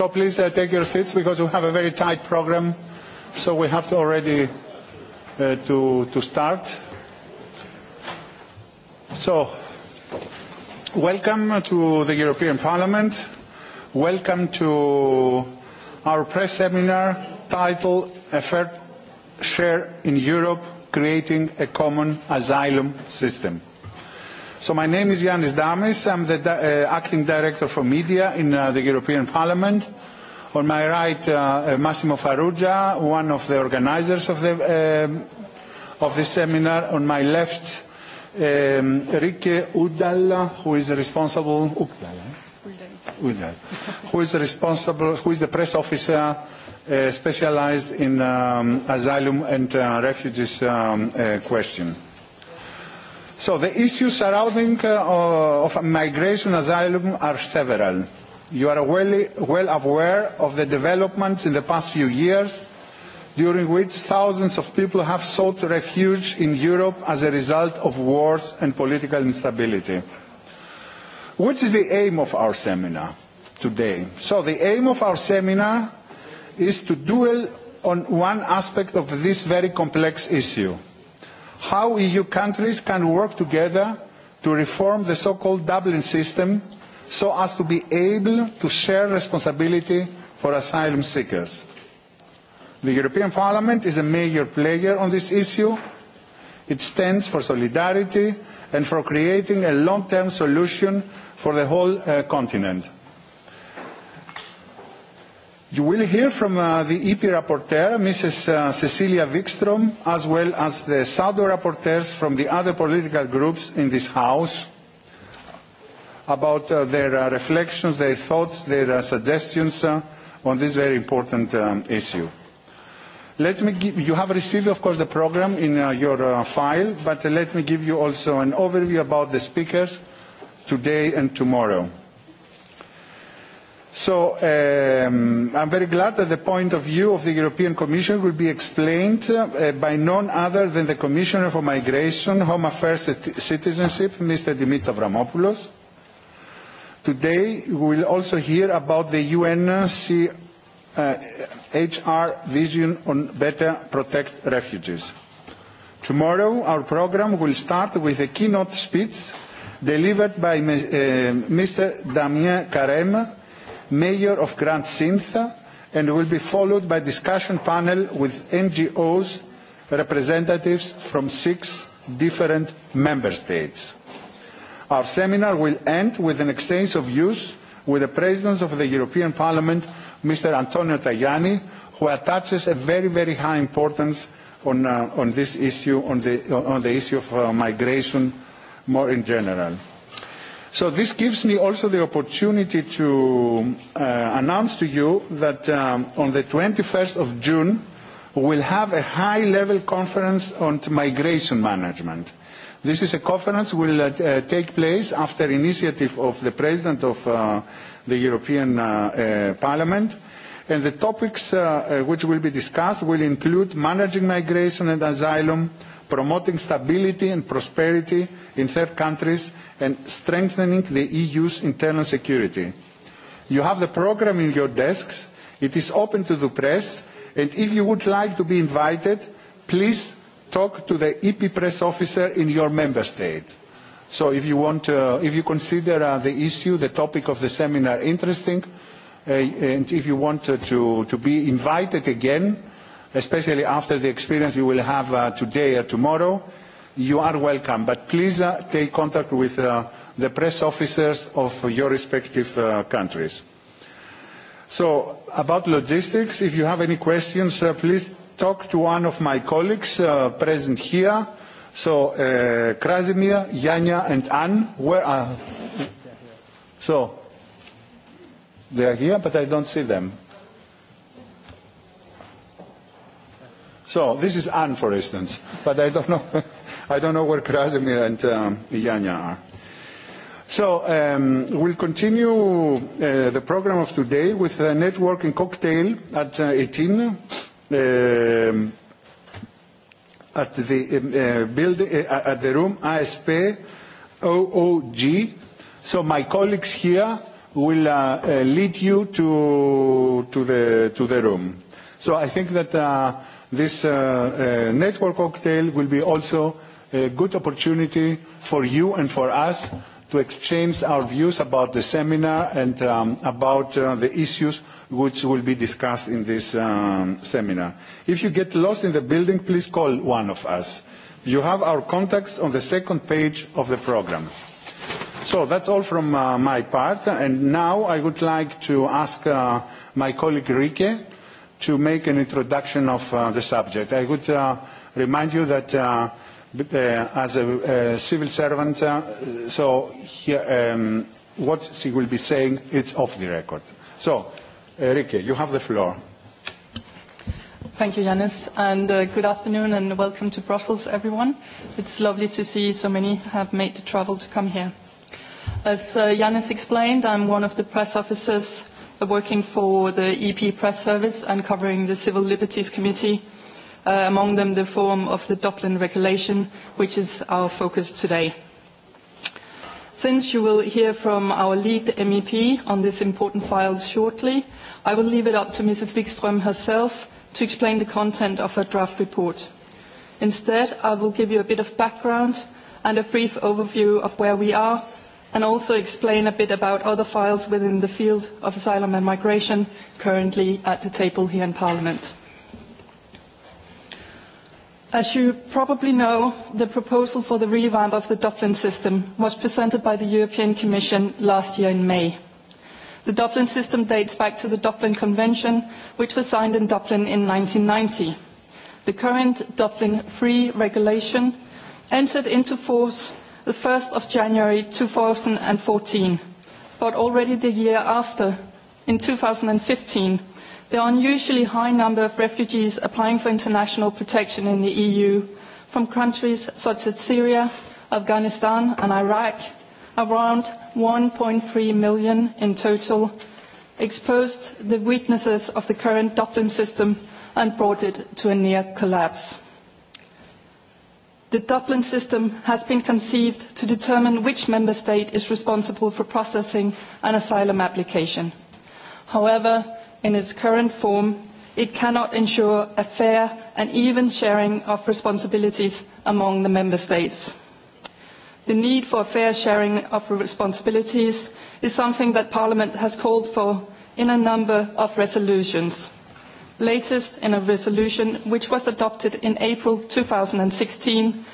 So please take your seats because we have a very tight program. So we have to already to to start. So, welcome to the European Parliament. Welcome to our press seminar titled "Effort Share in Europe: Creating a Common Asylum System." So my name is Yannis Damis. I'm the acting director for media in the European Parliament. On my right, Massimo Farrugia, one of the organizers of the of this seminar. On my left, Rike Udal, who is responsible, who is responsible, who is the press officer specialized in asylum and refugees question. So the issues surrounding of migration asylum are several. You are well aware of the developments in the past few years, during which thousands of people have sought refuge in Europe as a result of wars and political instability. What is the aim of our seminar today? So the aim of our seminar is to dwell on one aspect of this very complex issue how EU countries can work together to reform the so-called Dublin system so as to be able to share responsibility for asylum seekers. The European Parliament is a major player on this issue. It stands for solidarity and for creating a long-term solution for the whole continent. You will hear from the EP rapporteur, Mrs. Cecilia Wikström, as well as the shadow rapporteurs from the other political groups in this House about their reflections, their thoughts, their suggestions on this very important issue. you have received, of course, the programme in your file, but let me give you also an overview about the speakers today and tomorrow. So I'm very glad that the point of view of the European Commission will be explained by none other than the Commissioner for Migration, Home Affairs and Citizenship, Mr. Dimitris Avramopoulos. Today we will also hear about the UNHCR vision on better protect refugees. Tomorrow our programme will start with a keynote speech delivered by Mr. Damien Carême, mayor of Grand Sintha, and will be followed by discussion panel with NGOs representatives from six different member states. Our seminar will end with an exchange of views with the President of the European Parliament, Mr. Antonio Tajani, who attaches a very, very high importance on this issue, on the issue of migration more in general. So this gives me also the opportunity to announce to you that on the 21st of June we will have a high-level conference on migration management. This is a conference will take place after initiative of the President of the European Parliament, and the topics which will be discussed will include managing migration and asylum, promoting stability and prosperity in third countries and strengthening the EU's internal security. You have the programme in your desks. It is open to the press, and if you would like to be invited, please talk to the EP press officer in your member state. So if you want, if you consider the issue, the topic of the seminar interesting, and if you want to be invited again, especially after the experience you will have today or tomorrow, you are welcome. But please take contact with the press officers of your respective countries. So, about logistics, if you have any questions, please talk to one of my colleagues present here. So, Krasimir, Janja, and Anne, where are... So, they are here, but I don't see them. So this is Anne, for instance, but I don't know, I don't know where Krasimir and Iyanya are. So we'll continue the program of today with a networking cocktail at 18 at the building at the room ASP OOG. So my colleagues here will lead you to to the to the room. So I think that This network cocktail will be also a good opportunity for you and for us to exchange our views about the seminar and about the issues which will be discussed in this seminar. If you get lost in the building, please call one of us. You have our contacts on the second page of the program. So that's all from my part, and now I would like to ask my colleague Rike to make an introduction of the subject. I would remind you that as a civil servant, so what she will be saying, it's off the record. So, Enrique, you have the floor. Thank you, Yanis, and good afternoon and welcome to Brussels, everyone. It's lovely to see so many have made the travel to come here. As Yanis explained, I'm one of the press officers working for the EP press service and covering the Civil Liberties Committee, among them the form of the Dublin Regulation, which is our focus today. Since you will hear from our lead MEP on this important file shortly, I will leave it up to Mrs. Wikström herself to explain the content of her draft report. Instead, I will give you a bit of background and a brief overview of where we are and also explain a bit about other files within the field of asylum and migration currently at the table here in Parliament. As you probably know, the proposal for the revamp of the Dublin system was presented by the European Commission last year in May. The Dublin system dates back to the Dublin Convention, which was signed in Dublin in 1990. The current Dublin III regulation entered into force the 1st of January 2014, but already the year after, in 2015, the unusually high number of refugees applying for international protection in the EU from countries such as Syria, Afghanistan and Iraq, around 1.3 million in total, exposed the weaknesses of the current Dublin system and brought it to a near collapse. The Dublin system has been conceived to determine which member state is responsible for processing an asylum application. However, in its current form, it cannot ensure a fair and even sharing of responsibilities among the member states. The need for a fair sharing of responsibilities is something that Parliament has called for in a number of resolutions latest in a resolution which was adopted in April 2016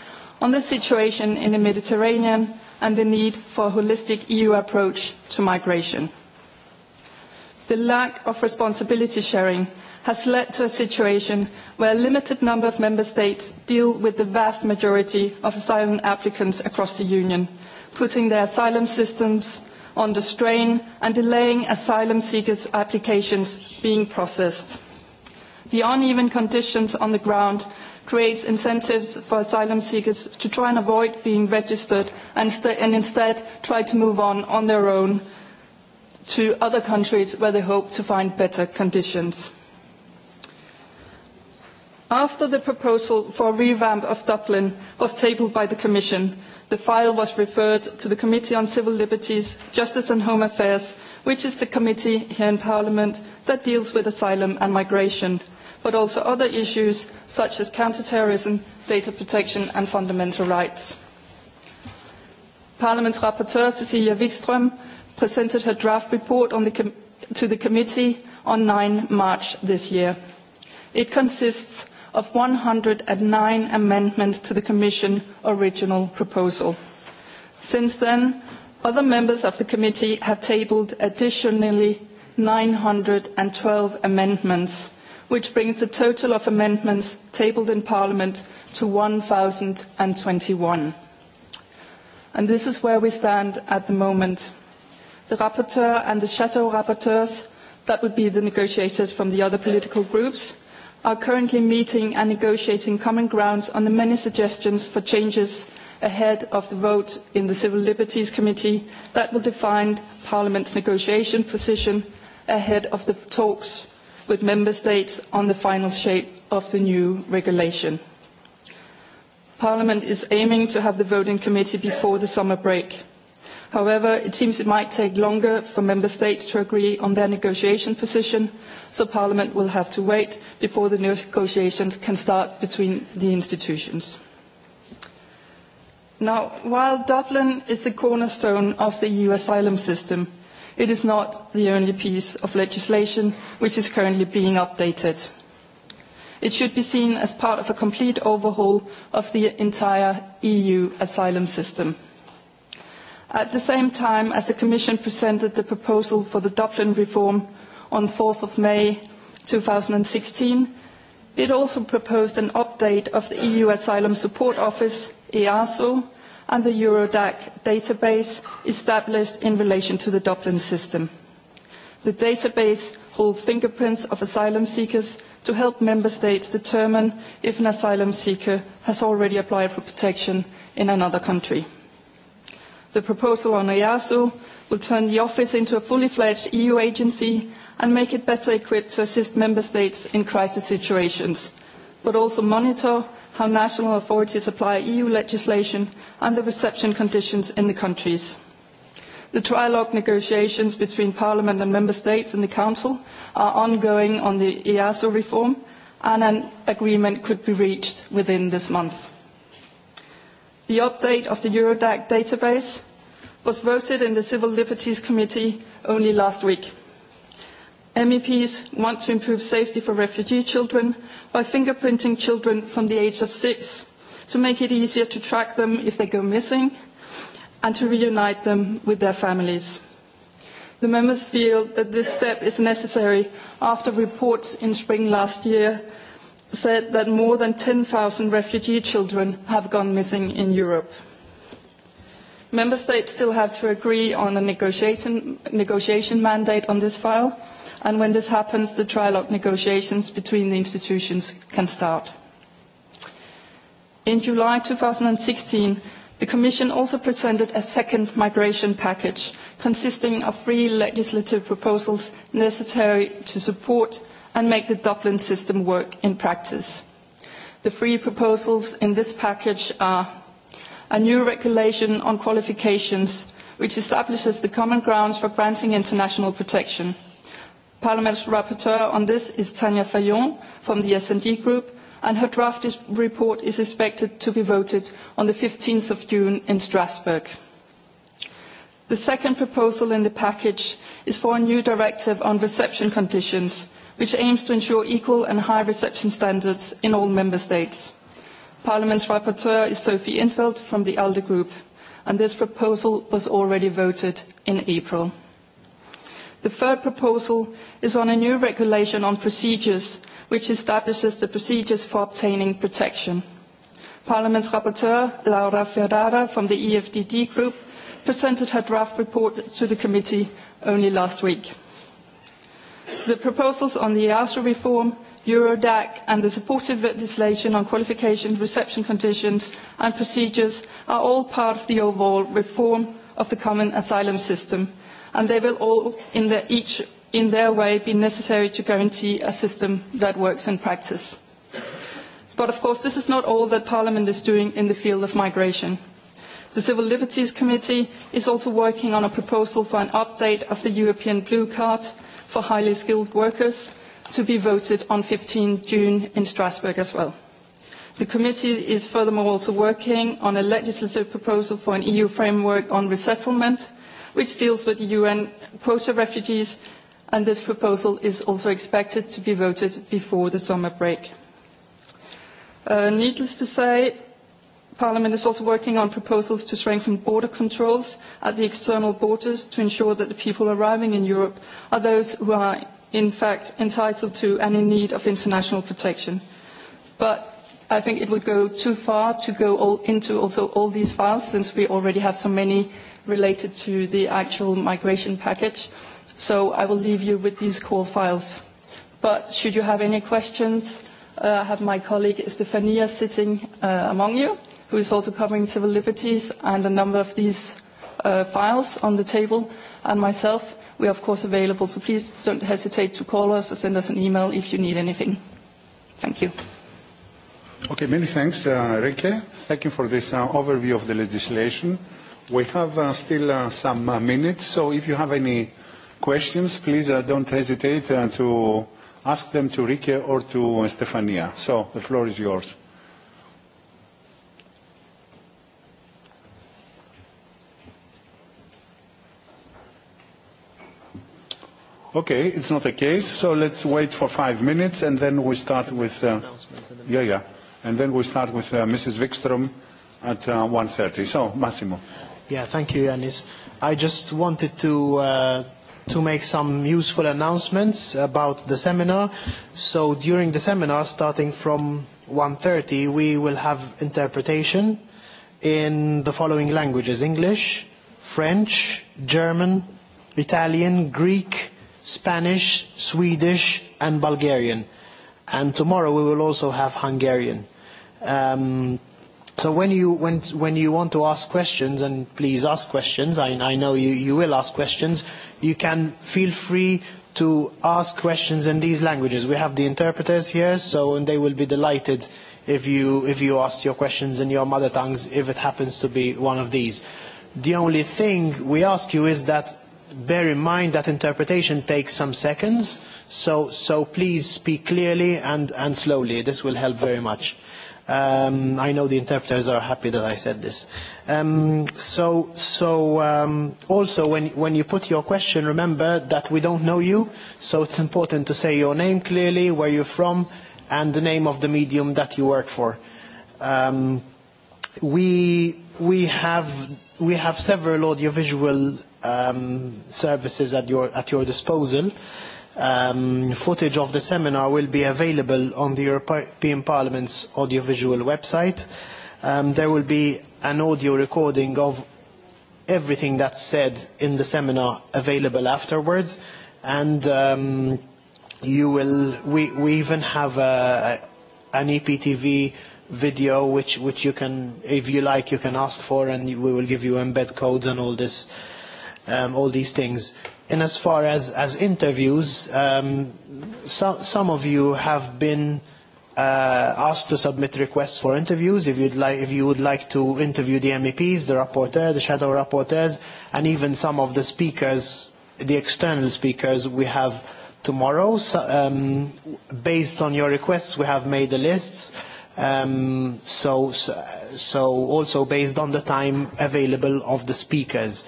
on the situation in the Mediterranean and the need for a holistic EU approach to migration. The lack of responsibility sharing has led to a situation where a limited number of member states deal with the vast majority of asylum applicants across the Union, putting their asylum systems under strain and delaying asylum seekers' applications being processed. The uneven conditions on the ground creates incentives for asylum seekers to try and avoid being registered and instead try to move on on their own to other countries where they hope to find better conditions. After the proposal for a revamp of Dublin was tabled by the Commission, the file was referred to the Committee on Civil Liberties, Justice and Home Affairs, which is the committee here in Parliament that deals with asylum and migration but also other issues such as counterterrorism, data protection and fundamental rights. Parliament's rapporteur, Cecilia Wittström, presented her draft report to the committee on 9 March this year. It consists of 109 amendments to the Commission original proposal. Since then, other members of the committee have tabled additionally 912 amendments which brings the total of amendments tabled in Parliament to 1,021. And this is where we stand at the moment. The rapporteur and the shadow rapporteurs, that would be the negotiators from the other political groups, are currently meeting and negotiating common grounds on the many suggestions for changes ahead of the vote in the Civil Liberties Committee that will define Parliament's negotiation position ahead of the talks with member states on the final shape of the new regulation. Parliament is aiming to have the voting committee before the summer break. However, it seems it might take longer for member states to agree on their negotiation position, so Parliament will have to wait before the negotiations can start between the institutions. Now, while Dublin is the cornerstone of the EU asylum system, it is not the only piece of legislation which is currently being updated. It should be seen as part of a complete overhaul of the entire EU asylum system. At the same time as the Commission presented the proposal for the Dublin reform on 4th of May 2016, it also proposed an update of the EU Asylum Support Office, EASO, and the Eurodac database established in relation to the Dublin system. The database holds fingerprints of asylum seekers to help member states determine if an asylum seeker has already applied for protection in another country. The proposal on EASO will turn the office into a fully fledged EU agency and make it better equipped to assist member states in crisis situations, but also monitor how national authorities apply EU legislation and the reception conditions in the countries. The trilogue negotiations between Parliament and Member States and the Council are ongoing on the EASO reform and an agreement could be reached within this month. The update of the Eurodac database was voted in the Civil Liberties Committee only last week. MEPs want to improve safety for refugee children by fingerprinting children from the age of six to make it easier to track them if they go missing and to reunite them with their families. The members feel that this step is necessary after reports in spring last year said that more than 10,000 refugee children have gone missing in Europe. Member States still have to agree on a negotiation mandate on this file, and when this happens, the trilogue negotiations between the institutions can start. In July 2016, the Commission also presented a second migration package consisting of three legislative proposals necessary to support and make the Dublin system work in practice. The three proposals in this package are a new regulation on qualifications which establishes the common grounds for granting international protection, Parliament's rapporteur on this is tanya Fayon from the S&D Group, and her draft report is expected to be voted on the 15th of June in Strasbourg. The second proposal in the package is for a new directive on reception conditions, which aims to ensure equal and high reception standards in all member states. Parliament's rapporteur is Sophie Infeld from the ALDE Group, and this proposal was already voted in April. The third proposal is on a new regulation on procedures, which establishes the procedures for obtaining protection. Parliament's rapporteur, Laura Ferrara from the EFDD Group, presented her draft report to the committee only last week. The proposals on the EASO reform, Eurodac and the supportive legislation on qualification, reception conditions and procedures are all part of the overall reform of the common asylum system and they will all in each in their way be necessary to guarantee a system that works in practice. But of course this is not all that Parliament is doing in the field of migration. The Civil Liberties Committee is also working on a proposal for an update of the European Blue Card for highly skilled workers to be voted on 15 June in Strasbourg as well. The committee is furthermore also working on a legislative proposal for an EU framework on resettlement, which deals with UN quota refugees and this proposal is also expected to be voted before the summer break. Needless to say, Parliament is also working on proposals to strengthen border controls at the external borders to ensure that the people arriving in Europe are those who are in fact entitled to and in need of international protection. But I think it would go too far to go into also all these files since we already have so many related to the actual migration package So I will leave you with these core files. But should you have any questions, I have my colleague Estefania sitting among you, who is also covering civil liberties and a number of these files on the table, and myself. We are, of course, available, so please don't hesitate to call us or send us an email if you need anything. Thank you. Okay, many thanks, Rike. Thank you for this overview of the legislation. We have still some minutes, so if you have any questions, please don't hesitate to ask them to Rike or to Stefania. So the floor is yours. Okay, it's not the case, so let's wait for five minutes and then we start with... Yeah, yeah. And then we start with Mrs. Wikström at 1.30. So, Massimo. Yeah, thank you, Yanis. I just wanted to to make some useful announcements about the seminar. So during the seminar, starting from 1.30, we will have interpretation in the following languages, English, French, German, Italian, Greek, Spanish, Swedish, and Bulgarian. And tomorrow we will also have Hungarian. So when you when when you want to ask questions and please ask questions, I I know you you will ask questions, you can feel free to ask questions in these languages. We have the interpreters here, so and they will be delighted if you if you ask your questions in your mother tongues if it happens to be one of these. The only thing we ask you is that bear in mind that interpretation takes some seconds, so so please speak clearly and and slowly. This will help very much. I know the interpreters are happy that I said this. So so also when when you put your question, remember that we don't know you, so it's important to say your name clearly, where you're from, and the name of the medium that you work for. We we have we have several audiovisual services at your at your disposal. Footage of the seminar will be available on the European Parliament's audiovisual website. There will be an audio recording of everything that's said in the seminar available afterwards, and you will. We even have an EPTV video which which you can, if you like, you can ask for, and we will give you embed codes and all this, all these things. And as far as as interviews, some of you have been asked to submit requests for interviews. If you'd if you would like to interview the MEPs, the rapporteurs, the shadow rapporteurs, and even some of the speakers, the external speakers, we have tomorrow. Based on your requests, we have made the lists. So also based on the time available of the speakers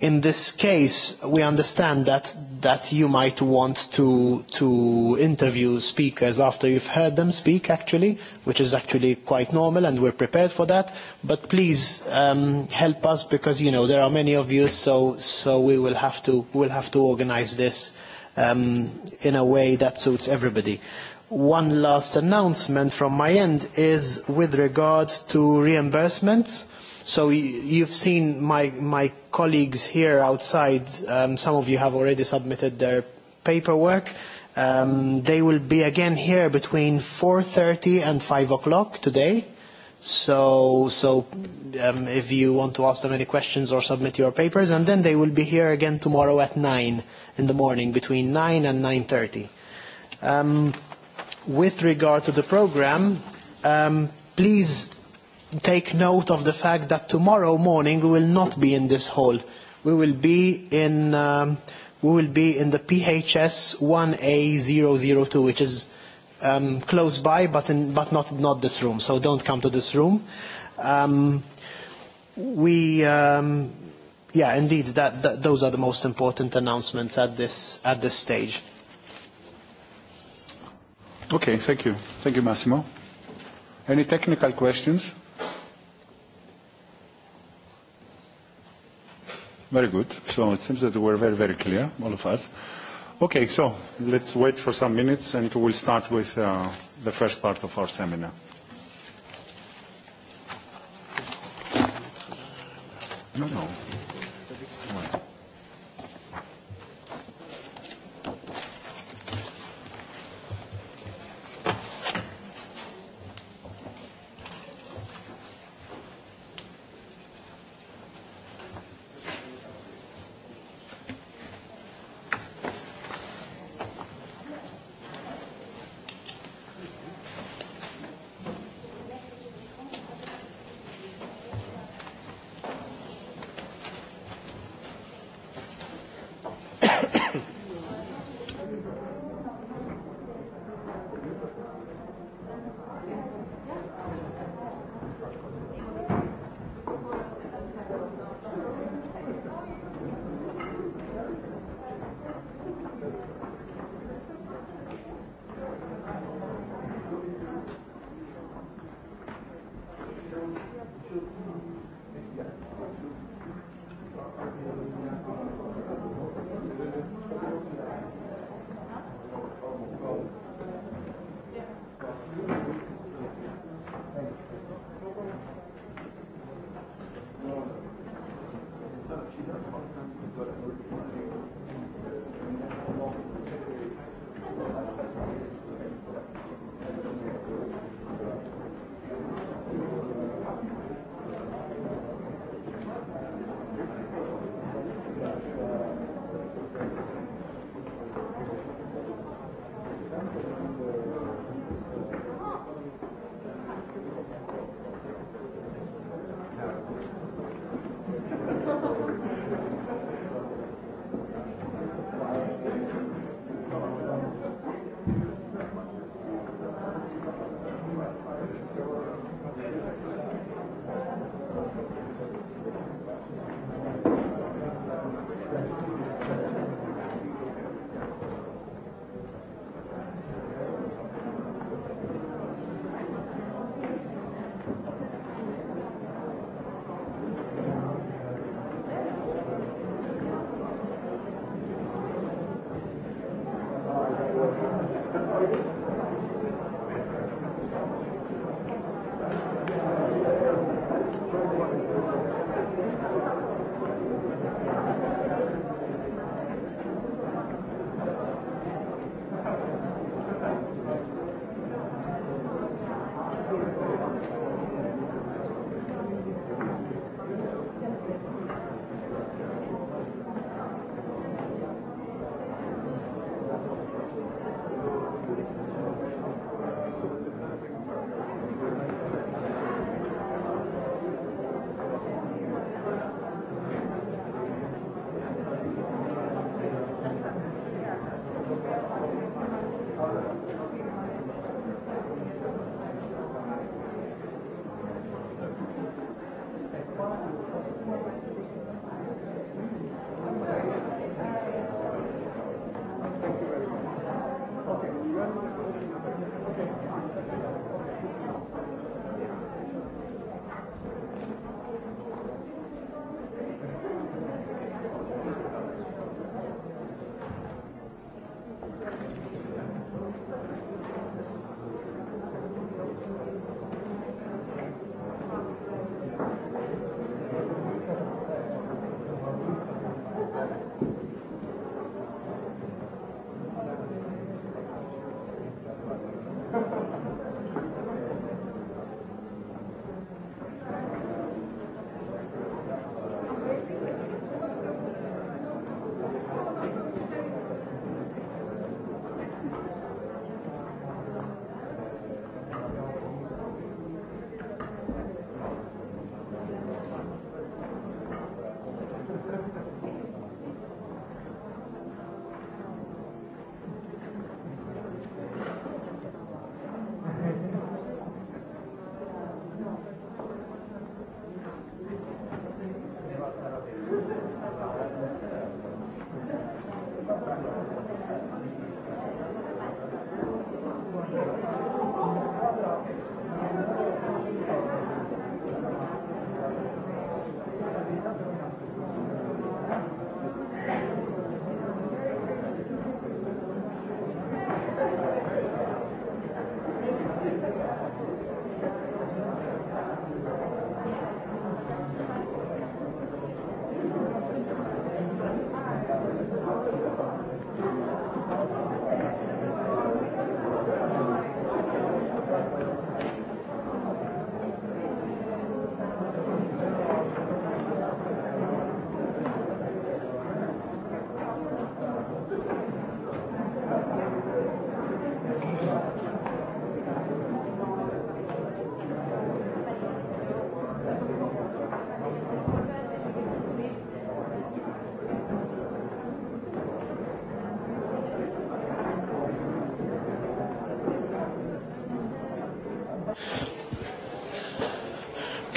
in this case we understand that that you might want to to interview speakers after you've heard them speak actually which is actually quite normal and we're prepared for that but please help us because you know there are many of you so so we will have to will have to organize this in a way that suits everybody one last announcement from my end is with regard to reimbursements So you've seen my my colleagues here outside. Some of you have already submitted their paperwork. They will be again here between 4:30 and 5 o'clock today. So so if you want to ask them any questions or submit your papers, and then they will be here again tomorrow at 9 in the morning, between 9 and 9.30. With regard to the program, please take note of the fact that tomorrow morning we will not be in this hall. We will be in we will be in the PHS 1A002, which is close by, but but not not this room. So don't come to this room. We um yeah, indeed, that those are the most important announcements at this at this stage. Okay, thank you, thank you, Massimo. Any technical questions? Very good. So it seems that were very, very clear, all of us. Okay, so let's wait for some minutes and we'll start with the first part of our seminar. No, no. Thank you.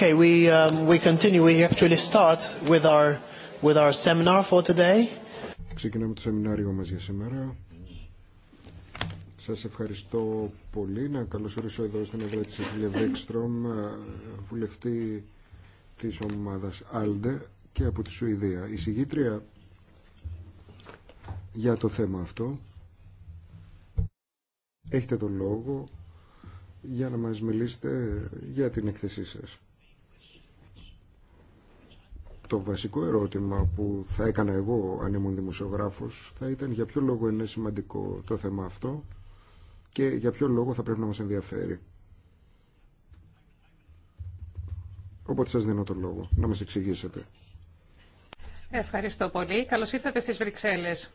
Okay, we, um, we continue. We actually start with our, with our seminar for today. Ξεκινάμε το σεμινάριο μας για σήμερα. Σας ευχαριστώ πολύ. Να καλωσορίσω εδώ στην Ευρώπη της Ασυλία Βέξτρομ, βουλευτή της ομάδας ALDE και από τη Σουηδία. Η συγγήτρια για το θέμα αυτό. Έχετε τον λόγο για να μας μιλήσετε για την εκθεσή σας. Το βασικό ερώτημα που θα έκανα εγώ αν ήμουν δημοσιογράφος θα ήταν για ποιο λόγο είναι σημαντικό το θέμα αυτό και για ποιο λόγο θα πρέπει να μας ενδιαφέρει. Οπότε σας δίνω το λόγο να μας εξηγήσετε. Ευχαριστώ πολύ. Καλώς ήρθατε στις Βρυξέλλες.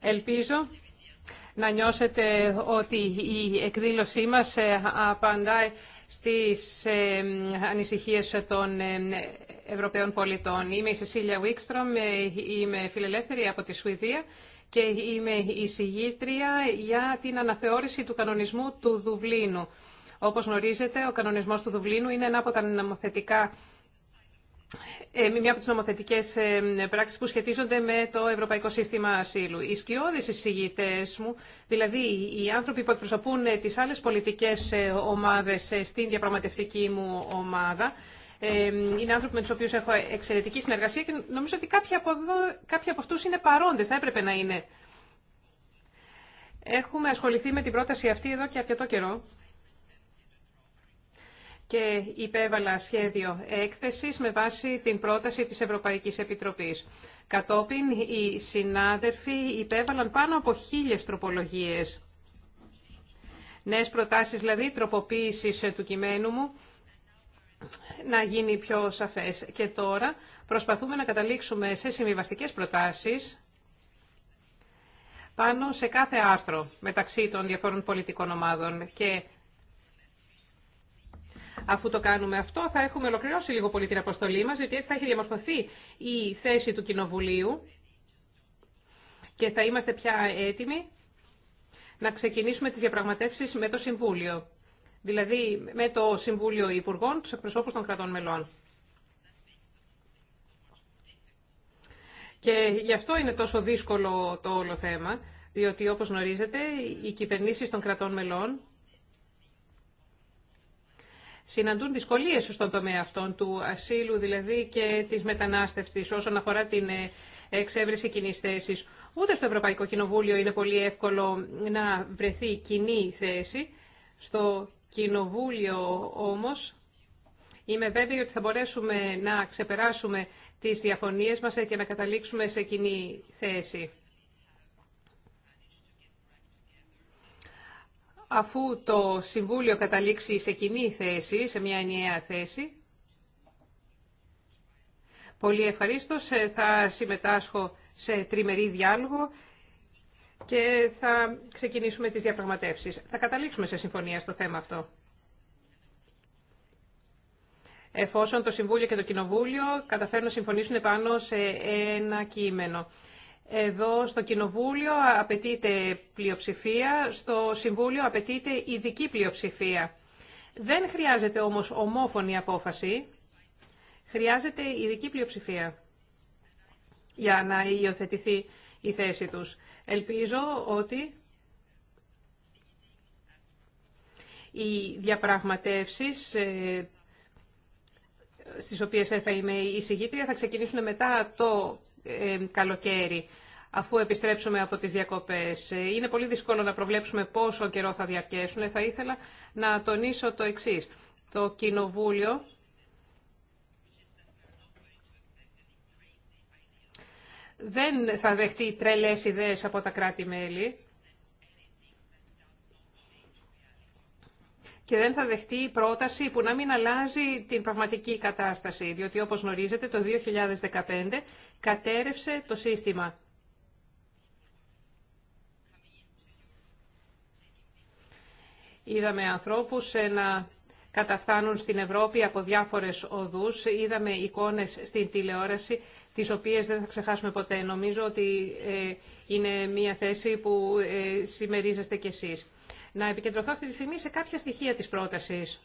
Ελπίζω να νιώσετε ότι η εκδήλωσή μας ε, απαντάει στις ε, ανησυχίες των ε, Ευρωπαίων πολιτών. Είμαι η Σεσίλια Βίκστρομ, είμαι φιλελεύθερη από τη Σουηδία και είμαι η για την αναθεώρηση του κανονισμού του Δουβλίνου. Όπως γνωρίζετε, ο κανονισμός του Δουβλίνου είναι ένα από τα νομοθετικά ε, μια από τις νομοθετικές ε, πράξει που σχετίζονται με το Ευρωπαϊκό Σύστημα Ασύλου. Οι σκιώδει εισηγητές μου, δηλαδή οι άνθρωποι που εκπροσωπούν ε, τις άλλες πολιτικές ομάδες στην διαπραγματευτική μου ομάδα, είναι άνθρωποι με τους οποίους έχω εξαιρετική συνεργασία και νομίζω ότι κάποιοι από, εδώ, κάποιοι από αυτούς είναι παρόντε, θα έπρεπε να είναι. Έχουμε ασχοληθεί με την πρόταση αυτή εδώ και αρκετό καιρό και υπέβαλα σχέδιο έκθεσης με βάση την πρόταση της Ευρωπαϊκής Επιτροπής. Κατόπιν οι συνάδελφοι υπέβαλαν πάνω από χίλιες τροπολογίες. Νέες προτάσεις δηλαδή τροποποίησης του κειμένου μου να γίνει πιο σαφές. Και τώρα προσπαθούμε να καταλήξουμε σε συμβιβαστικές προτάσεις πάνω σε κάθε άρθρο μεταξύ των διαφόρων πολιτικών ομάδων και Αφού το κάνουμε αυτό, θα έχουμε ολοκληρώσει λίγο πολύ την αποστολή μας, διότι έτσι θα έχει διαμορφωθεί η θέση του Κοινοβουλίου και θα είμαστε πια έτοιμοι να ξεκινήσουμε τις διαπραγματεύσεις με το Συμβούλιο. Δηλαδή με το Συμβούλιο Υπουργών, τους εκπροσώπους των κρατών μελών. Και γι' αυτό είναι τόσο δύσκολο το όλο θέμα, διότι όπως γνωρίζετε οι κυβερνήσεις των κρατών μελών συναντούν δυσκολίες στον τομέα αυτών του ασύλου, δηλαδή και της μετανάστευση όσον αφορά την ε, εξέβρεση κοινή θέση. Ούτε στο Ευρωπαϊκό Κοινοβούλιο είναι πολύ εύκολο να βρεθεί κοινή θέση. Στο Κοινοβούλιο όμως είμαι βέβαιη ότι θα μπορέσουμε να ξεπεράσουμε τις διαφωνίες μας και να καταλήξουμε σε κοινή θέση. αφού το Συμβούλιο καταλήξει σε κοινή θέση, σε μια ενιαία θέση, πολύ ευχαριστώ, ε, θα συμμετάσχω σε τριμερή διάλογο και θα ξεκινήσουμε τις διαπραγματεύσεις. Θα καταλήξουμε σε συμφωνία στο θέμα αυτό. Εφόσον το Συμβούλιο και το Κοινοβούλιο καταφέρουν να συμφωνήσουν πάνω σε ένα κείμενο. Εδώ στο Κοινοβούλιο απαιτείται πλειοψηφία, στο Συμβούλιο απαιτείται ειδική πλειοψηφία. Δεν χρειάζεται όμως ομόφωνη απόφαση, χρειάζεται ειδική πλειοψηφία για να υιοθετηθεί η θέση τους. Ελπίζω ότι οι διαπραγματεύσεις ε, στις οποίες θα είμαι η θα ξεκινήσουν μετά το ε, καλοκαίρι, αφού επιστρέψουμε από τις διακοπές. Είναι πολύ δύσκολο να προβλέψουμε πόσο καιρό θα διαρκέσουν. Θα ήθελα να τονίσω το εξής. Το Κοινοβούλιο δεν θα δεχτεί τρελές ιδέες από τα κράτη-μέλη. και δεν θα δεχτεί πρόταση που να μην αλλάζει την πραγματική κατάσταση, διότι όπως γνωρίζετε το 2015 κατέρευσε το σύστημα. Είδαμε ανθρώπους να καταφθάνουν στην Ευρώπη από διάφορες οδούς. Είδαμε εικόνες στην τηλεόραση, τις οποίες δεν θα ξεχάσουμε ποτέ. Νομίζω ότι ε, είναι μια θέση που ε, συμμερίζεστε κι εσείς να επικεντρωθώ αυτή τη στιγμή σε κάποια στοιχεία της πρότασης.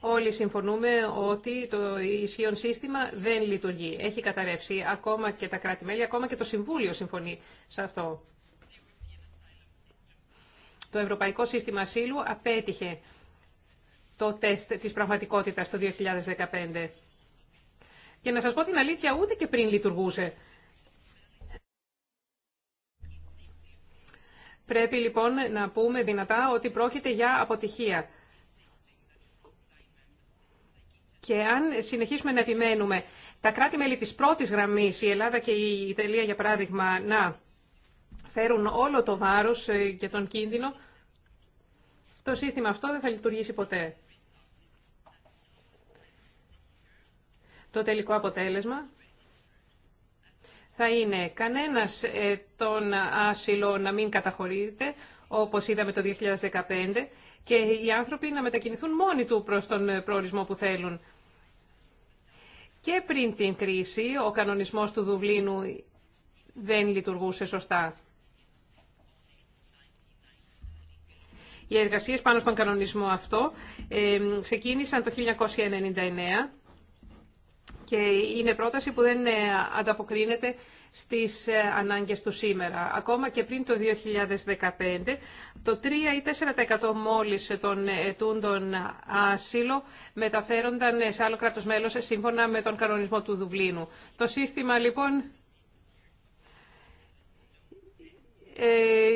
Όλοι συμφωνούμε ότι το ισχύον σύστημα δεν λειτουργεί. Έχει καταρρεύσει ακόμα και τα κράτη-μέλη, ακόμα και το Συμβούλιο συμφωνεί σε αυτό. Το Ευρωπαϊκό Σύστημα Ασύλου απέτυχε το τεστ της πραγματικότητας το 2015. Και να σας πω την αλήθεια, ούτε και πριν λειτουργούσε Πρέπει λοιπόν να πούμε δυνατά ότι πρόκειται για αποτυχία. Και αν συνεχίσουμε να επιμένουμε τα κράτη-μέλη της πρώτης γραμμής, η Ελλάδα και η Ιταλία για παράδειγμα, να φέρουν όλο το βάρος ε, και τον κίνδυνο, το σύστημα αυτό δεν θα λειτουργήσει ποτέ. Το τελικό αποτέλεσμα θα είναι κανένας ε, των άσυλο να μην καταχωρείται, όπως είδαμε το 2015, και οι άνθρωποι να μετακινηθούν μόνοι του προς τον προορισμό που θέλουν. Και πριν την κρίση, ο κανονισμός του Δουβλίνου δεν λειτουργούσε σωστά. Οι εργασίες πάνω στον κανονισμό αυτό ε, ξεκίνησαν το 1999 και είναι πρόταση που δεν ε, ανταποκρίνεται στις ε, ανάγκες του σήμερα. Ακόμα και πριν το 2015, το 3 ή 4% μόλις των ετούντων άσυλο μεταφέρονταν σε άλλο κράτος μέλος σύμφωνα με τον κανονισμό του Δουβλίνου. Το σύστημα λοιπόν ε,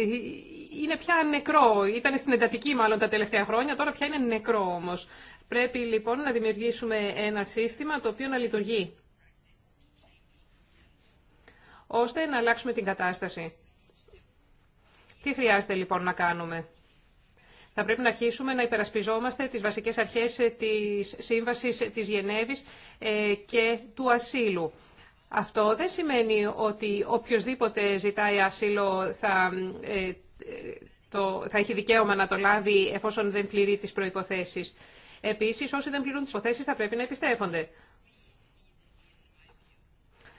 είναι πια νεκρό. Ήταν στην εντατική μάλλον τα τελευταία χρόνια, τώρα πια είναι νεκρό όμως. Πρέπει λοιπόν να δημιουργήσουμε ένα σύστημα το οποίο να λειτουργεί, ώστε να αλλάξουμε την κατάσταση. Τι χρειάζεται λοιπόν να κάνουμε. Θα πρέπει να αρχίσουμε να υπερασπιζόμαστε τις βασικές αρχές της Σύμβασης της Γενέβης ε, και του ασύλου. Αυτό δεν σημαίνει ότι οποιοδήποτε ζητάει ασύλο θα, ε, ε, το, θα έχει δικαίωμα να το λάβει εφόσον δεν πληρεί τις προϋποθέσεις. Επίσης, όσοι δεν πληρούν τις υποθέσει θα πρέπει να επιστρέφονται.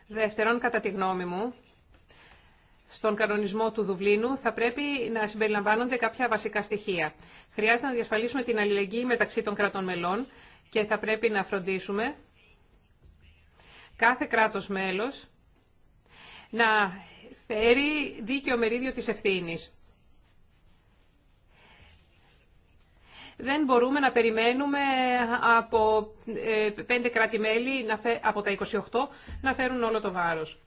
Δεύτερον, κατά τη γνώμη μου, στον κανονισμό του Δουβλίνου θα πρέπει να συμπεριλαμβάνονται κάποια βασικά στοιχεία. Χρειάζεται να διασφαλίσουμε την αλληλεγγύη μεταξύ των κρατών μελών και θα πρέπει να φροντίσουμε κάθε κράτος μέλος να φέρει δίκαιο μερίδιο της ευθύνης. Δεν μπορούμε να περιμένουμε από ε, πέντε κράτη-μέλη από τα 28 να φέρουν όλο το βάρος.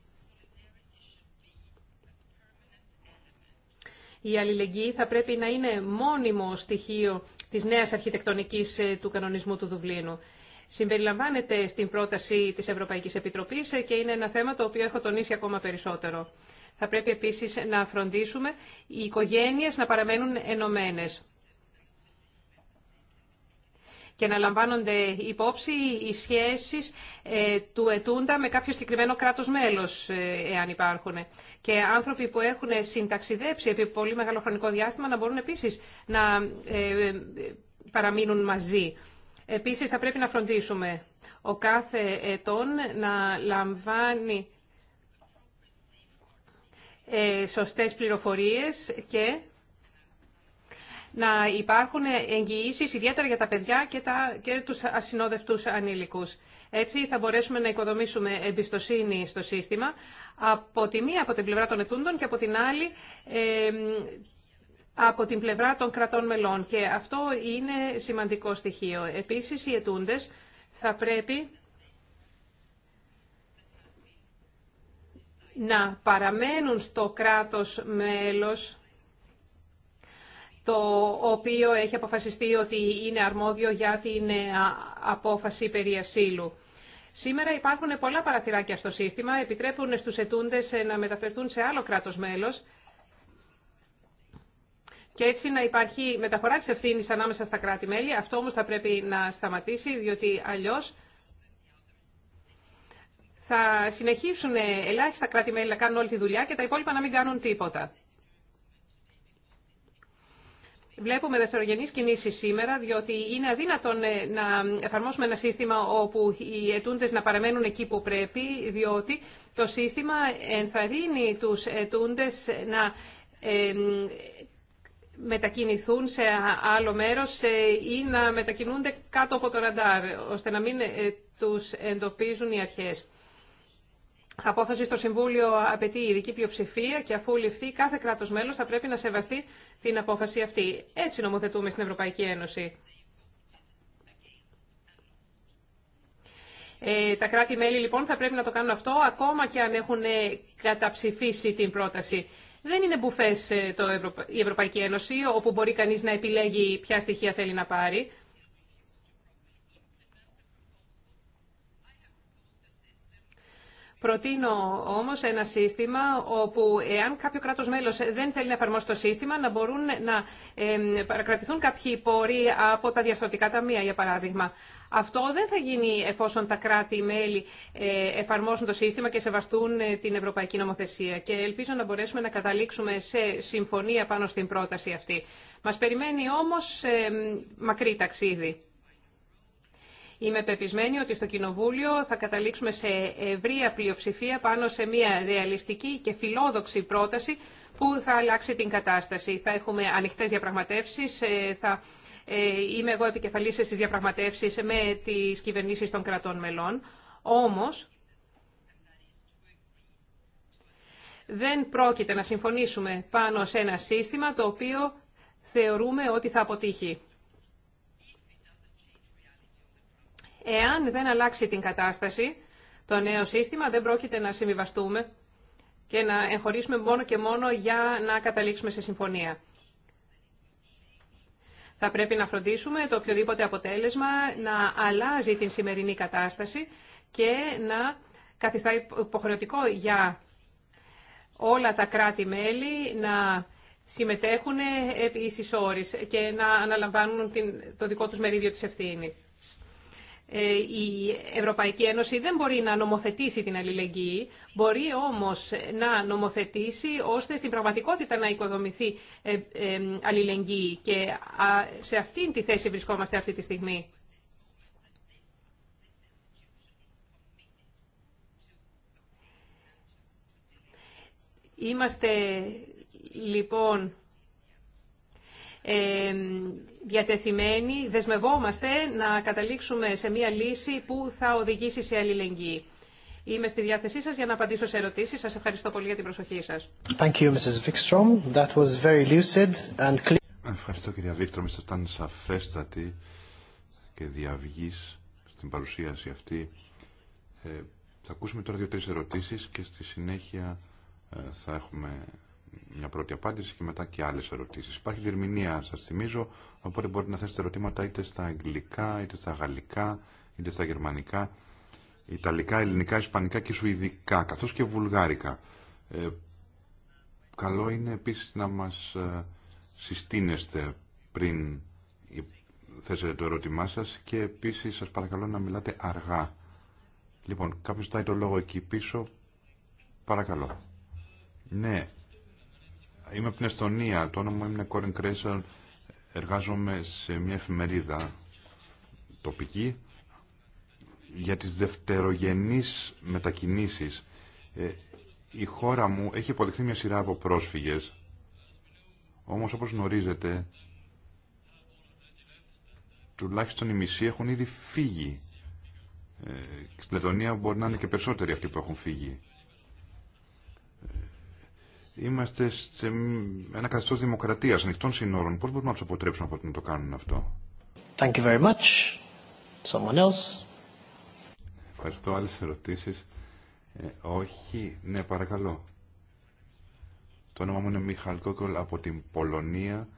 Η αλληλεγγύη θα πρέπει να είναι μόνιμο στοιχείο της νέας αρχιτεκτονικής ε, του κανονισμού του Δουβλίνου. Συμπεριλαμβάνεται στην πρόταση της Ευρωπαϊκής Επιτροπής ε, και είναι ένα θέμα το οποίο έχω τονίσει ακόμα περισσότερο. Θα πρέπει επίσης να φροντίσουμε οι οικογένειες να παραμένουν ενωμένες και να λαμβάνονται υπόψη οι σχέσεις ε, του ετούντα με κάποιο συγκεκριμένο κράτος μέλος, ε, εάν υπάρχουν. Και άνθρωποι που έχουν συνταξιδέψει επί πολύ μεγάλο χρονικό διάστημα να μπορούν επίσης να ε, παραμείνουν μαζί. Επίσης θα πρέπει να φροντίσουμε ο κάθε ετών να λαμβάνει σωστές πληροφορίες και να υπάρχουν εγγυήσει ιδιαίτερα για τα παιδιά και, τα, και τους ασυνόδευτούς ανήλικους. Έτσι θα μπορέσουμε να οικοδομήσουμε εμπιστοσύνη στο σύστημα από τη μία από την πλευρά των ετούντων και από την άλλη από την πλευρά των κρατών μελών. Και αυτό είναι σημαντικό στοιχείο. Επίσης οι ετούντες θα πρέπει να παραμένουν στο κράτος μέλος το οποίο έχει αποφασιστεί ότι είναι αρμόδιο για την ε, απόφαση περί ασύλου. Σήμερα υπάρχουν πολλά παραθυράκια στο σύστημα, επιτρέπουν στους ετούντες ε, να μεταφερθούν σε άλλο κράτος μέλος και έτσι να υπάρχει μεταφορά της ευθύνης ανάμεσα στα κράτη-μέλη. Αυτό όμως θα πρέπει να σταματήσει, διότι αλλιώς θα συνεχίσουν ε, ελάχιστα κράτη-μέλη να κάνουν όλη τη δουλειά και τα υπόλοιπα να μην κάνουν τίποτα. Βλέπουμε δευτερογενεί κινήσεις σήμερα, διότι είναι αδύνατον ε, να εφαρμόσουμε ένα σύστημα όπου οι ετούντε να παραμένουν εκεί που πρέπει, διότι το σύστημα ενθαρρύνει τους ετούντε να μετακινηθούν σε άλλο μέρος ε, ή να μετακινούνται κάτω από το ραντάρ, ώστε να μην ε, τους εντοπίζουν οι αρχές απόφαση στο Συμβούλιο απαιτεί ειδική πλειοψηφία και αφού ληφθεί κάθε κράτος μέλος θα πρέπει να σεβαστεί την απόφαση αυτή. Έτσι νομοθετούμε στην Ευρωπαϊκή Ένωση. Ε, τα κράτη-μέλη λοιπόν θα πρέπει να το κάνουν αυτό ακόμα και αν έχουν ε, καταψηφίσει την πρόταση. Δεν είναι μπουφές ε, το η Ευρωπαϊκή Ένωση όπου μπορεί κανείς να επιλέγει ποια στοιχεία θέλει να πάρει. Προτείνω όμως ένα σύστημα όπου εάν κάποιο κράτος μέλος δεν θέλει να εφαρμόσει το σύστημα να μπορούν να παρακρατηθούν κάποιοι πόροι από τα διαστροτικά ταμεία για παράδειγμα. Αυτό δεν θα γίνει εφόσον τα κράτη-μέλη ε, εφαρμόσουν το σύστημα και σεβαστούν ε, την Ευρωπαϊκή Νομοθεσία. Και ελπίζω να μπορέσουμε να καταλήξουμε σε συμφωνία πάνω στην πρόταση αυτή. Μα περιμένει όμως μακρύ ταξίδι. Είμαι πεπισμένη ότι στο Κοινοβούλιο θα καταλήξουμε σε ευρία πλειοψηφία πάνω σε μια ρεαλιστική και φιλόδοξη πρόταση που θα αλλάξει την κατάσταση. Θα έχουμε ανοιχτέ διαπραγματεύσει. Ε, θα ε, είμαι εγώ επικεφαλής στις διαπραγματεύσει με τις κυβερνήσει των κρατών μελών. Όμω, δεν πρόκειται να συμφωνήσουμε πάνω σε ένα σύστημα το οποίο θεωρούμε ότι θα αποτύχει. Εάν δεν αλλάξει την κατάσταση, το νέο σύστημα δεν πρόκειται να συμβιβαστούμε και να εγχωρίσουμε μόνο και μόνο για να καταλήξουμε σε συμφωνία. Θα πρέπει να φροντίσουμε το οποιοδήποτε αποτέλεσμα να αλλάζει την σημερινή κατάσταση και να καθιστά υποχρεωτικό για όλα τα κράτη-μέλη να συμμετέχουν επί ίσης και να αναλαμβάνουν το δικό τους μερίδιο της ευθύνης. Ε, η Ευρωπαϊκή Ένωση δεν μπορεί να νομοθετήσει την αλληλεγγύη, μπορεί όμως να νομοθετήσει ώστε στην πραγματικότητα να οικοδομηθεί ε, ε, αλληλεγγύη και σε αυτήν τη θέση βρισκόμαστε αυτή τη στιγμή. Είμαστε λοιπόν διατεθειμένοι, δεσμευόμαστε να καταλήξουμε σε μία λύση που θα οδηγήσει σε αλληλεγγύη. Είμαι στη διάθεσή σας για να απαντήσω σε ερωτήσεις. Σας ευχαριστώ πολύ για την προσοχή σας. Thank you, Mrs. That was very lucid and clear. Ευχαριστώ κυρία Βίκτρομ, Ήταν σαφέστατη και διαυγής στην παρουσίαση αυτή. Ε, θα ακούσουμε τώρα δύο-τρεις ερωτήσεις και στη συνέχεια ε, θα έχουμε μια πρώτη απάντηση και μετά και άλλες ερωτήσεις. Υπάρχει διερμηνία, σας θυμίζω, οπότε μπορείτε να θέσετε ερωτήματα είτε στα αγγλικά, είτε στα γαλλικά, είτε στα γερμανικά, ιταλικά, ελληνικά, ισπανικά και σουηδικά, καθώς και βουλγάρικα. Ε, καλό είναι επίσης να μας ε, συστήνεστε πριν θέσετε το ερώτημά σας και επίσης σας παρακαλώ να μιλάτε αργά. Λοιπόν, κάποιος ζητάει το λόγο εκεί πίσω. Παρακαλώ. Ναι, Είμαι από την Εστονία. Το όνομα μου είναι Κόριν Κρέσσαλ, Εργάζομαι σε μια εφημερίδα τοπική για τις δευτερογενείς μετακινήσεις. Ε, η χώρα μου έχει υποδεχθεί μια σειρά από πρόσφυγες. Όμως όπως γνωρίζετε, τουλάχιστον οι μισοί έχουν ήδη φύγει. Ε, στην Λετωνία μπορεί να είναι και περισσότεροι αυτοί που έχουν φύγει. Είμαστε σε ένα καθεστώ δημοκρατία, ανοιχτών συνόρων. Πώ μπορούμε να του αποτρέψουμε από το να το κάνουν αυτό. Thank you very much. else. Ευχαριστώ. Άλλε ερωτήσει. Ε, όχι. Ναι, παρακαλώ. Το όνομά μου είναι Μιχαλ Κόκολ από την Πολωνία.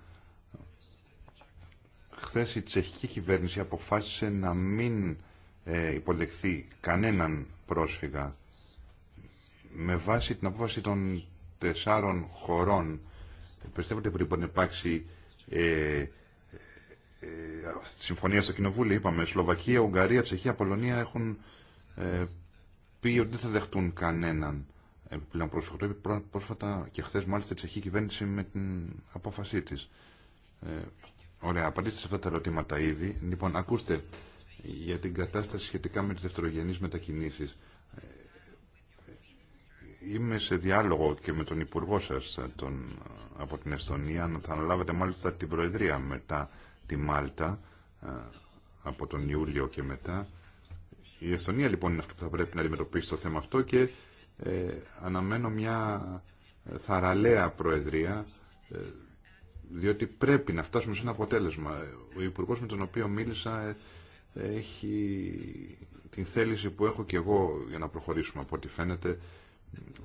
Χθε η τσεχική κυβέρνηση αποφάσισε να μην ε, υποδεχθεί κανέναν πρόσφυγα με βάση την απόφαση των τεσσάρων χωρών πιστεύετε ότι μπορεί να υπάρξει ε, ε, ε, συμφωνία στο Κοινοβούλιο, είπαμε, Σλοβακία, Ουγγαρία, Τσεχία, Πολωνία έχουν ε, πει ότι δεν θα δεχτούν κανέναν επιπλέον Πρόσφατα και χθε μάλιστα η Τσεχή κυβέρνηση με την απόφασή τη. Ε, ωραία, απαντήστε σε αυτά τα ερωτήματα ήδη. Λοιπόν, ακούστε για την κατάσταση σχετικά με τι δευτερογενεί μετακινήσει. Είμαι σε διάλογο και με τον Υπουργό σας τον, από την Εστονία. Θα αναλάβετε μάλιστα την Προεδρία μετά τη Μάλτα, από τον Ιούλιο και μετά. Η Εστονία λοιπόν είναι αυτό που θα πρέπει να αντιμετωπίσει το θέμα αυτό και ε, αναμένω μια ε, θαραλέα Προεδρία, ε, διότι πρέπει να φτάσουμε σε ένα αποτέλεσμα. Ο Υπουργός με τον οποίο μίλησα έχει την θέληση που έχω και εγώ για να προχωρήσουμε από ό,τι φαίνεται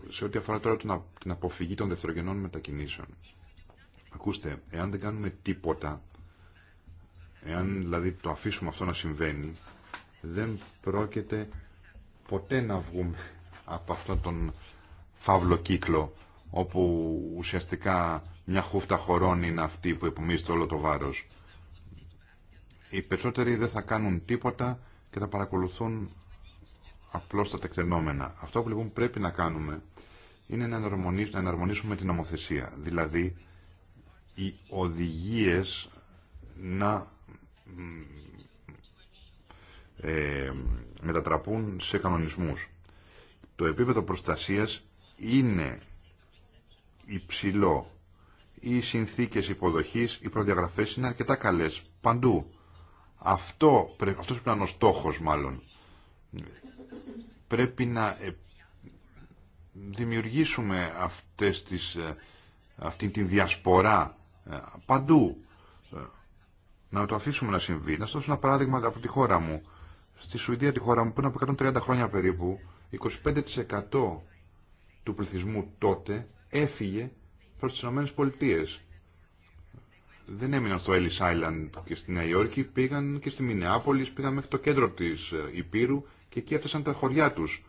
σε ό,τι αφορά τώρα την αποφυγή των δευτερογενών μετακινήσεων. Ακούστε, εάν δεν κάνουμε τίποτα, εάν δηλαδή το αφήσουμε αυτό να συμβαίνει, δεν πρόκειται ποτέ να βγούμε από αυτόν τον φαύλο κύκλο όπου ουσιαστικά μια χούφτα χωρών είναι αυτή που υπομίζεται όλο το βάρος. Οι περισσότεροι δεν θα κάνουν τίποτα και θα παρακολουθούν απλώς τα Αυτό που λοιπόν πρέπει να κάνουμε είναι να, να εναρμονίσουμε την νομοθεσία. Δηλαδή, οι οδηγίες να ε, μετατραπούν σε κανονισμούς. Το επίπεδο προστασίας είναι υψηλό. Οι συνθήκες υποδοχής, οι προδιαγραφές είναι αρκετά καλές παντού. Αυτό, πρέπει να είναι ο στόχος μάλλον πρέπει να ε, δημιουργήσουμε αυτές τις, ε, αυτή τη διασπορά ε, παντού. Να το αφήσουμε να συμβεί. Να σας δώσω ένα παράδειγμα από τη χώρα μου. Στη Σουηδία τη χώρα μου πριν από 130 χρόνια περίπου 25% του πληθυσμού τότε έφυγε προς τις Ηνωμένες Πολιτείες. Δεν έμειναν στο Ellis Island και στη Νέα Υόρκη, πήγαν και στη Μινεάπολη, πήγαν μέχρι το κέντρο της Υπήρου και εκεί έφτασαν τα χωριά τους.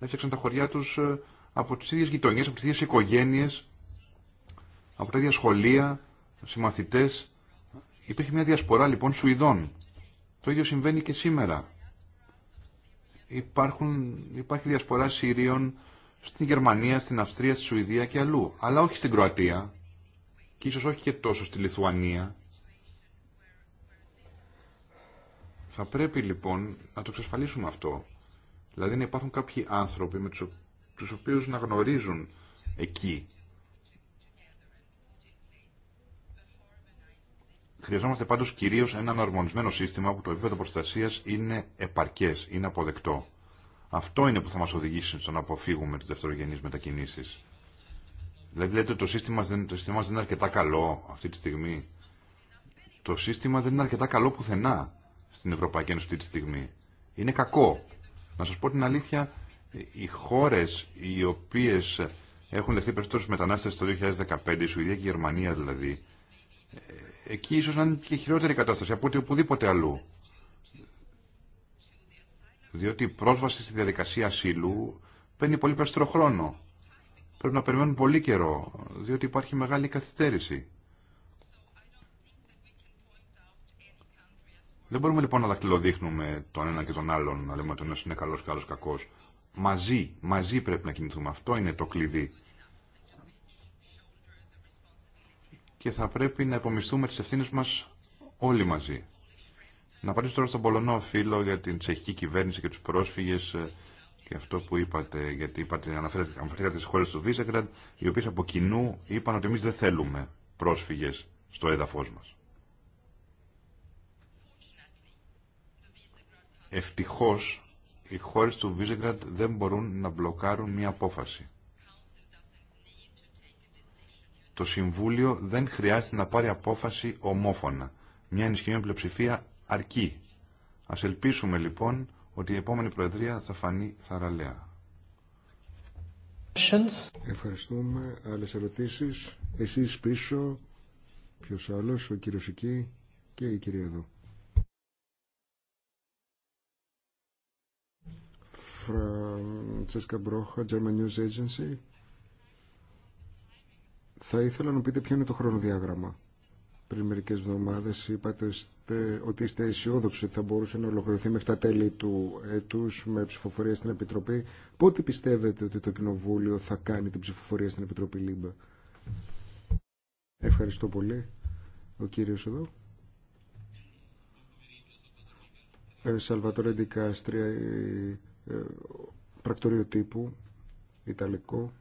Έφτιαξαν τα χωριά τους ε, από τις ίδιες γειτονιές, από τις ίδιες οικογένειες, από τα ίδια σχολεία, συμμαθητές. Υπήρχε μια διασπορά λοιπόν Σουηδών. Το ίδιο συμβαίνει και σήμερα. Υπάρχουν, υπάρχει διασπορά Σύριων στην Γερμανία, στην Αυστρία, στη Σουηδία και αλλού. Αλλά όχι στην Κροατία και ίσως όχι και τόσο στη Λιθουανία Θα πρέπει λοιπόν να το εξασφαλίσουμε αυτό. Δηλαδή να υπάρχουν κάποιοι άνθρωποι με τους, οποίους να γνωρίζουν εκεί. Χρειαζόμαστε πάντως κυρίως ένα αρμονισμένο σύστημα που το επίπεδο προστασίας είναι επαρκές, είναι αποδεκτό. Αυτό είναι που θα μας οδηγήσει στο να αποφύγουμε τις δευτερογενείς μετακινήσεις. Δηλαδή λέτε ότι το σύστημα, δεν, το σύστημα μας δεν είναι αρκετά καλό αυτή τη στιγμή. Το σύστημα δεν είναι αρκετά καλό πουθενά στην Ευρωπαϊκή Ένωση αυτή τη στιγμή. Είναι κακό. Να σα πω την αλήθεια, οι χώρες οι οποίες έχουν δεχτεί περισσότερου μετανάστες το 2015, η Σουηδία και η Γερμανία δηλαδή, ε, εκεί ίσως να είναι και χειρότερη κατάσταση από ότι οπουδήποτε αλλού. Διότι η πρόσβαση στη διαδικασία ασύλου παίρνει πολύ περισσότερο χρόνο. Πρέπει να περιμένουν πολύ καιρό, διότι υπάρχει μεγάλη καθυστέρηση. Δεν μπορούμε λοιπόν να δακτυλοδείχνουμε τον ένα και τον άλλον, να λέμε ότι ο ένα είναι καλό και άλλο κακό. Μαζί, μαζί πρέπει να κινηθούμε. Αυτό είναι το κλειδί. Και θα πρέπει να υπομισθούμε τι ευθύνε μα όλοι μαζί. Να απαντήσω τώρα στον Πολωνό φίλο για την τσεχική κυβέρνηση και του πρόσφυγε ε, και αυτό που είπατε, γιατί είπατε, αναφέρατε, στι χώρε του Βίζεγκραντ, οι οποίε από κοινού είπαν ότι εμεί δεν θέλουμε πρόσφυγε στο έδαφο μα. Ευτυχώς, οι χώρες του Βίζεγκραντ δεν μπορούν να μπλοκάρουν μια απόφαση. Το Συμβούλιο δεν χρειάζεται να πάρει απόφαση ομόφωνα. Μια ενισχυμένη πλειοψηφία αρκεί. Ας ελπίσουμε λοιπόν ότι η επόμενη Προεδρία θα φανεί θαραλέα. Ευχαριστούμε. Άλλες ερωτήσεις. Εσείς πίσω. Ποιος άλλος. Ο κύριος εκεί και η κυρία εδώ. Μπρόχα, German News Agency. Θα ήθελα να πείτε ποιο είναι το χρονοδιάγραμμα. Πριν μερικέ εβδομάδε είπατε ότι είστε αισιόδοξοι ότι θα μπορούσε να ολοκληρωθεί μέχρι τα τέλη του έτου με ψηφοφορία στην Επιτροπή. Πότε πιστεύετε ότι το Κοινοβούλιο θα κάνει την ψηφοφορία στην Επιτροπή Λίμπα. Ευχαριστώ πολύ. Ο κύριος εδώ. Ε, Σαλβατόρε Ντικάστρια, ε, πρακτορείο τύπου, Ιταλικό,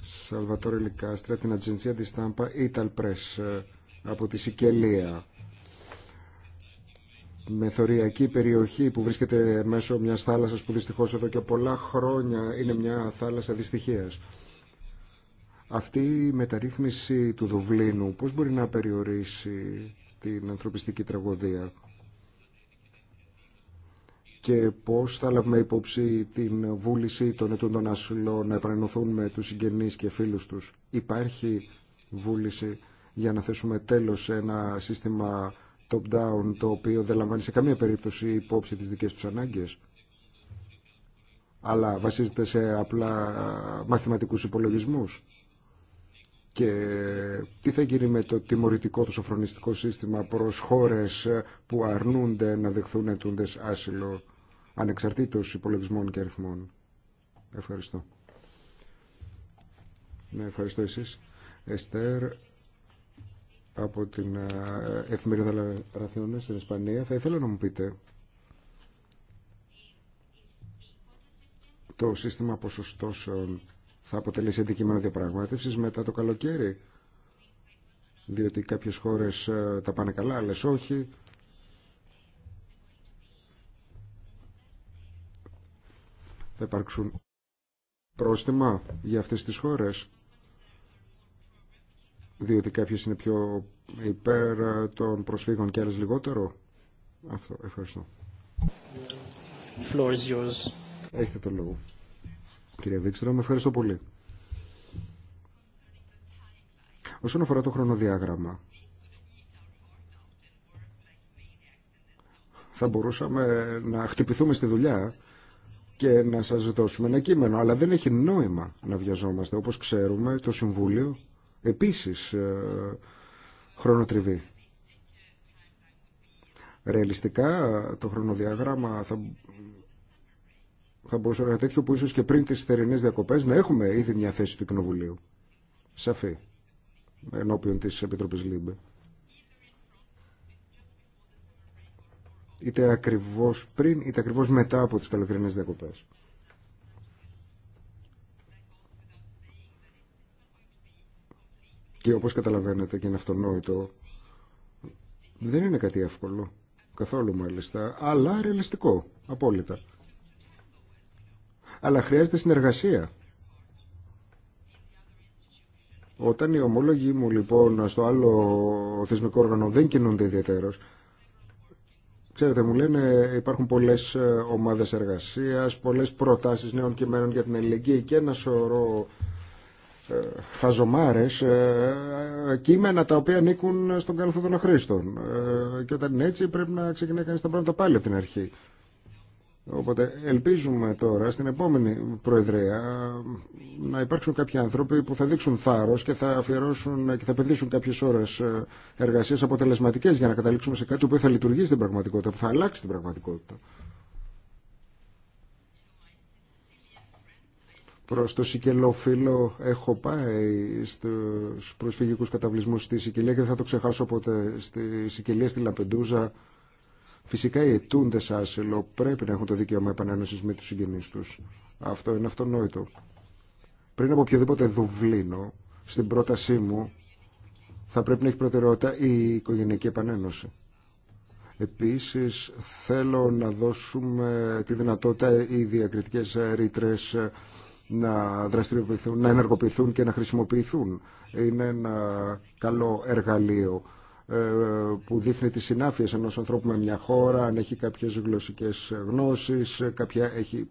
Σαλβατόρε Λικάστρα, την Ατζεντσία της Στάμπα, Ιταλ Press, ε, από τη Σικελία. θωριακή περιοχή που βρίσκεται μέσω μιας θάλασσας που δυστυχώς εδώ και πολλά χρόνια είναι μια θάλασσα δυστυχίας. Αυτή η μεταρρύθμιση του Δουβλίνου πώς μπορεί να περιορίσει την ανθρωπιστική τραγωδία και πώς θα λάβουμε υπόψη την βούληση των των ασυλών να επανενωθούν με τους συγγενείς και φίλους τους. Υπάρχει βούληση για να θέσουμε τέλος σε ένα σύστημα top-down το οποίο δεν λαμβάνει σε καμία περίπτωση υπόψη τις δικές τους ανάγκες αλλά βασίζεται σε απλά μαθηματικούς υπολογισμούς. Και τι θα γίνει με το τιμωρητικό του σοφρονιστικό σύστημα προς χώρες που αρνούνται να δεχθούν ετούντες άσυλο ανεξαρτήτως υπολογισμών και αριθμών. Ευχαριστώ. Ναι, ευχαριστώ εσείς. Εστέρ, από την ε, Εφημερίδα Ραθιών στην Ισπανία. Θα ήθελα να μου πείτε το σύστημα ποσοστώσεων θα αποτελέσει αντικείμενο διαπραγμάτευσης μετά το καλοκαίρι διότι κάποιες χώρες ε, τα πάνε καλά, άλλες όχι. Θα υπάρξουν πρόστιμα για αυτές τις χώρες διότι κάποιες είναι πιο υπέρ των προσφύγων και άλλες λιγότερο. Αυτό, ευχαριστώ. floor is Έχετε το λόγο. Κύριε Βίξτρο, με ευχαριστώ πολύ. Όσον αφορά το χρονοδιάγραμμα, θα μπορούσαμε να χτυπηθούμε στη δουλειά και να σας δώσουμε ένα κείμενο. Αλλά δεν έχει νόημα να βιαζόμαστε. Όπως ξέρουμε, το Συμβούλιο επίσης ε, χρονοτριβεί. Ρεαλιστικά, το χρονοδιάγραμμα θα, θα μπορούσε να είναι τέτοιο που ίσως και πριν τις θερινές διακοπές να έχουμε ήδη μια θέση του Κοινοβουλίου. Σαφή. Ενώπιον της Επιτροπής Λίμπε. είτε ακριβώς πριν είτε ακριβώς μετά από τις καλοκαιρινές διακοπές. Και όπως καταλαβαίνετε και είναι αυτονόητο, δεν είναι κάτι εύκολο, καθόλου μάλιστα, αλλά ρεαλιστικό, απόλυτα. Αλλά χρειάζεται συνεργασία. Όταν οι ομόλογοι μου λοιπόν στο άλλο θεσμικό όργανο δεν κινούνται ιδιαίτερως, Ξέρετε, μου λένε υπάρχουν πολλέ ε, ομάδε εργασία, πολλέ προτάσει νέων κειμένων για την ελληνική και ένα σωρό ε, χαζομάρε, ε, κείμενα τα οποία ανήκουν στον καλωθό των αχρήστων και όταν είναι έτσι πρέπει να ξεκινάει κανεί τα πράγματα πάλι από την αρχή Οπότε ελπίζουμε τώρα στην επόμενη Προεδρία να υπάρξουν κάποιοι άνθρωποι που θα δείξουν θάρρο και θα αφιερώσουν και θα επενδύσουν κάποιε ώρε εργασία αποτελεσματικέ για να καταλήξουμε σε κάτι που θα λειτουργήσει την πραγματικότητα, που θα αλλάξει την πραγματικότητα. Προ το Σικελόφιλο έχω πάει στου προσφυγικού καταβλισμού στη Σικελία και δεν θα το ξεχάσω ποτέ. Στη Σικελία, στη Λαπεντούζα Φυσικά οι αιτούντες άσυλο πρέπει να έχουν το δικαίωμα επανένωση με τους συγγενεί τους. Αυτό είναι αυτονόητο. Πριν από οποιοδήποτε δουβλίνο, στην πρότασή μου θα πρέπει να έχει προτεραιότητα η οικογενειακή επανένωση. Επίσης θέλω να δώσουμε τη δυνατότητα οι διακριτικές ρήτρε να δραστηριοποιηθούν, να ενεργοποιηθούν και να χρησιμοποιηθούν. Είναι ένα καλό εργαλείο ε, που δείχνει τις συνάφειες ενός ανθρώπου με μια χώρα, αν έχει κάποιες γλωσσικές γνώσεις, κάποια έχει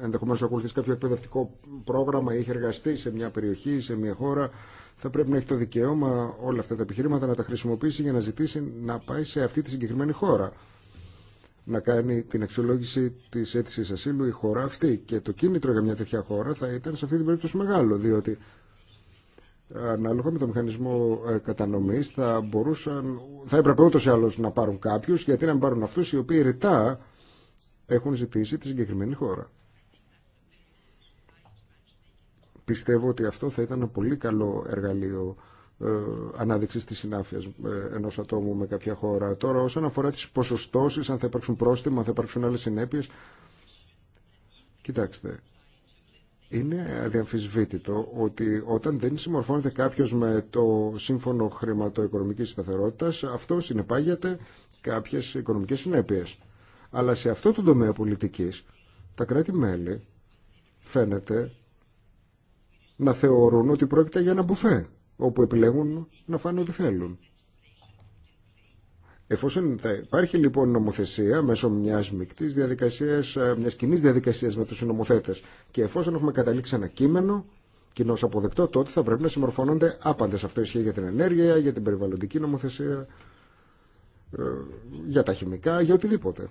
ενδεχομένως να ακολουθήσει κάποιο εκπαιδευτικό πρόγραμμα ή έχει εργαστεί σε μια περιοχή, σε μια χώρα, θα πρέπει να έχει το δικαίωμα όλα αυτά τα επιχειρήματα να τα χρησιμοποιήσει για να ζητήσει να πάει σε αυτή τη συγκεκριμένη χώρα. Να κάνει την αξιολόγηση τη αίτηση ασύλου η χώρα αυτή. Και το κίνητρο για μια τέτοια χώρα θα ήταν σε αυτή την περίπτωση μεγάλο, διότι ανάλογα με το μηχανισμό ε, κατανομής θα μπορούσαν, θα έπρεπε ούτω ή άλλω να πάρουν κάποιου γιατί να μην πάρουν αυτού οι οποίοι ρητά έχουν ζητήσει τη συγκεκριμένη χώρα. Πιστεύω ότι αυτό θα ήταν ένα πολύ καλό εργαλείο ε, ανάδειξη τη συνάφεια ε, ενό ατόμου με κάποια χώρα. Τώρα, όσον αφορά τι ποσοστώσει, αν θα υπάρξουν πρόστιμα, αν θα υπάρξουν άλλε συνέπειε. Κοιτάξτε, είναι αδιαμφισβήτητο ότι όταν δεν συμμορφώνεται κάποιος με το σύμφωνο χρηματοοικονομικής σταθερότητας, αυτό συνεπάγεται κάποιες οικονομικές συνέπειες. Αλλά σε αυτό το τομέα πολιτικής, τα κράτη-μέλη φαίνεται να θεωρούν ότι πρόκειται για ένα μπουφέ, όπου επιλέγουν να φάνε ό,τι θέλουν. Εφόσον θα υπάρχει λοιπόν νομοθεσία μέσω μια μεικτή διαδικασία, ε, μια κοινή διαδικασία με του συνομοθέτε και εφόσον έχουμε καταλήξει ένα κείμενο κοινώ αποδεκτό, τότε θα πρέπει να συμμορφώνονται άπαντε. Αυτό ισχύει για την ενέργεια, για την περιβαλλοντική νομοθεσία, ε, για τα χημικά, για οτιδήποτε.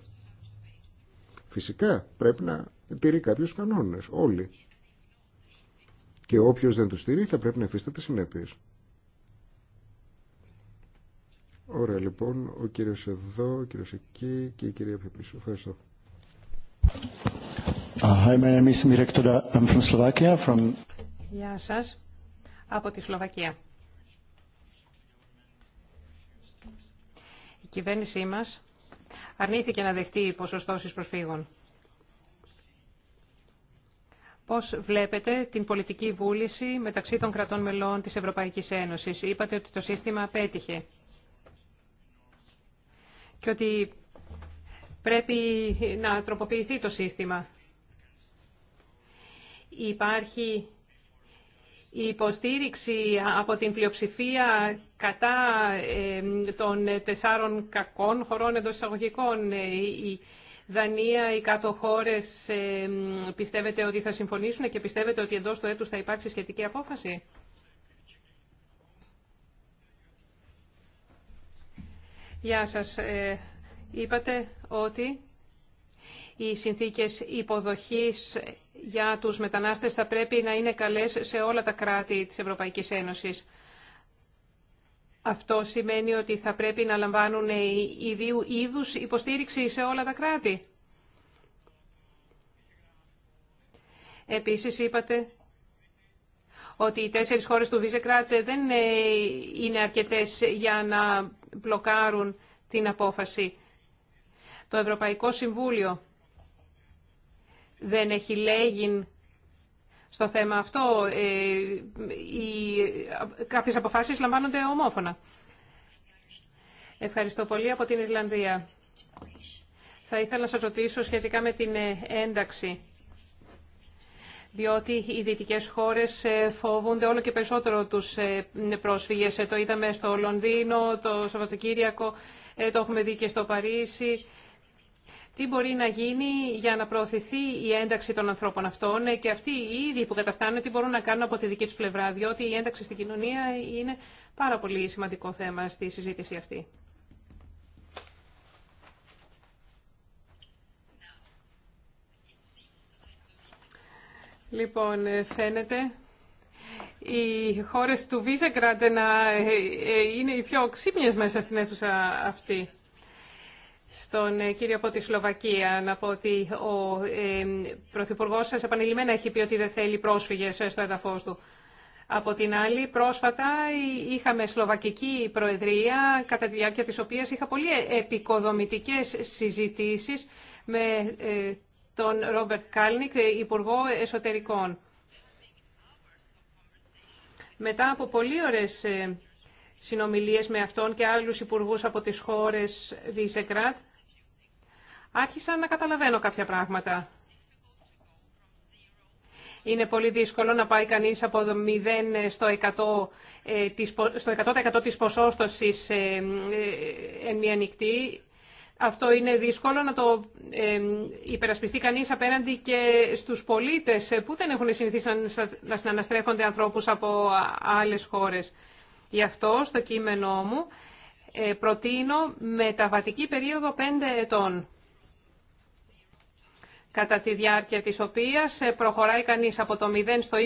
Φυσικά πρέπει να τηρεί κάποιου κανόνε, όλοι. Και όποιο δεν του τηρεί θα πρέπει να υφίσταται συνέπειε. Ωραία λοιπόν, ο κύριος εδώ, ο κύριος εκεί και η κυρία πιο πίσω. Ευχαριστώ. Uh, uh, from Slovakia, from... Γεια σας, από τη Σλοβακία. Η κυβέρνησή μας αρνήθηκε να δεχτεί ποσοστώσεις προσφύγων. Πώς βλέπετε την πολιτική βούληση μεταξύ των κρατών μελών της Ευρωπαϊκής Ένωσης. Είπατε ότι το σύστημα απέτυχε και ότι πρέπει να τροποποιηθεί το σύστημα. Υπάρχει η υποστήριξη από την πλειοψηφία κατά των τεσσάρων κακών χωρών εντός εισαγωγικών. Ε, η Δανία, οι κάτω χώρες πιστεύετε ότι θα συμφωνήσουν και πιστεύετε ότι εντός του έτους θα υπάρξει σχετική απόφαση. Γεια σας. Ε, είπατε ότι οι συνθήκες υποδοχής για τους μετανάστες θα πρέπει να είναι καλές σε όλα τα κράτη της Ευρωπαϊκής Ένωσης. Αυτό σημαίνει ότι θα πρέπει να λαμβάνουν ιδίου είδους υποστήριξη σε όλα τα κράτη. Επίσης είπατε ότι οι τέσσερις χώρες του Βίζεκράτ δεν ε, είναι αρκετές για να μπλοκάρουν την απόφαση. Το Ευρωπαϊκό Συμβούλιο δεν έχει λέγει στο θέμα αυτό. Ε, οι, κάποιες αποφάσεις λαμβάνονται ομόφωνα. Ευχαριστώ πολύ από την Ισλανδία. Θα ήθελα να σας ρωτήσω σχετικά με την ένταξη διότι οι δυτικέ χώρες ε, φοβούνται όλο και περισσότερο τους ε, πρόσφυγες. Ε, το είδαμε στο Λονδίνο, το Σαββατοκύριακο, το έχουμε δει και στο Παρίσι. Τι μπορεί να γίνει για να προωθηθεί η ένταξη των ανθρώπων αυτών και αυτοί οι ίδιοι που καταφτάνουν τι μπορούν να κάνουν από τη δική του πλευρά, διότι η ένταξη στην κοινωνία είναι πάρα πολύ σημαντικό θέμα στη συζήτηση αυτή. Λοιπόν, ε, φαίνεται οι χώρες του Βίζεγκραντ να ε, ε, είναι οι πιο ξύπνιες μέσα στην αίθουσα αυτή. Στον κύριο από τη Σλοβακία να πω ότι ο ε, Πρωθυπουργό σα επανειλημμένα έχει πει ότι δεν θέλει πρόσφυγες στο εδαφός του. Από την άλλη, πρόσφατα είχαμε Σλοβακική Προεδρία, κατά τη διάρκεια της οποίας είχα πολύ επικοδομητικές συζητήσεις με τον Ρόμπερτ Κάλνικ, Υπουργό Εσωτερικών. Μετά από πολύ ωραίες ε, συνομιλίες με αυτόν και άλλους υπουργούς από τις χώρες Βίσεκρατ, άρχισα να καταλαβαίνω κάποια πράγματα. Είναι πολύ δύσκολο να πάει κανείς από 0 στο 100%, ε, στο 100 της ποσόστοσης ε, εν μία νυχτή. Αυτό είναι δύσκολο να το υπερασπιστεί κανείς απέναντι και στους πολίτες ε, που δεν έχουν συνηθίσει να συναναστρέφονται ανθρώπους από άλλες χώρες. Γι' αυτό στο κείμενό μου ε, προτείνω μεταβατική περίοδο 5 ετών κατά τη διάρκεια της οποίας ε, προχωράει κανείς από το 0 στο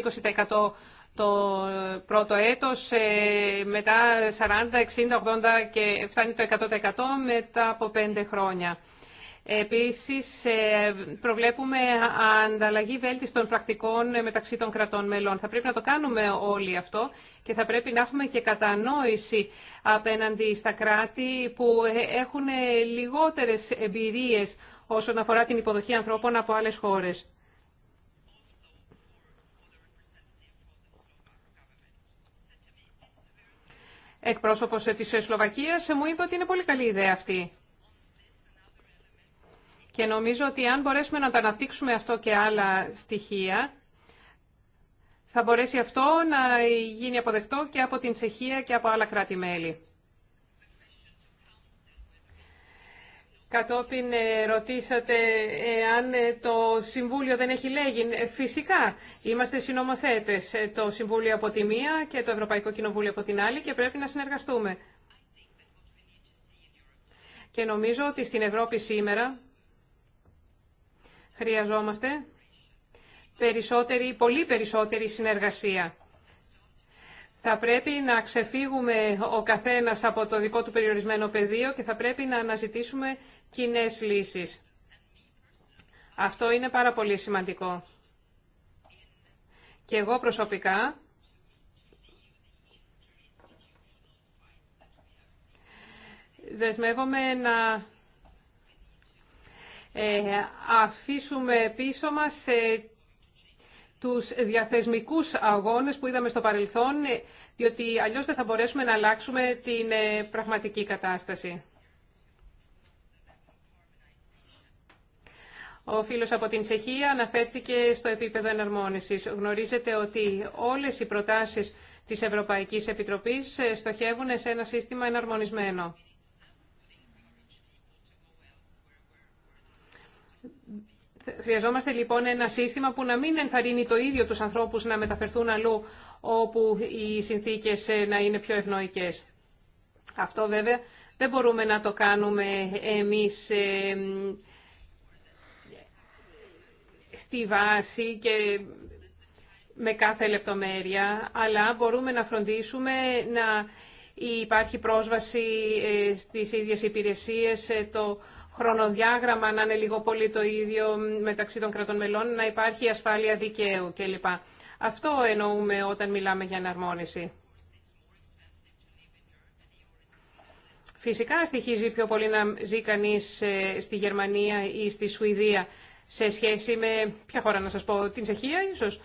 20% το πρώτο έτος, ε, μετά 40, 60, 80 και φτάνει το 100% μετά από 5 χρόνια. Επίσης, ε, προβλέπουμε ανταλλαγή βέλτιστων πρακτικών μεταξύ των κρατών μελών. Θα πρέπει να το κάνουμε όλοι αυτό και θα πρέπει να έχουμε και κατανόηση απέναντι στα κράτη που ε, έχουν λιγότερες εμπειρίες όσον αφορά την υποδοχή ανθρώπων από άλλες χώρες. εκπρόσωπος ε, της ε, Σλοβακίας ε, μου είπε ότι είναι πολύ καλή ιδέα αυτή. Και νομίζω ότι αν μπορέσουμε να τα αναπτύξουμε αυτό και άλλα στοιχεία, θα μπορέσει αυτό να γίνει αποδεκτό και από την Τσεχία και από άλλα κράτη-μέλη. Κατόπιν ε, ρωτήσατε αν ε, το Συμβούλιο δεν έχει λέγει. Ε, φυσικά, είμαστε συνομοθέτες. Το Συμβούλιο από τη μία και το Ευρωπαϊκό Κοινοβούλιο από την άλλη και πρέπει να συνεργαστούμε. Και νομίζω ότι στην Ευρώπη σήμερα χρειαζόμαστε περισσότερη, πολύ περισσότερη συνεργασία. Θα πρέπει να ξεφύγουμε ο καθένας από το δικό του περιορισμένο πεδίο και θα πρέπει να αναζητήσουμε κοινέ λύσεις. Αυτό είναι πάρα πολύ σημαντικό. Και εγώ προσωπικά δεσμεύομαι να ε, αφήσουμε πίσω μας ε, τους διαθεσμικούς αγώνες που είδαμε στο παρελθόν, διότι αλλιώς δεν θα μπορέσουμε να αλλάξουμε την ε, πραγματική κατάσταση. Ο φίλος από την Τσεχία αναφέρθηκε στο επίπεδο εναρμόνισης. Γνωρίζετε ότι όλες οι προτάσεις τη Ευρωπαϊκή Επιτροπής ε, στοχεύουν σε ένα σύστημα εναρμονισμένο. Χρειαζόμαστε λοιπόν ένα σύστημα που να μην ενθαρρύνει το ίδιο τους ανθρώπους να μεταφερθούν αλλού όπου οι συνθήκες ε, να είναι πιο ευνοϊκές. Αυτό βέβαια δεν μπορούμε να το κάνουμε εμείς ε, στη βάση και με κάθε λεπτομέρεια, αλλά μπορούμε να φροντίσουμε να υπάρχει πρόσβαση ε, στις ίδιες υπηρεσίες, ε, το χρονοδιάγραμμα να είναι λίγο πολύ το ίδιο μεταξύ των κρατών μελών, να υπάρχει ασφάλεια δικαίου κλπ. Αυτό εννοούμε όταν μιλάμε για εναρμόνιση. Φυσικά στοιχίζει πιο πολύ να ζει κανείς ε, στη Γερμανία ή στη Σουηδία σε σχέση με ποια χώρα να σας πω, την Τσεχία ίσως.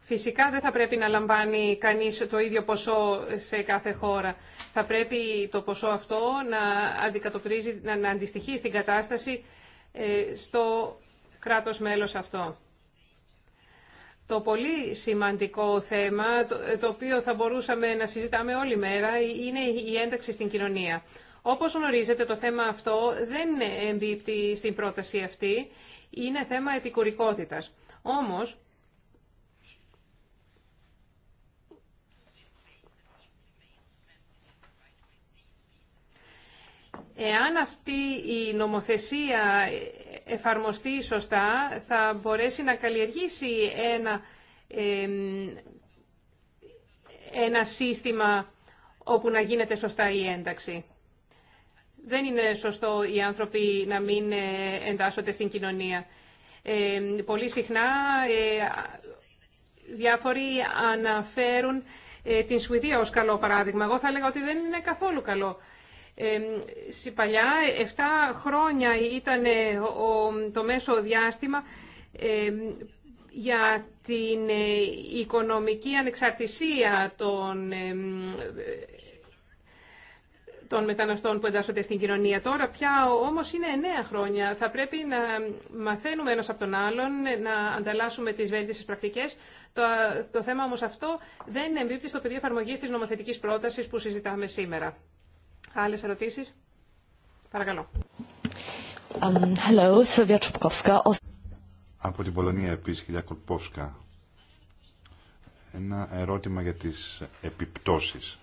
Φυσικά δεν θα πρέπει να λαμβάνει κανείς το ίδιο ποσό σε κάθε χώρα. Θα πρέπει το ποσό αυτό να, αντικατοπτρίζει, να, να αντιστοιχεί στην κατάσταση ε, στο κράτος μέλος αυτό. Το πολύ σημαντικό θέμα, το, ε, το οποίο θα μπορούσαμε να συζητάμε όλη μέρα, ε, είναι η ένταξη στην κοινωνία. Όπως γνωρίζετε, το θέμα αυτό δεν εμπίπτει στην πρόταση αυτή. Είναι θέμα επικουρικότητας. Όμως, Εάν αυτή η νομοθεσία εφαρμοστεί σωστά, θα μπορέσει να καλλιεργήσει ένα, ένα σύστημα όπου να γίνεται σωστά η ένταξη. Δεν είναι σωστό οι άνθρωποι να μην ε, εντάσσονται στην κοινωνία. Ε, πολύ συχνά ε, διάφοροι αναφέρουν την Σουηδία ως καλό παράδειγμα. Εγώ θα έλεγα ότι δεν είναι καθόλου καλό. Στην παλιά 7 χρόνια ήταν το μέσο διάστημα για την οικονομική ανεξαρτησία των των μεταναστών που εντάσσονται στην κοινωνία. Τώρα πια όμως είναι εννέα χρόνια. Θα πρέπει να μαθαίνουμε ένας από τον άλλον, να ανταλλάσσουμε τις βέλτιστες πρακτικές. Το, το θέμα όμως αυτό δεν εμπίπτει στο πεδίο εφαρμογή της νομοθετικής πρότασης που συζητάμε σήμερα. Άλλες ερωτήσεις. Παρακαλώ. Um, hello, από την Πολωνία επίσης, κυρία Κορπόφσκα. Ένα ερώτημα για τις επιπτώσεις.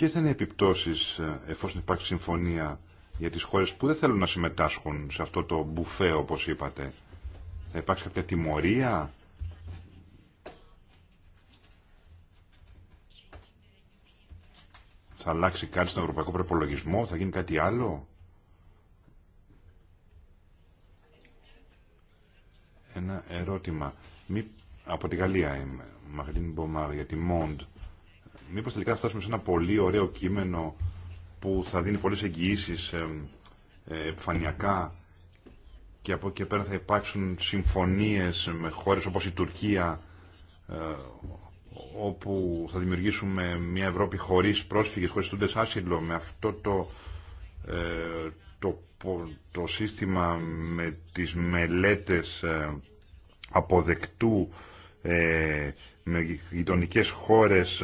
Ποιε θα είναι οι επιπτώσει ε, εφόσον υπάρχει συμφωνία για τι χώρε που δεν θέλουν να συμμετάσχουν σε αυτό το μπουφέ, όπω είπατε, θα υπάρξει κάποια τιμωρία. Θα αλλάξει κάτι στον ευρωπαϊκό προπολογισμό, θα γίνει κάτι άλλο. Ένα ερώτημα. Μη... Από τη Γαλλία είμαι. Μαγλίν Μπομάρ για τη Μοντ μήπως τελικά θα φτάσουμε σε ένα πολύ ωραίο κείμενο που θα δίνει πολλές εγγυήσεις ε, επιφανειακά και από εκεί πέρα θα υπάρξουν συμφωνίες με χώρες όπως η Τουρκία ε, όπου θα δημιουργήσουμε μια Ευρώπη χωρίς πρόσφυγες, χωρίς τούντες άσυλο με αυτό το, ε, το, το σύστημα με τις μελέτες ε, αποδεκτού ε, με γειτονικές χώρες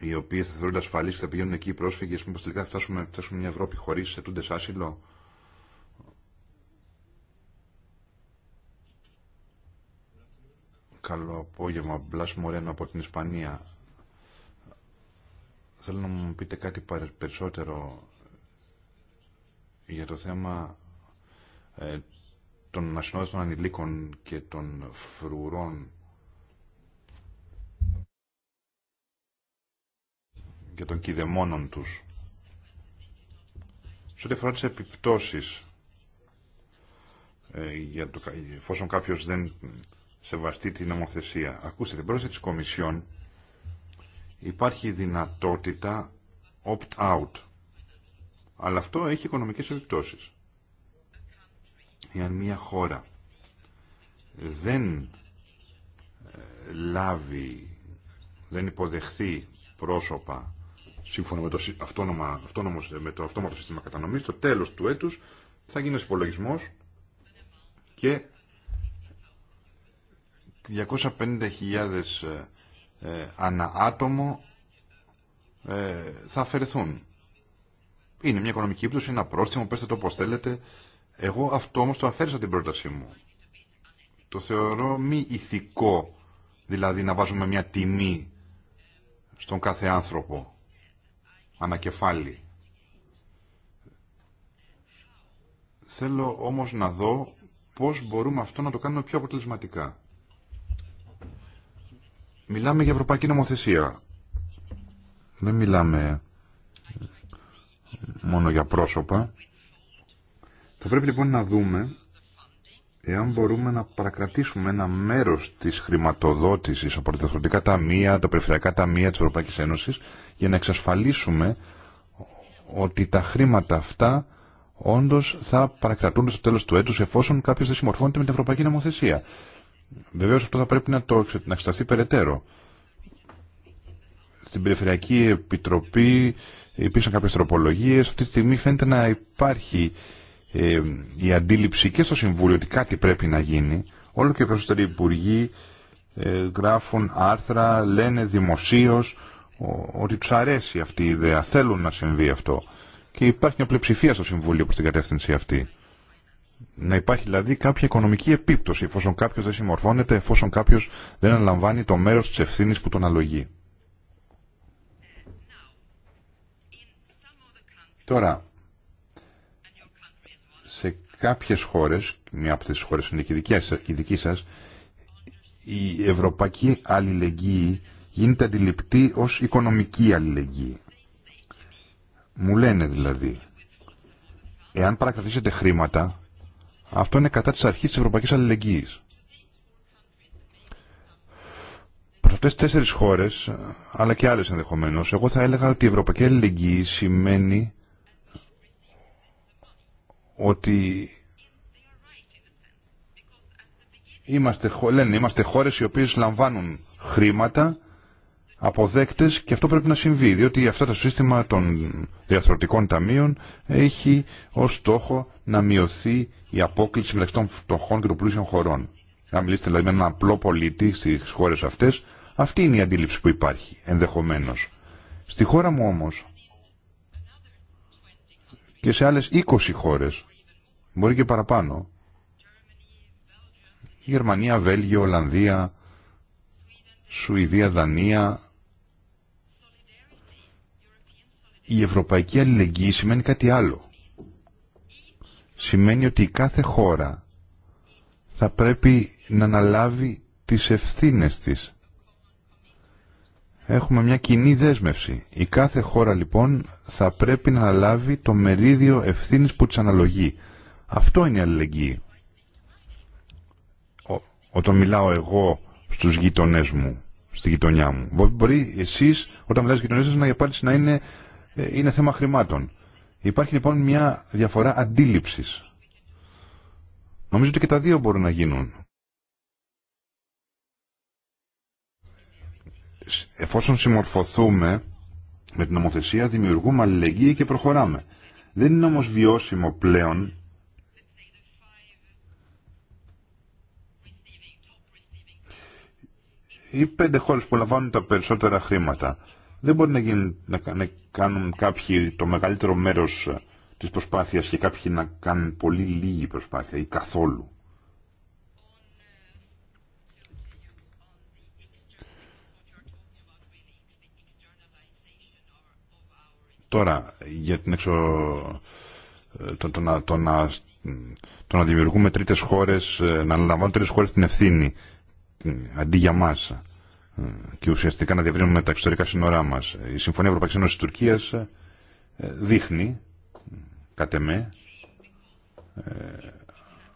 οι οποίε θα θεωρούνται ασφαλεί και θα πηγαίνουν εκεί οι πρόσφυγε, μήπω τελικά θα φτάσουμε, φτάσουμε μια Ευρώπη χωρί ετούντε άσυλο. Καλό απόγευμα, Μπλά Μωρένο από την Ισπανία. Θέλω να μου πείτε κάτι περισσότερο για το θέμα ε, των ασυνόδευτων ανηλίκων και των φρουρών και των κηδεμόνων τους. Σε ό,τι αφορά τις επιπτώσεις, ε, για εφόσον κάποιος δεν σεβαστεί την νομοθεσία. Ακούστε, την πρόσθεση της Κομισιόν υπάρχει δυνατότητα opt-out. Αλλά αυτό έχει οικονομικές επιπτώσεις. Εάν μια χώρα δεν ε, λάβει, δεν υποδεχθεί πρόσωπα σύμφωνα με το αυτόνομα, αυτόνομος, ε, με το αυτόματο σύστημα κατανομής, στο τέλος του έτους θα γίνει υπολογισμό και 250.000 ε, ε, ανά άτομο θα αφαιρεθούν. Είναι μια οικονομική ύπτωση, ένα πρόστιμο, πέστε το όπως θέλετε. Εγώ αυτό όμως το αφαίρεσα την πρότασή μου. Το θεωρώ μη ηθικό, δηλαδή να βάζουμε μια τιμή στον κάθε άνθρωπο ανακεφάλι. Θέλω όμως να δω πώς μπορούμε αυτό να το κάνουμε πιο αποτελεσματικά. Μιλάμε για ευρωπαϊκή νομοθεσία. Δεν μιλάμε μόνο για πρόσωπα. Θα πρέπει λοιπόν να δούμε εάν μπορούμε να παρακρατήσουμε ένα μέρος της χρηματοδότησης από τα διευθυντικά ταμεία, τα περιφερειακά ταμεία της Ευρωπαϊκής Ένωσης για να εξασφαλίσουμε ότι τα χρήματα αυτά όντως θα παρακρατούνται στο τέλος του έτους εφόσον κάποιος δεν συμμορφώνεται με την Ευρωπαϊκή Νομοθεσία. Βεβαίως αυτό θα πρέπει να, το, να εξεταστεί περαιτέρω. Στην Περιφερειακή Επιτροπή υπήρξαν κάποιες τροπολογίες. Αυτή τη στιγμή φαίνεται να υπάρχει ε, η αντίληψη και στο Συμβούλιο ότι κάτι πρέπει να γίνει. Όλο και περισσότεροι υπουργοί ε, γράφουν άρθρα, λένε δημοσίως ότι του αρέσει αυτή η ιδέα, θέλουν να συμβεί αυτό. Και υπάρχει μια πλειοψηφία στο Συμβούλιο προς την κατεύθυνση αυτή. Να υπάρχει δηλαδή κάποια οικονομική επίπτωση, εφόσον κάποιο δεν συμμορφώνεται, εφόσον κάποιο δεν αναλαμβάνει το μέρο τη ευθύνη που τον αλογεί. Τώρα, κάποιες χώρες, μια από τις χώρες είναι και η δική σας, η ευρωπαϊκή αλληλεγγύη γίνεται αντιληπτή ως οικονομική αλληλεγγύη. Μου λένε δηλαδή, εάν παρακρατήσετε χρήματα, αυτό είναι κατά της αρχής της ευρωπαϊκής αλληλεγγύης. Προς αυτές τις τέσσερις χώρες, αλλά και άλλες ενδεχομένως, εγώ θα έλεγα ότι η ευρωπαϊκή αλληλεγγύη σημαίνει ότι είμαστε, λένε, είμαστε χώρες οι οποίες λαμβάνουν χρήματα από δέκτες και αυτό πρέπει να συμβεί διότι αυτό το σύστημα των διαθροτικών ταμείων έχει ως στόχο να μειωθεί η απόκληση μεταξύ των φτωχών και των πλούσιων χωρών. Αν μιλήσετε δηλαδή με έναν απλό πολίτη στις χώρες αυτές, αυτή είναι η αντίληψη που υπάρχει ενδεχομένως. Στη χώρα μου όμως και σε άλλες 20 χώρες, μπορεί και παραπάνω. Γερμανία, Βέλγιο, Ολλανδία, Σουηδία, Δανία. Η ευρωπαϊκή αλληλεγγύη σημαίνει κάτι άλλο. Σημαίνει ότι η κάθε χώρα θα πρέπει να αναλάβει τις ευθύνες της έχουμε μια κοινή δέσμευση. Η κάθε χώρα λοιπόν θα πρέπει να λάβει το μερίδιο ευθύνης που της αναλογεί. Αυτό είναι η αλληλεγγύη. Ό, όταν μιλάω εγώ στους γειτονές μου, στη γειτονιά μου. Μπορεί εσείς όταν μιλάτε στους γειτονές σας να η να είναι, ε, είναι θέμα χρημάτων. Υπάρχει λοιπόν μια διαφορά αντίληψης. Νομίζω ότι και τα δύο μπορούν να γίνουν. εφόσον συμμορφωθούμε με την νομοθεσία δημιουργούμε αλληλεγγύη και προχωράμε. Δεν είναι όμως βιώσιμο πλέον οι πέντε χώρες που λαμβάνουν τα περισσότερα χρήματα. Δεν μπορεί να, γίνει, να κάνουν κάποιοι το μεγαλύτερο μέρος της προσπάθειας και κάποιοι να κάνουν πολύ λίγη προσπάθεια ή καθόλου. Τώρα, για την εξω... Ε, το, το, να, δημιουργούμε τρίτες χώρες, ε, να αναλαμβάνουν τρίτες χώρες την ευθύνη, ε, αντί για μας και ουσιαστικά να διαβρύνουμε τα εξωτερικά σύνορά μας. Η Συμφωνία Ευρωπαϊκής Ένωσης Τουρκίας δείχνει, κατ' εμέ,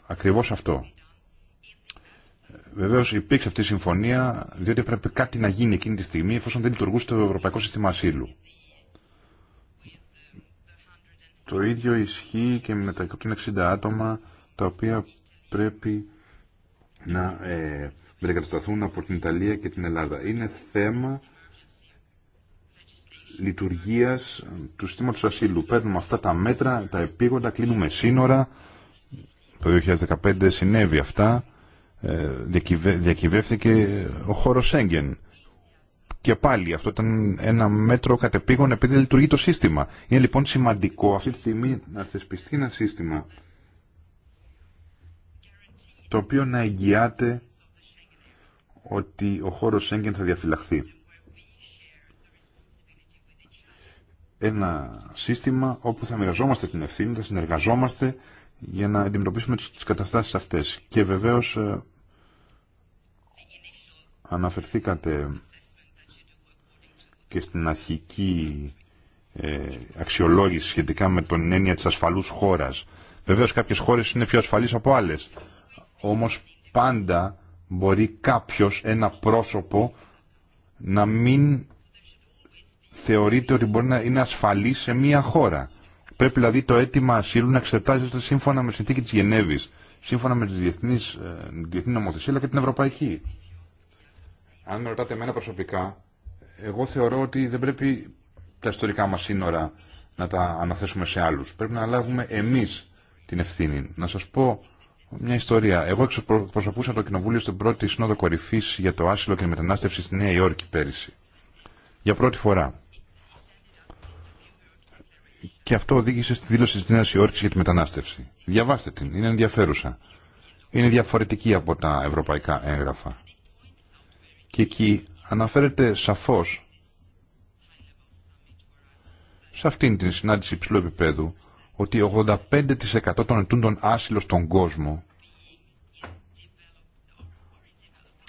ακριβώς αυτό. Βεβαίω υπήρξε αυτή η συμφωνία διότι έπρεπε κάτι να γίνει εκείνη τη στιγμή εφόσον δεν λειτουργούσε το Ευρωπαϊκό Σύστημα Ασύλου. Το ίδιο ισχύει και με τα 160 άτομα τα οποία πρέπει να ε, μετακατασταθούν από την Ιταλία και την Ελλάδα. Είναι θέμα λειτουργίας του συστήματος ασύλου. Παίρνουμε αυτά τα μέτρα, τα επίγοντα, κλείνουμε σύνορα. Το 2015 συνέβη αυτά. Ε, διακυβεύθηκε ο χώρος έγκεν. Και πάλι αυτό ήταν ένα μέτρο κατεπήγον επειδή λειτουργεί το σύστημα. Είναι λοιπόν σημαντικό αυτή τη στιγμή να θεσπιστεί ένα σύστημα το οποίο να εγγυάται ότι ο χώρος Σέγγεν θα διαφυλαχθεί. Ένα σύστημα όπου θα μοιραζόμαστε την ευθύνη, θα συνεργαζόμαστε για να αντιμετωπίσουμε τις καταστάσεις αυτές. Και βεβαίως ε, αναφερθήκατε και στην αρχική ε, αξιολόγηση σχετικά με τον έννοια της ασφαλούς χώρας. Βεβαίως κάποιες χώρες είναι πιο ασφαλείς από άλλες. Όμως πάντα μπορεί κάποιος, ένα πρόσωπο, να μην θεωρείται ότι μπορεί να είναι ασφαλής σε μία χώρα. Πρέπει δηλαδή το αίτημα ασύλου να εξετάζεται σύμφωνα με συνθήκη της Γενέβης, σύμφωνα με τη ε, διεθνή νομοθεσία αλλά και την ευρωπαϊκή. Αν με ρωτάτε εμένα προσωπικά, εγώ θεωρώ ότι δεν πρέπει τα ιστορικά μας σύνορα να τα αναθέσουμε σε άλλους. Πρέπει να λάβουμε εμείς την ευθύνη. Να σας πω μια ιστορία. Εγώ εκπροσωπούσα το Κοινοβούλιο στην πρώτη Σύνοδο Κορυφής για το άσυλο και μετανάστευση στη Νέα Υόρκη πέρυσι. Για πρώτη φορά. Και αυτό οδήγησε στη δήλωση της Νέας Υόρκης για τη μετανάστευση. Διαβάστε την, είναι ενδιαφέρουσα. Είναι διαφορετική από τα ευρωπαϊκά έγγραφα. Και εκεί αναφέρεται σαφώς σε αυτήν την συνάντηση υψηλού επίπεδου ότι 85% των ετούντων άσυλο στον κόσμο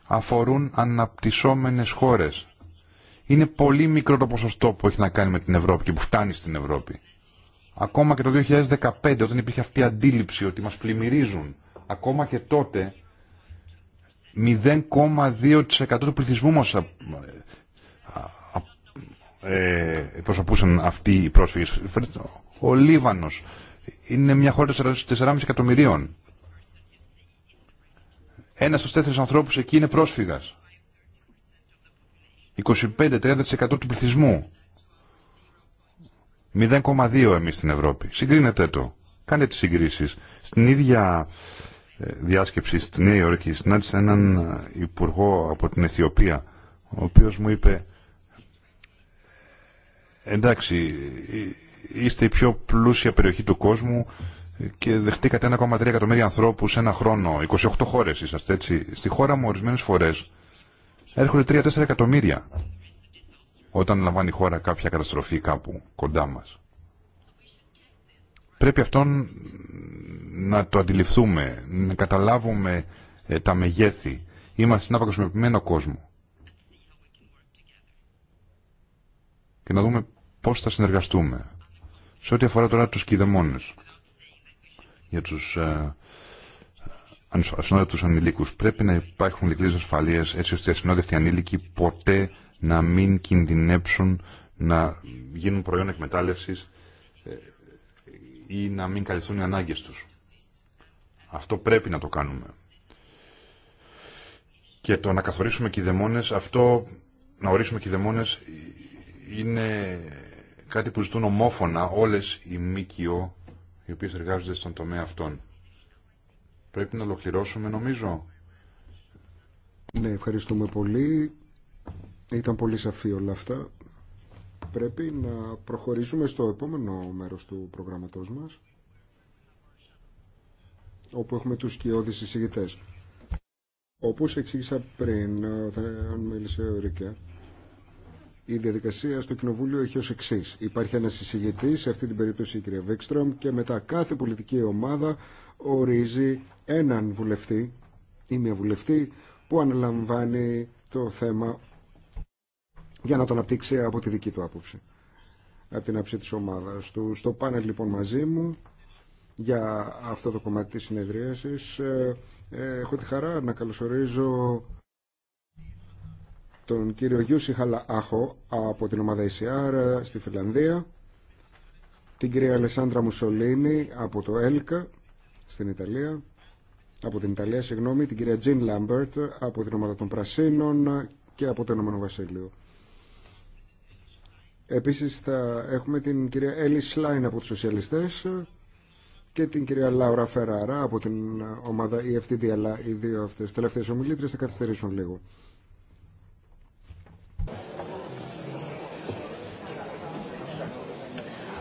αφορούν αναπτυσσόμενες χώρες. Είναι πολύ μικρό το ποσοστό που έχει να κάνει με την Ευρώπη και που φτάνει στην Ευρώπη. Ακόμα και το 2015 όταν υπήρχε αυτή η αντίληψη ότι μας πλημμυρίζουν, ακόμα και τότε 0,2% του πληθυσμού μας ε, ε, ε, προσωπούσαν αυτοί οι πρόσφυγες. Ο Λίβανος είναι μια χώρα 4,5 εκατομμυρίων. Ένα στους τέσσερις ανθρώπους εκεί είναι πρόσφυγας. 25-30% του πληθυσμού. 0,2 εμείς στην Ευρώπη. Συγκρίνετε το. κάνετε τις συγκρίσεις. Στην ίδια διάσκεψη στη Νέα Υόρκη συνάντησα έναν ε, υπουργό από την Αιθιοπία ο οποίος μου είπε εντάξει ε, είστε η πιο πλούσια περιοχή του κόσμου και δεχτήκατε 1,3 εκατομμύρια ανθρώπου σε ένα χρόνο. 28 χώρε είσαστε έτσι. Στη χώρα μου ορισμένε φορέ έρχονται 3-4 εκατομμύρια όταν λαμβάνει η χώρα κάποια καταστροφή κάπου κοντά μα. Πρέπει αυτόν να το αντιληφθούμε, να καταλάβουμε ε, τα μεγέθη. Είμαστε ένα παγκοσμιοποιημένο κόσμο. Και να δούμε πώς θα συνεργαστούμε. Σε ό,τι αφορά τώρα τους κηδεμόνες, για τους ε, τους ανηλίκους, πρέπει να υπάρχουν δικλείδες ασφαλείες έτσι ώστε οι ασυνόδευτοι ανήλικοι ποτέ να μην κινδυνέψουν να γίνουν προϊόν εκμετάλλευσης ε, ή να μην καλυφθούν οι ανάγκες τους. Αυτό πρέπει να το κάνουμε. Και το να καθορίσουμε και δαιμόνες, αυτό να ορίσουμε δαιμόνες είναι κάτι που ζητούν ομόφωνα όλες οι ΜΚΟ οι οποίες εργάζονται στον τομέα αυτών. Πρέπει να ολοκληρώσουμε νομίζω. Ναι, ευχαριστούμε πολύ. Ήταν πολύ σαφή όλα αυτά. Πρέπει να προχωρήσουμε στο επόμενο μέρος του προγραμματός μας όπου έχουμε τους σκιώδεις εισηγητές. Όπως εξήγησα πριν, όταν μίλησε ο Ρίκε, η διαδικασία στο Κοινοβούλιο έχει ως εξή. Υπάρχει ένας εισηγητής, σε αυτή την περίπτωση η κυρία Βέξτρομ, και μετά κάθε πολιτική ομάδα ορίζει έναν βουλευτή ή μια βουλευτή που αναλαμβάνει το θέμα για να τον απτύξει από τη δική του άποψη από την άψη της ομάδας του. Στο πάνελ λοιπόν μαζί μου για αυτό το κομμάτι της συνεδρίασης. Ε, ε, έχω τη χαρά να καλωσορίζω τον κύριο Γιούση Χαλαάχο από την ομάδα ECR ε, στη Φιλανδία, την κυρία Αλεσάνδρα Μουσολίνη από το ΕΛΚΑ στην Ιταλία, από την Ιταλία, συγγνώμη, την κυρία Τζιν Λάμπερτ από την ομάδα των Πρασίνων και από το Ενωμένο Βασίλειο. Επίσης θα έχουμε την κυρία Έλλη Σλάιν από τους Σοσιαλιστές, και την κυρία Λάουρα Φεράρα από την ομάδα EFTD, αλλά οι δύο αυτές τελευταίες ομιλήτρες θα καθυστερήσουν λίγο.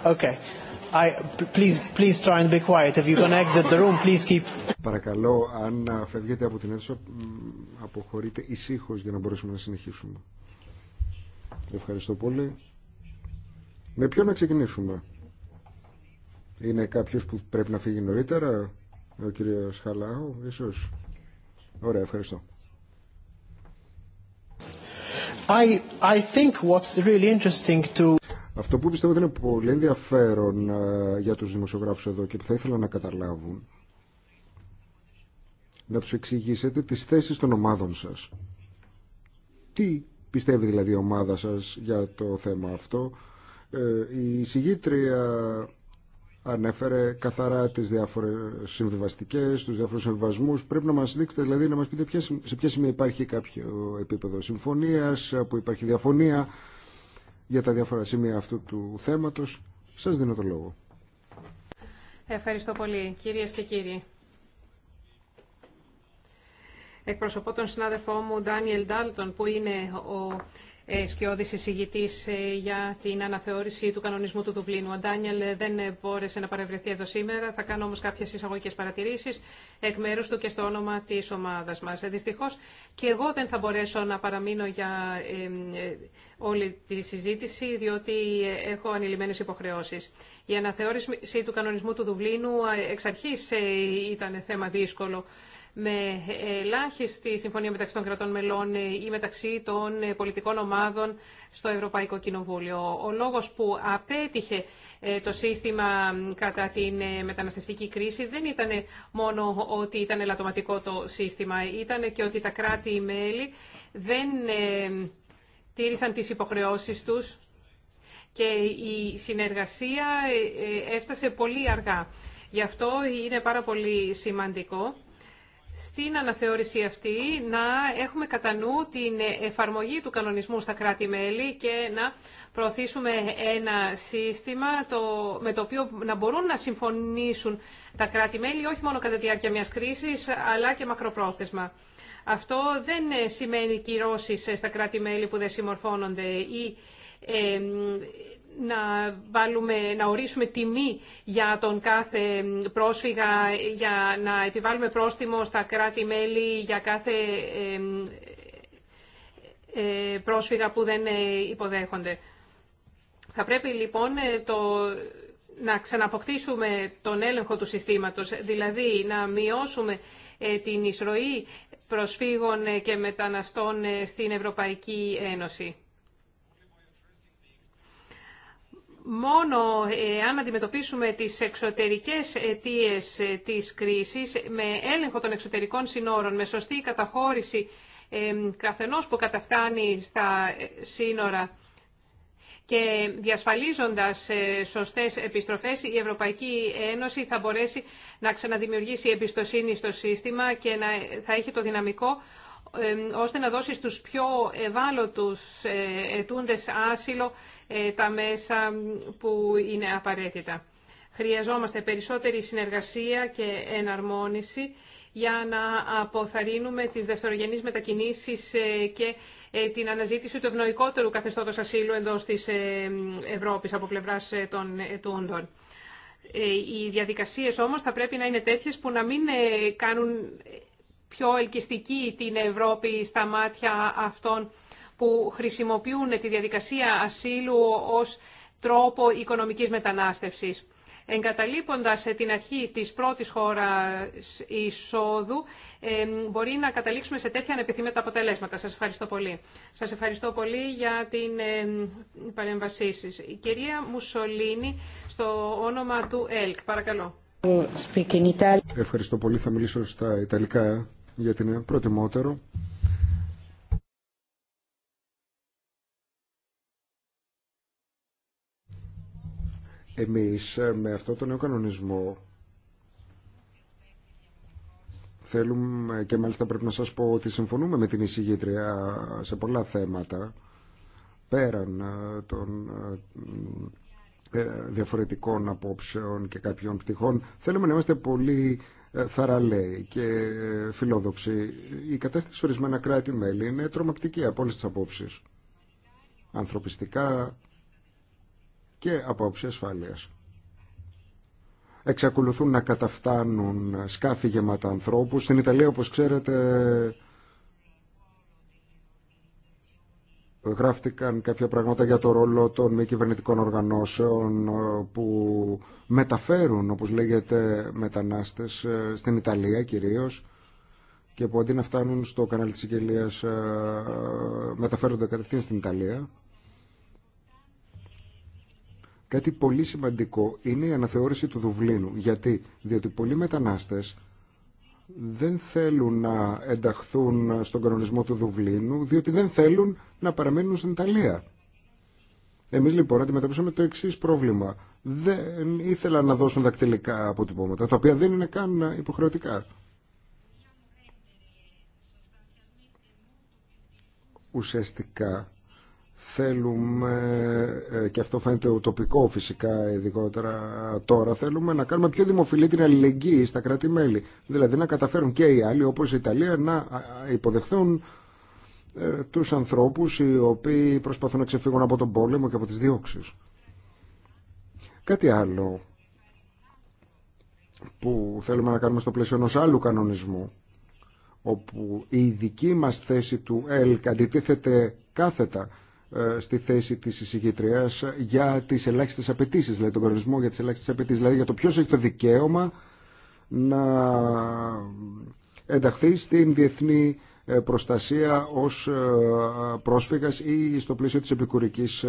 Okay. I, please, please try and be quiet. If you're going exit the room, please keep... Παρακαλώ, αν φεύγετε από την αίθουσα, αποχωρείτε ησύχως για να μπορέσουμε να συνεχίσουμε. Ευχαριστώ πολύ. Με ποιον να ξεκινήσουμε. Είναι κάποιο που πρέπει να φύγει νωρίτερα, ο κύριο Χαλάου, ίσως. Ωραία, ευχαριστώ. I, I think what's really interesting to... Αυτό που πιστεύω ότι είναι πολύ ενδιαφέρον ε, για τους δημοσιογράφους εδώ και που θα ήθελα να καταλάβουν να τους εξηγήσετε τις θέσεις των ομάδων σας. Τι πιστεύει δηλαδή η ομάδα σας για το θέμα αυτό. Ε, η συγγήτρια ανέφερε καθαρά τις διάφορε συμβιβαστικές, τους διάφορου συμβιβασμούς. Πρέπει να μας δείξετε, δηλαδή να μας πείτε σε ποια σημεία υπάρχει κάποιο επίπεδο συμφωνίας, που υπάρχει διαφωνία για τα διάφορα σημεία αυτού του θέματος. Σα δίνω το λόγο. Ευχαριστώ πολύ, κυρίες και κύριοι. Εκπροσωπώ τον συνάδελφό μου, Ντάνιελ Ντάλτον, που είναι ο ε, σκιώδης εισηγητής ε, για την αναθεώρηση του κανονισμού του Δουβλίνου. Ο Ντάνιελ ε, δεν μπόρεσε να παρευρεθεί εδώ σήμερα, θα κάνω όμω κάποιε εισαγωγικέ παρατηρήσεις εκ μέρου του και στο όνομα της ομάδας μας. Δυστυχώ, και εγώ δεν θα μπορέσω να παραμείνω για όλη τη συζήτηση, διότι έχω ανηλυμένε υποχρεώσει. Η αναθεώρηση του κανονισμού του Δουβλίνου εξ αρχής ήταν θέμα δύσκολο με ελάχιστη συμφωνία μεταξύ των κρατών μελών ή μεταξύ των πολιτικών ομάδων στο Ευρωπαϊκό Κοινοβούλιο. Ο λόγος που απέτυχε ε, το σύστημα κατά την ε, μεταναστευτική κρίση δεν ήταν μόνο ότι ήταν ελαττωματικό το σύστημα, ήταν και ότι τα κράτη-μέλη δεν ε, τήρησαν τις υποχρεώσεις τους και η συνεργασία έφτασε πολύ αργά. Γι' αυτό είναι πάρα πολύ σημαντικό στην αναθεώρηση αυτή να έχουμε κατά νου την εφαρμογή του κανονισμού στα κράτη-μέλη και να προωθήσουμε ένα σύστημα το, με το οποίο να μπορούν να συμφωνήσουν τα κράτη-μέλη όχι μόνο κατά τη διάρκεια μιας κρίσης αλλά και μακροπρόθεσμα. Αυτό δεν σημαίνει κυρώσεις στα κράτη-μέλη που δεν συμμορφώνονται ή να, βάλουμε, να ορίσουμε τιμή για τον κάθε πρόσφυγα, για να επιβάλλουμε πρόστιμο στα κράτη-μέλη για κάθε ε, πρόσφυγα που δεν ε, υποδέχονται. Θα πρέπει λοιπόν ε, το, να ξαναποκτήσουμε τον έλεγχο του συστήματος, δηλαδή να μειώσουμε την εισρωή προσφύγων και μεταναστών στην Ευρωπαϊκή Ένωση. Μόνο αν αντιμετωπίσουμε τις εξωτερικές αιτίες της κρίσης με έλεγχο των εξωτερικών συνόρων, με σωστή καταχώρηση καθενός που καταφτάνει στα ε, σύνορα και διασφαλίζοντας ε, σωστές επιστροφές, η Ευρωπαϊκή Ένωση θα μπορέσει να ξαναδημιουργήσει εμπιστοσύνη στο σύστημα και να θα έχει το δυναμικό ώστε να δώσει στους πιο ευάλωτους ε, ετούντες άσυλο ε, τα μέσα που είναι απαραίτητα. Χρειαζόμαστε περισσότερη συνεργασία και εναρμόνιση για να αποθαρρύνουμε τις δευτερογενείς μετακινήσεις ε, και την αναζήτηση του ευνοϊκότερου καθεστώτος ασύλου εντός της Ευρώπης από πλευράς των ετούντων. Οι διαδικασίες όμως θα πρέπει να είναι τέτοιες που να μην κάνουν πιο ελκυστική την Ευρώπη στα μάτια αυτών που χρησιμοποιούν τη διαδικασία ασύλου ως τρόπο οικονομικής μετανάστευσης. Εγκαταλείποντας την αρχή της πρώτης χώρας εισόδου, μπορεί να καταλήξουμε σε τέτοια ανεπιθύμητα αποτελέσματα. Σας ευχαριστώ πολύ. Σας ευχαριστώ πολύ για την παρέμβασή σας. Η κυρία Μουσολίνη, στο όνομα του ΕΛΚ. Παρακαλώ. Ευχαριστώ πολύ. Θα μιλήσω στα Ιταλικά γιατί είναι προτιμότερο. Εμείς ε, με αυτό τον νέο κανονισμό θέλουμε και μάλιστα πρέπει να σας πω ότι συμφωνούμε με την εισηγήτρια σε πολλά θέματα πέραν ε, των ε, διαφορετικών απόψεων και κάποιων πτυχών. Θέλουμε να είμαστε πολύ θαραλέοι και φιλόδοξοι. Η κατάσταση σε ορισμένα κράτη-μέλη είναι τρομακτική από όλες τις απόψεις. Ανθρωπιστικά και από άποψη ασφάλειας. Εξακολουθούν να καταφτάνουν σκάφη γεμάτα ανθρώπους. Στην Ιταλία, όπως ξέρετε, γράφτηκαν κάποια πράγματα για το ρόλο των μη κυβερνητικών οργανώσεων ε, που μεταφέρουν, όπως λέγεται, μετανάστες ε, στην Ιταλία κυρίως και που αντί να φτάνουν στο κανάλι της Ικελίας ε, μεταφέρονται κατευθείαν στην Ιταλία. Κάτι πολύ σημαντικό είναι η αναθεώρηση του Δουβλίνου. Γιατί, διότι πολλοί μετανάστες δεν θέλουν να ενταχθούν στον κανονισμό του Δουβλίνου, διότι δεν θέλουν να παραμείνουν στην Ιταλία. Εμείς λοιπόν αντιμετωπίσαμε το εξή πρόβλημα. Δεν ήθελαν να δώσουν δακτυλικά αποτυπώματα, τα οποία δεν είναι καν υποχρεωτικά. Ουσιαστικά Θέλουμε, ε, και αυτό φαίνεται ουτοπικό φυσικά ε, ειδικότερα τώρα, θέλουμε να κάνουμε πιο δημοφιλή την αλληλεγγύη στα κράτη-μέλη. Δηλαδή να καταφέρουν και οι άλλοι όπως η Ιταλία να υποδεχθούν ε, τους ανθρώπους οι οποίοι προσπαθούν να ξεφύγουν από τον πόλεμο και από τις διώξεις. Κάτι άλλο που θέλουμε να κάνουμε στο πλαίσιο ενός άλλου κανονισμού όπου η δική μας θέση του ΕΛΚ αντιτίθεται κάθετα ε, στη θέση της εισηγήτριας για τις ελάχιστες απαιτήσει, δηλαδή τον κανονισμό για τις ελάχιστες απαιτήσει, δηλαδή για το ποιος έχει το δικαίωμα να ενταχθεί στην διεθνή ε, προστασία ως ε, πρόσφυγας ή στο πλαίσιο της επικουρικής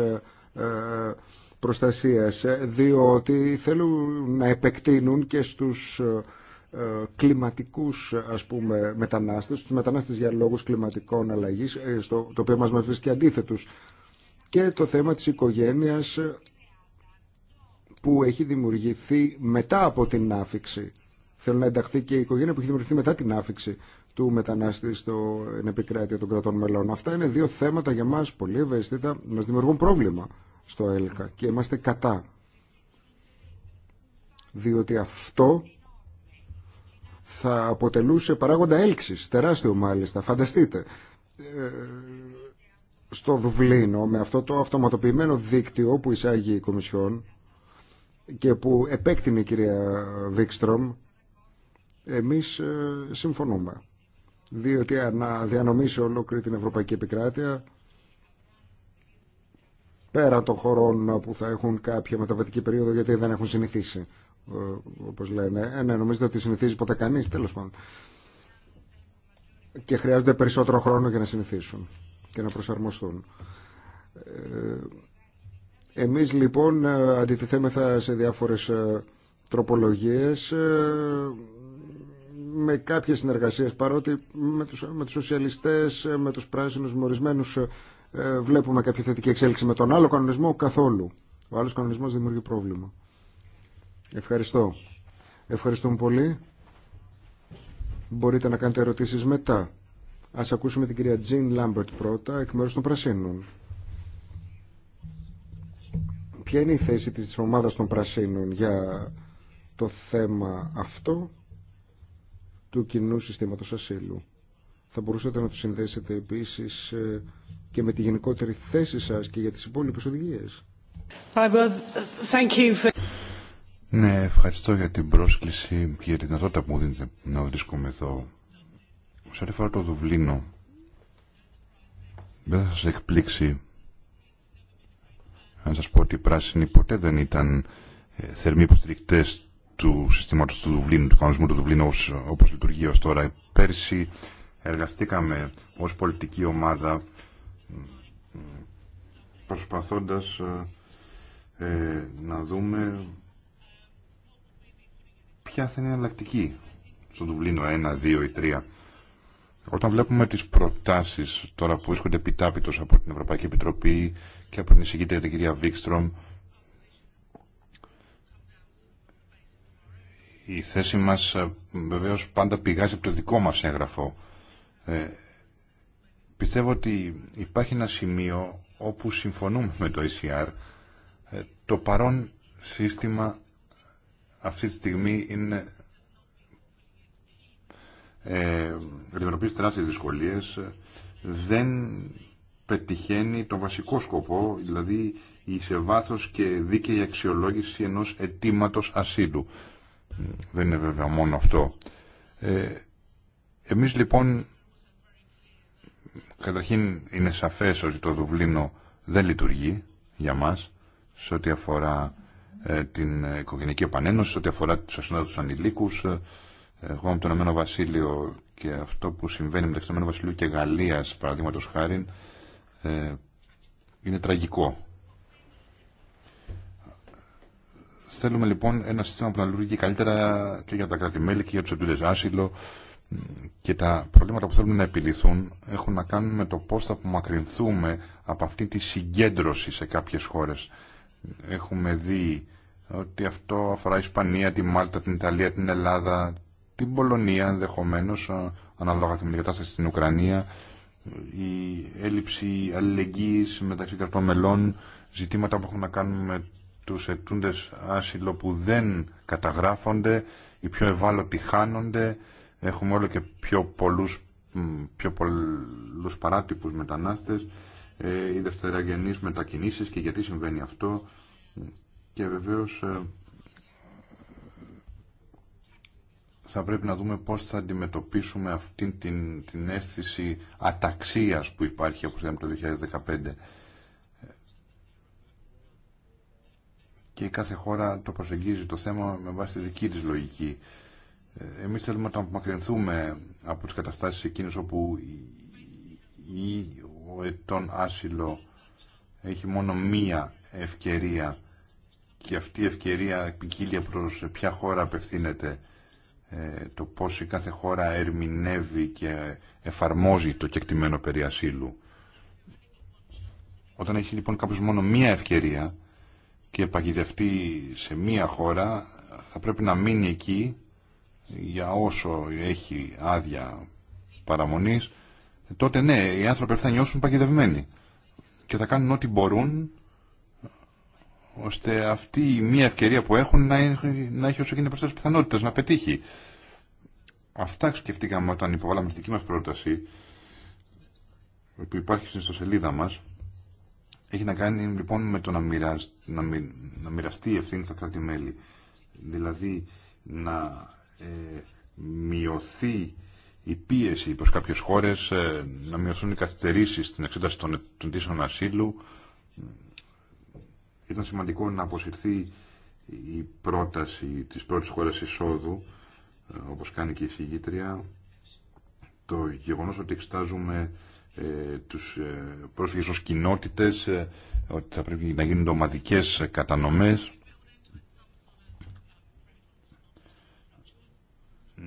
προστασίας, διότι θέλουν να επεκτείνουν και στους ε, κλιματικούς ας πούμε μετανάστες, τους μετανάστες για λόγους κλιματικών αλλαγής, ε, στο, το οποίο μας βρίσκει αντίθετους. Και το θέμα της οικογένειας ε, που έχει δημιουργηθεί μετά από την άφηξη. Θέλω να ενταχθεί και η οικογένεια που έχει δημιουργηθεί μετά την άφηξη του μετανάστη στο επικράτεια των κρατών μελών. Αυτά είναι δύο θέματα για μας πολύ ευαίσθητα, μας δημιουργούν πρόβλημα στο ΕΛΚΑ και είμαστε κατά. Διότι αυτό θα αποτελούσε παράγοντα έλξης, τεράστιο μάλιστα, φανταστείτε. Ε, στο Δουβλίνο, με αυτό το αυτοματοποιημένο δίκτυο που εισάγει η Κομισιόν και που επέκτηνε η κυρία Βίξτρομ, εμείς ε, συμφωνούμε. Διότι να διανομήσει ολόκληρη την Ευρωπαϊκή Επικράτεια πέρα των χωρών που θα έχουν κάποια μεταβατική περίοδο γιατί δεν έχουν συνηθίσει. Ε, όπως λένε. Ε, ναι, νομίζετε ότι συνηθίζει ποτέ κανείς, τέλος πάντων. Και χρειάζονται περισσότερο χρόνο για να συνηθίσουν και να προσαρμοστούν. Ε, εμείς λοιπόν ε, αντιτιθέμεθα σε διάφορες τροπολογίες με κάποιες συνεργασίες παρότι με τους, με τους σοσιαλιστές, με τους πράσινους, με βλέπουμε κάποια θετική εξέλιξη με τον άλλο κανονισμό καθόλου. Ο άλλος κανονισμός δημιουργεί πρόβλημα. Ευχαριστώ. Ευχαριστούμε πολύ. Μπορείτε να κάνετε ερωτήσεις μετά. Ας ακούσουμε την κυρία Τζιν Λάμπερτ πρώτα, εκ μέρους των Πρασίνων. Ποια είναι η θέση της ομάδας των Πρασίνων για το θέμα αυτό του κοινού συστήματος ασύλου. Θα μπορούσατε να το συνδέσετε επίσης ε, και με τη γενικότερη θέση σας και για τις υπόλοιπες οδηγίες. Ναι, ευχαριστώ για την πρόσκληση και για τη δυνατότητα που μου δίνετε να βρίσκομαι εδώ. Σε ό,τι αφορά το Δουβλίνο, δεν θα σας εκπλήξει αν σας πω ότι οι πράσινοι ποτέ δεν ήταν ε, θερμοί υποστηρικτέ του συστήματος του Δουβλίνου, του κανονισμού του Δουβλίνου όπως, λειτουργεί ως τώρα. Πέρσι εργαστήκαμε ως πολιτική ομάδα προσπαθώντας ε, ε, να δούμε ποια θα είναι η εναλλακτική στο Δουβλίνο 1, 2 ή 3. Όταν βλέπουμε τις προτάσεις τώρα που βρίσκονται επιτάπητος από την Ευρωπαϊκή Επιτροπή και από την εισηγήτρια την κυρία Βίξτρομ, η θέση μας ε, βεβαίως πάντα πηγάζει από το δικό μας έγγραφο. Ε, πιστεύω ότι υπάρχει ένα σημείο όπου συμφωνούμε με το ECR. Ε, το παρόν σύστημα αυτή τη στιγμή είναι ε, αντιμετωπίζει τεράστιες δυσκολίες δεν πετυχαίνει το βασικό σκοπό δηλαδή η σε και δίκαιη αξιολόγηση ενός αιτήματο ασύλου δεν είναι βέβαια μόνο αυτό ε, εμείς λοιπόν καταρχήν είναι σαφές ότι το Δουβλίνο δεν λειτουργεί για μας σε ό,τι αφορά ε, την οικογενειακή επανένωση, ό,τι αφορά του ασυνόδου ανηλίκου. Ε, εγώ είμαι το Ηνωμένο Βασίλειο και αυτό που συμβαίνει μεταξύ του Ηνωμένου Βασιλείου και Γαλλία, παραδείγματο χάρη, ε, είναι τραγικό. Θέλουμε λοιπόν ένα σύστημα που να λειτουργεί καλύτερα και για τα κράτη-μέλη και για του εντούτε άσυλο και τα προβλήματα που θέλουμε να επιληθούν έχουν να κάνουν με το πώ θα απομακρυνθούμε από αυτή τη συγκέντρωση σε κάποιε χώρε έχουμε δει ότι αυτό αφορά η Ισπανία, τη Μάλτα, την Ιταλία, την Ελλάδα, την Πολωνία ενδεχομένω, ανάλογα και με την κατάσταση στην Ουκρανία, η έλλειψη αλληλεγγύης μεταξύ κρατών μελών, ζητήματα που έχουν να κάνουν με τους ετούντες άσυλο που δεν καταγράφονται, οι πιο ευάλωτοι χάνονται, έχουμε όλο και πιο πολλούς, πιο πολλούς παράτυπους μετανάστες. Ε, οι δευτεραγενείς μετακινήσεις και γιατί συμβαίνει αυτό και βεβαίως ε, θα πρέπει να δούμε πώς θα αντιμετωπίσουμε αυτή την, την αίσθηση αταξίας που υπάρχει από το 2015. Και κάθε χώρα το προσεγγίζει το θέμα με βάση τη δική της λογική. Ε, εμείς θέλουμε να απομακρυνθούμε από τις καταστάσεις εκείνες όπου η ο ετών άσυλο έχει μόνο μία ευκαιρία και αυτή η ευκαιρία πικίλια προς ποια χώρα απευθύνεται ε, το πώς η κάθε χώρα ερμηνεύει και εφαρμόζει το κεκτημένο περί ασύλου. Όταν έχει λοιπόν κάποιος μόνο μία ευκαιρία και παγιδευτεί σε μία χώρα θα πρέπει να μείνει εκεί για όσο έχει άδεια παραμονής τότε ναι, οι άνθρωποι θα νιώσουν παγιδευμένοι και θα κάνουν ό,τι μπορούν ώστε αυτή η μία ευκαιρία που έχουν να, έχει, να έχει όσο γίνεται περισσότερε πιθανότητε να πετύχει. Αυτά σκεφτήκαμε όταν υποβάλαμε τη δική μα πρόταση που υπάρχει στην ιστοσελίδα μα. Έχει να κάνει λοιπόν με το να, να, να μοιραστεί η ευθύνη στα κράτη-μέλη. Δηλαδή να ε, μειωθεί η πίεση προς κάποιες χώρες ε, να μειωθούν οι καθυστερήσεις στην εξέταση των αιτήσεων ασύλου. Ήταν σημαντικό να αποσυρθεί η πρόταση της πρώτης χώρας εισόδου, ε, όπως κάνει και η συγγήτρια, το γεγονός ότι εξετάζουμε ε, τους ε, πρόσφυγες ως κοινότητες, ότι θα πρέπει να γίνουν ομαδικές κατανομές.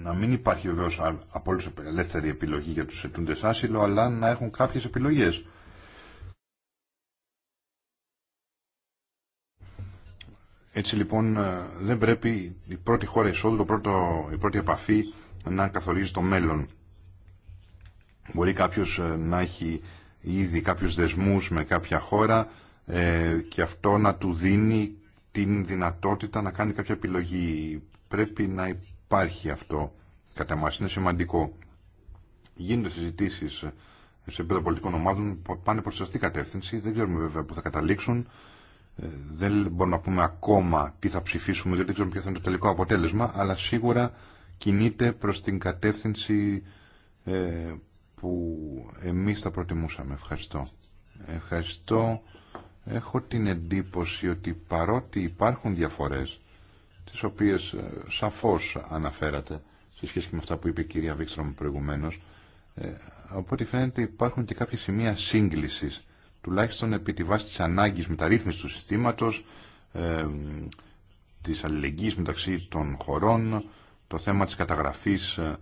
να μην υπάρχει βεβαίω απόλυτη ελεύθερη επιλογή για του ετούντε άσυλο, αλλά να έχουν κάποιες επιλογέ. Έτσι λοιπόν ε, δεν πρέπει η πρώτη χώρα εισόδου, το πρώτο, η πρώτη επαφή να καθορίζει το μέλλον. Μπορεί κάποιος ε, να έχει ήδη κάποιους δεσμούς με κάποια χώρα ε, και αυτό να του δίνει την δυνατότητα να κάνει κάποια επιλογή. Πρέπει να υπάρχει αυτό κατά μας. Είναι σημαντικό. Γίνονται συζητήσει σε επίπεδο πολιτικών ομάδων που πάνε προ σωστή κατεύθυνση. Δεν ξέρουμε βέβαια που θα καταλήξουν. Ε, δεν μπορούμε να πούμε ακόμα τι θα ψηφίσουμε, δεν ξέρουμε ποιο θα είναι το τελικό αποτέλεσμα, αλλά σίγουρα κινείται προς την κατεύθυνση ε, που εμείς θα προτιμούσαμε. Ευχαριστώ. Ευχαριστώ. Έχω την εντύπωση ότι παρότι υπάρχουν διαφορές τις οποίες ε, σαφώς αναφέρατε σε σχέση με αυτά που είπε η κυρία Βίξτρομ προηγουμένως. Ε, από ό,τι φαίνεται υπάρχουν και κάποια σημεία σύγκλησης, τουλάχιστον επί τη βάση της ανάγκης μεταρρύθμισης του συστήματος, ε, της αλληλεγγύης μεταξύ των χωρών, το θέμα της καταγραφής, ε,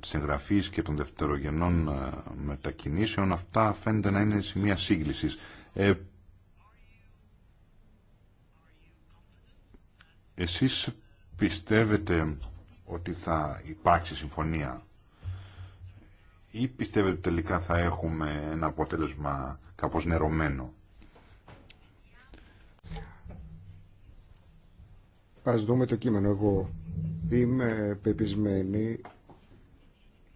της εγγραφής και των δευτερογενών ε, μετακινήσεων, αυτά φαίνεται να είναι σημεία σύγκλησης. Εσείς πιστεύετε ότι θα υπάρξει συμφωνία ή πιστεύετε ότι τελικά θα έχουμε ένα αποτέλεσμα κάπως νερωμένο. Ας δούμε το κείμενο. Εγώ είμαι πεπισμένη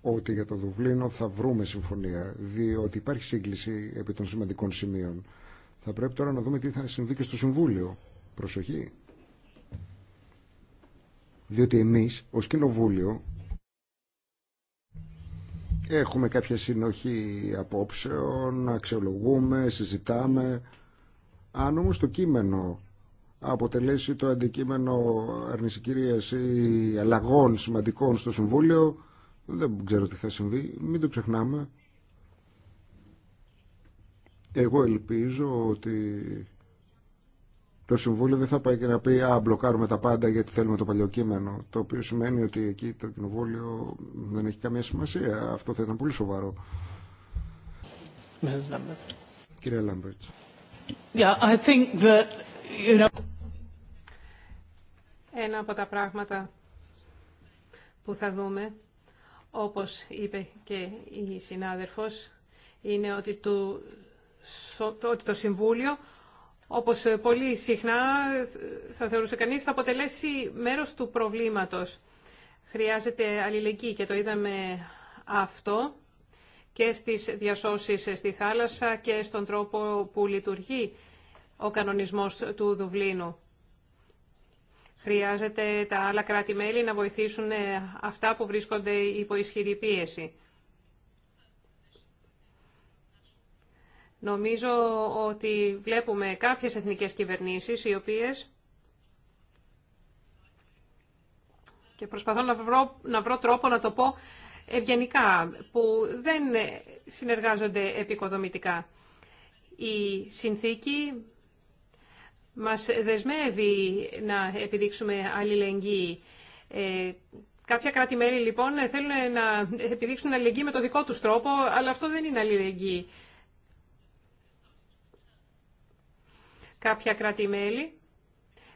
ότι για το Δουβλίνο θα βρούμε συμφωνία, διότι υπάρχει σύγκληση επί των σημαντικών σημείων. Θα πρέπει τώρα να δούμε τι θα συμβεί και στο Συμβούλιο. Προσοχή διότι εμείς ως Κοινοβούλιο έχουμε κάποια συνοχή απόψεων, αξιολογούμε, συζητάμε. Αν όμως το κείμενο αποτελέσει το αντικείμενο αρνησικήριας ή αλλαγών σημαντικών στο Συμβούλιο, δεν ξέρω τι θα συμβεί, μην το ξεχνάμε. Εγώ ελπίζω ότι το Συμβούλιο δεν θα πάει και να πει «Α, μπλοκάρουμε τα πάντα γιατί θέλουμε το παλιό κείμενο», το οποίο σημαίνει ότι εκεί το Κοινοβούλιο δεν έχει καμία σημασία. Αυτό θα ήταν πολύ σοβαρό. Κύριε Λάμπερτ. Yeah, I think that, you know... Ένα από τα πράγματα που θα δούμε, όπως είπε και η συνάδελφος, είναι ότι το, ότι το Συμβούλιο όπως ε, πολύ συχνά θα θεωρούσε κανείς, θα αποτελέσει μέρος του προβλήματος. Χρειάζεται αλληλεγγύη και το είδαμε αυτό και στις διασώσεις στη θάλασσα και στον τρόπο που λειτουργεί ο κανονισμός του Δουβλίνου. Χρειάζεται τα άλλα κράτη-μέλη να βοηθήσουν ε, αυτά που βρίσκονται υπό ισχυρή πίεση. Νομίζω ότι βλέπουμε κάποιες εθνικές κυβερνήσεις οι οποίες... Και προσπαθώ να βρω, να βρω τρόπο να το πω ευγενικά, που δεν συνεργάζονται επικοδομητικά. Η συνθήκη μας δεσμεύει να επιδείξουμε αλληλεγγύη. Ε, κάποια κράτη-μέλη λοιπόν θέλουν να επιδείξουν αλληλεγγύη με το δικό τους τρόπο, αλλά αυτό δεν είναι αλληλεγγύη. Κάποια κράτη-μέλη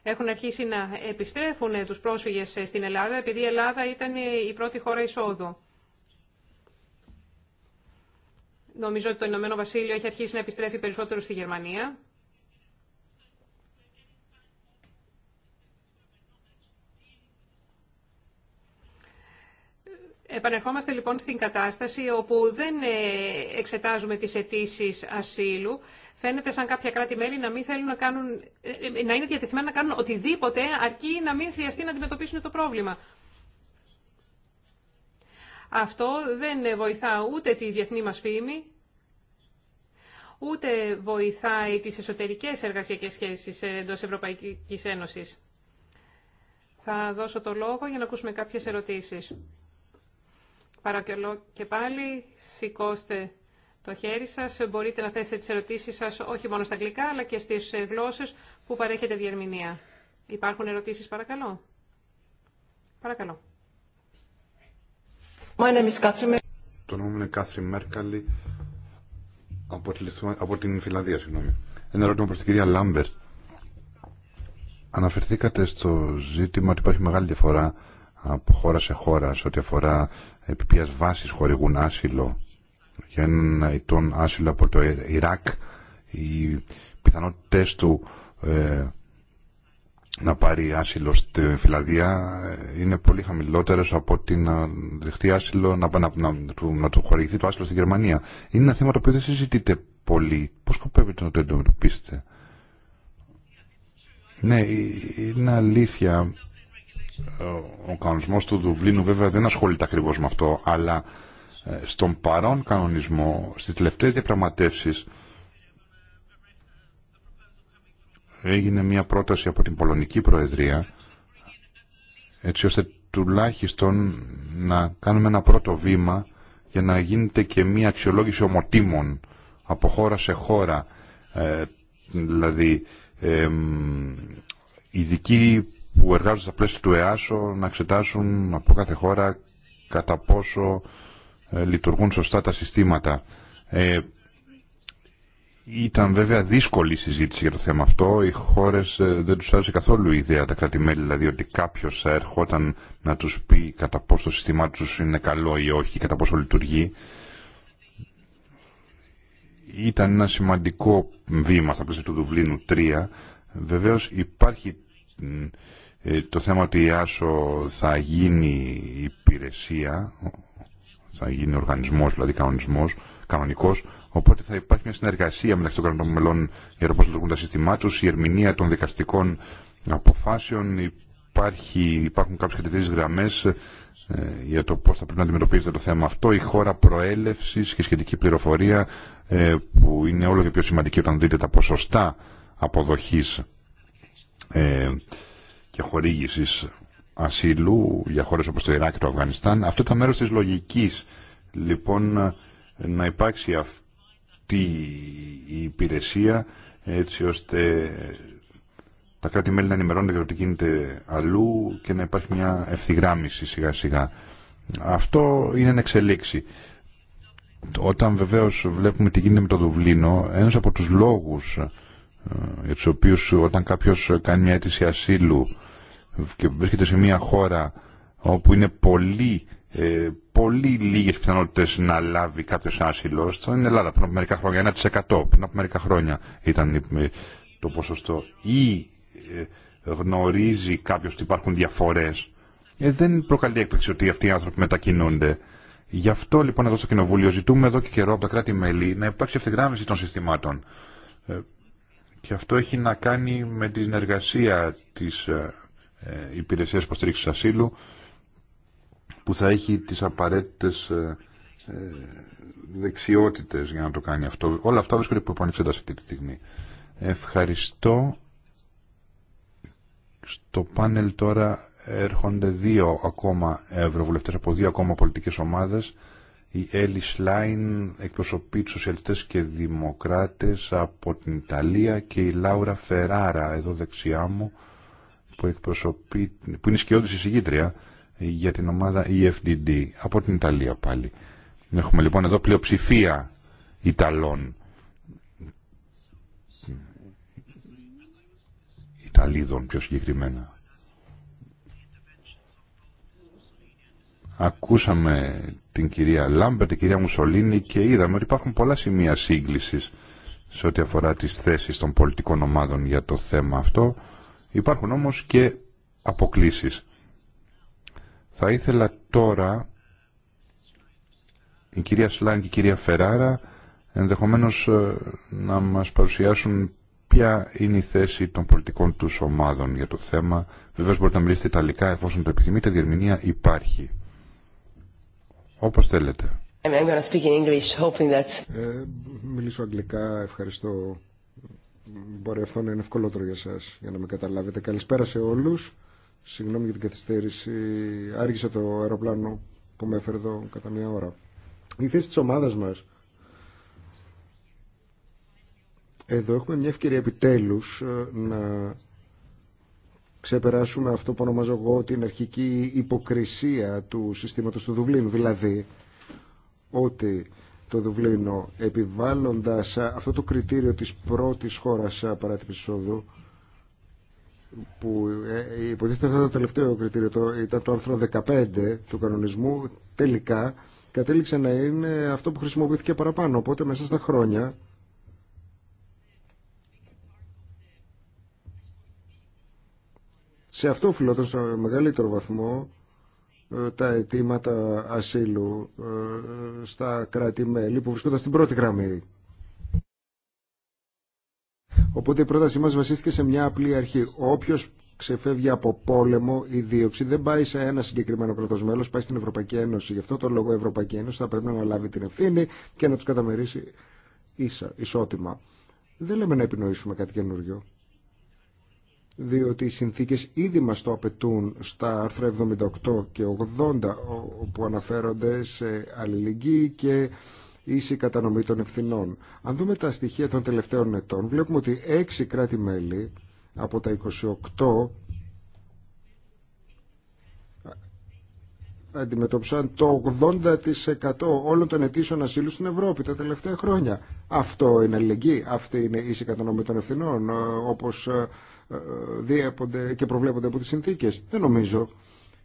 έχουν αρχίσει να επιστρέφουν τους πρόσφυγες στην Ελλάδα, επειδή η Ελλάδα ήταν η πρώτη χώρα εισόδου. Νομίζω ότι το Ηνωμένο Βασίλειο έχει αρχίσει να επιστρέφει περισσότερο στη Γερμανία. Επανερχόμαστε λοιπόν στην κατάσταση όπου δεν ε, εξετάζουμε τις αιτήσει ασύλου, Φαίνεται σαν κάποια κράτη-μέλη να μην θέλουν να ε, ε, να είναι διατεθειμένα να κάνουν οτιδήποτε, αρκεί να μην χρειαστεί να αντιμετωπίσουν το πρόβλημα. Αυτό δεν βοηθά ούτε τη διεθνή μας φήμη, ούτε βοηθάει τις εσωτερικές εργασιακές σχέσεις εντός Ευρωπαϊκής Ένωσης. Θα δώσω το λόγο για να ακούσουμε κάποιες ερωτήσεις. Παρακαλώ και πάλι, σηκώστε το χέρι σα. Μπορείτε να θέσετε τι ερωτήσεις σας όχι μόνο στα αγγλικά, αλλά και στις ε, γλώσσε που παρέχετε διερμηνία. Υπάρχουν ερωτήσεις, παρακαλώ. Παρακαλώ. My name is Catherine. Το όνομα είναι Κάθρι Μέρκαλη από, την Φιλανδία, συγγνώμη. Ένα ερώτημα προ την κυρία Λάμπερ. Αναφερθήκατε στο ζήτημα ότι υπάρχει μεγάλη διαφορά από χώρα σε χώρα σε ό,τι αφορά επί ποιας βάσης χορηγούν άσυλο για έναν ετών άσυλο από το Ιράκ. Οι πιθανότητες του ε, να πάρει άσυλο στη Φιλανδία ε, είναι πολύ χαμηλότερες από ότι να ε, δεχτεί άσυλο, να, να, να, του χορηγηθεί το άσυλο στη Γερμανία. Είναι ένα θέμα το οποίο δεν συζητείται πολύ. Πώς σκοπεύετε να το εντοπίσετε. Ναι, είναι αλήθεια. Ο κανονισμός του Δουβλίνου βέβαια δεν ασχολείται ακριβώς με αυτό, αλλά ε, στον παρόν κανονισμό, στις τελευταίες διαπραγματεύσεις έγινε μια πρόταση από την Πολωνική Προεδρία έτσι ώστε τουλάχιστον να κάνουμε ένα πρώτο βήμα για να γίνεται και μια αξιολόγηση ομοτήμων από χώρα σε χώρα ε, δηλαδή ε, ειδικοί που εργάζονται στα πλαίσια του ΕΑΣΟ να εξετάσουν από κάθε χώρα κατά πόσο ε, λειτουργούν σωστά τα συστήματα. Ε, ήταν βέβαια δύσκολη η συζήτηση για το θέμα αυτό. Οι χώρε ε, δεν του άρεσε καθόλου η ιδέα, τα κράτη-μέλη, δηλαδή ότι κάποιο θα να του πει κατά πόσο το σύστημά του είναι καλό ή όχι και κατά πόσο λειτουργεί. Ήταν ένα σημαντικό βήμα στα πλαίσια του Δουβλίνου 3. Βεβαίω υπάρχει ε, το θέμα ότι η οχι κατα ποσο λειτουργει ηταν ενα σημαντικο βημα στα πλαισια του δουβλινου 3 βεβαιω υπαρχει το θεμα οτι η ασο θα γίνει υπηρεσία, θα γίνει οργανισμό, δηλαδή κανονισμό, κανονικό. Οπότε θα υπάρχει μια συνεργασία μεταξύ των κρατών μελών για το πώ λειτουργούν τα σύστημά του, η ερμηνεία των δικαστικών αποφάσεων, υπάρχει, υπάρχουν κάποιε κατευθύνσει γραμμέ ε, για το πώ θα πρέπει να αντιμετωπίζεται το θέμα αυτό. Η χώρα προέλευση και σχετική πληροφορία ε, που είναι όλο και πιο σημαντική όταν δείτε τα ποσοστά αποδοχή ε, και χορήγηση ασύλου για χώρες όπως το Ιράκ και το Αφγανιστάν. Αυτό ήταν μέρος της λογικής. Λοιπόν, να υπάρξει αυτή η υπηρεσία έτσι ώστε τα κράτη-μέλη να ενημερώνονται για το τι γίνεται αλλού και να υπάρχει μια ευθυγράμμιση σιγά-σιγά. Αυτό είναι ένα εξελίξη. Όταν βεβαίως βλέπουμε τι γίνεται με το Δουβλίνο, ένας από τους λόγους ε, για τους οποίους όταν κάποιος κάνει μια αίτηση ασύλου και βρίσκεται σε μια χώρα όπου είναι πολύ, ε, πολύ λίγε πιθανότητε να λάβει κάποιο άσυλο, στην Ελλάδα πριν από μερικά χρόνια, 1% πριν από μερικά χρόνια ήταν ε, το ποσοστό. Ή ε, γνωρίζει κάποιο ότι υπάρχουν διαφορέ. Ε, δεν προκαλεί έκπληξη ότι αυτοί οι άνθρωποι μετακινούνται. Γι' αυτό λοιπόν εδώ στο Κοινοβούλιο ζητούμε εδώ και καιρό από τα κράτη-μέλη να υπάρξει ευθυγράμμιση των συστημάτων. Ε, και αυτό έχει να κάνει με τη εργασία της ε, ε, υπηρεσίας υποστήριξης ασύλου που θα έχει τις απαραίτητες ε, ε, δεξιότητες για να το κάνει αυτό. Όλα αυτά βρίσκονται που επανεξέταση αυτή τη στιγμή. Ευχαριστώ. Στο πάνελ τώρα έρχονται δύο ακόμα ευρωβουλευτές από δύο ακόμα πολιτικές ομάδες. Η Έλλη Σλάιν εκπροσωπεί τους σοσιαλιστές και δημοκράτες από την Ιταλία και η Λάουρα Φεράρα εδώ δεξιά μου που, εκπροσωπεί, που είναι σκιώδης εισηγήτρια για την ομάδα EFDD από την Ιταλία πάλι. Έχουμε λοιπόν εδώ πλειοψηφία Ιταλών. Ιταλίδων πιο συγκεκριμένα. Ακούσαμε την κυρία Λάμπερ, την κυρία Μουσολίνη και είδαμε ότι υπάρχουν πολλά σημεία σύγκλησης σε ό,τι αφορά τις θέσεις των πολιτικών ομάδων για το θέμα αυτό. Υπάρχουν όμως και αποκλήσεις. Θα ήθελα τώρα η κυρία Σλάν και η κυρία Φεράρα ενδεχομένως ε, να μας παρουσιάσουν ποια είναι η θέση των πολιτικών τους ομάδων για το θέμα. Βεβαίως μπορείτε να μιλήσετε ιταλικά εφόσον το επιθυμείτε, διερμηνία υπάρχει. Όπως θέλετε. Ε, μιλήσω αγγλικά, ευχαριστώ μπορεί αυτό να είναι ευκολότερο για εσά για να με καταλάβετε. Καλησπέρα σε όλους. Συγγνώμη για την καθυστέρηση. Άργησε το αεροπλάνο που με έφερε εδώ κατά μία ώρα. Η θέση της ομάδας μας. Εδώ έχουμε μια ωρα η θεση τη ομαδα μας εδω εχουμε μια ευκαιρια επιτελου ε, να ξεπεράσουμε αυτό που ονομάζω εγώ την αρχική υποκρισία του συστήματος του Δουβλίνου. Δηλαδή ότι το Δουβλίνο επιβάλλοντας αυτό το κριτήριο της πρώτης χώρας παράτυπης εισόδου που ε, υποτίθεται ήταν το τελευταίο κριτήριο το, ήταν το άρθρο 15 του κανονισμού τελικά κατέληξε να είναι αυτό που χρησιμοποιήθηκε παραπάνω οπότε μέσα στα χρόνια σε αυτό οφειλόταν στο μεγαλύτερο βαθμό ε, τα αιτήματα ασύλου ε, στα κράτη-μέλη που βρισκόταν στην πρώτη γραμμή. Οπότε η πρότασή μας βασίστηκε σε μια απλή αρχή. Όποιος ξεφεύγει από πόλεμο ή δίωξη δεν πάει σε ένα συγκεκριμένο κράτος μέλος, πάει στην Ευρωπαϊκή Ένωση. Γι' αυτό το λόγο η Ευρωπαϊκή Ένωση θα πρέπει να λάβει την ευθύνη και να τους καταμερίσει ίσα, ισότιμα. Δεν λέμε να επινοήσουμε κάτι καινούριο διότι οι συνθήκες ήδη μας το απαιτούν στα άρθρα 78 και 80 που αναφέρονται σε αλληλεγγύη και ίση κατανομή των ευθυνών. Αν δούμε τα στοιχεία των τελευταίων ετών, βλέπουμε ότι 6 κράτη-μέλη από τα 28 αντιμετώπισαν το 80% όλων των αιτήσεων ασύλου στην Ευρώπη τα τελευταία χρόνια. Αυτό είναι αλληλεγγύη, αυτή είναι ίση κατανομή των ευθυνών, ε, όπως ε, διέπονται και προβλέπονται από τις συνθήκες. Δεν νομίζω.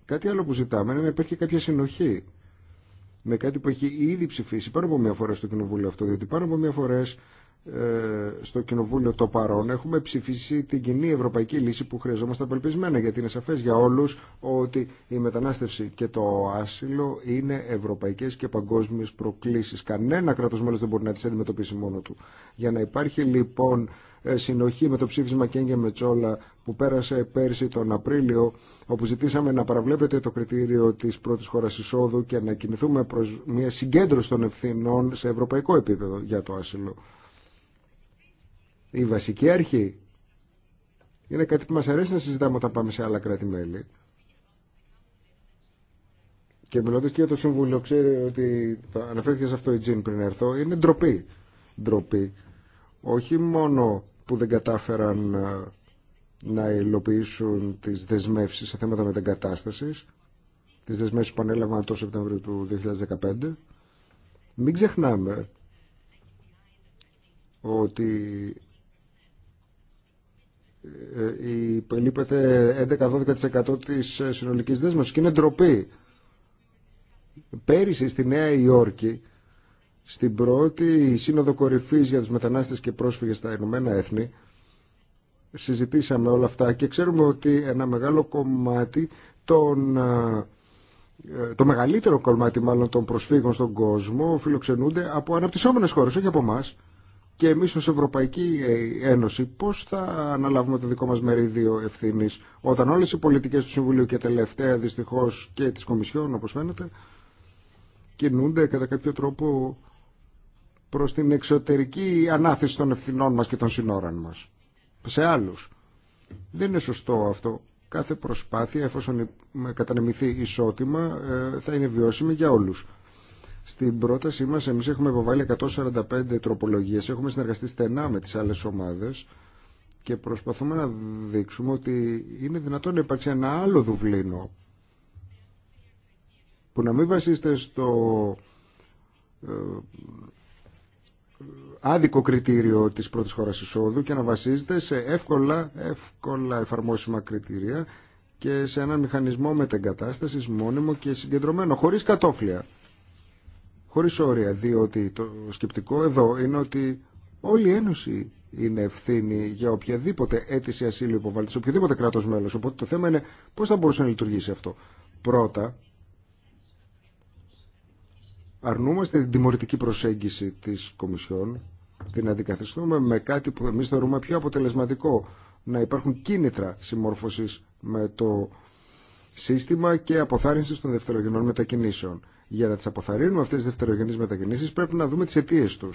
Κάτι άλλο που ζητάμε είναι να υπάρχει κάποια συνοχή με κάτι που έχει ήδη ψηφίσει πάνω από μία φορά στο Κοινοβούλιο αυτό, διότι πάνω από μία φορές ε, στο Κοινοβούλιο το παρόν έχουμε ψηφίσει την κοινή ευρωπαϊκή λύση που χρειαζόμαστε απελπισμένα γιατί είναι σαφές για όλους ότι η μετανάστευση και το άσυλο είναι ευρωπαϊκές και παγκόσμιες προκλήσεις. Κανένα κράτος μέλος δεν μπορεί να τις αντιμετωπίσει μόνο του. Για να υπάρχει λοιπόν ε, συνοχή με το ψήφισμα Κέγγε Μετσόλα που πέρασε πέρσι τον Απρίλιο όπου ζητήσαμε να παραβλέπετε το κριτήριο της πρώτης χώρας εισόδου και να κινηθούμε προς μια συγκέντρωση των ευθυνών σε ευρωπαϊκό επίπεδο για το άσυλο η βασική αρχή είναι κάτι που μας αρέσει να συζητάμε όταν πάμε σε άλλα κράτη-μέλη. Και μιλώντα και για το Συμβούλιο, ξέρει ότι αναφέρθηκε σε αυτό η Τζιν πριν έρθω, είναι ντροπή. Ντροπή. Όχι μόνο που δεν κατάφεραν ε, να υλοποιήσουν τις δεσμεύσεις σε θέματα μετεγκατάστασης, τις δεσμεύσεις που ανέλαβαν το Σεπτέμβριο του 2015. Μην ξεχνάμε ότι ε, ε, υπελείπεται 11-12% της ε, συνολικής δέσμευσης και είναι ντροπή. Πέρυσι στη Νέα Υόρκη, στην πρώτη σύνοδο κορυφής για τους μετανάστες και πρόσφυγες στα Ηνωμένα Έθνη, συζητήσαμε όλα αυτά και ξέρουμε ότι ένα μεγάλο κομμάτι των το μεγαλύτερο κομμάτι μάλλον των προσφύγων στον κόσμο φιλοξενούνται από αναπτυσσόμενες χώρες, όχι από εμά και εμείς ως Ευρωπαϊκή Ένωση πώ θα αναλάβουμε το δικό μας μερίδιο ευθύνης όταν όλες οι πολιτικές του Συμβουλίου και τελευταία δυστυχώ και τη Κομισιόν όπω φαίνεται κινούνται κατά κάποιο τρόπο προς την εξωτερική ανάθεση των ευθυνών μας και των συνόρων μας σε άλλου. Δεν είναι σωστό αυτό. Κάθε προσπάθεια εφόσον κατανεμηθεί ισότιμα ε, θα είναι βιώσιμη για όλους. Στην πρότασή μα εμεί έχουμε υποβάλει 145 τροπολογίε. έχουμε συνεργαστεί στενά με τις άλλες ομάδες και προσπαθούμε να δείξουμε ότι είναι δυνατόν να υπάρξει ένα άλλο Δουβλίνο που να μην βασίζεται στο ε, άδικο κριτήριο της πρώτης χώρας εισόδου και να βασίζεται σε εύκολα, εύκολα εφαρμόσιμα κριτήρια και σε έναν μηχανισμό μετεγκατάστασης μόνιμο και συγκεντρωμένο, χωρίς κατόφλια χωρίς όρια, διότι το σκεπτικό εδώ είναι ότι όλη η Ένωση είναι ευθύνη για οποιαδήποτε αίτηση ασύλου υποβάλλεται σε οποιοδήποτε κράτος μέλος. Οπότε το θέμα είναι πώς θα μπορούσε να λειτουργήσει αυτό. Πρώτα, αρνούμαστε την τιμωρητική προσέγγιση της Κομισιόν, την αντικαθιστούμε με κάτι που εμεί θεωρούμε πιο αποτελεσματικό, να υπάρχουν κίνητρα συμμόρφωσης με το σύστημα και αποθάρρυνση των δευτερογενών μετακινήσεων. Για να τι αποθαρρύνουμε αυτέ τι δευτερογενείς μετακινήσεις πρέπει να δούμε τι αιτίε του.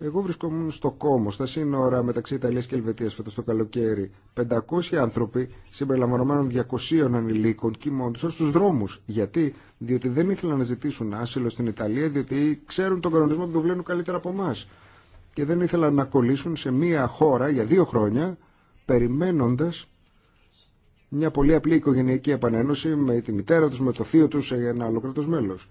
Εγώ βρισκόμουν στο κόμμα, στα σύνορα μεταξύ Ιταλία και Ελβετία φέτο το καλοκαίρι. 500 άνθρωποι, συμπεριλαμβανομένων 200 ανηλίκων, κοιμώντουσαν στους δρόμου. Γιατί? Διότι δεν ήθελαν να ζητήσουν άσυλο στην Ιταλία, διότι ξέρουν τον κανονισμό του Δουβλίνου καλύτερα από εμά. Και δεν ήθελαν να κολλήσουν σε μία χώρα για δύο χρόνια, περιμένοντα μια πολύ απλή οικογενειακή επανένωση με τη μητέρα τους, με το θείο τους σε ένα άλλο κρατό μέλος.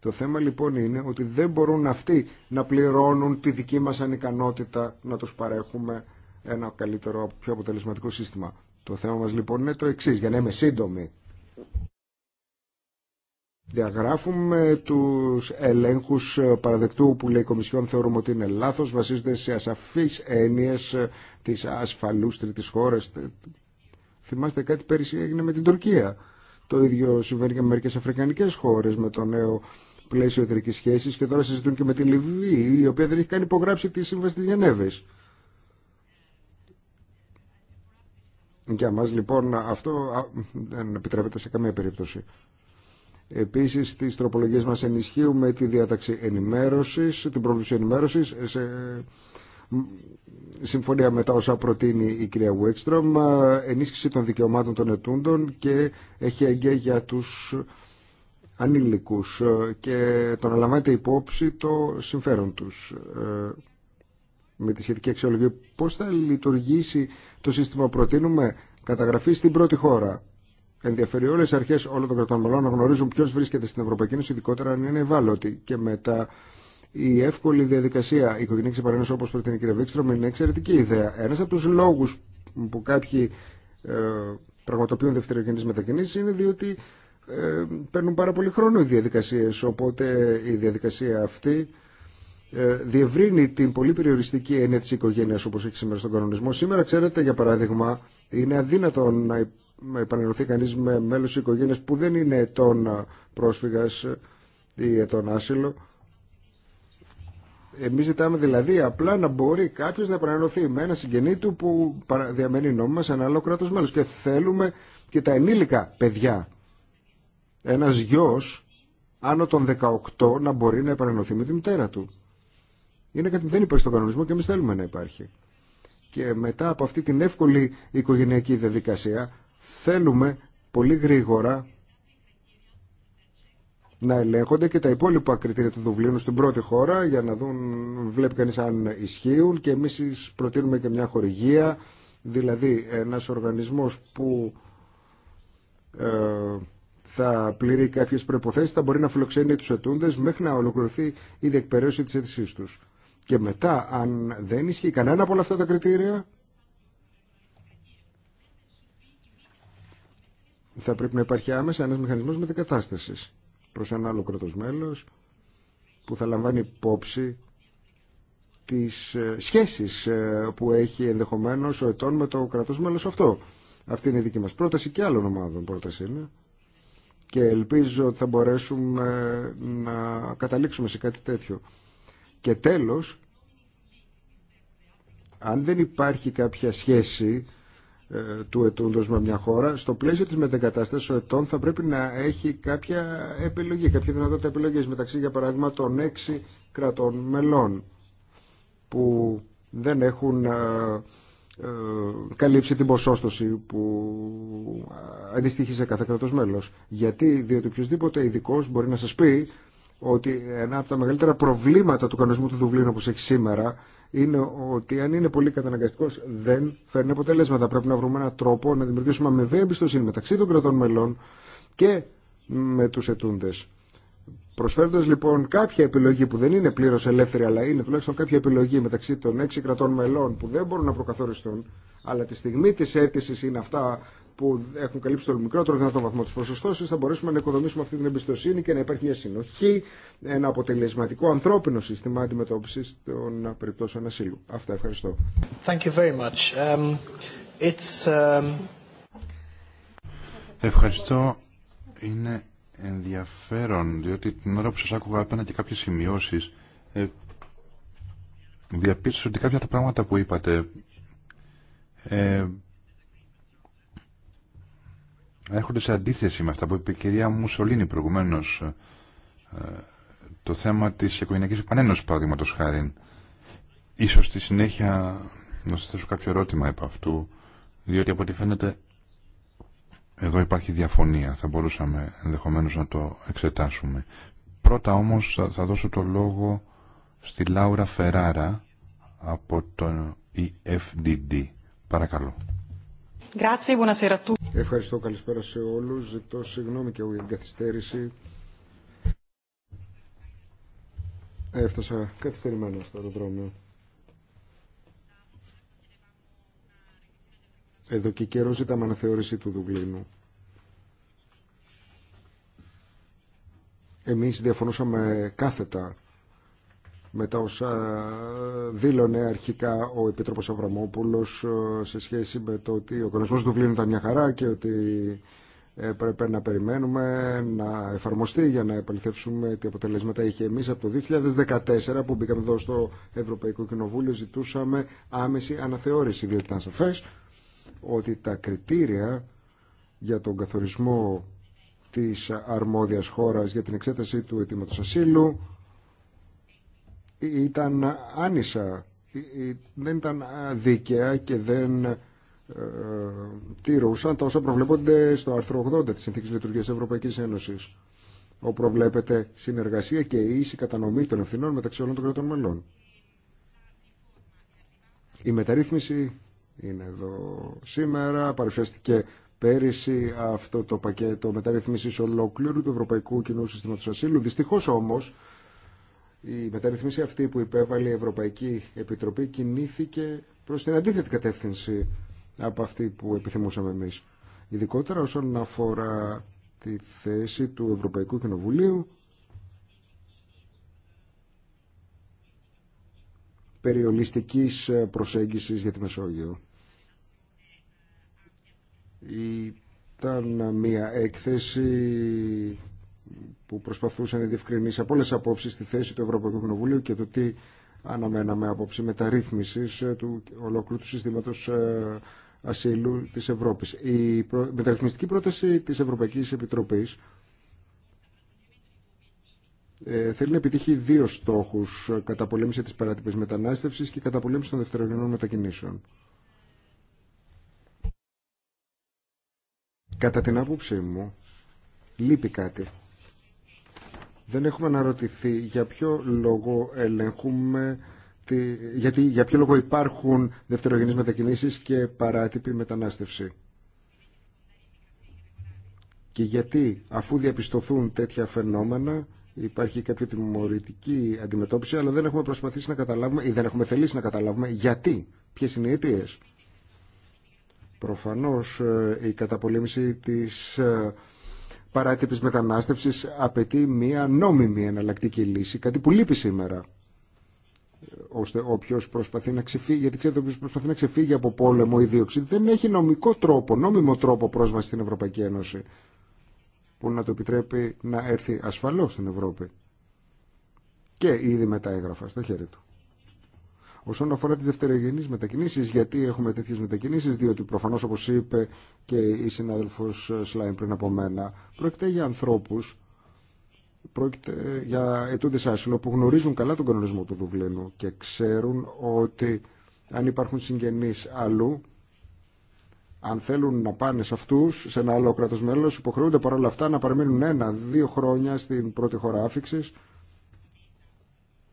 Το θέμα λοιπόν είναι ότι δεν μπορούν αυτοί να πληρώνουν τη δική μας ανικανότητα να τους παρέχουμε ένα καλύτερο, πιο αποτελεσματικό σύστημα. Το θέμα μας λοιπόν είναι το εξής, για να είμαι σύντομη. Διαγράφουμε τους ελέγχους ε, παραδεκτού που λέει η Κομισιόν θεωρούμε ότι είναι λάθος, βασίζονται σε ασαφείς έννοιες ε, της ασφαλούς τρίτης χώρας, Θυμάστε κάτι πέρυσι έγινε με την Τουρκία. Το ίδιο συμβαίνει και με μερικέ αφρικανικέ χώρε με το νέο πλαίσιο εταιρική σχέση και τώρα συζητούν και με τη Λιβύη, η οποία δεν έχει καν υπογράψει τη σύμβαση τη Γενέβη. Για μας λοιπόν αυτό δεν επιτρέπεται σε καμία περίπτωση. Επίσης στις τροπολογίε μα ενισχύουμε τη διάταξη ενημέρωση, την προβλήση ενημέρωση. σε συμφωνία με τα όσα προτείνει η κυρία Βουέξτρομ, ε, ενίσχυση των δικαιωμάτων των ετούντων και έχει αγκαία για τους ανήλικους ε, και τον αναλαμβάνεται υπόψη το συμφέρον τους ε, με τη σχετική αξιολογία. Πώς θα λειτουργήσει το σύστημα προτείνουμε καταγραφή στην πρώτη χώρα. Ενδιαφέρει όλε τι αρχέ όλων των κρατών μελών να γνωρίζουν ποιο βρίσκεται στην Ευρωπαϊκή Ένωση, ειδικότερα αν είναι ευάλωτοι. Και μετά η εύκολη διαδικασία οικογενειακή επανένωση όπω προτείνει η κυρία Βίξτρομ είναι εξαιρετική ιδέα. Ένα από του λόγου που κάποιοι ε, πραγματοποιούν δευτερογενεί μετακινήσει είναι διότι ε, παίρνουν πάρα πολύ χρόνο οι διαδικασίε. Οπότε η διαδικασία αυτή ε, διευρύνει την πολύ περιοριστική έννοια τη οικογένεια όπω έχει σήμερα στον κανονισμό. Σήμερα, ξέρετε, για παράδειγμα, είναι αδύνατο να επανενωθεί κανεί με μέλο οικογένεια που δεν είναι ετών πρόσφυγα ή ετών άσυλο Εμεί ζητάμε δηλαδή απλά να μπορεί κάποιο να επανενωθεί με ένα συγγενή του που διαμένει νόμιμα σε ένα άλλο κράτο μέλο. Και θέλουμε και τα ενήλικα παιδιά. Ένα γιο άνω των 18 να μπορεί να επανενωθεί με τη μητέρα του. Είναι κάτι που δεν υπάρχει στον κανονισμό και εμεί θέλουμε να υπάρχει. Και μετά από αυτή την εύκολη οικογενειακή διαδικασία θέλουμε πολύ γρήγορα να ελέγχονται και τα υπόλοιπα κριτήρια του Δουβλίνου στην πρώτη χώρα για να δουν, βλέπει κανείς αν ισχύουν και εμείς προτείνουμε και μια χορηγία, δηλαδή ένας οργανισμός που ε, θα πληρεί κάποιες προϋποθέσεις θα μπορεί να φιλοξενεί τους ετούντες μέχρι να ολοκληρωθεί η διεκπαιρέωση της αίτησής τους. Και μετά, αν δεν ισχύει κανένα από όλα αυτά τα κριτήρια, θα πρέπει να υπάρχει άμεσα ένας μηχανισμός μετακατάστασης προς ένα άλλο κράτος μέλος που θα λαμβάνει υπόψη τις ε, σχέσεις ε, που έχει ενδεχομένως ο ετών με το κρατός αυτό. Αυτή είναι η δική μας πρόταση και άλλων ομάδων πρόταση είναι. Και ελπίζω ότι θα μπορέσουμε να καταλήξουμε σε κάτι τέτοιο. Και τέλος, αν δεν υπάρχει κάποια σχέση ε, του ετούντο με μια χώρα, στο πλαίσιο της μετεγκατάστασης ο ετών θα πρέπει να έχει κάποια επιλογή, κάποια δυνατότητα επιλογής μεταξύ, για παράδειγμα, των έξι κρατών μελών που δεν έχουν ε, ε, καλύψει την ποσόστοση που αντιστοιχεί σε κάθε κρατός μέλος. Γιατί, διότι οποιοδήποτε ειδικό μπορεί να σας πει ότι ένα από τα μεγαλύτερα προβλήματα του κανονισμού του Δουβλίνου όπως έχει σήμερα είναι ότι αν είναι πολύ καταναγκαστικό δεν φέρνει αποτελέσματα. Πρέπει να βρούμε έναν τρόπο να δημιουργήσουμε αμοιβαία εμπιστοσύνη μεταξύ των κρατών μελών και με του ετούντε. Προσφέροντα λοιπόν κάποια επιλογή που δεν είναι πλήρω ελεύθερη, αλλά είναι τουλάχιστον κάποια επιλογή μεταξύ των έξι κρατών μελών που δεν μπορούν να προκαθοριστούν, αλλά τη στιγμή τη αίτηση είναι αυτά που έχουν καλύψει το μικρότερο δυνατό βαθμό τη ποσοστώση, θα μπορέσουμε να οικοδομήσουμε αυτή την εμπιστοσύνη και να υπάρχει μια συνοχή, ένα αποτελεσματικό ανθρώπινο σύστημα αντιμετώπιση των περιπτώσεων ασύλου. Αυτά. Ευχαριστώ. Thank you very much. Um, it's, um, Ευχαριστώ. Είναι ενδιαφέρον, διότι την ώρα που σας άκουγα απέναντι και κάποιες σημειώσεις. Ε, διαπίστωσα ότι κάποια από τα πράγματα που είπατε ε, έρχονται σε αντίθεση με αυτά που είπε η κυρία Μουσολίνη προηγουμένως ε, το θέμα της οικογενειακή επανένωση, παραδείγματο χάρη ίσως στη συνέχεια να σας θέσω κάποιο ερώτημα επ' αυτού διότι από ό,τι φαίνεται εδώ υπάρχει διαφωνία θα μπορούσαμε ενδεχομένως να το εξετάσουμε πρώτα όμως θα δώσω το λόγο στη Λάουρα Φεράρα από τον EFDD παρακαλώ Ευχαριστώ, καλησπέρα σε όλους. Ζητώ συγγνώμη και εγώ για την καθυστέρηση. Έφτασα καθυστερημένο στο αεροδρόμιο. Εδώ και καιρό ζητάμε αναθεώρηση του Δουβλίνου. Εμείς διαφωνούσαμε κάθετα μετά όσα δήλωνε αρχικά ο Επίτροπος Αβραμόπουλος ε, σε σχέση με το ότι ο κανονισμός του Βλήνου ήταν μια χαρά και ότι πρέπει να περιμένουμε να εφαρμοστεί για να επαληθεύσουμε τι αποτελέσματα είχε εμείς από το 2014 που μπήκαμε εδώ στο Ευρωπαϊκό Κοινοβούλιο ζητούσαμε άμεση αναθεώρηση διότι ήταν σαφές ότι τα κριτήρια για τον καθορισμό της αρμόδιας χώρας για την εξέταση του αιτήματος ασύλου ήταν άνισα, ε, ε, δεν ήταν δίκαια και δεν ε, τηρούσαν όσα προβλέπονται στο άρθρο 80 της Συνθήκης Λειτουργίας Ευρωπαϊκής Ένωσης όπου προβλέπεται συνεργασία και ίση κατανομή των ευθυνών μεταξύ όλων των κρατών μελών. Η μεταρρύθμιση είναι εδώ σήμερα, παρουσιάστηκε πέρυσι αυτό το πακέτο μεταρρύθμισης ολόκληρου του Ευρωπαϊκού Κοινού Συστήματος Ασύλου. Δυστυχώς όμως η μεταρρυθμίση αυτή που υπέβαλε η Ευρωπαϊκή Επιτροπή κινήθηκε προς την αντίθετη κατεύθυνση από αυτή που επιθυμούσαμε εμείς. Ειδικότερα όσον αφορά τη θέση του Ευρωπαϊκού Κοινοβουλίου περιολιστικής προσέγγισης για τη Μεσόγειο. Ήταν μια έκθεση που προσπαθούσαν να διευκρινίσει από όλε τι απόψει τη θέση του Ευρωπαϊκού Κοινοβουλίου και το τι αναμέναμε απόψη μεταρρύθμιση ε, του ολόκληρου του συστήματο ε, ασύλου τη Ευρώπη. Η μεταρρυθμιστική πρόταση τη Ευρωπαϊκή Επιτροπή ε, θέλει να επιτύχει δύο στόχου. Καταπολέμηση τη παράτυπη μετανάστευση και καταπολέμηση των δευτερογενών μετακινήσεων. Κατά την άποψή μου, λείπει κάτι δεν έχουμε αναρωτηθεί για ποιο λόγο ελέγχουμε τη... γιατί για ποιο λόγο υπάρχουν δευτερογενείς μετακινήσεις και παράτυπη μετανάστευση. Και γιατί αφού διαπιστωθούν τέτοια φαινόμενα υπάρχει κάποια τιμωρητική αντιμετώπιση αλλά δεν έχουμε προσπαθήσει να καταλάβουμε ή δεν έχουμε θελήσει να καταλάβουμε γιατί, ποιες είναι οι αιτίες. Προφανώς ε, η καταπολέμηση της ε, παράτυπης μετανάστευσης απαιτεί μια νόμιμη εναλλακτική λύση, κάτι που λείπει σήμερα ώστε όποιο προσπαθεί να ξεφύγει, γιατί ξέρετε, όποιο προσπαθεί να ξεφύγει από πόλεμο ή δίωξη, δεν έχει νομικό τρόπο, νόμιμο τρόπο πρόσβαση στην Ευρωπαϊκή Ένωση που να το επιτρέπει να έρθει ασφαλώς στην Ευρώπη. Και ήδη μετά έγραφα στο χέρι του. Όσον αφορά τι δευτερογενεί μετακινήσει, γιατί έχουμε τέτοιε μετακινήσει, διότι προφανώ όπω είπε και η συνάδελφο Σλάιν πριν από μένα, πρόκειται για ανθρώπου, πρόκειται για ετούντε άσυλο που γνωρίζουν καλά τον κανονισμό του Δουβλίνου και ξέρουν ότι αν υπάρχουν συγγενεί αλλού, αν θέλουν να πάνε σε αυτού, σε ένα άλλο κράτο μέλο, υποχρεούνται παρόλα αυτά να παραμείνουν ένα-δύο χρόνια στην πρώτη χώρα άφηξη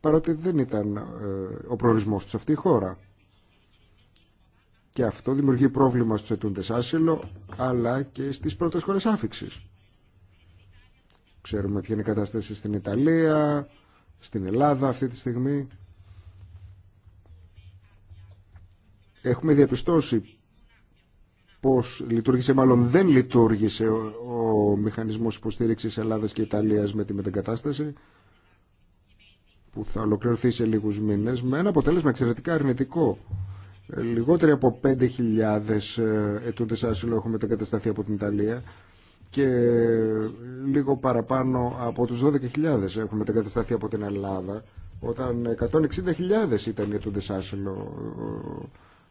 παρότι δεν ήταν ε, ο προορισμός τους αυτή η χώρα. Και αυτό δημιουργεί πρόβλημα στους ετούντες άσυλο, αλλά και στις πρώτες χώρες άφηξης. Ξέρουμε ποια είναι η κατάσταση στην Ιταλία, στην Ελλάδα αυτή τη στιγμή. Έχουμε διαπιστώσει πώς λειτουργήσε, μάλλον δεν λειτουργήσε ο, ο μηχανισμός υποστήριξης Ελλάδας και Ιταλίας με τη μετεγκατάσταση που θα ολοκληρωθεί σε λίγους μήνες με ένα αποτέλεσμα εξαιρετικά αρνητικό. Ε, λιγότεροι από 5.000 ε, ετούντες άσυλο έχουν μετακατασταθεί από την Ιταλία και ε, λίγο παραπάνω από τους 12.000 έχουν μετακατασταθεί από την Ελλάδα όταν 160.000 ήταν οι ετούντες άσυλο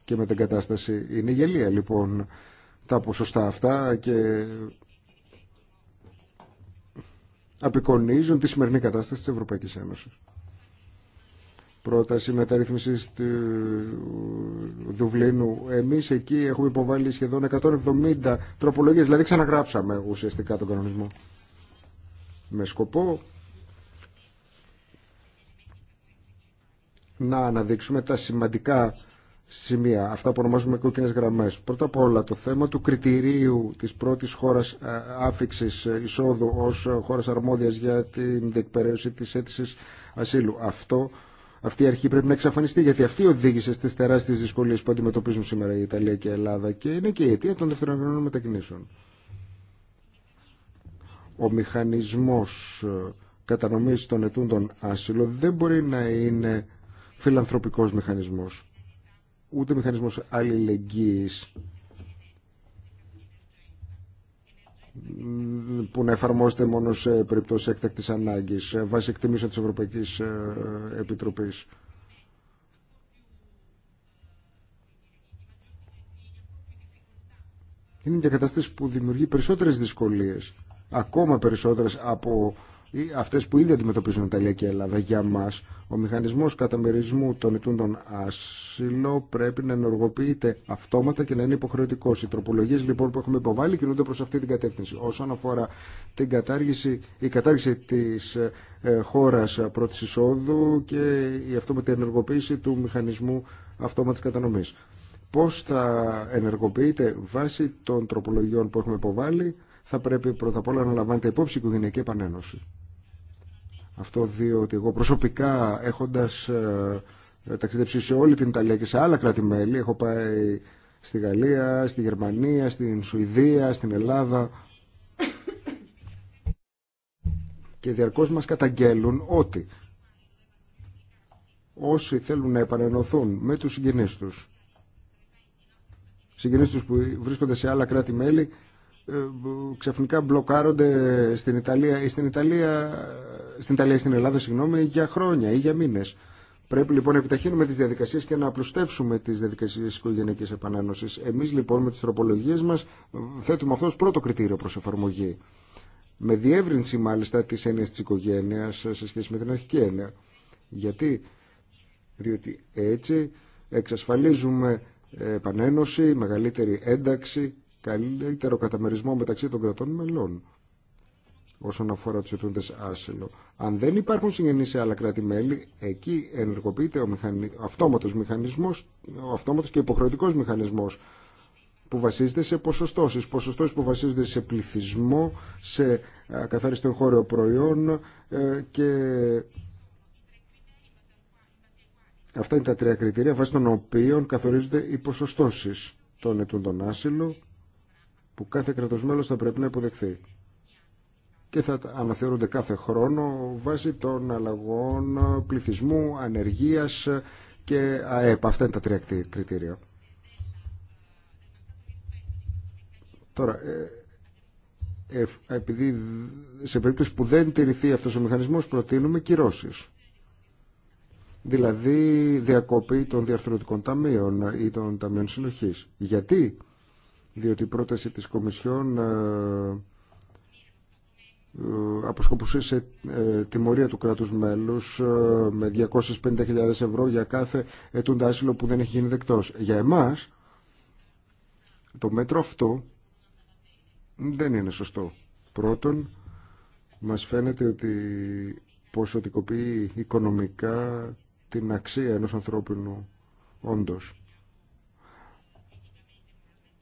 και κατάσταση. Είναι γελία λοιπόν τα ποσοστά αυτά και απεικονίζουν τη σημερινή κατάσταση της Ευρωπαϊκής Ένωσης πρόταση μεταρρύθμισης του Δουβλίνου. Εμείς εκεί έχουμε υποβάλει σχεδόν 170 τροπολογίες, δηλαδή ξαναγράψαμε ουσιαστικά τον κανονισμό. Με σκοπό να αναδείξουμε τα σημαντικά σημεία, αυτά που ονομάζουμε κόκκινε γραμμές. Πρώτα απ' όλα το θέμα του κριτηρίου της πρώτης χώρας ε, άφηξης ε, εισόδου ως ε, χώρας αρμόδιας για την διεκπαιρέωση της αίτησης ασύλου. Αυτό αυτή η αρχή πρέπει να εξαφανιστεί γιατί αυτή οδήγησε στι τεράστιε δυσκολίε που αντιμετωπίζουν σήμερα η Ιταλία και η Ελλάδα και είναι και η αιτία των δευτερογενών μετακινήσεων. Ο μηχανισμό ε, κατανομή των ετούντων άσυλο δεν μπορεί να είναι φιλανθρωπικό μηχανισμό ούτε μηχανισμό αλληλεγγύη που να εφαρμόζεται μόνο σε περιπτώσει έκτακτη ανάγκης ε, βάσει εκτιμήσεων τη Ευρωπαϊκής ε, Επιτροπής. Είναι μια κατάσταση που δημιουργεί περισσότερες δυσκολίες, ακόμα περισσότερες από ή αυτές που ήδη αντιμετωπίζουν Ιταλία και Ελλάδα για μα. ο μηχανισμό καταμερισμού των ετούντων ασύλο πρέπει να ενεργοποιείται αυτόματα και να είναι υποχρεωτικό. Οι τροπολογίε λοιπόν που έχουμε υποβάλει κινούνται προ αυτή την κατεύθυνση. Όσον αφορά την κατάργηση, η κατάργηση τη ε, χώρας πρώτης εισόδου και η αυτόματη ενεργοποίηση του μηχανισμού αυτόματης κατανομής. Πώ θα ενεργοποιείται βάσει των τροπολογιών που έχουμε υποβάλει θα πρέπει πρώτα απ' όλα να λαμβάνεται υπόψη η οικογενειακή επανένωση αυτό διότι εγώ προσωπικά έχοντας ε, ταξιδέψει σε όλη την Ιταλία και σε άλλα κράτη-μέλη έχω πάει στη Γαλλία, στη Γερμανία, στην Σουηδία, στην Ελλάδα και διαρκώς μας καταγγέλουν ότι όσοι θέλουν να επανενωθούν με τους συγγενείς τους συγγενείς τους που βρίσκονται σε άλλα κράτη-μέλη ε, ξαφνικά μπλοκάρονται στην Ιταλία ή στην Ιταλία, στην Ιταλία στην Ελλάδα συγγνώμη, για χρόνια ή για μήνες. Πρέπει λοιπόν να επιταχύνουμε τις διαδικασίες και να απλουστεύσουμε τις διαδικασίες οικογενειακής επανένωσης. Εμείς λοιπόν με τις τροπολογίες μας θέτουμε αυτό ως πρώτο κριτήριο προς εφαρμογή. Με διεύρυνση μάλιστα της έννοιας της οικογένειας σε σχέση με την αρχική έννοια. Γιατί, διότι έτσι εξασφαλίζουμε επανένωση, μεγαλύτερη ένταξη καλύτερο καταμερισμό μεταξύ των κρατών μελών όσον αφορά τους ετούντε άσυλο. Αν δεν υπάρχουν συγγενείς σε άλλα κράτη-μέλη, εκεί ενεργοποιείται ο μηχανι... αυτόματος ο αυτόματος και υποχρεωτικός μηχανισμός που βασίζεται σε ποσοστώσεις, ποσοστώσεις που βασίζονται σε πληθυσμό, σε καθάριστο εγχώριο προϊόν ε, και αυτά είναι τα τρία κριτήρια βάσει των οποίων καθορίζονται οι ποσοστώσεις των ετούντων άσυλο που κάθε κράτο θα πρέπει να υποδεχθεί και θα αναθεωρούνται κάθε χρόνο βάσει των αλλαγών πληθυσμού, ανεργία και ΑΕΠ. Αυτά είναι τα τρία κριτήρια. Τώρα, ε, επειδή σε περίπτωση που δεν τηρηθεί αυτός ο μηχανισμός προτείνουμε κυρώσεις. Δηλαδή διακοπή των διαρθρωτικών ταμείων ή των ταμείων συνοχής. Γιατί? διότι η πρόταση της Κομισιόν ε, ε, αποσκοπούσε σε ε, τιμωρία του κράτους μέλους με 250.000 ευρώ για κάθε ετούντα άσυλο που δεν έχει γίνει δεκτός. Για εμάς το μέτρο αυτό δεν είναι σωστό. Πρώτον, μας φαίνεται ότι ποσοτικοποιεί οικονομικά την αξία ενός ανθρώπινου όντως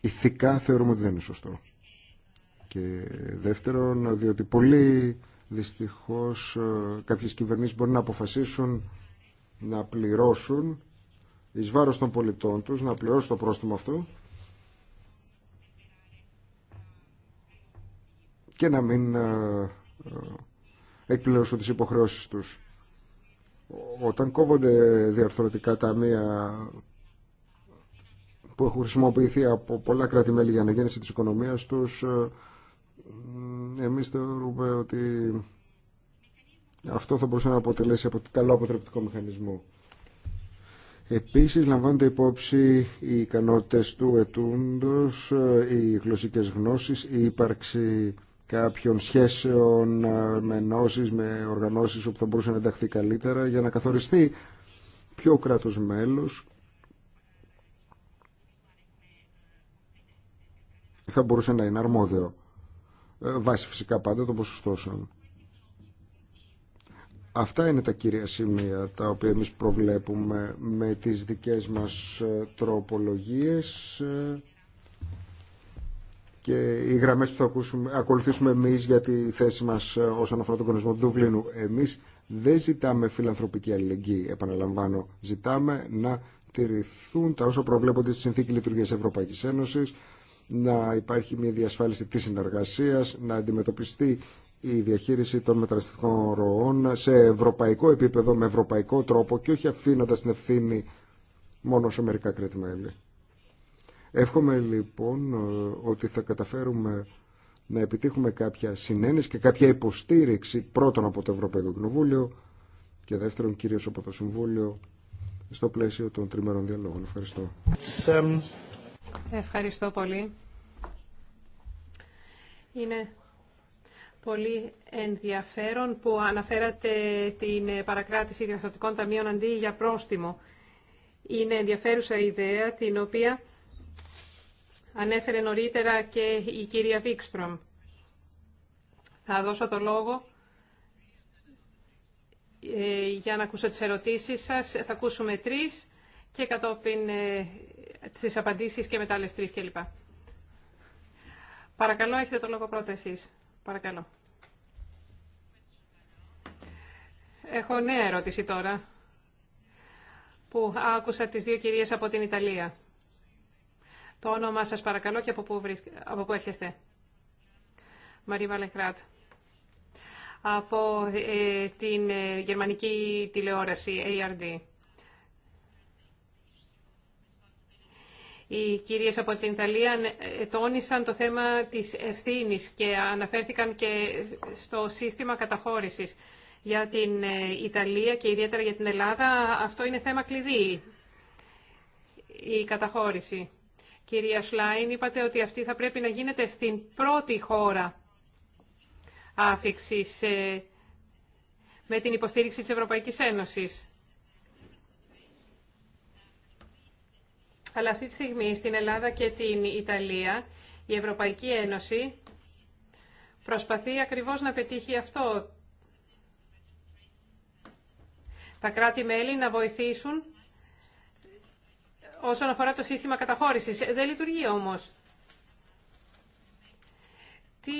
ηθικά θεωρούμε ότι δεν είναι σωστό. Και δεύτερον, διότι πολύ δυστυχώς ε, κάποιες κυβερνήσεις μπορεί να αποφασίσουν να πληρώσουν εις βάρος των πολιτών τους, να πληρώσουν το πρόστιμο αυτό και να μην ε, ε, εκπληρώσουν τις υποχρεώσεις τους. Όταν κόβονται διαρθρωτικά ταμεία που έχουν χρησιμοποιηθεί από πολλά κράτη-μέλη για αναγέννηση της οικονομίας τους. Ε, εμείς θεωρούμε ότι αυτό θα μπορούσε να αποτελέσει από καλό αποτρεπτικό μηχανισμό. Επίσης λαμβάνονται υπόψη οι ικανότητες του ετούντος, ε, οι γλωσσικές γνώσεις, η ύπαρξη κάποιων σχέσεων ε, με νόσεις, με οργανώσεις όπου θα μπορούσε να ενταχθεί καλύτερα για να καθοριστεί ποιο κράτος μέλος θα μπορούσε να είναι αρμόδιο. Ε, βάσει φυσικά πάντα των ποσοστώσεων. Αυτά είναι τα κύρια σημεία τα οποία εμείς προβλέπουμε με τις δικές μας ε, τροπολογίες ε, και οι γραμμές που θα ακολουθήσουμε εμείς για τη θέση μας όσον αφορά τον κονισμό του Δουβλίνου. Εμείς δεν ζητάμε φιλανθρωπική αλληλεγγύη, επαναλαμβάνω. Ζητάμε να τηρηθούν τα όσα προβλέπονται στη Συνθήκη Λειτουργίας Ευρωπαϊκής Ένωσης, να υπάρχει μια διασφάλιση της συνεργασίας, να αντιμετωπιστεί η διαχείριση των μεταναστευτικών ροών σε ευρωπαϊκό επίπεδο, με ευρωπαϊκό τρόπο και όχι αφήνοντα την ευθύνη μόνο σε μερικα Εύχομαι λοιπόν ότι θα καταφέρουμε να επιτύχουμε κάποια συνένεση και κάποια υποστήριξη πρώτον από το Ευρωπαϊκό Κοινοβούλιο και δεύτερον κυρίως από το Συμβούλιο στο πλαίσιο των τριμερών διαλόγων. Ευχαριστώ. Um, Ευχαριστώ πολύ. Είναι πολύ ενδιαφέρον που αναφέρατε την παρακράτηση διευθυντικών ταμείων αντί για πρόστιμο. Είναι ενδιαφέρουσα ιδέα την οποία ανέφερε νωρίτερα και η κυρία Βίκστρομ. Θα δώσω το λόγο ε, για να ακούσω τις ερωτήσεις σας. Θα ακούσουμε τρεις και κατόπιν ε, τις απαντήσεις και μετά άλλες τρεις κλπ. Παρακαλώ, έχετε το λόγο πρώτα εσείς. Παρακαλώ. Έχω νέα ερώτηση τώρα που άκουσα τις δύο κυρίες από την Ιταλία. Το όνομά σας παρακαλώ και από πού, έρχεστε. Μαρή Από ε, την ε, γερμανική τηλεόραση ARD. Οι κυρίες από την Ιταλία ε, τόνισαν το θέμα της ευθύνης και αναφέρθηκαν και στο σύστημα καταχώρησης. Για την ε, Ιταλία και ιδιαίτερα για την Ελλάδα αυτό είναι θέμα κλειδί, η καταχώρηση. Κυρία Σλάιν, είπατε ότι αυτή θα πρέπει να γίνεται στην πρώτη χώρα άφηξης ε, με την υποστήριξη της Ευρωπαϊκής Ένωσης. Αλλά αυτή τη στιγμή στην Ελλάδα και την Ιταλία η Ευρωπαϊκή Ένωση προσπαθεί ακριβώς να πετύχει αυτό. Τα κράτη-μέλη να βοηθήσουν όσον αφορά το σύστημα καταχώρησης. Δεν λειτουργεί όμως. Τι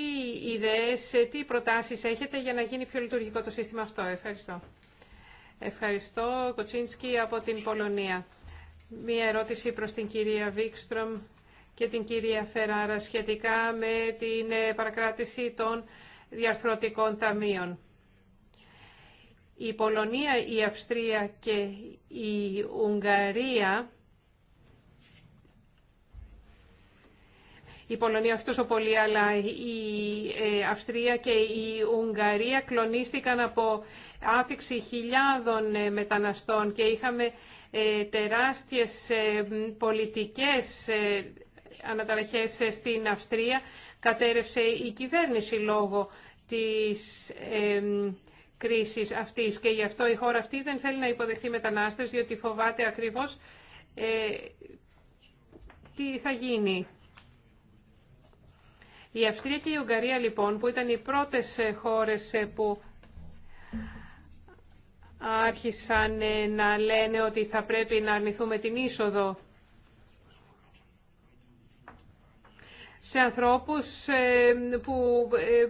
ιδέες, τι προτάσεις έχετε για να γίνει πιο λειτουργικό το σύστημα αυτό. Ευχαριστώ. Ευχαριστώ, Κοτσίνσκι, από την Πολωνία. Μία ερώτηση προς την κυρία Βίκστρομ και την κυρία Φεράρα σχετικά με την ε, παρακράτηση των διαρθρωτικών ταμείων. Η Πολωνία, η Αυστρία και η Ουγγαρία η Πολωνία όχι τόσο πολύ, αλλά η ε, Αυστρία και η Ουγγαρία κλονίστηκαν από άφηξη χιλιάδων ε, μεταναστών και είχαμε ε, τεράστιες ε, πολιτικές ε, αναταραχές στην Αυστρία κατέρευσε η κυβέρνηση λόγω της κρίσης αυτής και γι' αυτό η χώρα αυτή δεν θέλει να υποδεχθεί μετανάστες διότι φοβάται ακριβώς τι θα γίνει. Η Αυστρία και η Ουγγαρία λοιπόν που ήταν οι πρώτες χώρες που άρχισαν ε, να λένε ότι θα πρέπει να αρνηθούμε την είσοδο σε ανθρώπους ε, που ε,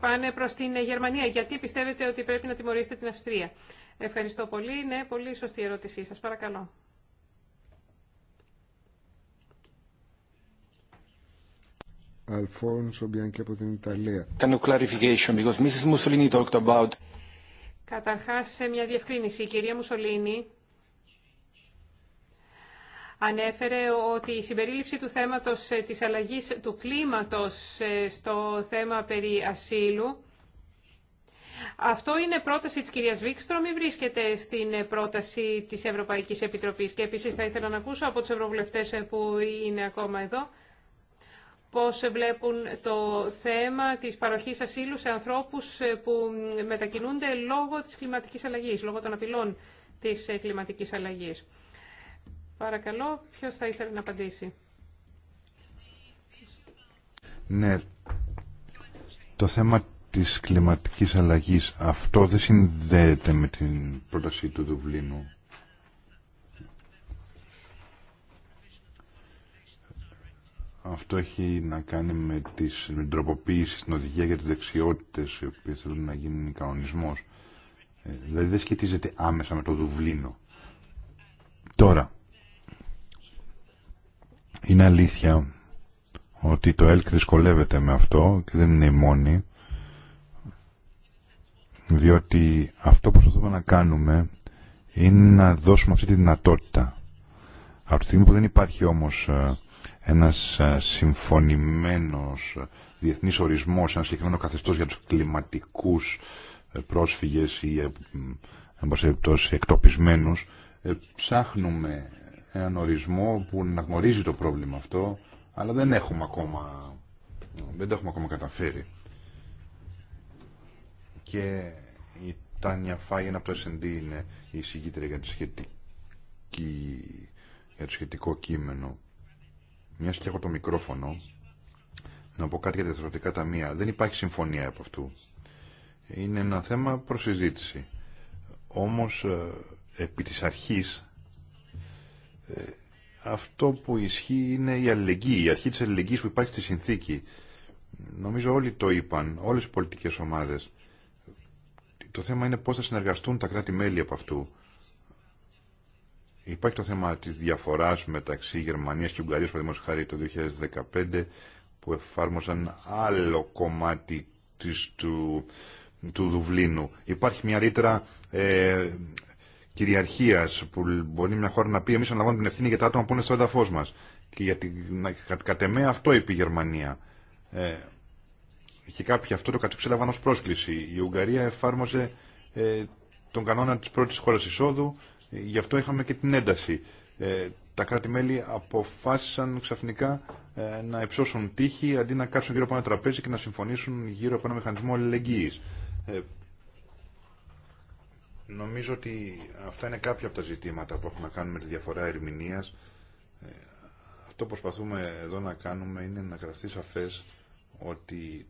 πάνε προς την Γερμανία. Γιατί πιστεύετε ότι πρέπει να τιμωρήσετε την Αυστρία. Ευχαριστώ πολύ. Ναι, πολύ σωστή ερώτησή σας. Παρακαλώ. Αλφόνσο Μπιάνκη από την Ιταλία. Κάνω clarification, because Mrs. Mussolini talked about... Καταρχάς, σε μια διευκρίνηση, η κυρία Μουσολίνη ανέφερε ότι η συμπερίληψη του θέματος ε, της αλλαγής του κλίματος ε, στο θέμα περί ασύλου αυτό είναι πρόταση της κυρίας Βίκστρομ ή βρίσκεται στην ε, πρόταση της Ευρωπαϊκής Επιτροπής. Και επίσης θα ήθελα να ακούσω από τους ευρωβουλευτές που είναι ακόμα εδώ πώς βλέπουν το θέμα της παροχής ασύλου σε ανθρώπους ε, που μετακινούνται λόγω της κλιματικής αλλαγής, λόγω των απειλών της ε, κλιματικής αλλαγής. Παρακαλώ, ποιος θα ήθελε να απαντήσει. Ναι, το θέμα της κλιματικής αλλαγής αυτό δεν συνδέεται με την πρόταση του Δουβλίνου. Αυτό έχει να κάνει με, τις, την τροποποίηση στην οδηγία για τις δεξιότητες οι οποίες θέλουν να γίνουν κανονισμός. Ε, δηλαδή δεν σχετίζεται άμεσα με το Δουβλίνο. Τώρα, είναι αλήθεια ότι το ΕΛΚ δυσκολεύεται με αυτό και δεν είναι η μόνη διότι αυτό που προσπαθούμε να κάνουμε είναι να δώσουμε αυτή τη δυνατότητα. Από τη στιγμή που δεν υπάρχει όμως ε, ένας συμφωνημένος διεθνής ορισμός, ένα συγκεκριμένο καθεστώς για τους κλιματικούς ε, πρόσφυγες ή ε, ε, ψάχνουμε έναν ορισμό που να γνωρίζει το πρόβλημα αυτό, αλλά δεν έχουμε ακόμα, δεν το έχουμε ακόμα καταφέρει. Και η Τάνια Φάγεν από το S&D είναι η συγκίτρια για το σχετικό κείμενο μια και έχω το μικρόφωνο, να πω κάτι για τα διευθυντικά ταμεία. Δεν υπάρχει συμφωνία από αυτού. Είναι ένα θέμα προσυζήτηση. συζήτηση. Όμως, ε, επί της αρχής, ε, αυτό που ισχύει είναι η αλληλεγγύη, η αρχή της αλληλεγγύη που υπάρχει στη συνθήκη. Νομίζω όλοι το είπαν, όλες οι πολιτικές ομάδες. Το θέμα είναι πώς θα συνεργαστούν τα κράτη-μέλη από αυτού. Υπάρχει το θέμα τη διαφοράς μεταξύ Γερμανίας και Ουγγαρίας, που χάρη το 2015, που εφάρμοσαν άλλο κομμάτι της, του, του Δουβλίνου. Υπάρχει μια ρήτρα ε, κυριαρχίας που μπορεί μια χώρα να πει εμείς αναλαμβάνουμε την ευθύνη για τα άτομα που είναι στο έδαφος μας. Και γιατί την, κατ' εμέ αυτό είπε η Γερμανία. Ε, και κάποιοι αυτό το κατεξέλαβαν ω πρόσκληση. Η Ουγγαρία εφάρμοσε ε, τον κανόνα τη πρώτη χώρα εισόδου Γι' αυτό είχαμε και την ένταση. Ε, τα κράτη-μέλη αποφάσισαν ξαφνικά ε, να υψώσουν τύχη αντί να κάψουν γύρω από ένα τραπέζι και να συμφωνήσουν γύρω από ένα μηχανισμό αλληλεγγύης. Ε, νομίζω ότι αυτά είναι κάποια από τα ζητήματα που έχουμε να κάνουν με τη διαφορά ερμηνείας. Ε, αυτό που προσπαθούμε εδώ να κάνουμε είναι να κρατήσει σαφέ ότι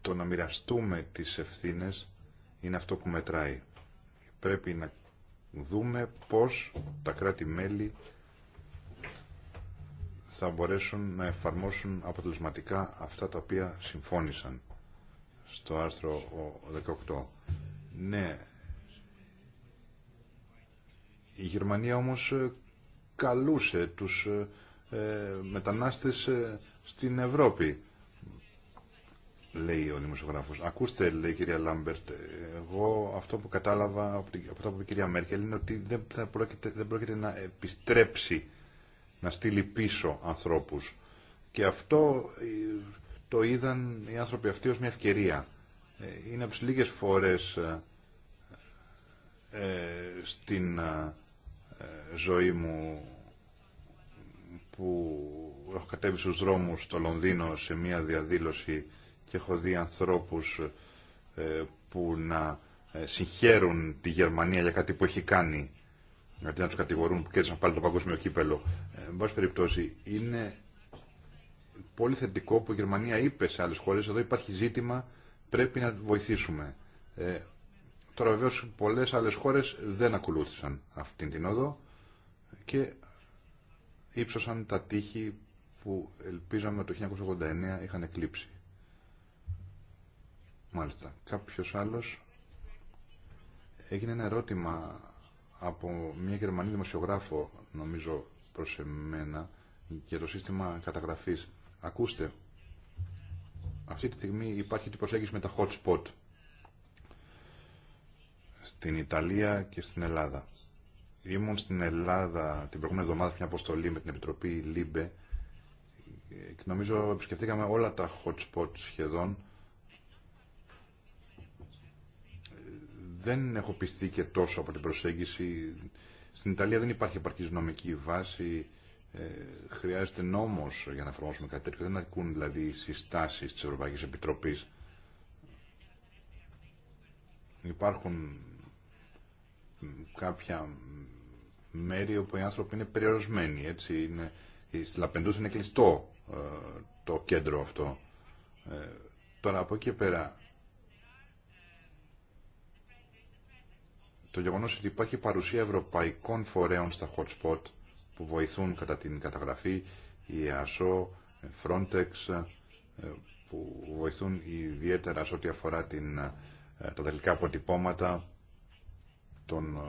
το να μοιραστούμε τις ευθύνες είναι αυτό που μετράει. Πρέπει να δούμε πώς τα κράτη-μέλη θα μπορέσουν να εφαρμόσουν αποτελεσματικά αυτά τα οποία συμφώνησαν στο άρθρο 18. Ναι, η Γερμανία όμως καλούσε τους ε, ε, μετανάστες ε, στην Ευρώπη λέει ο δημοσιογράφος. Ακούστε, λέει η κυρία Λάμπερτ, εγώ αυτό που κατάλαβα από το που είπε η κυρία Μέρκελ είναι ότι δεν, πρόκειται, δεν πρόκειται να επιστρέψει, να στείλει πίσω ανθρώπους. Και αυτό ε, το είδαν οι άνθρωποι αυτοί ως μια ευκαιρία. Ε, είναι από τις λίγες φορές ε, στην ζωή μου που έχω κατέβει στους δρόμους στο Λονδίνο σε μια διαδήλωση και έχω δει ανθρώπους ε, που να ε, συγχαίρουν τη Γερμανία για κάτι που έχει κάνει γιατί να τους κατηγορούν που κέρδισαν πάλι το παγκόσμιο κύπελο. Ε, εν περιπτώσει, είναι πολύ θετικό που η Γερμανία είπε σε άλλες χώρες, εδώ υπάρχει ζήτημα, πρέπει να βοηθήσουμε. Ε, τώρα βεβαίω πολλές άλλες χώρες δεν ακολούθησαν αυτήν την όδο και ύψωσαν τα τείχη που ελπίζαμε το 1989 είχαν εκλείψει. Μάλιστα. Κάποιος άλλος. Έγινε ένα ερώτημα από μια Γερμανή δημοσιογράφο, νομίζω προς εμένα, για το σύστημα καταγραφής. Ακούστε, αυτή τη στιγμή υπάρχει την προσέγγιση με τα hot spot στην Ιταλία και στην Ελλάδα. Ήμουν στην Ελλάδα την προηγούμενη εβδομάδα μια αποστολή με την Επιτροπή ΛΥΜΠΕ ε, και νομίζω επισκεφτήκαμε όλα τα hot spot σχεδόν δεν έχω πιστεί και τόσο από την προσέγγιση. Στην Ιταλία δεν υπάρχει επαρκή νομική βάση. Ε, χρειάζεται νόμος για να εφαρμόσουμε κάτι τέτοιο. Δεν αρκούν δηλαδή οι συστάσει τη Ευρωπαϊκή Επιτροπή. Υπάρχουν κάποια μέρη όπου οι άνθρωποι είναι περιορισμένοι. Έτσι. Είναι, στη Λαπεντούς είναι κλειστό ε, το κέντρο αυτό. Ε, τώρα από εκεί πέρα το γεγονός ότι υπάρχει παρουσία ευρωπαϊκών φορέων στα hotspot που βοηθούν κατά την καταγραφή, η ΕΑΣΟ, Frontex, ε, που βοηθούν ιδιαίτερα σε ό,τι αφορά την, ε, τα τελικά αποτυπώματα των ε,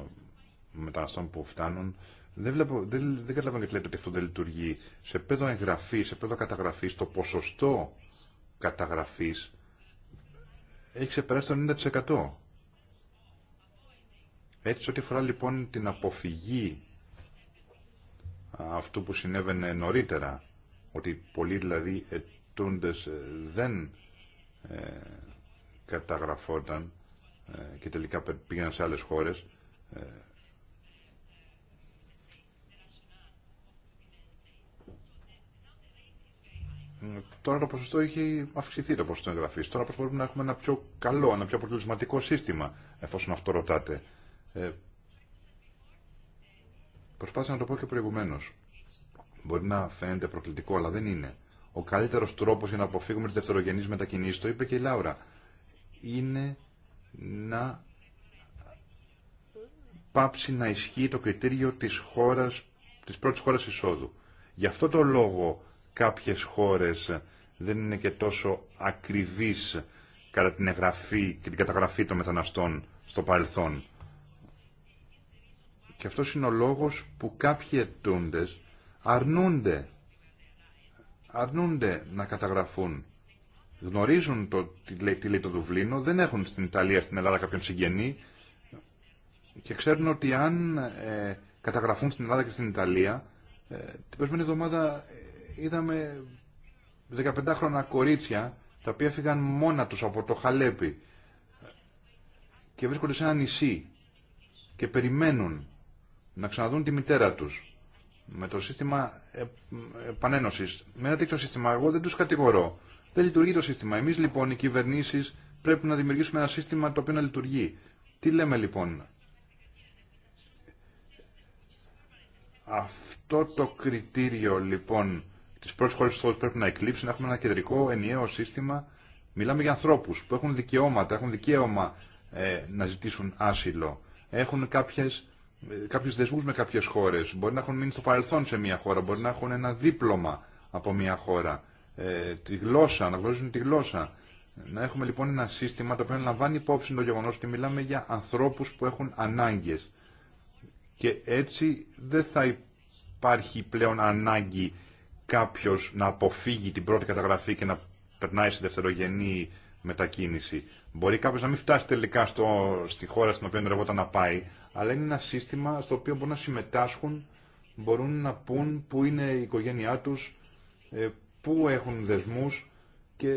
μεταναστών που φτάνουν. Δεν, βλέπω, δεν, δεν καταλαβαίνω γιατί λέτε ότι αυτό δεν λειτουργεί. Σε πέδο εγγραφή, σε πέδο καταγραφή, το ποσοστό καταγραφή έχει ξεπεράσει το 90%. Έτσι, ό,τι φορά λοιπόν την αποφυγή αυτού που συνέβαινε νωρίτερα, ότι πολλοί δηλαδή ετούντες ε, δεν ε, καταγραφόταν ε, και τελικά πήγαιναν σε άλλες χώρες, ε, Τώρα το ποσοστό είχε αυξηθεί το ποσοστό εγγραφή. Τώρα προσπαθούμε να έχουμε ένα πιο καλό, ένα πιο αποτελεσματικό σύστημα, εφόσον αυτό ρωτάτε. Ε, προσπάθησα να το πω και προηγουμένω. Μπορεί να φαίνεται προκλητικό, αλλά δεν είναι. Ο καλύτερο τρόπο για να αποφύγουμε τι δευτερογενεί μετακινήσει, το είπε και η Λάουρα, είναι να πάψει να ισχύει το κριτήριο της χώρας, της πρώτης χώρας εισόδου. Γι' αυτό το λόγο κάποιες χώρες δεν είναι και τόσο ακριβείς κατά την εγγραφή και την καταγραφή των μεταναστών στο παρελθόν. Και αυτός είναι ο λόγος που κάποιοι ετούντες αρνούνται, αρνούνται να καταγραφούν. Γνωρίζουν το, τι, λέει, το Δουβλίνο, δεν έχουν στην Ιταλία, στην Ελλάδα κάποιον συγγενή και ξέρουν ότι αν ε, καταγραφούν στην Ελλάδα και στην Ιταλία, ε, την περσμένη εβδομάδα ε, είδαμε 15χρονα κορίτσια τα οποία φύγαν μόνα τους από το Χαλέπι και βρίσκονται σε ένα νησί και περιμένουν να ξαναδούν τη μητέρα τους με το σύστημα ε, επανένωση. Με ένα τέτοιο σύστημα εγώ δεν τους κατηγορώ. Δεν λειτουργεί το σύστημα. Εμείς λοιπόν οι κυβερνήσεις πρέπει να δημιουργήσουμε ένα σύστημα το οποίο να λειτουργεί. Τι λέμε λοιπόν. Αυτό το κριτήριο λοιπόν της πρώτης του πρέπει να εκλείψει, να έχουμε ένα κεντρικό ενιαίο σύστημα. Μιλάμε για ανθρώπου που έχουν δικαιώματα, έχουν δικαίωμα ε, να ζητήσουν άσυλο. Έχουν κάποιες Κάποιου δεσμού με κάποιε χώρες. Μπορεί να έχουν μείνει στο παρελθόν σε μια χώρα, μπορεί να έχουν ένα δίπλωμα από μια χώρα, ε, τη γλώσσα, να γνωρίζουν τη γλώσσα. Να έχουμε λοιπόν ένα σύστημα το οποίο λαμβάνει υπόψη το γεγονό ότι μιλάμε για ανθρώπους που έχουν ανάγκες. Και έτσι δεν θα υπάρχει πλέον ανάγκη κάποιο να αποφύγει την πρώτη καταγραφή και να περνάει στη δευτερογενή μετακίνηση. Μπορεί κάποιο να μην φτάσει τελικά στο, στη χώρα στην οποία ενεργόταν να πάει, αλλά είναι ένα σύστημα στο οποίο μπορούν να συμμετάσχουν, μπορούν να πούν πού είναι η οικογένειά του, ε, πού έχουν δεσμού και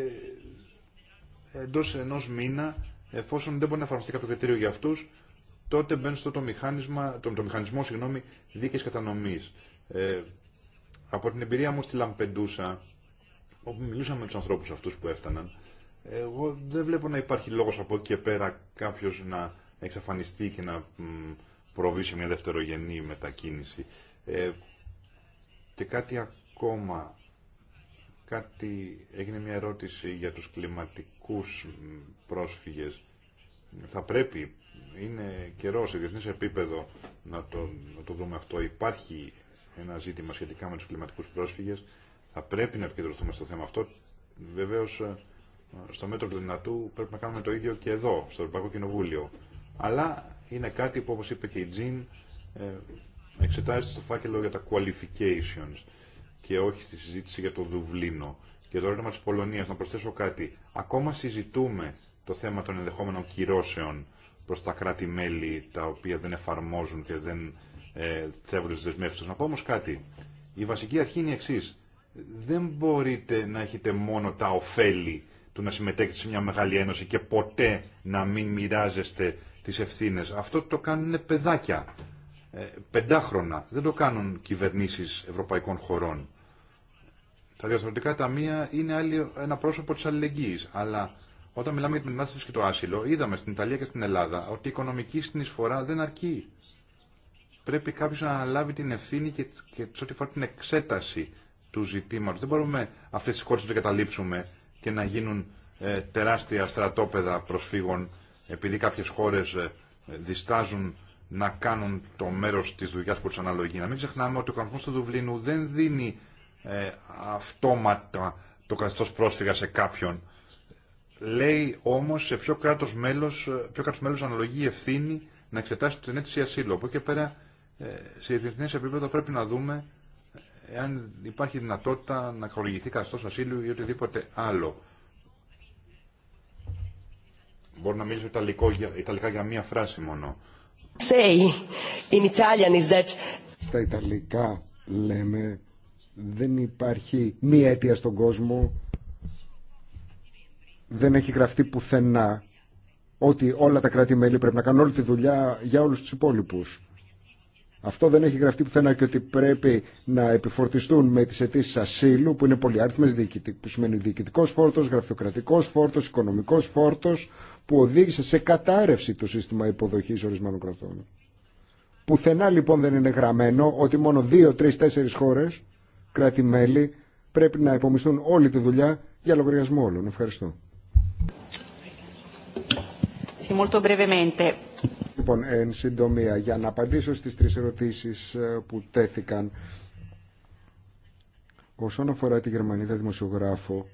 εντό ενό μήνα, εφόσον δεν μπορεί να εφαρμοστεί κάποιο κριτήριο για αυτού, τότε μπαίνουν στο το, μηχάνισμα, το, το μηχανισμό συγγνώμη, δίκαιης κατανομής. Ε, από την εμπειρία μου στη Λαμπεντούσα, όπου μιλούσαμε με του ανθρώπου αυτού που έφταναν, εγώ δεν βλέπω να υπάρχει λόγος από εκεί και πέρα κάποιος να εξαφανιστεί και να προβεί σε μια δευτερογενή μετακίνηση. Ε, και κάτι ακόμα. Κάτι, έγινε μια ερώτηση για τους κλιματικούς πρόσφυγες. Θα πρέπει, είναι καιρό σε διεθνές επίπεδο να το, το δούμε αυτό. Υπάρχει ένα ζήτημα σχετικά με τους κλιματικούς πρόσφυγες. Θα πρέπει να επικεντρωθούμε στο θέμα αυτό. Βεβαίως ε, στο μέτρο του δυνατού πρέπει να κάνουμε το ίδιο και εδώ, στο Ευρωπαϊκό Κοινοβούλιο. Αλλά είναι κάτι που, όπω είπε και η Τζιν, ε, εξετάζεται στο φάκελο για τα qualifications και όχι στη συζήτηση για το Δουβλίνο. Και το ρεύμα τη Πολωνία να προσθέσω κάτι. Ακόμα συζητούμε το θέμα των ενδεχόμενων κυρώσεων προ τα κράτη-μέλη τα οποία δεν εφαρμόζουν και δεν ε, τι δεσμεύσει. δεσμεύσεις Να πω όμω κάτι. Η βασική αρχή είναι η εξή. Δεν μπορείτε να έχετε μόνο τα ωφέλη του να συμμετέχετε σε μια μεγάλη ένωση και ποτέ να μην μοιράζεστε τις ευθύνες. Αυτό το κάνουν παιδάκια, ε, πεντάχρονα. Δεν το κάνουν κυβερνήσεις ευρωπαϊκών χωρών. Τα διορθωτικά ταμεία είναι άλλη, ένα πρόσωπο της αλληλεγγύης, αλλά όταν μιλάμε για την μετάσταση και το άσυλο, είδαμε στην Ιταλία και στην Ελλάδα ότι η οικονομική συνεισφορά δεν αρκεί. Πρέπει κάποιο να αναλάβει την ευθύνη και, και σε ό,τι φορά την εξέταση του ζητήματο. Δεν μπορούμε αυτέ τι χώρε να καταλήψουμε και να γίνουν ε, τεράστια στρατόπεδα προσφύγων επειδή κάποιες χώρες ε, διστάζουν να κάνουν το μέρος της δουλειάς που τους αναλογεί. Να μην ξεχνάμε ότι ο κανονισμός του Δουβλίνου δεν δίνει ε, αυτόματα το καθεστώς πρόσφυγα σε κάποιον. Λέει όμως σε ποιο κράτος μέλος, ποιο κράτος μέλος αναλογεί η ευθύνη να εξετάσει την αίτηση ασύλου. Από εκεί και πέρα, σε διεθνές επίπεδο πρέπει να δούμε εάν υπάρχει δυνατότητα να χορηγηθεί καθεστώς ασύλου ή οτιδήποτε άλλο. Μπορώ να μιλήσω ιταλικό, ιταλικά για μία φράση μόνο. Say in Italian is that... Στα ιταλικά λέμε δεν υπάρχει μία αιτία στον κόσμο δεν έχει γραφτεί πουθενά ότι όλα τα κράτη-μέλη πρέπει να κάνουν όλη τη δουλειά για όλους τους υπόλοιπους. Αυτό δεν έχει γραφτεί πουθενά και ότι πρέπει να επιφορτιστούν με τι αιτήσει ασύλου, που είναι πολυάριθμε, που σημαίνει διοικητικό φόρτο, γραφειοκρατικό φόρτο, οικονομικό φόρτο, που οδήγησε σε κατάρρευση το σύστημα υποδοχή ορισμένων κρατών. Πουθενά λοιπόν δεν είναι γραμμένο ότι μόνο δύο, τρει, τέσσερι χώρε, κράτη-μέλη, πρέπει να υπομισθούν όλη τη δουλειά για λογαριασμό όλων. Ευχαριστώ λοιπόν εν συντομία για να απαντήσω στις τρεις ερωτήσεις ε, που τέθηκαν όσον αφορά τη Γερμανίδα δημοσιογράφο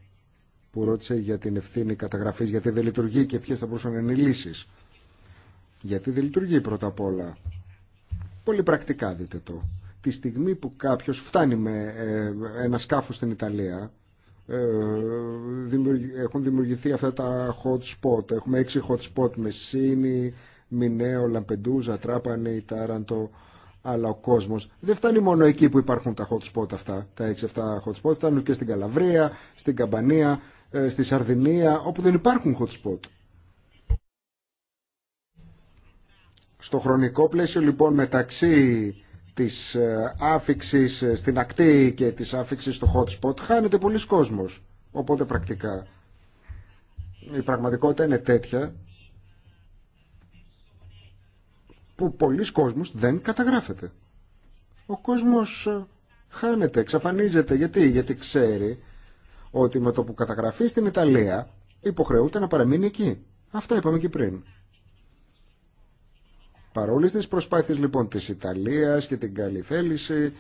που ρώτησε για την ευθύνη καταγραφής γιατί δεν λειτουργεί και ποιες θα μπορούσαν να είναι οι λύσεις γιατί δεν λειτουργεί πρώτα απ' όλα πολύ πρακτικά δείτε το τη στιγμή που κάποιος φτάνει με ε, ένα σκάφος στην Ιταλία ε, έχουν δημιουργηθεί αυτά τα hot spot. Έχουμε έξι hot spot, σύνη, Μινέο, Λαμπεντούζα, Τράπανη, Τάραντο, αλλά ο κόσμο δεν φτάνει μόνο εκεί που υπάρχουν τα hot spot αυτά. Τα 6-7 hot spot φτάνουν και στην Καλαβρία, στην Καμπανία, ε, στη Σαρδινία, όπου δεν υπάρχουν hot spot. Στο χρονικό πλαίσιο λοιπόν μεταξύ της ε, άφηξης ε, στην ακτή και της άφηξης στο hot spot χάνεται πολλοί κόσμος. Οπότε πρακτικά η πραγματικότητα είναι τέτοια που πολλοί κόσμος δεν καταγράφεται. Ο κόσμος ε, χάνεται, εξαφανίζεται. Γιατί, γιατί ξέρει ότι με το που καταγραφεί στην Ιταλία υποχρεούται να παραμείνει εκεί. Αυτά είπαμε και πριν. Παρόλε τι προσπάθειε λοιπόν τη Ιταλία και την καλή θέληση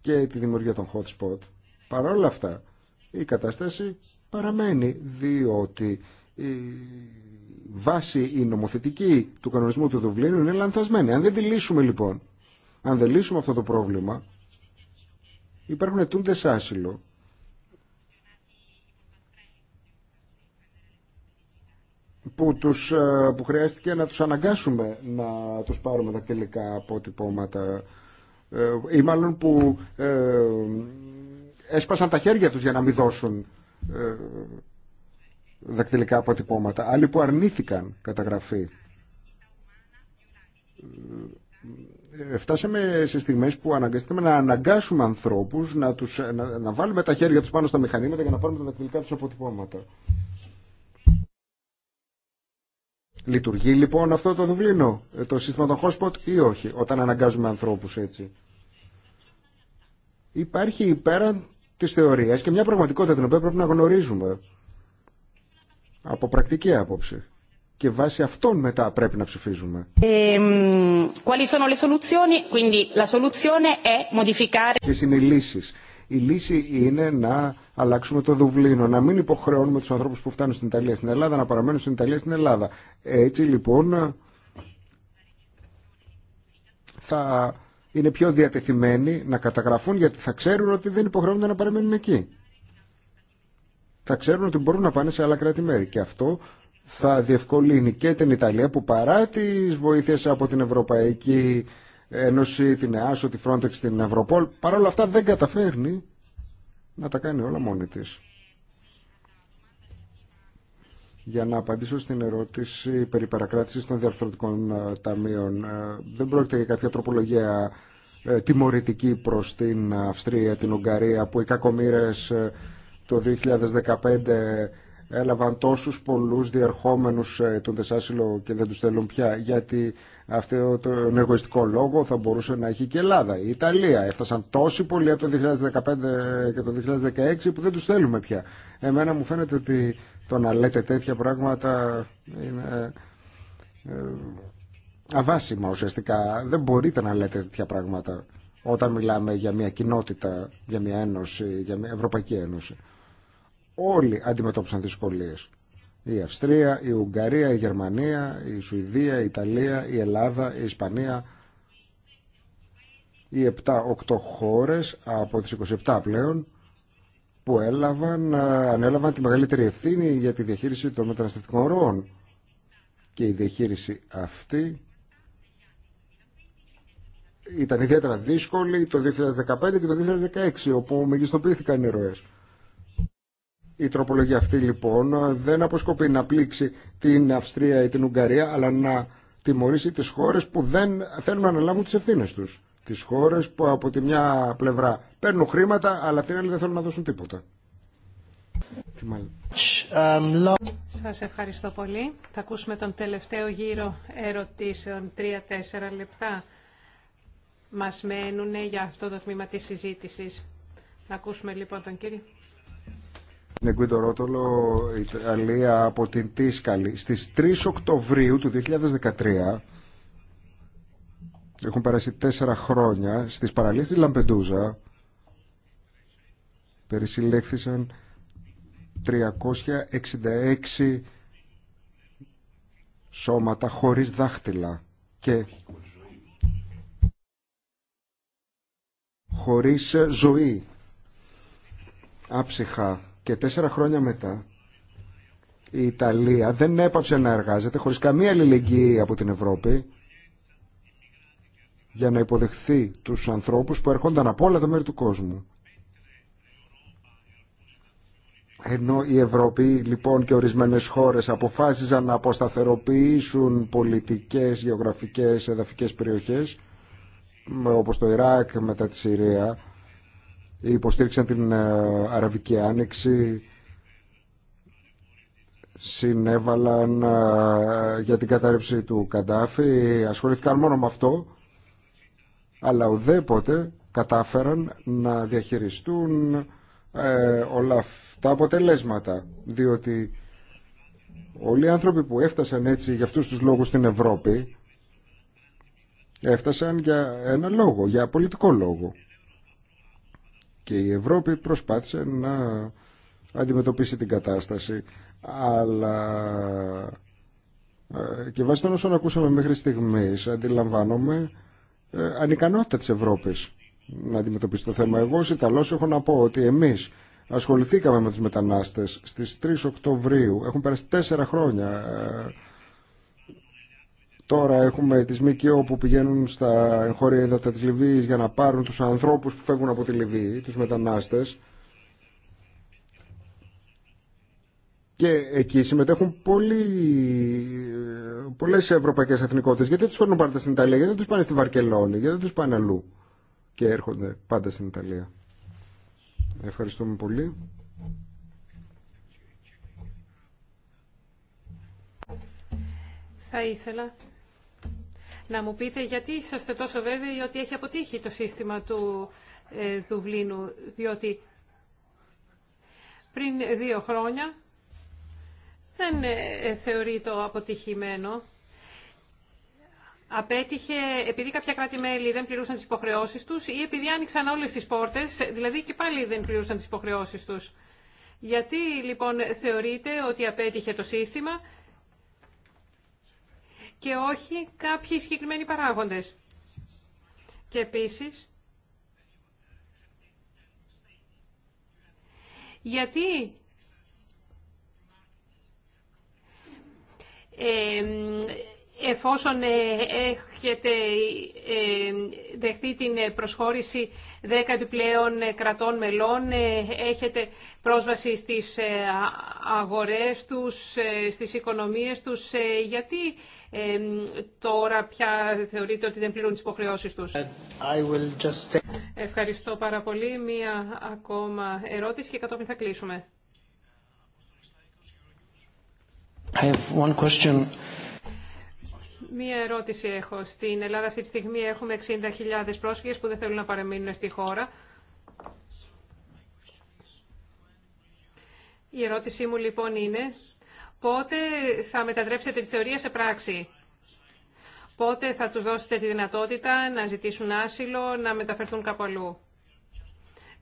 και τη δημιουργία των hot spot, παρόλα αυτά η κατάσταση παραμένει διότι η βάση η νομοθετική του κανονισμού του Δουβλίνου είναι λανθασμένη. Αν δεν τη λύσουμε λοιπόν, αν δεν λύσουμε αυτό το πρόβλημα, υπάρχουν ετούντες άσυλο που, τους, ε, που χρειάστηκε να τους αναγκάσουμε να τους πάρουμε τα τελικά αποτυπώματα ε, ή μάλλον που ε, έσπασαν τα χέρια τους για να μην δώσουν ε, δακτυλικά αποτυπώματα. Άλλοι που αρνήθηκαν καταγραφή. Ε, φτάσαμε σε στιγμές που αναγκαστήκαμε να αναγκάσουμε ανθρώπους να, τους, να, βάλουμε τα χέρια τους πάνω στα μηχανήματα για να πάρουμε τα δακτυλικά τους αποτυπώματα. Λειτουργεί λοιπόν αυτό το δουβλίνο, ε, το σύστημα των hotspot ή όχι, όταν αναγκάζουμε ανθρώπους έτσι. Υπάρχει πέραν της θεωρίας και μια πραγματικότητα την οποία πρέπει να γνωρίζουμε από πρακτική άποψη. Και βάσει αυτών μετά πρέπει να ψηφίζουμε. Ποιε είναι οι λύσει. Η λύση είναι να αλλάξουμε το Δουβλίνο, να μην υποχρεώνουμε του ανθρώπου που φτάνουν στην Ιταλία στην Ελλάδα να παραμένουν στην Ιταλία στην Ελλάδα. Έτσι λοιπόν θα είναι πιο διατεθειμένοι να καταγραφούν γιατί θα ξέρουν ότι δεν υποχρεώνονται να παραμένουν εκεί θα ξέρουν ότι μπορούν να πάνε σε άλλα κράτη-μέρη. Και αυτό θα διευκολύνει και την Ιταλία που παρά τις βοήθειες από την Ευρωπαϊκή Ένωση, την ΕΑΣΟ, τη Frontex, την Ευρωπόλ, παρόλα αυτά δεν καταφέρνει να τα κάνει όλα μόνη τη. Για να απαντήσω στην ερώτηση περί παρακράτησης των διαρθρωτικών ε, ταμείων, ε, δεν πρόκειται για κάποια τροπολογία ε, τιμωρητική προς την Αυστρία, την Ουγγαρία, που οι κακομοίρε το 2015 έλαβαν τόσους πολλούς διερχόμενους ε, τον Τεσάσιλο και δεν τους θέλουν πια γιατί αυτό το εγωιστικό λόγο θα μπορούσε να έχει και η Ελλάδα, η Ιταλία. Έφτασαν τόσοι πολλοί από το 2015 και το 2016 που δεν τους θέλουμε πια. Εμένα μου φαίνεται ότι το να λέτε τέτοια πράγματα είναι ε, ε, αβάσιμα ουσιαστικά. Δεν μπορείτε να λέτε τέτοια πράγματα όταν μιλάμε για μια κοινότητα, για μια ένωση, για μια Ευρωπαϊκή Ένωση όλοι αντιμετώπισαν δυσκολίες. Η Αυστρία, η Ουγγαρία, η Γερμανία, η Σουηδία, η Ιταλία, η Ελλάδα, η Ισπανία, οι 7-8 χώρες από τις 27 πλέον που έλαβαν, ε, ανέλαβαν τη μεγαλύτερη ευθύνη για τη διαχείριση των μεταναστευτικών ροών. Και η διαχείριση αυτή ήταν ιδιαίτερα δύσκολη το 2015 και το 2016, όπου μεγιστοποιήθηκαν οι ροές. Η τροπολογία αυτή λοιπόν δεν αποσκοπεί να πλήξει την Αυστρία ή την Ουγγαρία, αλλά να τιμωρήσει τις χώρες που δεν θέλουν να αναλάβουν τις ευθύνες τους. Τις χώρες που από τη μια πλευρά παίρνουν χρήματα, αλλά από την άλλη δεν θέλουν να δώσουν τίποτα. Σας ευχαριστώ πολύ. Θα ακούσουμε τον τελευταίο γύρο ερωτήσεων. Τρία-τέσσερα λεπτά μας μένουν για αυτό το τμήμα της συζήτησης. Να ακούσουμε λοιπόν τον κύριο. Νεγκουίντο Ρότολο, Ιταλία από την Τίσκαλη. Στις 3 Οκτωβρίου του 2013 έχουν περάσει τέσσερα χρόνια στις παραλίες της Λαμπεντούζα περισυλλέχθησαν 366 σώματα χωρίς δάχτυλα και χωρίς ζωή άψυχα και τέσσερα χρόνια μετά η Ιταλία δεν έπαψε να εργάζεται χωρίς καμία αλληλεγγύη από την Ευρώπη για να υποδεχθεί τους ανθρώπους που ερχόνταν από όλα τα μέρη του κόσμου. Ενώ η Ευρώπη λοιπόν και ορισμένες χώρες αποφάσιζαν να αποσταθεροποιήσουν πολιτικές, γεωγραφικές, εδαφικές περιοχές όπως το Ιράκ μετά τη Συρία υποστήριξαν την ε, Αραβική Άνοιξη, συνέβαλαν ε, για την κατάρρευση του Καντάφη, ασχολήθηκαν μόνο με αυτό, αλλά ουδέποτε κατάφεραν να διαχειριστούν ε, όλα αυτά τα αποτελέσματα, διότι όλοι οι άνθρωποι που έφτασαν έτσι για αυτούς τους λόγους στην Ευρώπη έφτασαν για ένα λόγο, για πολιτικό λόγο και η Ευρώπη προσπάθησε να αντιμετωπίσει την κατάσταση αλλά ε, και βάσει των όσων ακούσαμε μέχρι στιγμής αντιλαμβάνομαι ε, ανικανότητα της Ευρώπης να αντιμετωπίσει το θέμα. Εγώ ως Ιταλός έχω να πω ότι εμείς ασχοληθήκαμε με τους μετανάστες στις 3 Οκτωβρίου, έχουν περάσει τέσσερα χρόνια ε, Τώρα έχουμε τις ΜΚΟ που πηγαίνουν στα εγχώρια έδατα της Λιβύης για να πάρουν τους ανθρώπους που φεύγουν από τη Λιβύη, τους μετανάστες. Και εκεί συμμετέχουν πολύ πολλές ευρωπαϊκές εθνικότητες. Γιατί τους φέρνουν πάντα στην Ιταλία, γιατί δεν τους πάνε στη Βαρκελόνη, γιατί τους πάνε αλλού. Και έρχονται πάντα στην Ιταλία. Ευχαριστούμε πολύ. Θα ήθελα να μου πείτε γιατί είσαστε τόσο βέβαιοι ότι έχει αποτύχει το σύστημα του ε, Δουβλίνου, διότι πριν δύο χρόνια δεν ε, ε, θεωρεί το αποτυχημένο. Απέτυχε επειδή κάποια κράτη-μέλη δεν πληρούσαν τις υποχρεώσεις τους ή επειδή άνοιξαν όλες τις πόρτες, δηλαδή και πάλι δεν πληρούσαν τις υποχρεώσεις τους. Γιατί λοιπόν θεωρείτε ότι απέτυχε το σύστημα και όχι κάποιοι συγκεκριμένοι παράγοντες. Και επίσης, γιατί ε, εφόσον έχετε ε, δεχτεί την προσχώρηση Δέκα επιπλέον ε, κρατών μελών. Ε, έχετε πρόσβαση στις ε, αγορές τους, στις οικονομίες τους. Γιατί τώρα πια θεωρείτε ότι δεν πληρούν τις υποχρεώσεις τους. Ευχαριστώ πάρα πολύ. Μία ακόμα ερώτηση και κατόπιν θα κλείσουμε. question. Μία ερώτηση έχω. Στην Ελλάδα αυτή τη στιγμή έχουμε 60.000 πρόσφυγες που δεν θέλουν να παραμείνουν στη χώρα. Η ερώτησή μου λοιπόν είναι πότε θα μετατρέψετε τη θεωρία σε πράξη. Πότε θα τους δώσετε τη δυνατότητα να ζητήσουν άσυλο, να μεταφερθούν κάπου αλλού.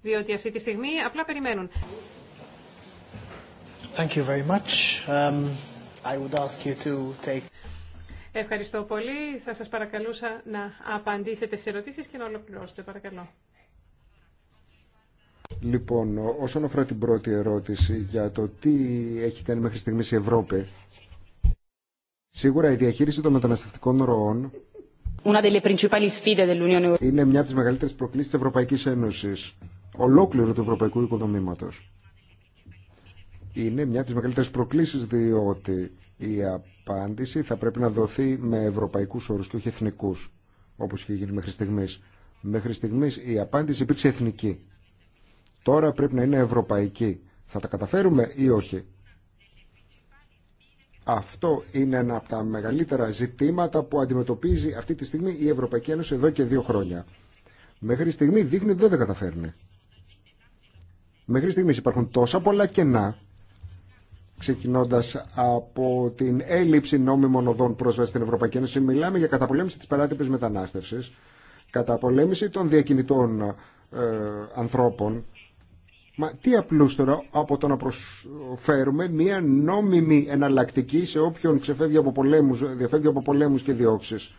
Διότι αυτή τη στιγμή απλά περιμένουν. Thank you very much. Um, I would ask you to take... Ευχαριστώ πολύ. Θα σας παρακαλούσα να απαντήσετε σε ερωτήσεις και να ολοκληρώσετε. Παρακαλώ. Λοιπόν, όσον αφορά την πρώτη ερώτηση για το τι έχει κάνει μέχρι στιγμής η Ευρώπη, σίγουρα η διαχείριση των μεταναστευτικών ροών είναι μια από τις μεγαλύτερες προκλήσεις της Ευρωπαϊκής Ένωσης, ολόκληρου του ευρωπαϊκού οικοδομήματος. Είναι μια από τις μεγαλύτερες προκλήσεις διότι η απάντηση θα πρέπει να δοθεί με ευρωπαϊκούς όρους και όχι εθνικού, όπως είχε γίνει μέχρι στιγμή. Μέχρι στιγμή η απάντηση υπήρξε εθνική. Τώρα πρέπει να είναι ευρωπαϊκή. Θα τα καταφέρουμε ή όχι. Αυτό είναι ένα από τα μεγαλύτερα ζητήματα που αντιμετωπίζει αυτή τη στιγμή η Ευρωπαϊκή Ένωση εδώ και δύο χρόνια. Μέχρι στιγμή δείχνει ότι δεν τα καταφέρνει. Μέχρι στιγμή υπάρχουν τόσα πολλά κενά ξεκινώντας από την έλλειψη νόμιμων οδών πρόσβαση στην Ευρωπαϊκή Ένωση. Μιλάμε για καταπολέμηση της παράτυπη μετανάστευσης, καταπολέμηση των διακινητών ε, ανθρώπων. Μα τι απλούστερο από το να προσφέρουμε μία νόμιμη εναλλακτική σε όποιον ξεφεύγει από πολέμους, διαφεύγει από πολέμους και διώξεις.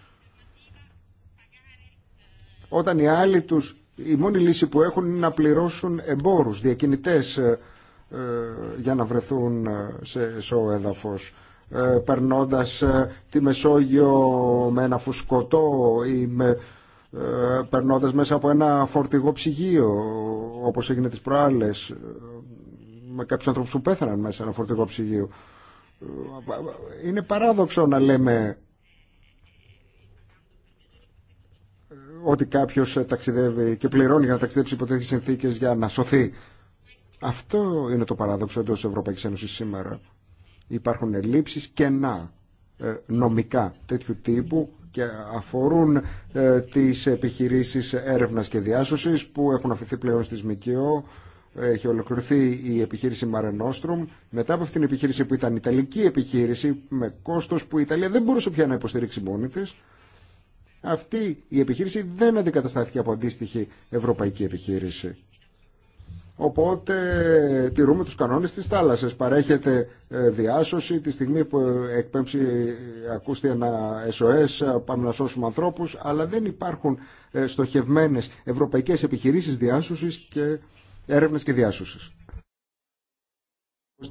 Όταν οι άλλοι τους, η μόνη λύση που έχουν είναι να πληρώσουν εμπόρους, διακινητές, ε, ε, για να βρεθούν ε, σε σώο έδαφος ε, περνώντας τη Μεσόγειο με ένα φουσκωτό ή με, περνώντας μέσα από ένα φορτηγό ψυγείο όπως έγινε τις προάλλες με κάποιους ανθρώπους που πέθαναν μέσα ένα φορτηγό ψυγείο είναι παράδοξο να λέμε ότι κάποιος ταξιδεύει και πληρώνει για να ταξιδέψει υπό τέτοιες συνθήκες για να σωθεί αυτό είναι το παράδοξο εντό Ευρωπαϊκή Ένωση σήμερα. Υπάρχουν ελλείψει κενά ε, νομικά τέτοιου τύπου και αφορούν ε, τις επιχειρήσεις έρευνας και διάσωσης που έχουν αφηθεί πλέον στη ΜΚΟ. Έχει ολοκληρωθεί η επιχείρηση Μαρενόστρουμ. Μετά από αυτήν την επιχείρηση που ήταν Ιταλική επιχείρηση με κόστος που η Ιταλία δεν μπορούσε πια να υποστηρίξει μόνη της. Αυτή η επιχείρηση δεν αντικαταστάθηκε από αντίστοιχη ευρωπαϊκή επιχείρηση. Οπότε τηρούμε τους κανόνες της θάλασσας. Παρέχεται ε, διάσωση τη στιγμή που ε, εκπέμψει, ε, ακούστε ένα SOS, πάμε να σώσουμε ανθρώπους, αλλά δεν υπάρχουν στοχευμένες ευρωπαϊκές επιχειρήσεις διάσωσης και έρευνες και διάσωσης.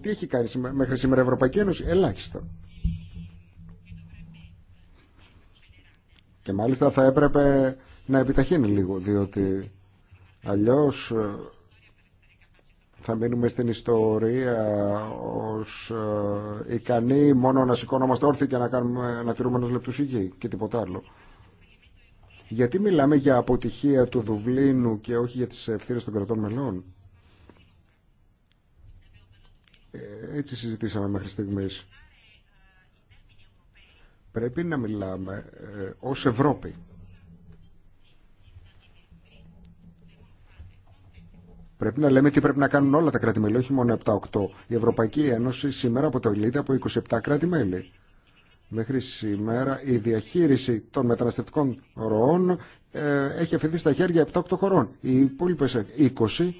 Τι έχει κάνει μέχρι σήμερα η Ευρωπαϊκή Ένωση, ελάχιστα. Και μάλιστα θα έπρεπε να επιταχύνει λίγο, διότι αλλιώς θα μείνουμε στην ιστορία ως ε, ικανοί μόνο να σηκώνομαστε όρθιοι και να, κάνουμε, να τηρούμε ένας υγιή και τίποτα άλλο. Γιατί μιλάμε για αποτυχία του Δουβλίνου και όχι για τις ευθύνε των κρατών μελών. Ε, έτσι συζητήσαμε μέχρι στιγμής. Πρέπει να μιλάμε ε, ως Ευρώπη. Πρέπει να λέμε τι πρέπει να κάνουν όλα τα κράτη-μέλη, όχι μόνο 7-8. Η Ευρωπαϊκή Ένωση σήμερα αποτελείται από 27 κράτη-μέλη. Μέχρι σήμερα η διαχείριση των μεταναστευτικών ροών ε, έχει αφαιθεί στα χέρια 7-8 χωρών. Οι υπόλοιπε 20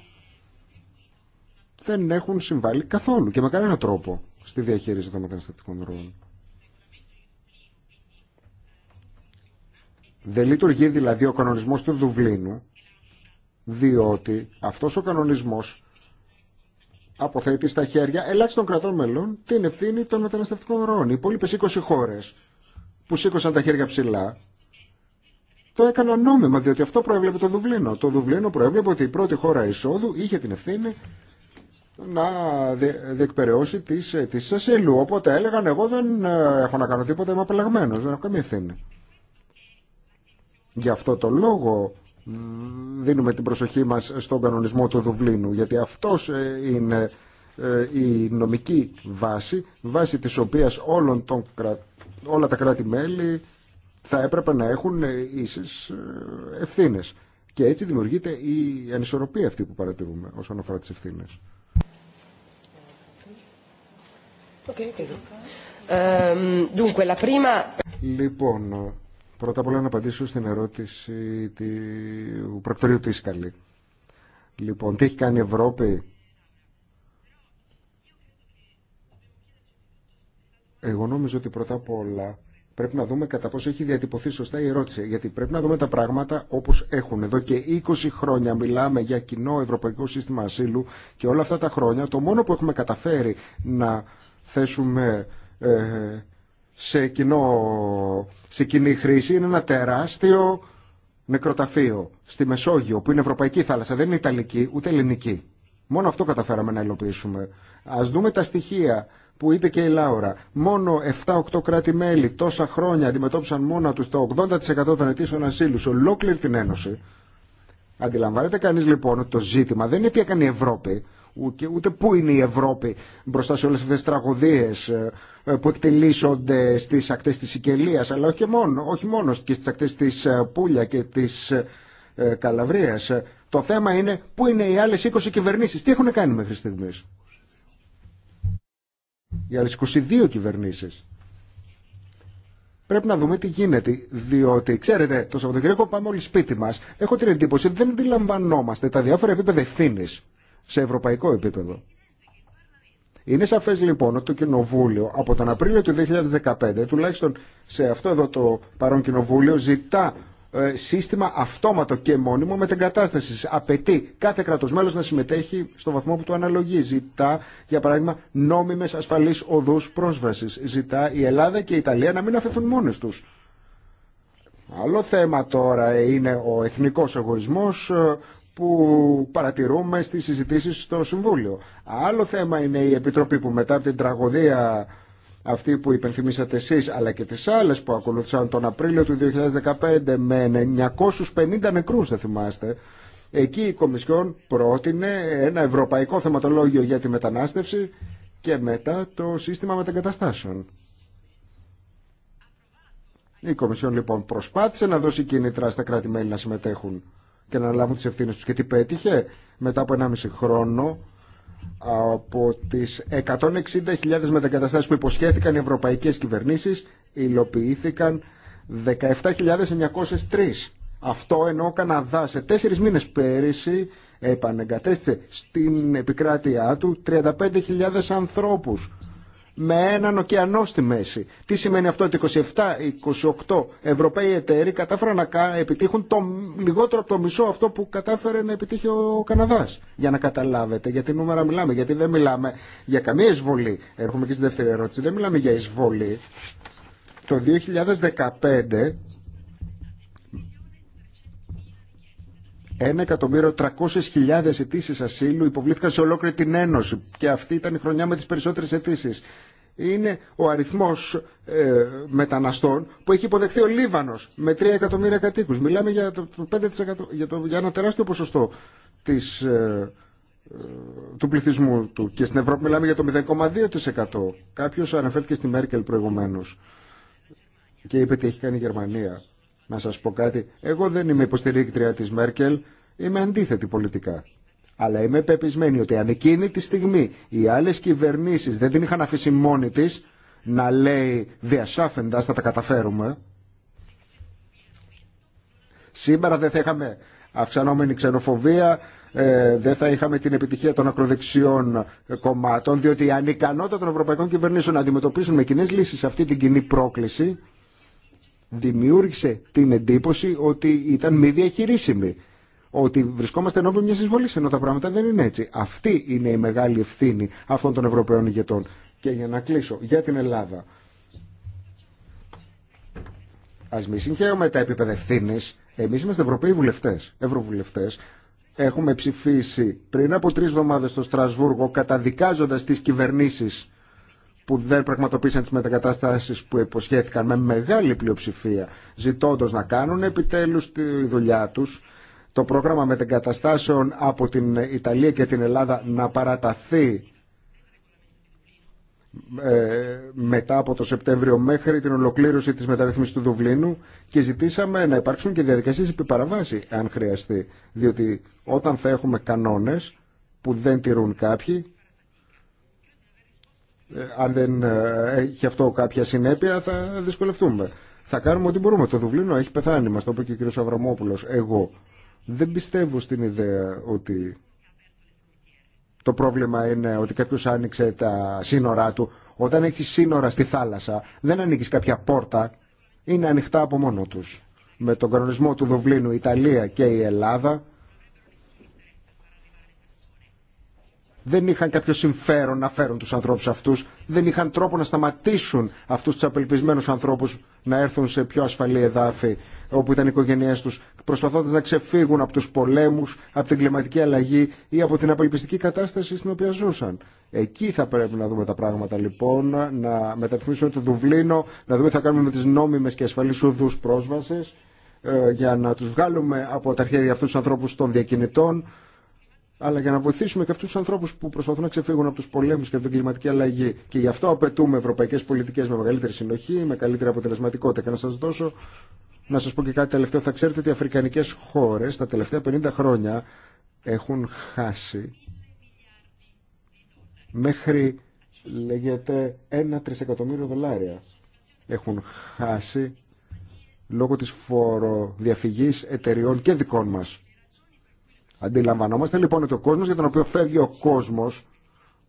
δεν έχουν συμβάλει καθόλου και με κανένα τρόπο στη διαχείριση των μεταναστευτικών ροών. Δεν λειτουργεί δηλαδή ο κανονισμός του Δουβλίνου διότι αυτός ο κανονισμός αποθέτει στα χέρια ελάχιστον κρατών μελών την ευθύνη των μεταναστευτικών ροών. Οι υπόλοιπε 20 χώρε που σήκωσαν τα χέρια ψηλά το έκαναν νόμιμα, διότι αυτό προέβλεπε το Δουβλίνο. Το Δουβλίνο προέβλεπε ότι η πρώτη χώρα εισόδου είχε την ευθύνη να διεκπαιρεώσει τις αιτήσεις ασύλου. Οπότε έλεγαν εγώ δεν ε, έχω να κάνω τίποτα, είμαι απελαγμένος, δεν έχω καμία ευθύνη. Γι' αυτό το λόγο δίνουμε την προσοχή μας στον κανονισμό του Δουβλίνου, γιατί αυτός ε, είναι ε, η νομική βάση, βάση της οποίας όλων των, όλα τα κράτη-μέλη θα έπρεπε να έχουν ε, ίσες ευθύνες. Και έτσι δημιουργείται η ανισορροπία αυτή που παρατηρούμε όσον αφορά τις ευθύνες. Okay, ehm, Λοιπόν, Πρώτα απ' όλα να απαντήσω στην ερώτηση του πρακτορείου Τίσκαλη. Λοιπόν, τι έχει κάνει η Ευρώπη. Εγώ νομίζω ότι πρώτα απ' όλα πρέπει να δούμε κατά πόσο έχει διατυπωθεί σωστά η ερώτηση. Γιατί πρέπει να δούμε τα πράγματα όπω έχουν. Εδώ και 20 χρόνια μιλάμε για κοινό ευρωπαϊκό σύστημα ασύλου και όλα αυτά τα χρόνια το μόνο που έχουμε καταφέρει να θέσουμε ε, σε, κοινό, σε κοινή χρήση είναι ένα τεράστιο νεκροταφείο στη Μεσόγειο που είναι ευρωπαϊκή θάλασσα, δεν είναι ιταλική ούτε ελληνική. Μόνο αυτό καταφέραμε να υλοποιήσουμε. Α δούμε τα στοιχεία που είπε και η Λάουρα. Μόνο 7-8 κράτη-μέλη τόσα χρόνια αντιμετώπισαν μόνα του το 80% των αιτήσεων ασύλου σε ολόκληρη την Ένωση. Αντιλαμβάνεται κανεί λοιπόν ότι το ζήτημα δεν είναι τι έκανε η Ευρώπη, ούτε πού είναι η Ευρώπη μπροστά σε όλες αυτές τις τραγωδίες ε, ε, που εκτελήσονται στις ακτές της Σικελίας αλλά όχι μόνο, όχι μόνο και στις ακτές της ε, Πούλια και της Καλαβρίας. Το θέμα είναι πού είναι οι άλλες 20 κυβερνήσεις. Τι έχουν κάνει μέχρι στιγμής. Οι άλλες 22 κυβερνήσεις. Πρέπει να δούμε τι γίνεται, διότι ξέρετε, το Σαββατοκύριακο πάμε όλοι σπίτι μας Έχω την εντύπωση ότι δεν αντιλαμβανόμαστε τα διάφορα επίπεδα ευθύνης σε ευρωπαϊκό επίπεδο. Είναι σαφέ λοιπόν ότι το Κοινοβούλιο από τον Απρίλιο του 2015, τουλάχιστον σε αυτό εδώ το παρόν Κοινοβούλιο, ζητά ε, σύστημα αυτόματο και μόνιμο μετεγκατάσταση. Απαιτεί κάθε κράτο μέλο να συμμετέχει στο βαθμό που του αναλογεί. Ζητά, για παράδειγμα, νόμιμες ασφαλείς οδού πρόσβαση. Ζητά η Ελλάδα και η Ιταλία να μην αφαιθούν μόνε του. Άλλο θέμα τώρα είναι ο εθνικός εγωισμός που παρατηρούμε στις συζητήσεις στο Συμβούλιο. Άλλο θέμα είναι η Επιτροπή που μετά από την τραγωδία αυτή που υπενθυμίσατε εσείς αλλά και τις άλλες που ακολούθησαν τον Απρίλιο του 2015 με 950 νεκρούς δεν θυμάστε εκεί η Κομισιόν πρότεινε ένα ευρωπαϊκό θεματολόγιο για τη μετανάστευση και μετά το σύστημα μεταγκαταστάσεων. Η Κομισιόν λοιπόν προσπάθησε να δώσει κίνητρα στα κράτη-μέλη να συμμετέχουν και να λάβουν τις ευθύνες τους. Και τι πέτυχε μετά από 1,5 χρόνο από τις 160.000 μεταγκαταστάσεις που υποσχέθηκαν οι ευρωπαϊκές κυβερνήσεις υλοποιήθηκαν 17.903. Αυτό ενώ ο Καναδά σε τέσσερις μήνες πέρυσι επανεγκατέστησε στην επικράτειά του 35.000 ανθρώπους με έναν ωκεανό στη μέση. Τι σημαίνει αυτό ότι 27-28 Ευρωπαίοι εταίροι κατάφεραν να επιτύχουν το λιγότερο από το μισό αυτό που κατάφερε να επιτύχει ο Καναδάς. Για να καταλάβετε γιατί νούμερα μιλάμε, γιατί δεν μιλάμε για καμία εισβολή. Έρχομαι και στη δεύτερη ερώτηση, δεν μιλάμε για εισβολή. Το 2015 1.300.000 αιτήσει ασύλου υποβλήθηκαν σε ολόκληρη την Ένωση και αυτή ήταν η χρονιά με τις περισσότερες αιτήσει. Είναι ο αριθμός ε, μεταναστών που έχει υποδεχθεί ο Λίβανος με 3 εκατομμύρια κατοίκους. Μιλάμε για, το 5%, για, το, για ένα τεράστιο ποσοστό της, ε, ε, του πληθυσμού του και στην Ευρώπη μιλάμε για το 0,2%. Κάποιος αναφέρθηκε στη Μέρκελ προηγουμένως και είπε τι έχει κάνει η Γερμανία να σας πω κάτι. Εγώ δεν είμαι υποστηρίκτρια της Μέρκελ. Είμαι αντίθετη πολιτικά. Αλλά είμαι πεπισμένη ότι αν εκείνη τη στιγμή οι άλλες κυβερνήσεις δεν την είχαν αφήσει μόνη της να λέει διασάφεντας θα τα καταφέρουμε, σήμερα δεν θα είχαμε αυξανόμενη ξενοφοβία, ε, δεν θα είχαμε την επιτυχία των ακροδεξιών κομμάτων, διότι η ανικανότητα των ευρωπαϊκών κυβερνήσεων να αντιμετωπίσουν με κοινέ λύσει αυτή την κοινή πρόκληση δημιούργησε την εντύπωση ότι ήταν μη διαχειρίσιμη. Ότι βρισκόμαστε ενώπιον μια εισβολή, ενώ τα πράγματα δεν είναι έτσι. Αυτή είναι η μεγάλη ευθύνη αυτών των Ευρωπαίων ηγετών. Και για να κλείσω, για την Ελλάδα. Α μη συγχαίρουμε τα επίπεδα ευθύνη. Εμεί είμαστε Ευρωπαίοι βουλευτέ, Ευρωβουλευτέ. Έχουμε ψηφίσει πριν από τρει εβδομάδε στο Στρασβούργο καταδικάζοντα τι κυβερνήσει που δεν πραγματοποίησαν τις μετακατάστασεις που υποσχέθηκαν με μεγάλη πλειοψηφία ζητώντας να κάνουν επιτέλους τη δουλειά τους το πρόγραμμα μετακαταστάσεων από την Ιταλία και την Ελλάδα να παραταθεί ε, μετά από το Σεπτέμβριο μέχρι την ολοκλήρωση της μεταρρύθμισης του Δουβλίνου και ζητήσαμε να υπάρξουν και διαδικασίες επιπαραβάση αν χρειαστεί διότι όταν θα έχουμε κανόνες που δεν τηρούν κάποιοι ε, αν δεν ε, έχει αυτό κάποια συνέπεια θα δυσκολευτούμε. Θα κάνουμε ό,τι μπορούμε. Το Δουβλίνο έχει πεθάνει, μας το είπε και ο κ. Αβραμόπουλος. Εγώ δεν πιστεύω στην ιδέα ότι το πρόβλημα είναι ότι κάποιο άνοιξε τα σύνορά του. Όταν έχει σύνορα στη θάλασσα, δεν ανοίγει κάποια πόρτα. Είναι ανοιχτά από μόνο τους. Με τον κανονισμό του Δουβλίνου, Ιταλία και η Ελλάδα δεν είχαν κάποιο συμφέρον να φέρουν τους ανθρώπους αυτούς, δεν είχαν τρόπο να σταματήσουν αυτούς τους απελπισμένους ανθρώπους να έρθουν σε πιο ασφαλή εδάφη όπου ήταν οι οικογένειές τους, προσπαθώντας να ξεφύγουν από τους πολέμους, από την κλιματική αλλαγή ή από την απελπιστική κατάσταση στην οποία ζούσαν. Εκεί θα πρέπει να δούμε τα πράγματα λοιπόν, να μεταρρυθμίσουμε το Δουβλίνο, να δούμε τι θα κάνουμε με τις νόμιμες και ασφαλείς οδούς πρόσβασης ε, για να τους βγάλουμε από τα χέρια αυτούς τους ανθρώπους των διακινητών αλλά για να βοηθήσουμε και αυτού του ανθρώπου που προσπαθούν να ξεφύγουν από του πολέμου και από την κλιματική αλλαγή. Και γι' αυτό απαιτούμε ευρωπαϊκέ πολιτικέ με μεγαλύτερη συνοχή, με καλύτερη αποτελεσματικότητα. Και να σα δώσω, να σα πω και κάτι τελευταίο. Θα ξέρετε ότι οι αφρικανικέ χώρε τα τελευταία 50 χρόνια έχουν χάσει μέχρι λέγεται ένα τρισεκατομμύριο δολάρια έχουν χάσει λόγω της φοροδιαφυγής εταιριών και δικών μας Αντιλαμβανόμαστε λοιπόν ότι ο κόσμος για τον οποίο φεύγει ο κόσμος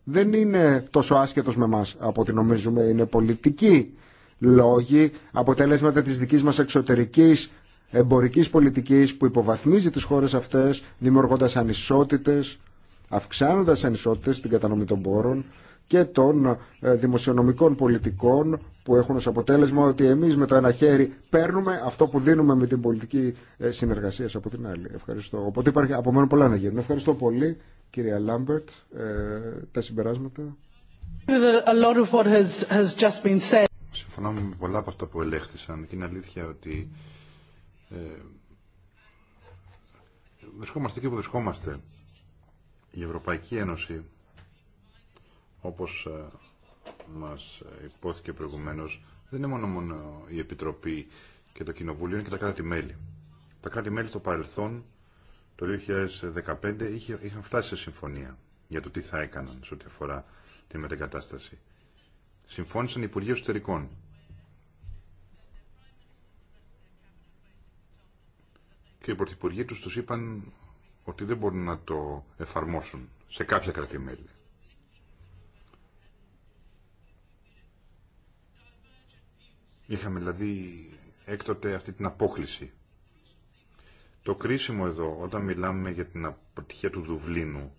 δεν είναι τόσο άσχετο με εμά από ό,τι νομίζουμε. Είναι πολιτικοί λόγοι, αποτελέσματα της δικής μας εξωτερικής εμπορικής πολιτικής που υποβαθμίζει τις χώρες αυτές, δημιουργώντας ανισότητες, αυξάνοντας ανισότητες στην κατανομή των πόρων, και των ε, δημοσιονομικών πολιτικών που έχουν ως αποτέλεσμα ότι εμείς με το ένα χέρι παίρνουμε αυτό που δίνουμε με την πολιτική ε, συνεργασία από την άλλη. Ευχαριστώ. Οπότε υπάρχει, μένα πολλά να γίνουν. Ευχαριστώ πολύ κυρία Λάμπερτ. Ε, τα συμπεράσματα. Συμφωνώ με πολλά από αυτά που ελέγχθησαν και είναι αλήθεια ότι ε, βρισκόμαστε εκεί που βρισκόμαστε. Η Ευρωπαϊκή Ένωση όπως ε, μας υπόθηκε προηγουμένως, δεν είναι μόνο, μόνο η Επιτροπή και το Κοινοβούλιο, είναι και τα κράτη-μέλη. Τα κράτη-μέλη στο παρελθόν, το 2015, είχε, είχαν φτάσει σε συμφωνία για το τι θα έκαναν σε ό,τι αφορά την μετεγκατάσταση. Συμφώνησαν οι Υπουργοί Εσωτερικών. Και οι Πρωθυπουργοί τους τους είπαν ότι δεν μπορούν να το εφαρμόσουν σε κάποια κράτη-μέλη. Είχαμε δηλαδή έκτοτε αυτή την απόκληση. Το κρίσιμο εδώ, όταν μιλάμε για την αποτυχία του Δουβλίνου,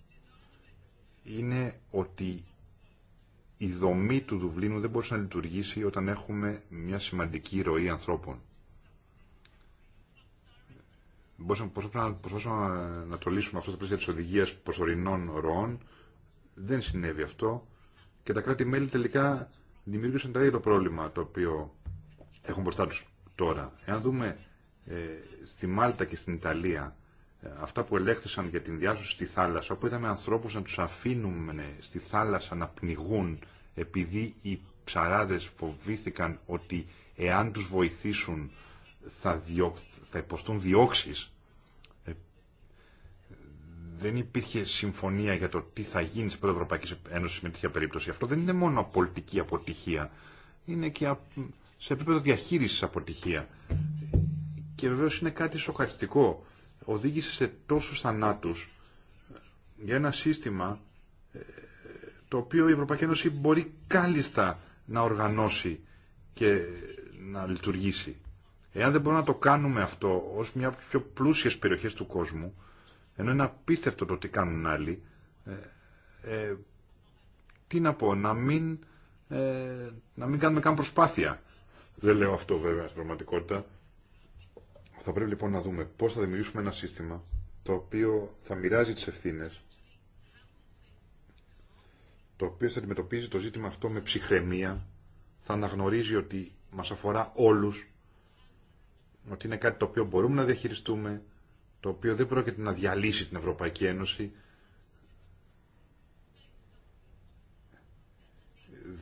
είναι ότι η δομή του Δουβλίνου δεν μπορεί να λειτουργήσει όταν έχουμε μια σημαντική ροή ανθρώπων. Μπορούσαμε να το λύσουμε αυτό το πλαίσιο τη οδηγία προσωρινών ροών. Δεν συνέβη αυτό. Και τα κράτη-μέλη τελικά δημιούργησαν το ίδιο πρόβλημα το οποίο έχουν μπροστά του τώρα. Εάν δούμε ε, στη Μάλτα και στην Ιταλία ε, αυτά που ελέγχθησαν για την διάσωση στη θάλασσα, όπου είδαμε ανθρώπου να τους αφήνουν στη θάλασσα να πνιγούν επειδή οι ψαράδες φοβήθηκαν ότι εάν τους βοηθήσουν θα, διώ, θα υποστούν διώξεις. Ε, δεν υπήρχε συμφωνία για το τι θα γίνει στην Ευρωπαϊκή Ένωση με τέτοια περίπτωση. Αυτό δεν είναι μόνο πολιτική αποτυχία. Είναι και σε επίπεδο διαχείρισης αποτυχία. Και βεβαίως είναι κάτι σοκαριστικό. Οδήγησε σε τόσους θανάτους για ένα σύστημα ε, το οποίο η Ευρωπαϊκή Ένωση μπορεί κάλλιστα να οργανώσει και να λειτουργήσει. Εάν δεν μπορούμε να το κάνουμε αυτό ως μια από τις πιο πλούσιες περιοχές του κόσμου, ενώ είναι απίστευτο το τι κάνουν άλλοι, ε, ε τι να πω, να μην, ε, να μην κάνουμε καν προσπάθεια. Δεν λέω αυτό βέβαια στην πραγματικότητα. Θα πρέπει λοιπόν να δούμε πώς θα δημιουργήσουμε ένα σύστημα το οποίο θα μοιράζει τις ευθύνε, το οποίο θα αντιμετωπίζει το ζήτημα αυτό με ψυχραιμία, θα αναγνωρίζει ότι μας αφορά όλους, ότι είναι κάτι το οποίο μπορούμε να διαχειριστούμε, το οποίο δεν πρόκειται να διαλύσει την Ευρωπαϊκή Ένωση,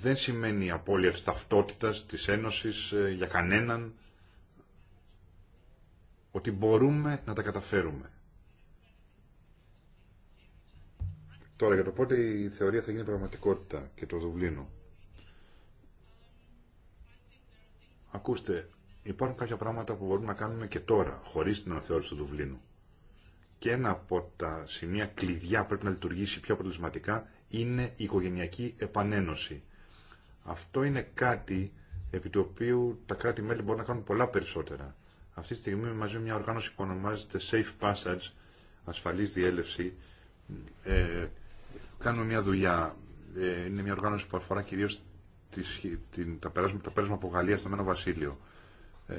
δεν σημαίνει απώλεια της ταυτότητας, της Ένωσης ε, για κανέναν, ότι μπορούμε να τα καταφέρουμε. Τώρα για το πότε η θεωρία θα γίνει πραγματικότητα και το Δουβλίνο. Ακούστε, υπάρχουν κάποια πράγματα που μπορούμε να κάνουμε και τώρα, χωρίς την αναθεώρηση του Δουβλίνου. Και ένα από τα σημεία κλειδιά που πρέπει να λειτουργήσει πιο αποτελεσματικά είναι η οικογενειακή επανένωση. Αυτό είναι κάτι επί του οποίου τα κράτη-μέλη μπορούν να κάνουν πολλά περισσότερα. Αυτή τη στιγμή μαζί με μια οργάνωση που ονομάζεται Safe Passage, ασφαλής διέλευση, ε, κάνουμε μια δουλειά. Ε, είναι μια οργάνωση που αφορά κυρίως τις, την, τα περάσμα, το πέρασμα από Γαλλία στο Μένο Βασίλειο. Ε,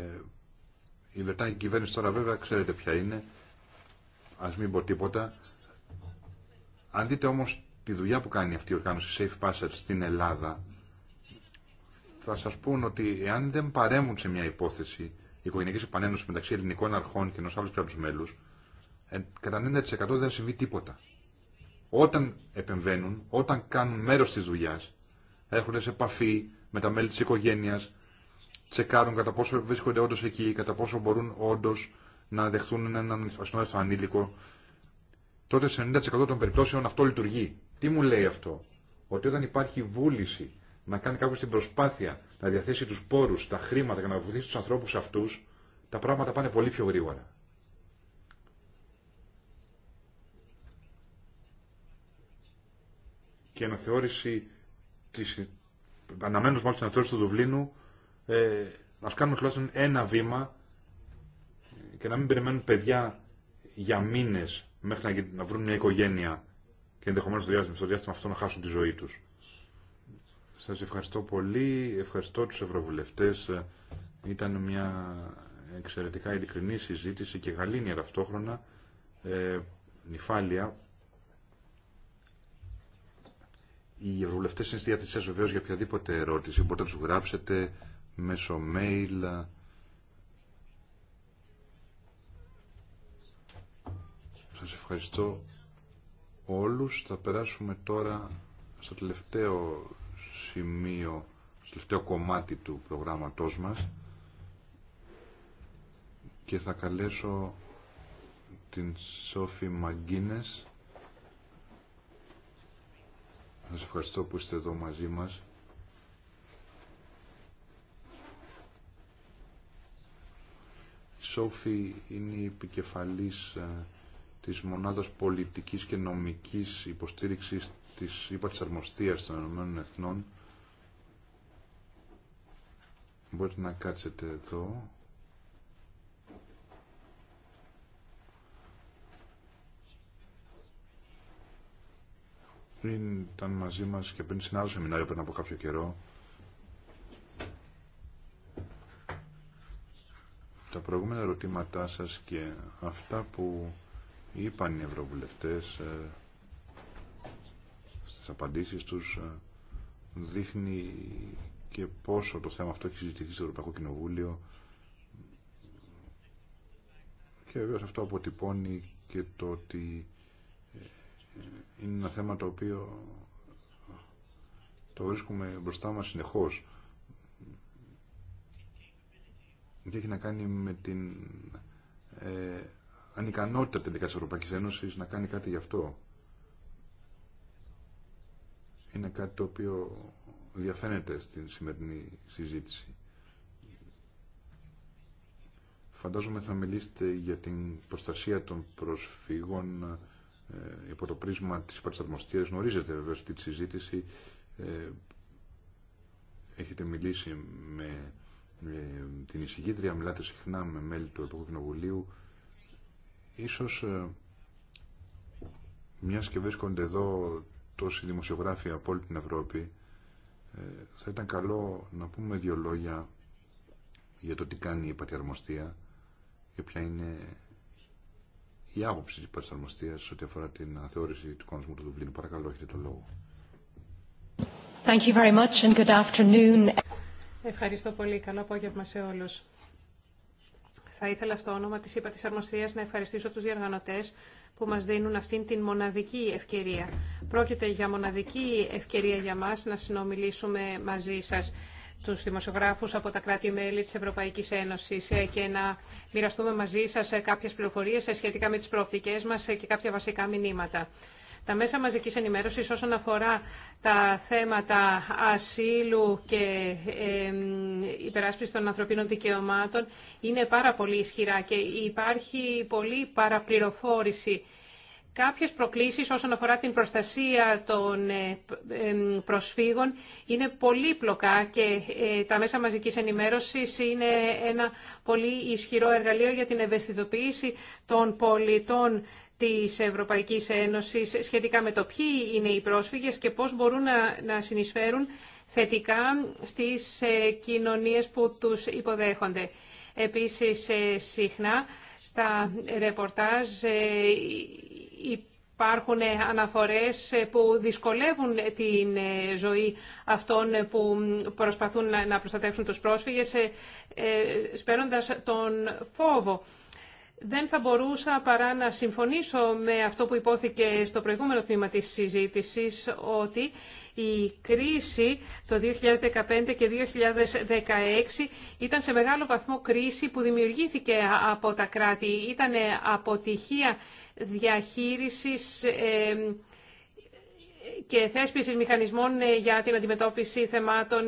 η Βρετανική κυβέρνηση τώρα βέβαια ξέρετε ποια είναι, ας μην πω τίποτα. Αν δείτε όμως τη δουλειά που κάνει αυτή η οργάνωση Safe Passage στην Ελλάδα, θα σα πούν ότι εάν δεν παρέμουν σε μια υπόθεση οικογενειακή επανένωση μεταξύ ελληνικών αρχών και ενό άλλου κράτου μέλους, κατά 90% δεν συμβεί τίποτα. Όταν επεμβαίνουν, όταν κάνουν μέρο τη δουλειά, έρχονται σε επαφή με τα μέλη τη οικογένεια, τσεκάρουν κατά πόσο βρίσκονται όντω εκεί, κατά πόσο μπορούν όντω να δεχθούν έναν ασυνόδευτο ανήλικο, τότε σε 90% των περιπτώσεων αυτό λειτουργεί. Τι μου λέει αυτό, ότι όταν υπάρχει βούληση να κάνει κάποιο την προσπάθεια να διαθέσει του πόρου, τα χρήματα και να βοηθήσει του ανθρώπου αυτού, τα πράγματα πάνε πολύ πιο γρήγορα. Και αναθεώρηση της, αναμένως μάλλον στην αναθεώρηση του Δουβλίνου, ε, να κάνουμε τουλάχιστον ένα βήμα και να μην περιμένουν παιδιά για μήνε μέχρι να, βρουν μια οικογένεια και ενδεχομένω στο διάστημα, στο αυτό να χάσουν τη ζωή του. Σας ευχαριστώ πολύ, ευχαριστώ τους ευρωβουλευτές. Ήταν μια εξαιρετικά ειλικρινή συζήτηση και γαλήνια ταυτόχρονα, ε, νυφάλια. Οι ευρωβουλευτές είναι στη διάθεσή σας βεβαίως για οποιαδήποτε ερώτηση. Μπορείτε να τους γράψετε μέσω mail. Σας ευχαριστώ όλους. Θα περάσουμε τώρα στο τελευταίο σημείο, στο τελευταίο κομμάτι του προγράμματός μας και θα καλέσω την Σόφη Μαγκίνες σας ευχαριστώ που είστε εδώ μαζί μας Η Σόφη είναι η επικεφαλής ε, της Μονάδας Πολιτικής και Νομικής Υποστήριξης της είπα αρμοστίας των Ηνωμένων Εθνών μπορείτε να κάτσετε εδώ Πριν ήταν μαζί μας και πριν σε ένα άλλο σεμινάριο πριν από κάποιο καιρό τα προηγούμενα ερωτήματά σας και αυτά που είπαν οι ευρωβουλευτές ε, στις απαντήσεις τους ε, δείχνει και πόσο το θέμα αυτό έχει συζητηθεί στο Ευρωπαϊκό Κοινοβούλιο και βέβαια αυτό αποτυπώνει και το ότι ε, είναι ένα θέμα το οποίο ε, το βρίσκουμε μπροστά μας συνεχώς και έχει να κάνει με την ε, ανικανότητα τελικά της Ευρωπαϊκής Ένωσης να κάνει κάτι γι' αυτό είναι κάτι το οποίο διαφαίνεται στην σημερινή συζήτηση. Φαντάζομαι θα μιλήσετε για την προστασία των προσφύγων ε, υπό το πρίσμα της παραστατμοστίας. Γνωρίζετε βέβαια αυτή τη συζήτηση. Ε, έχετε μιλήσει με, την εισηγήτρια, μιλάτε συχνά με μέλη του Επικού Ίσως ε, μιας και βρίσκονται εδώ τόσοι δημοσιογράφοι από όλη την Ευρώπη, ε, θα ήταν καλό να πούμε δύο λόγια για το τι κάνει η πατιαρμοστία και ποια είναι η άποψη της πατιαρμοστίας ό,τι αφορά την θεώρηση του κόσμου του Δουβλίνου. Παρακαλώ, έχετε το λόγο. Thank you very much and good afternoon. Ευχαριστώ πολύ. Καλό απόγευμα σε όλους. Θα ήθελα στο όνομα της ΥΠΑ να ευχαριστήσω τους διοργανωτές που μας δίνουν αυτήν την μοναδική ευκαιρία. Πρόκειται για μοναδική ευκαιρία για μας να συνομιλήσουμε μαζί σας τους δημοσιογράφους από τα κράτη-μέλη της Ευρωπαϊκής Ένωσης ε, και να μοιραστούμε μαζί σας ε, κάποιες πληροφορίες ε, σχετικά με τις προοπτικές μας και κάποια βασικά μηνύματα. Τα μέσα μαζικής ενημέρωσης όσον αφορά τα θέματα ασύλου και υπεράσπιση των ανθρωπίνων δικαιωμάτων είναι πάρα πολύ ισχυρά και υπάρχει πολλή παραπληροφόρηση. Κάποιες προκλήσεις όσον αφορά την προστασία των ε, προσφύγων είναι πολύπλοκα και ε, τα μέσα μαζικής ενημέρωσης είναι ένα πολύ ισχυρό εργαλείο για την ευαισθητοποίηση των πολιτών της Ευρωπαϊκής Ένωσης σχετικά με το ποιοι είναι οι πρόσφυγες και πώς μπορούν να, να συνεισφέρουν θετικά στις ε, κοινωνίες που τους υποδέχονται. Επίσης, ε, συχνά στα ρεπορτάζ ε, υπάρχουν αναφορές που δυσκολεύουν την ζωή αυτών που προσπαθούν να προστατεύσουν τους πρόσφυγες, σπέροντας τον φόβο δεν θα μπορούσα παρά να συμφωνήσω με αυτό που υπόθηκε στο προηγούμενο τμήμα της συζήτησης, ότι η κρίση το 2015 και 2016 ήταν σε μεγάλο βαθμό κρίση που δημιουργήθηκε από τα κράτη. Ήταν αποτυχία διαχείρισης και θέσπισης μηχανισμών για την αντιμετώπιση θεμάτων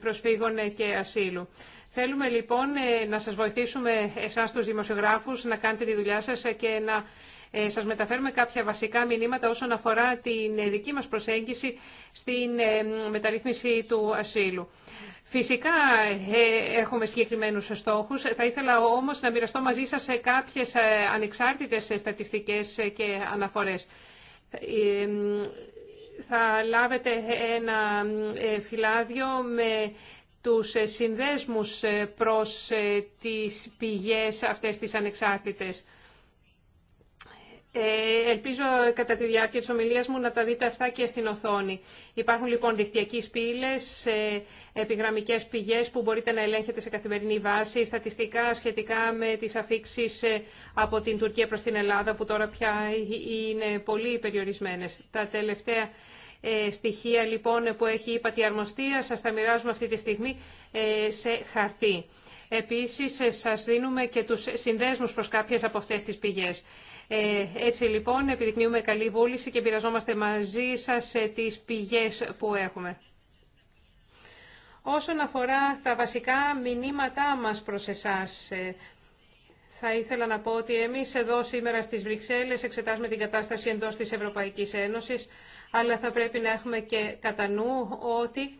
προσφύγων και ασύλου. Θέλουμε λοιπόν ε, να σας βοηθήσουμε εσάς τους δημοσιογράφους να κάνετε τη δουλειά σας και να ε, σας μεταφέρουμε κάποια βασικά μηνύματα όσον αφορά την ε, δική μας προσέγγιση στην μεταρρύθμιση του ασύλου. Φυσικά έχουμε συγκεκριμένους στόχους. Θα ήθελα όμως να μοιραστώ μαζί σας κάποιες ανεξάρτητες στατιστικές και αναφορές. Θα λάβετε ένα φυλάδιο με τους ε, συνδέσμους ε, προς ε, τις πηγές αυτές τις ανεξάρτητες. ελπίζω κατά τη διάρκεια της ομιλίας μου να τα δείτε αυτά και στην οθόνη. Υπάρχουν λοιπόν διχτυακοί σπήλες, επιγραμμικές πηγές που μπορείτε να ελέγχετε σε καθημερινή βάση, στατιστικά σχετικά με τις αφήξεις από την Τουρκία προς την Ελλάδα που τώρα πια είναι πολύ περιορισμένες. Τα τελευταία ε, στοιχεία λοιπόν που έχει η πατιαρμοστία σας τα μοιράζουμε αυτή τη στιγμή ε, σε χαρτί. Επίσης ε, σας δίνουμε και τους συνδέσμους προς κάποιες από αυτές τις πηγές. Έτσι λοιπόν επιδεικνύουμε καλή βούληση και πειραζόμαστε μαζί σας σε τις πηγές που έχουμε. Όσον αφορά τα βασικά μηνύματά μας προς εσάς, θα ήθελα να πω ότι εμείς εδώ σήμερα στις Βρυξέλλες εξετάζουμε την κατάσταση εντός της Ευρωπαϊκής Ένωσης, αλλά θα πρέπει να έχουμε και κατά νου ότι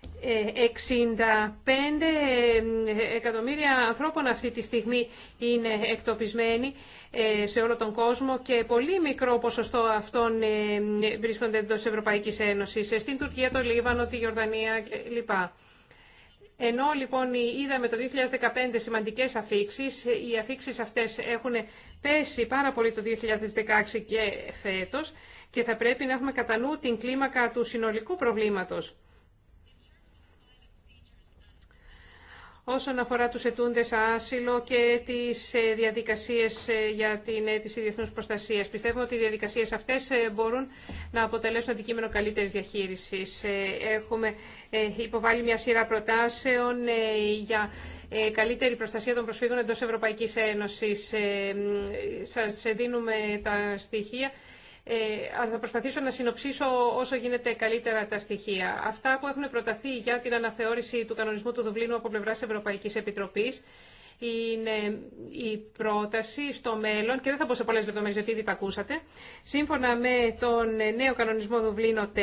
65 ε, ε, εκατομμύρια ανθρώπων αυτή τη στιγμή είναι εκτοπισμένοι ε, σε όλο τον κόσμο και πολύ μικρό ποσοστό αυτών βρίσκονται εντός Ευρωπαϊκής Ένωσης, στην Τουρκία, το Λίβανο, τη Γιορδανία κλπ. Ενώ λοιπόν είδαμε το 2015 σημαντικές αφήξεις, οι αφήξεις αυτές έχουν πέσει πάρα πολύ το 2016 και φέτος και θα πρέπει να έχουμε κατά νου την κλίμακα του συνολικού προβλήματος. Όσον αφορά τους ετούντες άσυλο και τις ε, διαδικασίες ε, για την αίτηση διεθνούς προστασίας, πιστεύουμε ότι οι διαδικασίες αυτές ε, μπορούν να αποτελέσουν αντικείμενο καλύτερης διαχείρισης. Έχουμε υποβάλει μια σειρά προτάσεων για καλύτερη προστασία των προσφύγων εντός Ευρωπαϊκής Ένωσης. Σας δίνουμε τα στοιχεία ε, αλλά θα προσπαθήσω να συνοψίσω όσο γίνεται καλύτερα τα στοιχεία. Αυτά που έχουν προταθεί για την αναθεώρηση του κανονισμού του Δουβλίνου από πλευρά Ευρωπαϊκή Επιτροπή είναι η πρόταση στο μέλλον, και δεν θα πω σε πολλές λεπτομέρειες γιατί ήδη τα ακούσατε, σύμφωνα με τον νέο κανονισμό Δουβλίνο 4,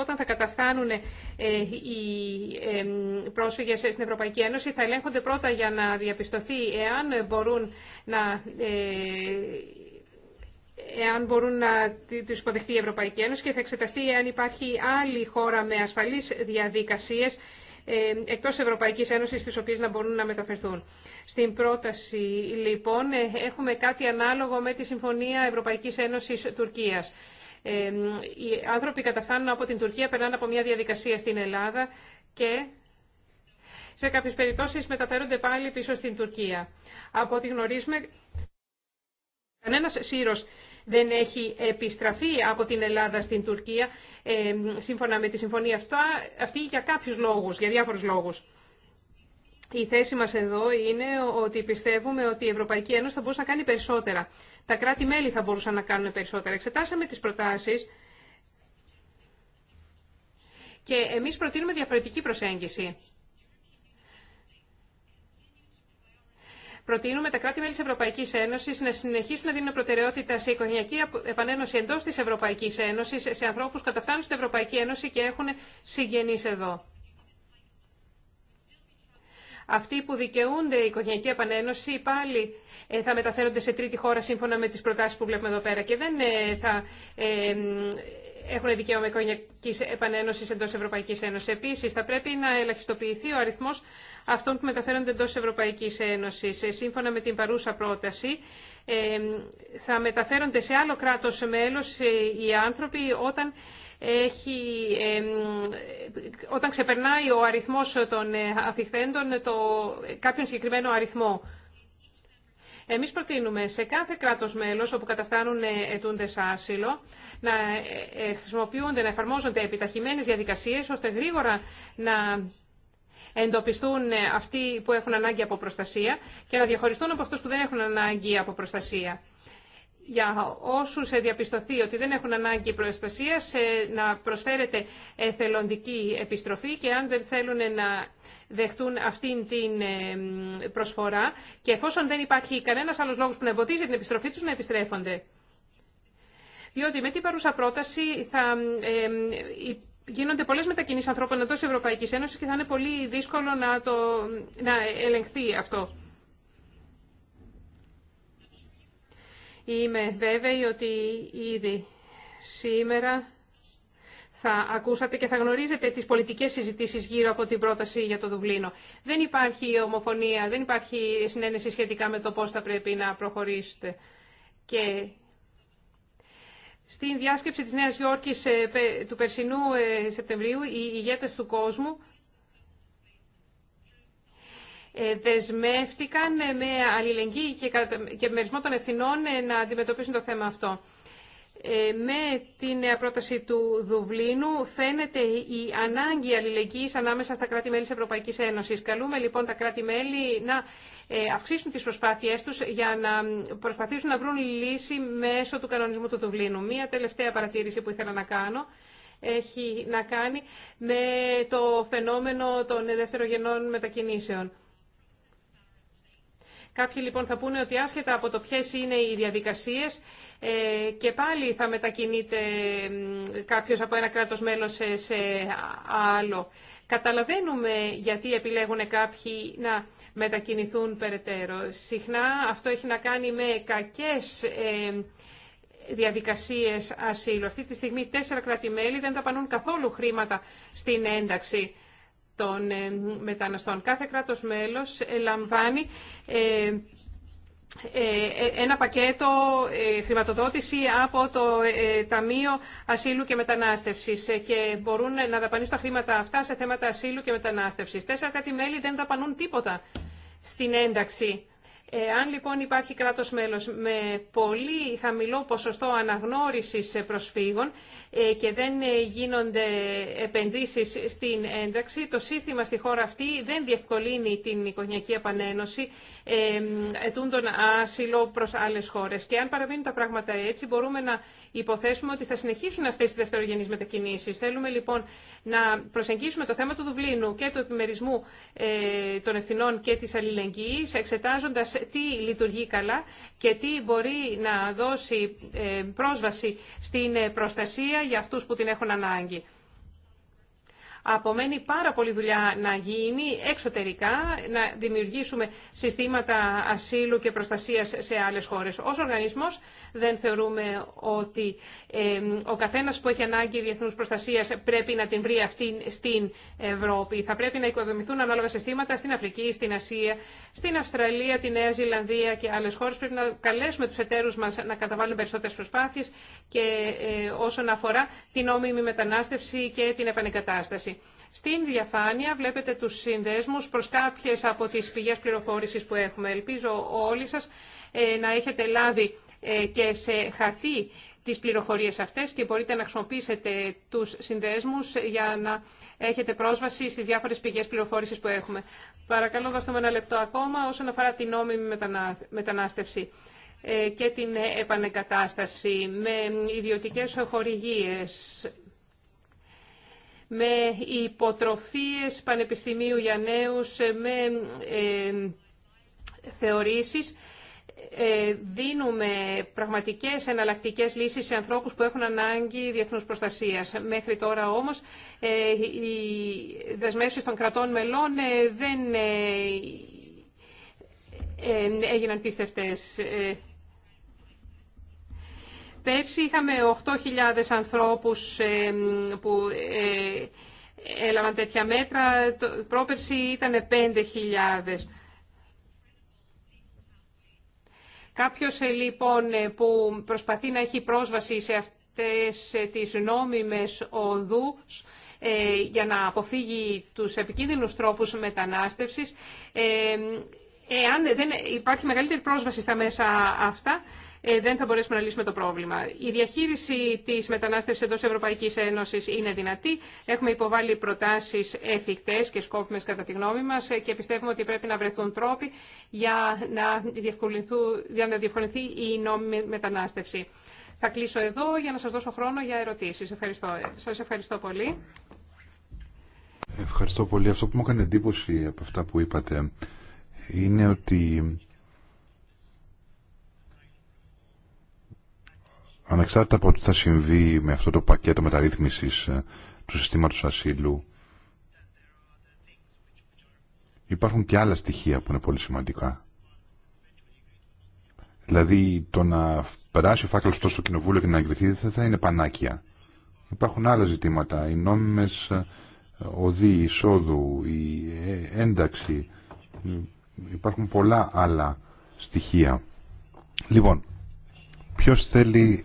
όταν θα καταφθάνουν ε, οι ε, πρόσφυγες στην Ευρωπαϊκή Ένωση, θα ελέγχονται πρώτα για να διαπιστωθεί εάν μπορούν να εάν μπορούν να του υποδεχτεί η Ευρωπαϊκή Ένωση και θα εξεταστεί εάν υπάρχει άλλη χώρα με ασφαλείς διαδικασίες ε, εκτός Ευρωπαϊκής Ένωσης, τις οποίες να μπορούν να μεταφερθούν. Στην πρόταση, λοιπόν, ε, έχουμε κάτι ανάλογο με τη Συμφωνία Ευρωπαϊκής Ένωσης-Τουρκίας. Ε, οι άνθρωποι καταφθάνουν από την Τουρκία, περνάνε από μια διαδικασία στην Ελλάδα και σε κάποιες περιπτώσεις μεταφέρονται πάλι πίσω στην Τουρκία. Από ό,τι γνωρίζουμε, κανένας σύρος δεν έχει επιστραφεί από την Ελλάδα στην Τουρκία, ε, σύμφωνα με τη συμφωνία αυτά, αυτή για κάποιους λόγους, για διάφορους λόγους. Η θέση μας εδώ είναι ότι πιστεύουμε ότι η Ευρωπαϊκή Ένωση θα μπορούσε να κάνει περισσότερα. Τα κράτη-μέλη θα μπορούσαν να κάνουν περισσότερα. Εξετάσαμε τις προτάσεις και εμείς προτείνουμε διαφορετική προσέγγιση. Προτείνουμε τα κράτη-μέλη τη Ευρωπαϊκή Ένωση να συνεχίσουν να δίνουν προτεραιότητα σε οικογενειακή επανένωση εντό τη Ευρωπαϊκή Ένωση, σε ανθρώπου που καταφτάνουν στην Ευρωπαϊκή Ένωση και έχουν συγγενεί εδώ. Αυτοί που δικαιούνται η οικογενειακή επανένωση πάλι ε, θα μεταφέρονται σε τρίτη χώρα σύμφωνα με τις προτάσεις που βλέπουμε εδώ πέρα και δεν ε, θα ε, έχουν δικαίωμα οικογενειακής επανένωση εντός Ευρωπαϊκή Ένωση. Επίση, θα πρέπει να ελαχιστοποιηθεί ο αριθμό αυτών που μεταφέρονται εντό Ευρωπαϊκή Ένωση, ε, Σύμφωνα με την παρούσα πρόταση, ε, θα μεταφέρονται σε άλλο κράτος μέλος ε, οι άνθρωποι όταν έχει, όταν ξεπερνάει ο αριθμός των αφιχθέντων το, κάποιον συγκεκριμένο αριθμό. Εμείς προτείνουμε σε κάθε κράτος μέλος όπου καταστάνουν ετούντες άσυλο να χρησιμοποιούνται, να εφαρμόζονται επιταχυμένες διαδικασίες ώστε γρήγορα να εντοπιστούν ε, αυτοί που έχουν ανάγκη από προστασία και να διαχωριστούν από αυτούς που δεν έχουν ανάγκη από προστασία. Για όσους ε, διαπιστωθεί ότι δεν έχουν ανάγκη προστασία ε, να προσφέρεται εθελοντική επιστροφή και αν δεν θέλουν να δεχτούν αυτήν την προσφορά και εφόσον δεν υπάρχει κανένας άλλος λόγος που να εμποδίζει την επιστροφή τους, να επιστρέφονται. Διότι με την παρούσα πρόταση θα γίνονται πολλές μετακινήσεις ανθρώπων εντός Ευρωπαϊκής Ένωσης και θα είναι πολύ δύσκολο να, το, να ελεγχθεί αυτό. Είμαι βέβαιη ότι ήδη σήμερα θα ακούσατε και θα γνωρίζετε τις πολιτικές συζητήσεις γύρω από την πρόταση για το Δουβλίνο. Δεν υπάρχει ομοφωνία, δεν υπάρχει συνένεση σχετικά με το πώς θα πρέπει να προχωρήσετε. Και στην διάσκεψη της Νέας Υόρκης ε, του περσινού ε, Σεπτεμβρίου, οι ηγέτες του κόσμου ε, δεσμεύτηκαν με αλληλεγγύη και και μερισμό των ευθυνών να αντιμετωπίσουν το θέμα αυτό. Ε, με την νέα πρόταση του Δουβλίνου φαίνεται η ανάγκη αλληλεγγύης ανάμεσα στα κράτη-μέλη της Ευρωπαϊκής Ένωσης. Καλούμε λοιπόν τα κράτη-μέλη να ε, αυξήσουν τις προσπάθειές τους για να προσπαθήσουν να βρουν λύση μέσω του κανονισμού του Δουβλίνου. Μία τελευταία παρατήρηση που ήθελα να κάνω έχει να κάνει με το φαινόμενο των δευτερογενών μετακινήσεων. Κάποιοι λοιπόν θα πούνε ότι άσχετα από το ποιες είναι οι διαδικασίες, ε, και πάλι θα μετακινείται κάποιος από ένα κράτος μέλος σε άλλο. Καταλαβαίνουμε γιατί επιλέγουν κάποιοι να μετακινηθούν περαιτέρω. Συχνά αυτό έχει να κάνει με κακές ε, διαδικασίες ασύλου. Αυτή τη στιγμή τέσσερα κράτη-μέλη δεν πανούν καθόλου χρήματα στην ένταξη των ε, μεταναστών. Κάθε κράτος μέλος λαμβάνει ε, ε, ένα πακέτο ε, χρηματοδότηση από το Ταμείο Ασύλου και Μετανάστευσης και μπορούν να δαπανίσουν τα χρήματα αυτά σε θέματα ασύλου και μετανάστευσης. Τέσσερα κάτι μέλη δεν δαπανούν τίποτα στην ένταξη. Αν λοιπόν υπάρχει κράτος μέλος με πολύ χαμηλό ποσοστό αναγνώρισης προσφύγων και δεν γίνονται επενδύσεις στην ένταξη, το σύστημα στη χώρα αυτή δεν διευκολύνει την οικογενειακή επανένωση ετούν τον άσυλο προς άλλες χώρες. Και αν παραμείνουν τα πράγματα έτσι, μπορούμε να υποθέσουμε ότι θα συνεχίσουν αυτές οι δευτερογενεί μετακινήσεις. Θέλουμε λοιπόν να προσεγγίσουμε το θέμα του Δουβλίνου και του επιμερισμού ε, των ευθυνών και τη αλληλεγγύης, εξετάζοντας τι λειτουργεί καλά και τι μπορεί να δώσει ε, πρόσβαση στην ε, προστασία για αυτού που την έχουν ανάγκη απομένει πάρα πολλή δουλειά να γίνει εξωτερικά, να δημιουργήσουμε συστήματα ασύλου και προστασίας σε άλλες χώρες. Ως οργανισμός δεν θεωρούμε ότι ο καθένας που έχει ανάγκη διεθνούς προστασίας πρέπει να την βρει αυτή στην Ευρώπη. Θα πρέπει να οικοδομηθούν ανάλογα συστήματα στην Αφρική, στην Ασία, στην Αυστραλία, τη Νέα Ζηλανδία και άλλες χώρες. Πρέπει να καλέσουμε τους εταίρους μας να καταβάλουν περισσότερες προσπάθειες και ε, όσον αφορά την νόμιμη μετανάστευση και την επανεκατάσταση. Στην διαφάνεια βλέπετε τους συνδέσμους προς κάποιες από τις πηγές πληροφόρησης που έχουμε. Ελπίζω όλοι σας ε, να έχετε λάβει ε, και σε χαρτί τις πληροφορίες αυτές και μπορείτε να χρησιμοποιήσετε τους συνδέσμους για να έχετε πρόσβαση στις διάφορες πηγές πληροφόρησης που έχουμε. Παρακαλώ δώστε μου ένα λεπτό ακόμα όσον αφορά την νόμιμη μετανάστευση ε, και την επανεκατάσταση με ιδιωτικές χορηγίες με υποτροφίες πανεπιστημίου για νέους, με ε, θεωρήσεις ε, δίνουμε πραγματικές εναλλακτικές λύσεις σε ανθρώπους που έχουν ανάγκη διεθνούς προστασίας. Μέχρι τώρα όμως ε, οι δεσμεύσεις των κρατών μελών δεν έγιναν πίστευτες. Πέρσι είχαμε 8.000 ανθρώπους που ε, έλαβαν τέτοια μέτρα. Πρόπερσι ήταν 5.000. Κάποιος ε, λοιπόν ε, που προσπαθεί να έχει πρόσβαση σε αυτές τις νόμιμες οδούς για να αποφύγει τους επικίνδυνους τρόπους μετανάστευσης, εάν δεν υπάρχει μεγαλύτερη πρόσβαση στα μέσα αυτά, ε, δεν θα μπορέσουμε να λύσουμε το πρόβλημα. Η διαχείριση τη μετανάστευση εντό Ευρωπαϊκή Ένωση είναι δυνατή. Έχουμε υποβάλει προτάσει εφικτέ και σκόπιμε κατά τη γνώμη μα ε, και πιστεύουμε ότι πρέπει να βρεθούν τρόποι για να, για διευκολυνθεί η νόμιμη μετανάστευση. Θα κλείσω εδώ για να σας δώσω χρόνο για ερωτήσεις. Ευχαριστώ. Σας ευχαριστώ πολύ. Ευχαριστώ πολύ. Αυτό που μου έκανε εντύπωση από αυτά που είπατε είναι ότι Ανεξάρτητα από τι θα συμβεί με αυτό το πακέτο μεταρρύθμισης ε, του συστήματος ασύλου, υπάρχουν και άλλα στοιχεία που είναι πολύ σημαντικά. Δηλαδή το να περάσει ο φάκελος τόσο στο κοινοβούλιο και να εγκριθεί δεν θα είναι πανάκια. Υπάρχουν άλλα ζητήματα, οι νόμιμες ε, οδοί εισόδου, η ε, ένταξη, υπάρχουν πολλά άλλα στοιχεία. Λοιπόν, ποιος θέλει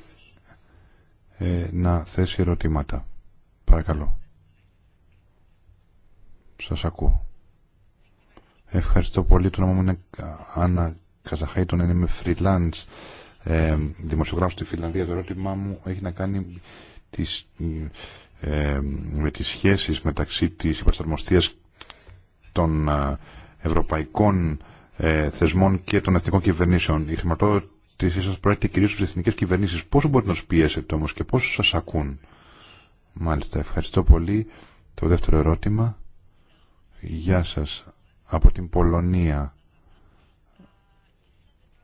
ε, να θέσει ερωτήματα. Παρακαλώ. Σας ακούω. Ευχαριστώ πολύ. Το όνομα μου είναι Άννα Καζαχαϊτον. είμαι freelance ε, δημοσιογράφος στη Φιλανδία. Το ερώτημά μου έχει να κάνει τις, ε, με τις σχέσεις μεταξύ της υπασταρμοστίας των ε, ευρωπαϊκών θεσμών και των εθνικών κυβερνήσεων. Η εσεί σα πρόκειται κυρίω στι εθνικέ κυβερνήσει. Πόσο μπορείτε να του πιέσετε όμω και πόσο σα ακούν. Μάλιστα, ευχαριστώ πολύ. Το δεύτερο ερώτημα. Γεια σα. Από την Πολωνία.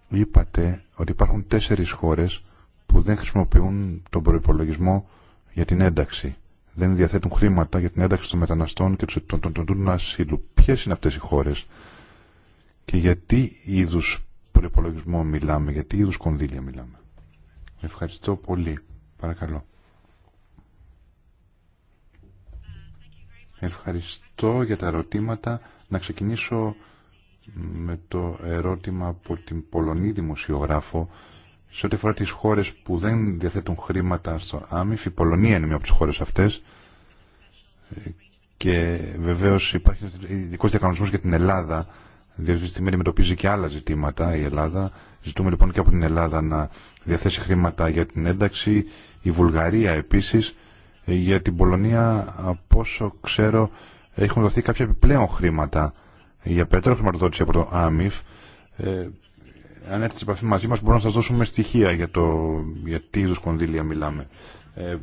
Είπατε ότι υπάρχουν τέσσερι χώρε που δεν χρησιμοποιούν τον προπολογισμό για την ένταξη. Δεν διαθέτουν χρήματα για την ένταξη των μεταναστών και των ασύλου. Ποιε είναι αυτέ οι χώρε και γιατί είδου προπολογισμό μιλάμε, γιατί είδου κονδύλια μιλάμε. Ευχαριστώ πολύ. Παρακαλώ. Ευχαριστώ για τα ερωτήματα. Να ξεκινήσω με το ερώτημα από την Πολωνή δημοσιογράφο σε ό,τι αφορά τις χώρες που δεν διαθέτουν χρήματα στο ΆΜΙΦ. Η Πολωνία είναι μία από τις χώρες αυτές ε, και βεβαίως υπάρχει ειδικό διακανονισμός για την Ελλάδα διότι αυτή τη στιγμή αντιμετωπίζει και άλλα ζητήματα η Ελλάδα. Ζητούμε λοιπόν και από την Ελλάδα να διαθέσει χρήματα για την ένταξη, η Βουλγαρία επίσης. Ε, για την Πολωνία, από όσο ξέρω, έχουν δοθεί κάποια επιπλέον χρήματα για περαιτέρω χρηματοδότηση από το ΆΜΙΦ. Ε, αν έρθει σε επαφή μαζί μας μπορούμε να σας δώσουμε στοιχεία για, το, για τι είδους κονδύλια μιλάμε. Ε,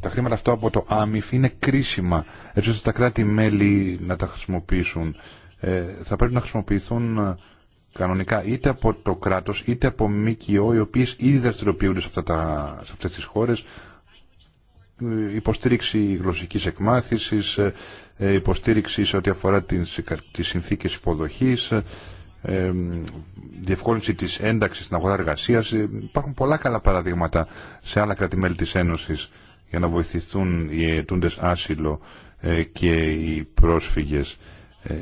τα χρήματα αυτά από το ΆΜΙΦ είναι κρίσιμα έτσι ώστε τα κράτη-μέλη να τα χρησιμοποιήσουν ε, θα πρέπει να χρησιμοποιηθούν ε, κανονικά είτε από το κράτος είτε από ΜΚΟ οι οποίες ήδη δραστηριοποιούνται σε, αυτά τα, σε αυτές τις χώρες ε, υποστήριξη γλωσσικής εκμάθησης, υποστήριξη σε ό,τι αφορά τι τις συνθήκες υποδοχής, διευκόλυνση της ένταξης στην αγορά εργασίας. Υπάρχουν πολλά καλά παραδείγματα σε άλλα κράτη-μέλη της Ένωσης για να βοηθηθούν οι αιτούντες άσυλο και οι πρόσφυγες.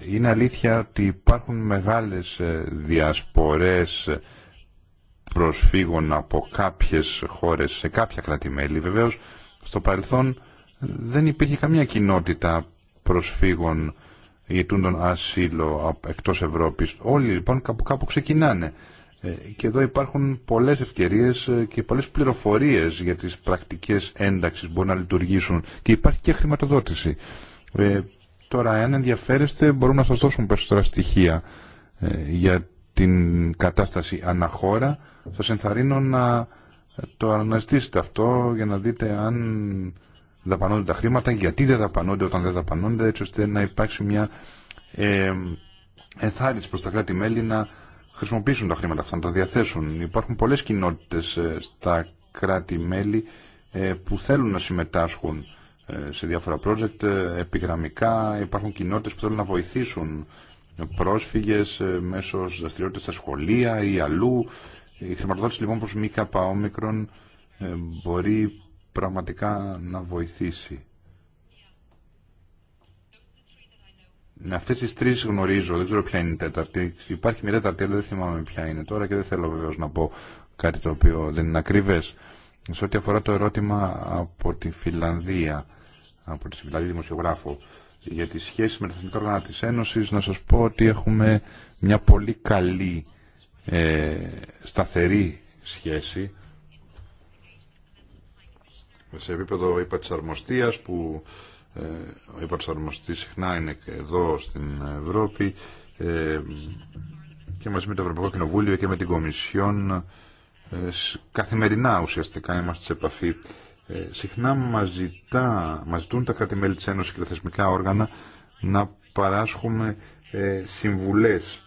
Είναι αλήθεια ότι υπάρχουν μεγάλες ε, διασπορές προσφύγων από κάποιες χώρες σε κάποια κράτη-μέλη. Βεβαίως, στο παρελθόν δεν υπήρχε καμία κοινότητα προσφύγων τον ασύλο εκτός Ευρώπης. Όλοι λοιπόν κάπου κάπου ξεκινάνε. Ε, και εδώ υπάρχουν πολλές ευκαιρίες ε, και πολλές πληροφορίες για τις πρακτικές ένταξης που μπορούν να λειτουργήσουν και υπάρχει και χρηματοδότηση. Τώρα, αν ενδιαφέρεστε, μπορούμε να σας δώσουμε περισσότερα στοιχεία ε, για την κατάσταση αναχώρα. Σας ενθαρρύνω να ε, το αναζητήσετε αυτό για να δείτε αν δαπανώνται τα χρήματα, γιατί δεν δαπανώνται όταν δεν δαπανώνται, έτσι ώστε να υπάρξει μια ε, ενθάρρυνση προς τα κράτη-μέλη να χρησιμοποιήσουν τα χρήματα αυτά, να τα διαθέσουν. Υπάρχουν πολλές κοινότητες ε, στα κράτη-μέλη που θέλουν να συμμετάσχουν σε διάφορα project ε, επιγραμμικά υπάρχουν κοινότητες που θέλουν να βοηθήσουν πρόσφυγες ε, μέσω δραστηριότητα στα σχολεία ή αλλού. Η χρηματοδότηση λοιπόν προς ΜΚΑ όμικρον ε, μπορεί πραγματικά να βοηθήσει. Με αυτές τις τρεις γνωρίζω, δεν ξέρω ποια είναι η τέταρτη. Υπάρχει μια τέταρτη, αλλά δεν θυμάμαι ποια είναι τώρα και δεν θέλω βεβαίω να πω κάτι το οποίο δεν είναι ακριβές σε ό,τι αφορά το ερώτημα από τη Φιλανδία, από τη Φιλανδία δημοσιογράφο, για τις σχέσεις με τα Εθνικά όργανα της Ένωσης, να σας πω ότι έχουμε μια πολύ καλή ε, σταθερή σχέση σε επίπεδο είπα που ε, ο είπα συχνά είναι εδώ στην Ευρώπη ε, και μαζί με το Ευρωπαϊκό Κοινοβούλιο και με την Κομισιόν ε, καθημερινά ουσιαστικά είμαστε σε επαφή. Ε, συχνά μας, ζητά, ζητούν τα κράτη-μέλη της Ένωσης και τα θεσμικά όργανα να παράσχουμε ε, συμβουλές.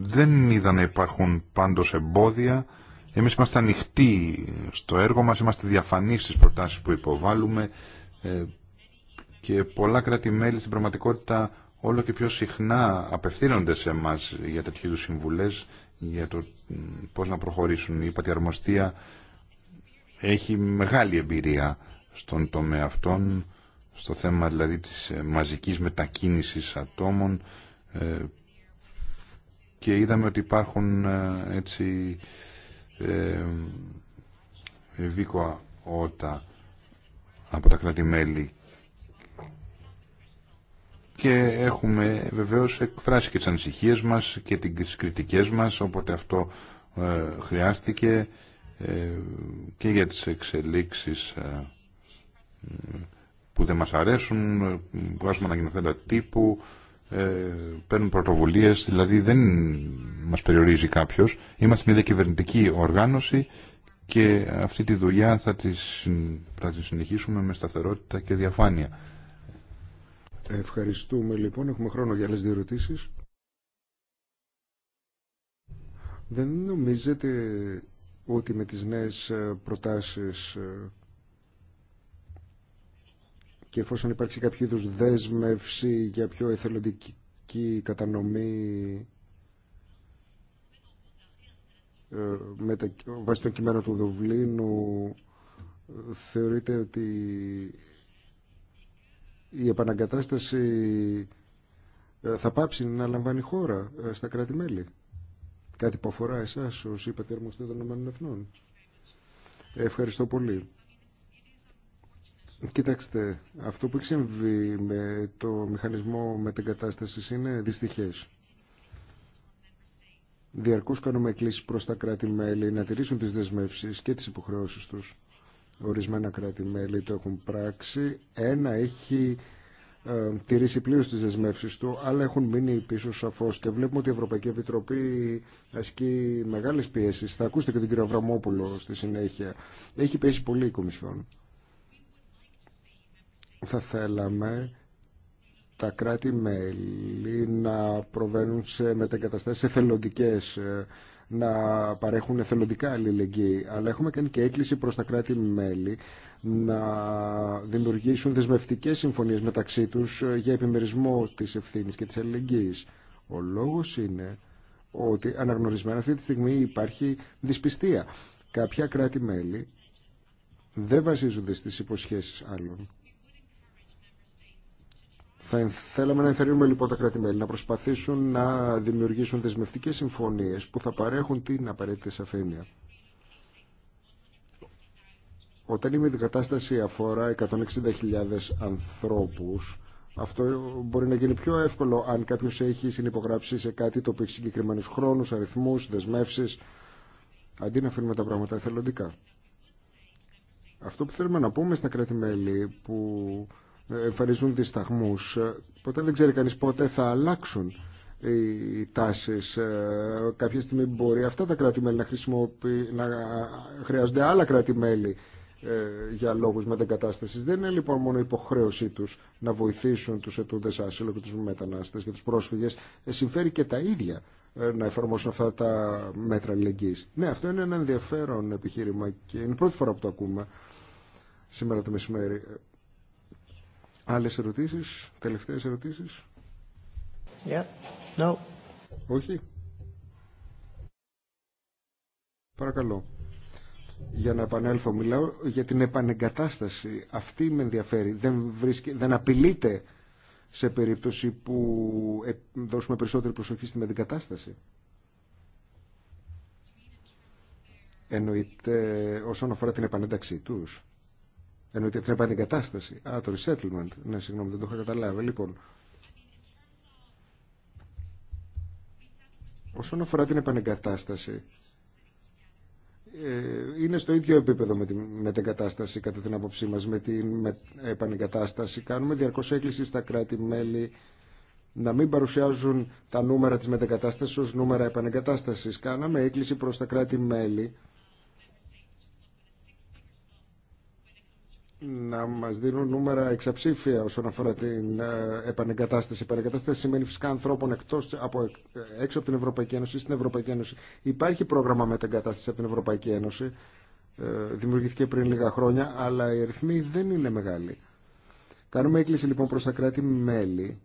Δεν είδα να υπάρχουν πάντως εμπόδια. Εμείς είμαστε ανοιχτοί στο έργο μας, είμαστε διαφανείς στις προτάσεις που υποβάλλουμε και πολλά κράτη-μέλη στην πραγματικότητα όλο και πιο συχνά απευθύνονται σε εμά για τέτοιου είδου συμβουλέ για το πώ να προχωρήσουν. Η Πατιαρμοστία έχει μεγάλη εμπειρία στον τομέα αυτών, στο θέμα δηλαδή της ε, μαζικής μετακίνησης ατόμων ε, και είδαμε ότι υπάρχουν ε, έτσι ε, ότα από τα κράτη-μέλη και έχουμε βεβαίως εκφράσει και τις ανησυχίες μας και τις κριτικές μας όποτε αυτό ε, χρειάστηκε ε, και για τις εξελίξεις ε, που δεν μας αρέσουν βγάζουμε αναγνωθέντα τύπου ε, παίρνουν πρωτοβουλίες δηλαδή δεν μας περιορίζει κάποιος είμαστε μια διακυβερνητική οργάνωση και αυτή τη δουλειά θα τη συνεχίσουμε με σταθερότητα και διαφάνεια Ευχαριστούμε λοιπόν. Έχουμε χρόνο για άλλες δύο Δεν νομίζετε ότι με τις νέες ε, προτάσεις ε, και εφόσον υπάρξει κάποιο είδου δέσμευση για πιο εθελοντική κατανομή ε, με τα, βάσει των κειμένων του Δουβλίνου θεωρείτε ότι η επαναγκατάσταση ε, θα πάψει να λαμβάνει χώρα ε, στα κράτη-μέλη. Κάτι που αφορά εσάς ω είπατε των Εθνών. Ευχαριστώ πολύ. Κοιτάξτε, αυτό που έχει συμβεί με το μηχανισμό μετεγκατάσταση είναι δυστυχές. Διαρκώς κάνουμε εκκλήσει προς τα κράτη-μέλη να τηρήσουν τις δεσμεύσεις και τις υποχρεώσει τους. Ορισμένα κράτη-μέλη το έχουν πράξει. Ένα έχει ε, τηρήσει πλήρω τι δεσμεύσει του, αλλά έχουν μείνει πίσω σαφώ. Και βλέπουμε ότι η Ευρωπαϊκή Επιτροπή ασκεί μεγάλε πιέσει. Θα ακούσετε και τον κύριο Αβραμόπουλο στη συνέχεια. Έχει πέσει πολύ η Κομισιόν. Θα θέλαμε τα κράτη-μέλη να προβαίνουν σε μετεγκαταστάσεις εθελοντικές ε, να παρέχουν εθελοντικά αλληλεγγύη. Αλλά έχουμε κάνει και έκκληση προς τα κράτη-μέλη να δημιουργήσουν δεσμευτικές συμφωνίες μεταξύ τους ε, για επιμερισμό της ευθύνης και της αλληλεγγύης. Ο λόγος είναι ότι αναγνωρισμένα αυτή τη στιγμή υπάρχει δυσπιστία. Κάποια κράτη-μέλη δεν βασίζονται στις υποσχέσεις άλλων θα θέλαμε να ενθαρρύνουμε λοιπόν τα κράτη-μέλη να προσπαθήσουν να δημιουργήσουν δεσμευτικέ συμφωνίε που θα παρέχουν την απαραίτητη σαφήνεια. Όταν η κατάσταση αφορά 160.000 ανθρώπου, αυτό μπορεί να γίνει πιο εύκολο αν κάποιο έχει συνυπογράψει σε κάτι το οποίο έχει συγκεκριμένου χρόνου, αριθμού, δεσμεύσει, αντί να αφήνουμε τα πράγματα εθελοντικά. Αυτό που θέλουμε να πούμε στα κράτη-μέλη που εμφανίζουν δισταγμούς. Ποτέ δεν ξέρει κανείς πότε θα αλλάξουν οι τάσεις. Ε, κάποια στιγμή μπορεί αυτά τα κράτη-μέλη να, χρησιμοποιη... να χρειάζονται άλλα κράτη-μέλη ε, για λόγους μετεγκατάστασης. Δεν είναι λοιπόν μόνο υποχρέωσή τους να βοηθήσουν τους ετούντες άσυλο και τους μετανάστες και τους πρόσφυγες. Ε, συμφέρει και τα ίδια να εφαρμόσουν αυτά τα μέτρα αλληλεγγύης. Ναι, αυτό είναι ένα ενδιαφέρον επιχείρημα και είναι η πρώτη φορά που το ακούμε σήμερα το μεσημέρι. Άλλες ερωτήσεις, τελευταίες ερωτήσεις. Yeah. No. Όχι. Παρακαλώ. Για να επανέλθω, μιλάω για την επανεγκατάσταση. Αυτή με ενδιαφέρει. Δεν, βρίσκει, δεν απειλείται σε περίπτωση που ε, δώσουμε περισσότερη προσοχή στην αντικατάσταση. Εννοείται όσον αφορά την επανένταξή τους. Ενώ ότι την επανεγκατάσταση. Α, το resettlement. Ναι, συγγνώμη, δεν το είχα καταλάβει. Λοιπόν, όσον αφορά την επανεγκατάσταση, ε, είναι στο ίδιο επίπεδο με την μετεγκατάσταση κατά την άποψή μας με την επανεγκατάσταση κάνουμε διαρκώς έκκληση στα κράτη-μέλη να μην παρουσιάζουν τα νούμερα της μετεγκατάστασης ως νούμερα επανεγκατάστασης κάναμε έκκληση προς τα κράτη-μέλη να μας δίνουν νούμερα εξαψήφια όσον αφορά την ε, επανεγκατάσταση. Η επανεγκατάσταση σημαίνει φυσικά ανθρώπων εκτός, από, ε, έξω από την Ευρωπαϊκή Ένωση στην Ευρωπαϊκή Ένωση. Υπάρχει πρόγραμμα μετεγκατάσταση από την Ευρωπαϊκή Ένωση. Ε, δημιουργήθηκε πριν λίγα χρόνια, αλλά οι αριθμοί δεν είναι μεγάλοι. Κάνουμε έκκληση λοιπόν προς τα κράτη-μέλη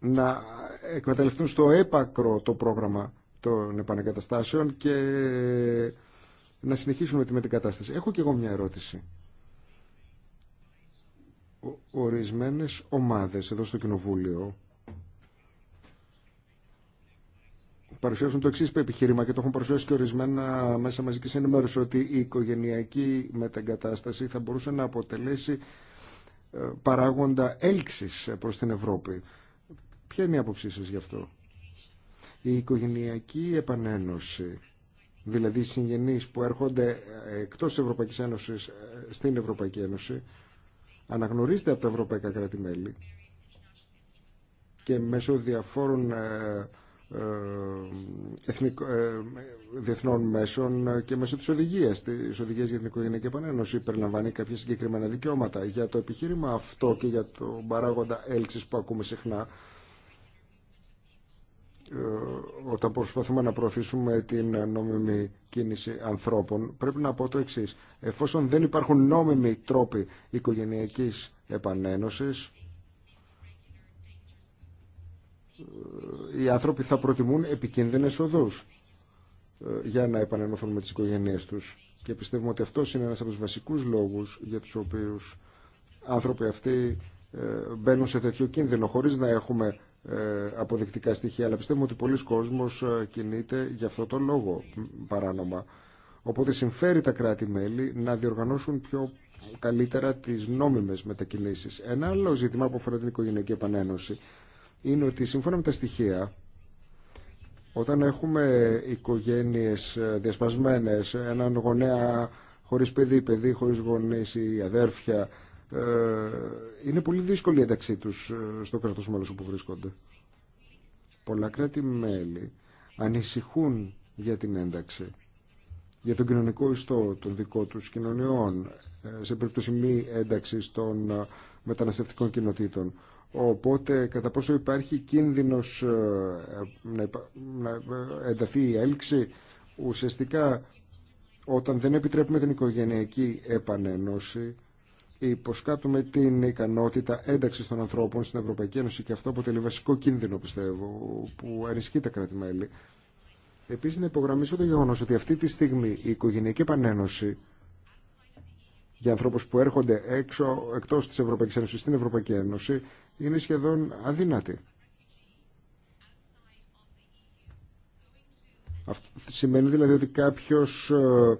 να εκμεταλλευτούν στο έπακρο το πρόγραμμα των επανεγκαταστάσεων και να συνεχίσουμε με την κατάσταση. Έχω και εγώ μια ερώτηση. Ορισμένες ομάδες εδώ στο Κοινοβούλιο παρουσιάζουν το εξής επιχείρημα και το έχουν παρουσιάσει και ορισμένα μέσα μαζική ενημέρωση ότι η οικογενειακή μεταγκατάσταση θα μπορούσε να αποτελέσει ε, παράγοντα έλξης προς την Ευρώπη. Ποια είναι η άποψή σας γι' αυτό. Η οικογενειακή επανένωση δηλαδή συγγενείς που έρχονται ε, εκτός της Ευρωπαϊκής Ένωσης ε, στην Ευρωπαϊκή Ένωση, αναγνωρίζεται από τα ευρωπαϊκά κράτη-μέλη και μέσω διαφόρων ε, εθνικο, διεθνών μέσων και μέσω της οδηγίας, της οδηγίας για την οικογενειακή επανένωση περιλαμβάνει κάποια συγκεκριμένα δικαιώματα. Για το επιχείρημα αυτό και για το παράγοντα έλξης που ακούμε συχνά ε, όταν προσπαθούμε να προωθήσουμε την νόμιμη κίνηση ανθρώπων, πρέπει να πω το εξή. Εφόσον δεν υπάρχουν νόμιμοι τρόποι οικογενειακής επανένωσης, ε, οι άνθρωποι θα προτιμούν επικίνδυνες οδούς ε, για να επανενωθούν με τις οικογένειές τους. Και πιστεύουμε ότι αυτό είναι ένας από τους βασικούς λόγους για τους οποίους άνθρωποι αυτοί μπαίνουν σε τέτοιο κίνδυνο χωρίς να έχουμε ε, αποδεικτικά στοιχεία, αλλά πιστεύουμε ότι πολλοί κόσμος ε, κινείται για αυτό το λόγο παράνομα. Οπότε συμφέρει τα κράτη-μέλη να διοργανώσουν πιο καλύτερα τις νόμιμες μετακινήσεις. Ένα άλλο ζήτημα που αφορά την οικογενειακή επανένωση είναι ότι σύμφωνα με τα στοιχεία, όταν έχουμε οικογένειες ε, διασπασμένες, έναν γονέα χωρίς παιδί, παιδί χωρίς γονείς ή αδέρφια, ε, είναι πολύ δύσκολη η ένταξή τους ε, στο κράτος μέλος όπου βρίσκονται. Πολλά κράτη-μέλη ανησυχούν για την ένταξη, για τον κοινωνικό ιστό των δικών τους κοινωνιών, ε, σε περίπτωση μη ένταξης των μεταναστευτικών κοινοτήτων. Οπότε, κατά πόσο υπάρχει κίνδυνος να ενταθεί η έλξη, ουσιαστικά όταν δεν επιτρέπουμε την οικογενειακή επανένωση, υποσκάπτουμε την ικανότητα ένταξη των ανθρώπων στην Ευρωπαϊκή Ένωση και αυτό αποτελεί βασικό κίνδυνο, πιστεύω, που ανισχύει τα κράτη-μέλη. Επίση, να υπογραμμίσω το γεγονό ότι αυτή τη στιγμή η οικογενειακή επανένωση για ανθρώπου που έρχονται έξω, εκτό τη Ευρωπαϊκή Ένωση, στην Ευρωπαϊκή Ένωση, είναι σχεδόν αδύνατη. σημαίνει δηλαδή ότι κάποιος ε,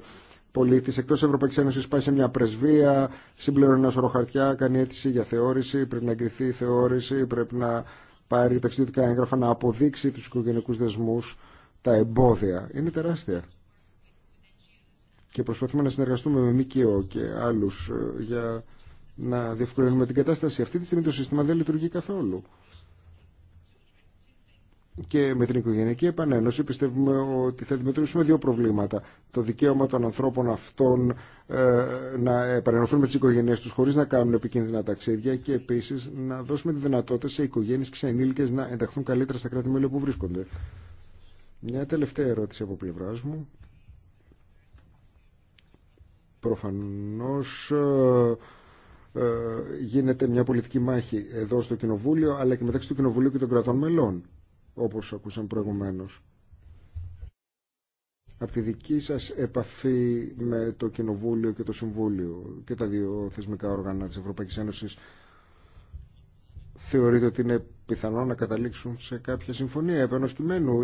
πολίτη εκτό Ευρωπαϊκή Ένωση πάει σε μια πρεσβεία, συμπληρώνει ένα σωρό χαρτιά, κάνει αίτηση για θεώρηση, πρέπει να εγκριθεί η θεώρηση, πρέπει να πάρει ταξιδιωτικά έγγραφα, να αποδείξει του οικογενειακού δεσμού, τα εμπόδια. Είναι τεράστια. Και προσπαθούμε να συνεργαστούμε με ΜΚΟ και άλλου ε, για να διευκολύνουμε την κατάσταση. Αυτή τη στιγμή το σύστημα δεν λειτουργεί καθόλου και με την οικογενειακή επανένωση πιστεύουμε ότι θα αντιμετωπίσουμε δύο προβλήματα. Το δικαίωμα των ανθρώπων αυτών ε, να επανενωθούν με τις οικογένειέ τους χωρίς να κάνουν επικίνδυνα ταξίδια και επίση να δώσουμε τη δυνατότητα σε οικογένειε και σε ενήλικε να ενταχθούν καλύτερα στα κράτη-μέλη που βρίσκονται. Μια τελευταία ερώτηση από πλευρά μου. Προφανώς ε, ε, γίνεται μια πολιτική μάχη εδώ στο Κοινοβούλιο αλλά και μεταξύ του Κοινοβουλίου και των κρατών μελών όπως ακούσαμε προηγουμένως. Από τη δική σας επαφή με το Κοινοβούλιο και το Συμβούλιο και τα δύο θεσμικά όργανα της Ευρωπαϊκής Ένωσης θεωρείτε ότι είναι πιθανό να καταλήξουν σε κάποια συμφωνία επένως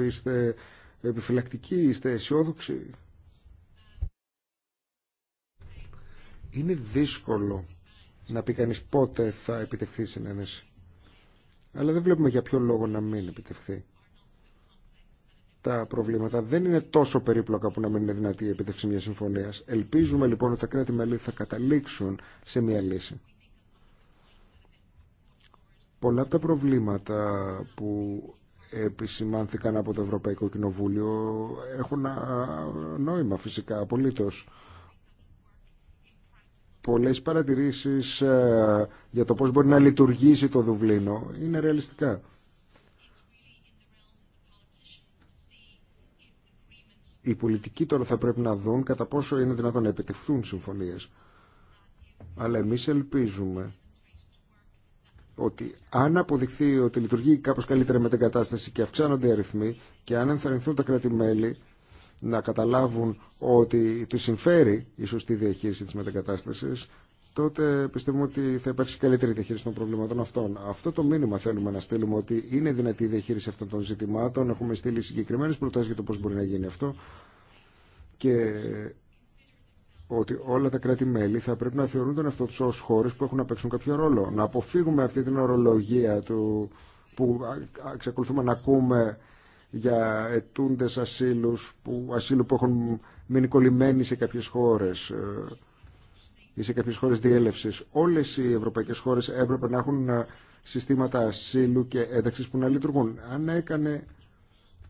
Είστε επιφυλακτικοί, είστε αισιόδοξοι. Είναι δύσκολο να πει κανείς πότε θα επιτευχθεί η συνένεση αλλά δεν βλέπουμε για ποιο λόγο να μην επιτευχθεί. Τα προβλήματα δεν είναι τόσο περίπλοκα που να μην είναι δυνατή η επιτεύξη μια συμφωνία. Ελπίζουμε λοιπόν ότι τα κράτη-μέλη θα καταλήξουν σε μια λύση. Πολλά από τα προβλήματα που επισημάνθηκαν από το Ευρωπαϊκό Κοινοβούλιο έχουν νόημα φυσικά απολύτως πολλές παρατηρήσεις ε, για το πώς μπορεί να λειτουργήσει το Δουβλίνο είναι ρεαλιστικά. Οι πολιτικοί τώρα θα πρέπει να δουν κατά πόσο είναι δυνατόν να επιτευχθούν συμφωνίες. Αλλά εμείς ελπίζουμε ότι αν αποδειχθεί ότι λειτουργεί κάπως καλύτερα με την κατάσταση και αυξάνονται οι αριθμοί και αν ενθαρρυνθούν τα κράτη-μέλη να καταλάβουν ότι του συμφέρει η σωστή διαχείριση τη μετακατάσταση, τότε πιστεύουμε ότι θα υπάρξει καλύτερη διαχείριση των προβλημάτων αυτών. Αυτό το μήνυμα θέλουμε να στείλουμε ότι είναι δυνατή η διαχείριση αυτών των ζητημάτων. Έχουμε στείλει συγκεκριμένε προτάσει για το πώ μπορεί να γίνει αυτό και ότι όλα τα κράτη-μέλη θα πρέπει να θεωρούν τον εαυτό του ω χώρε που έχουν να παίξουν κάποιο ρόλο. Να αποφύγουμε αυτή την ορολογία του που εξακολουθούμε να ακούμε για ετούντες ασύλους που, ασύλου που έχουν μείνει κολλημένοι σε κάποιες χώρες ε, ή σε κάποιες χώρες διέλευσης. Όλες οι ευρωπαϊκές χώρες έπρεπε να έχουν ε, συστήματα ασύλου και ένταξης που να λειτουργούν. Αν έκανε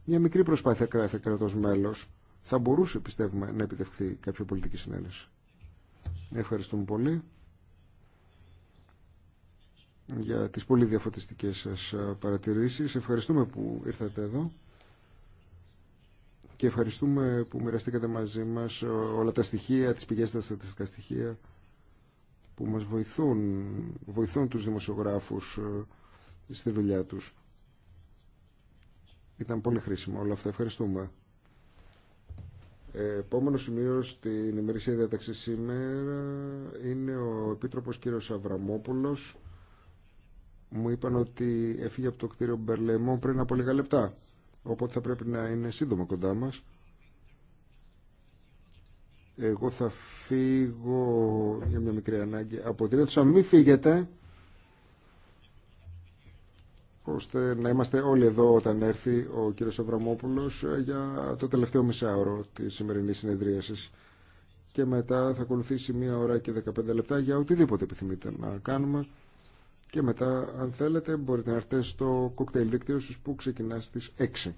μια μικρή προσπάθεια κάθε κρατός μέλος, θα μπορούσε, πιστεύουμε, να επιτευχθεί κάποια πολιτική συνένεση. Ευχαριστούμε πολύ για τις πολύ διαφωτιστικές σας ε, παρατηρήσεις. Ευχαριστούμε που ήρθατε εδώ και ευχαριστούμε που μοιραστήκατε μαζί μας όλα τα στοιχεία, τις πηγές, τα στατιστικά στοιχεία που μας βοηθούν, βοηθούν τους δημοσιογράφους ε, στη δουλειά τους. Ήταν πολύ χρήσιμο όλα αυτά. Ευχαριστούμε. Επόμενο σημείο στην ημερησία διάταξη σήμερα είναι ο Επίτροπος κύριος Αβραμόπουλος. Μου είπαν ότι έφυγε από το κτίριο Μπερλεμό πριν από λίγα λεπτά οπότε θα πρέπει να είναι σύντομα κοντά μας. Εγώ θα φύγω για μια μικρή ανάγκη από την αίθουσα. Μην φύγετε, ώστε να είμαστε όλοι εδώ όταν έρθει ο κύριος Αβραμόπουλος για το τελευταίο μισάωρο της σημερινής συνεδρίασης. Και μετά θα ακολουθήσει μία ώρα και 15 λεπτά για οτιδήποτε επιθυμείτε να κάνουμε και μετά αν θέλετε μπορείτε να έρθετε στο κοκτέιλ δικτύωση, που ξεκινά στις 6.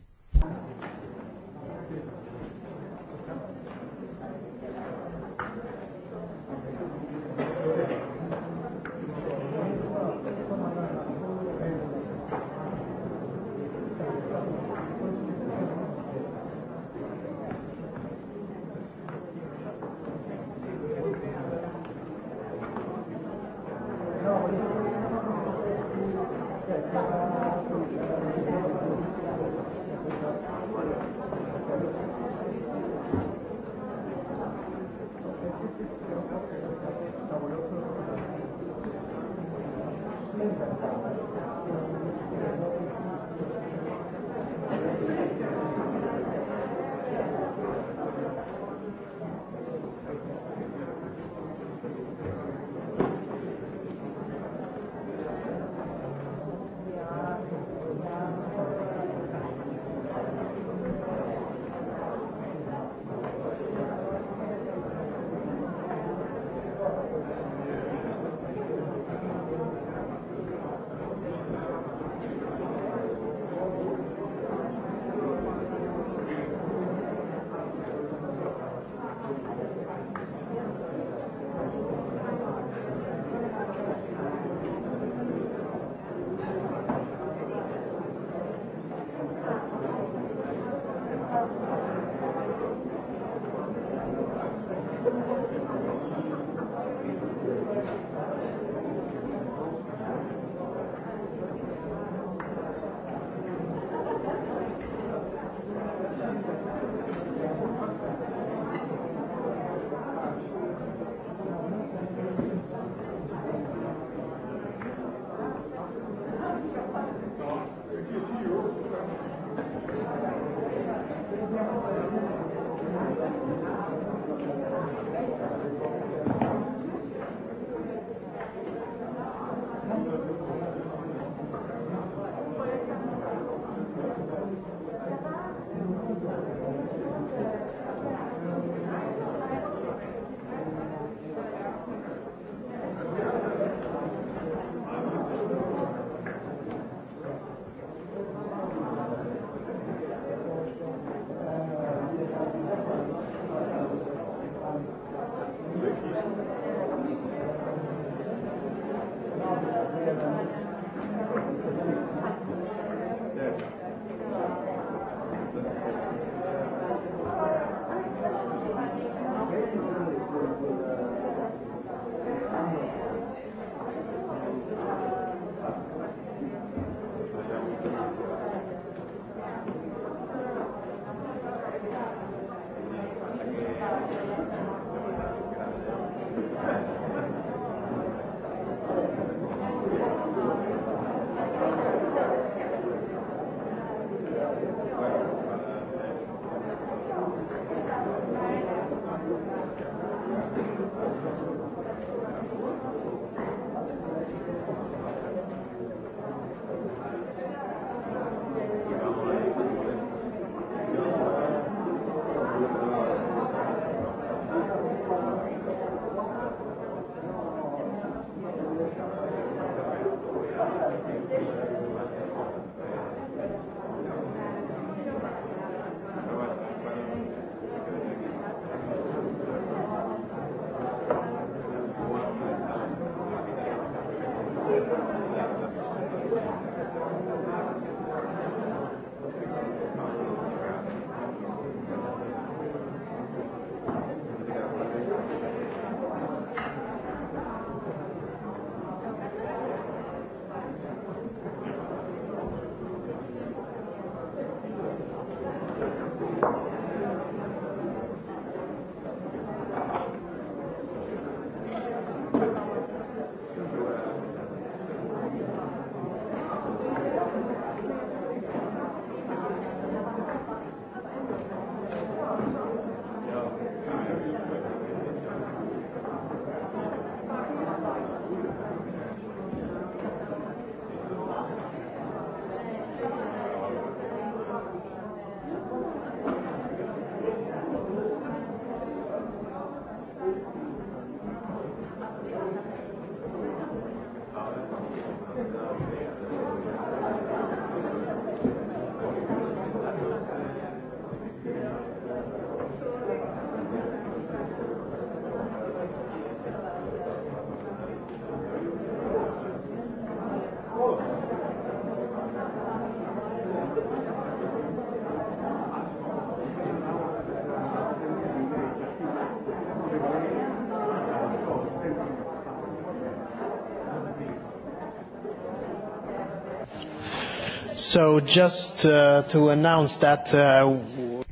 So just uh, to announce that... Uh,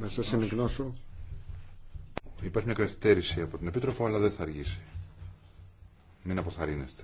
Να σας ενημερώσω. Υπάρχει μια καθυστέρηση από την Επίτροπο, αλλά δεν θα αργήσει. Μην αποθαρρύνεστε.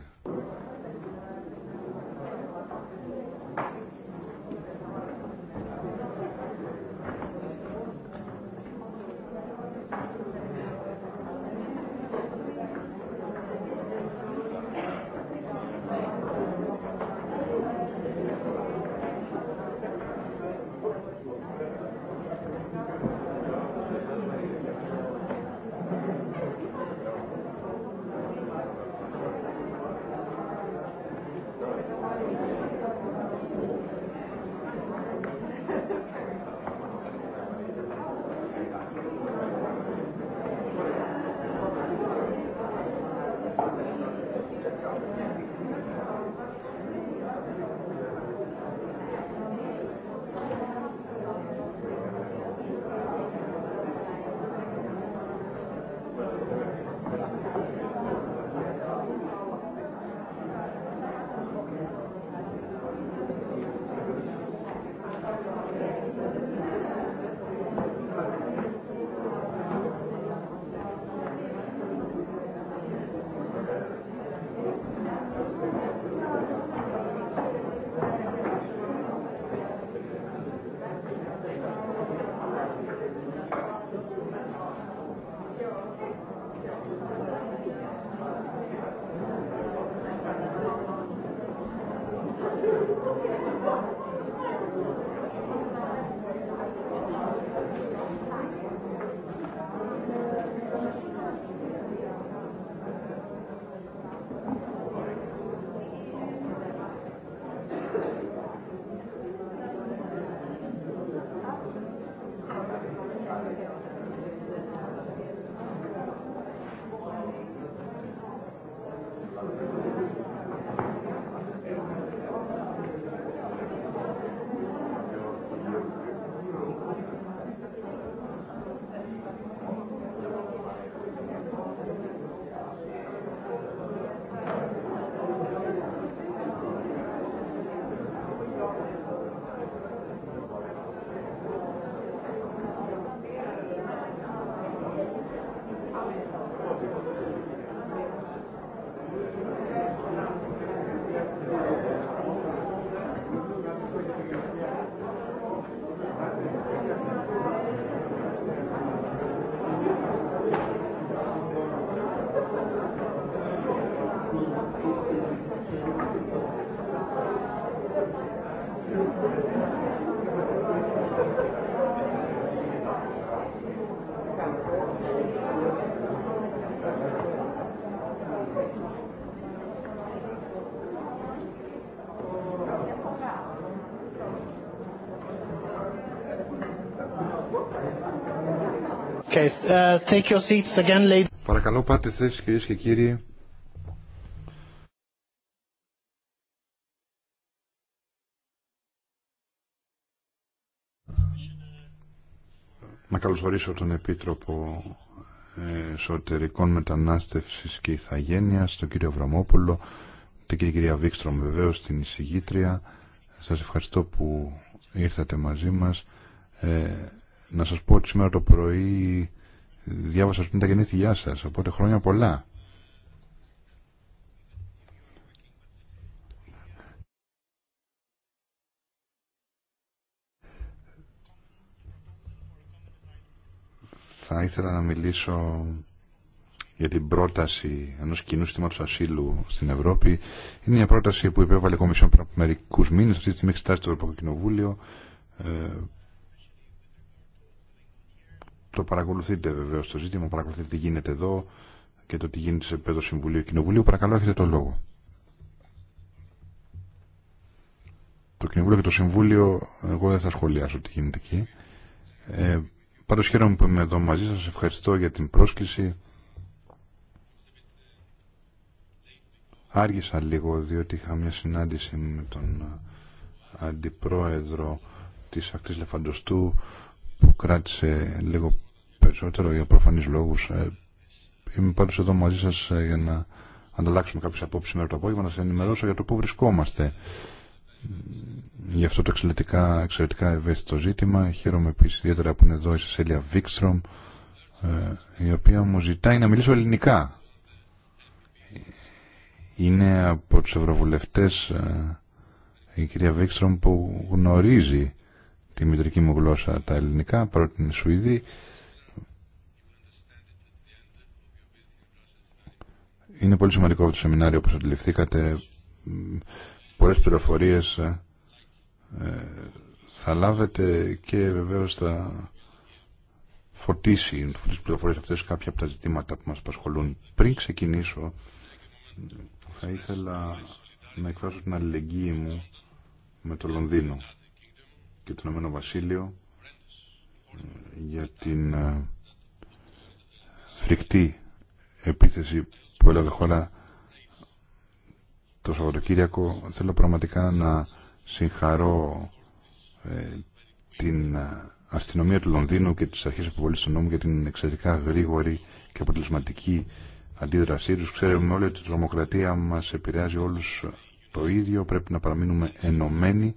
Uh, Παρακαλώ πάτε θέσεις κυρίες και κύριοι. Να καλωσορίσω τον Επίτροπο Εσωτερικών Μετανάστευσης και Ιθαγένειας, τον κύριο Βραμόπουλο την κυρία Βίξτρομ βεβαίως, την εισηγήτρια. Σας ευχαριστώ που ήρθατε μαζί μας. Ε, να σας πω ότι σήμερα το πρωί διάβασα πριν τα γενέθλιά σας, οπότε χρόνια πολλά. Θα ήθελα να μιλήσω για την πρόταση ενό κοινού συστήματο ασύλου στην Ευρώπη. Είναι μια πρόταση που υπέβαλε η Κομισιόν πριν από μερικού μήνε. Αυτή τη στιγμή εξετάζεται το Ευρωπαϊκό Κοινοβούλιο. Ε, το παρακολουθείτε βεβαίω το ζήτημα, παρακολουθείτε τι γίνεται εδώ και το τι γίνεται σε επίπεδο Συμβουλίου Κοινοβουλίου. Παρακαλώ έχετε το λόγο. Το Κοινοβούλιο και το Συμβούλιο, εγώ δεν θα σχολιάσω τι γίνεται εκεί. Ε, Πάντως χαίρομαι που είμαι εδώ μαζί σας. Ευχαριστώ για την πρόσκληση. Άργησα λίγο διότι είχα μια συνάντηση με τον ε, αντιπρόεδρο της Ακτής Λεφαντοστού που κράτησε λίγο περισσότερο για προφανείς λόγους. Ε, είμαι πάντως εδώ μαζί σας ε, για να ανταλλάξουμε κάποιες απόψεις σήμερα το απόγευμα, να σας ενημερώσω για το πού βρισκόμαστε. Γι' αυτό το εξαιρετικά, εξαιρετικά ευαίσθητο ζήτημα. Χαίρομαι επίση ιδιαίτερα που είναι εδώ η Σεσέλια Βίξτρομ, ε, η οποία μου ζητάει να μιλήσω ελληνικά. Είναι από τους ευρωβουλευτές η κυρία Βίξτρομ που γνωρίζει η μητρική μου γλώσσα τα ελληνικά, η Σουηδή. Είναι πολύ σημαντικό αυτό το σεμινάριο, όπως αντιληφθήκατε. Πολλές πληροφορίες ε, θα λάβετε και βεβαίως θα φωτίσει τις πληροφορίες αυτές κάποια από τα ζητήματα που μας απασχολούν. Πριν ξεκινήσω, θα ήθελα να εκφράσω την αλληλεγγύη μου με το Λονδίνο και τον Ηνωμένο Βασίλειο ε, για την ε, φρικτή επίθεση που έλαβε χώρα το Σαββατοκύριακο. Θέλω πραγματικά να συγχαρώ ε, την αστυνομία του Λονδίνου και τις αρχές αποβολής του νόμου για την εξαιρετικά γρήγορη και αποτελεσματική αντίδρασή τους. Ξέρουμε όλοι ότι η τρομοκρατία μας επηρεάζει όλους το ίδιο. Πρέπει να παραμείνουμε ενωμένοι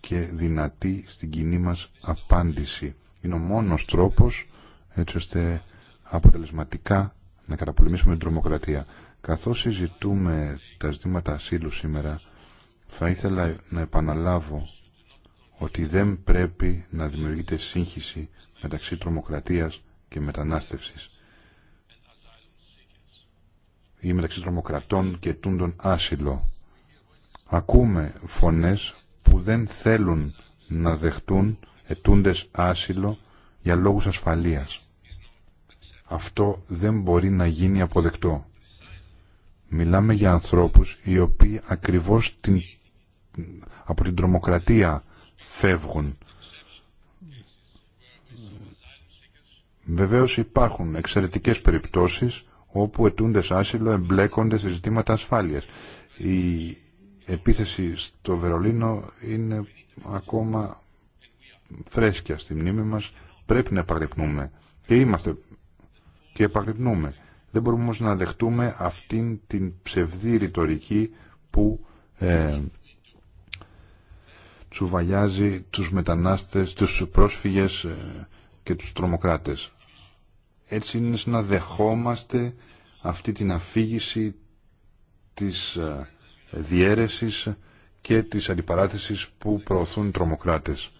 και δυνατή στην κοινή μας απάντηση. Είναι ο μόνος τρόπος έτσι ώστε αποτελεσματικά να καταπολεμήσουμε την τρομοκρατία. Καθώς συζητούμε τα ζητήματα ασύλου σήμερα, θα ήθελα να επαναλάβω ότι δεν πρέπει να δημιουργείται σύγχυση μεταξύ τρομοκρατίας και μετανάστευσης ή μεταξύ τρομοκρατών και τούντων άσυλο. Ακούμε φωνές που δεν θέλουν να δεχτούν ετούντες άσυλο για λόγους ασφαλείας. Αυτό δεν μπορεί να γίνει αποδεκτό. Μιλάμε για ανθρώπους οι οποίοι ακριβώς την, από την τρομοκρατία φεύγουν. Βεβαίως υπάρχουν εξαιρετικές περιπτώσεις όπου ετούντες άσυλο εμπλέκονται σε ζητήματα ασφάλειας. Η επίθεση στο Βερολίνο είναι ακόμα φρέσκια στη μνήμη μας. Πρέπει να επαγρυπνούμε και είμαστε και επαγρυπνούμε. Δεν μπορούμε όμως να δεχτούμε αυτήν την ψευδή ρητορική που ε, τσουβαλιάζει τους μετανάστες, τους πρόσφυγες ε, και τους τρομοκράτες. Έτσι είναι να δεχόμαστε αυτή την αφήγηση της ε, διέρεσης και τη αντιπαράθεσης που προωθούν τρομοκράτες.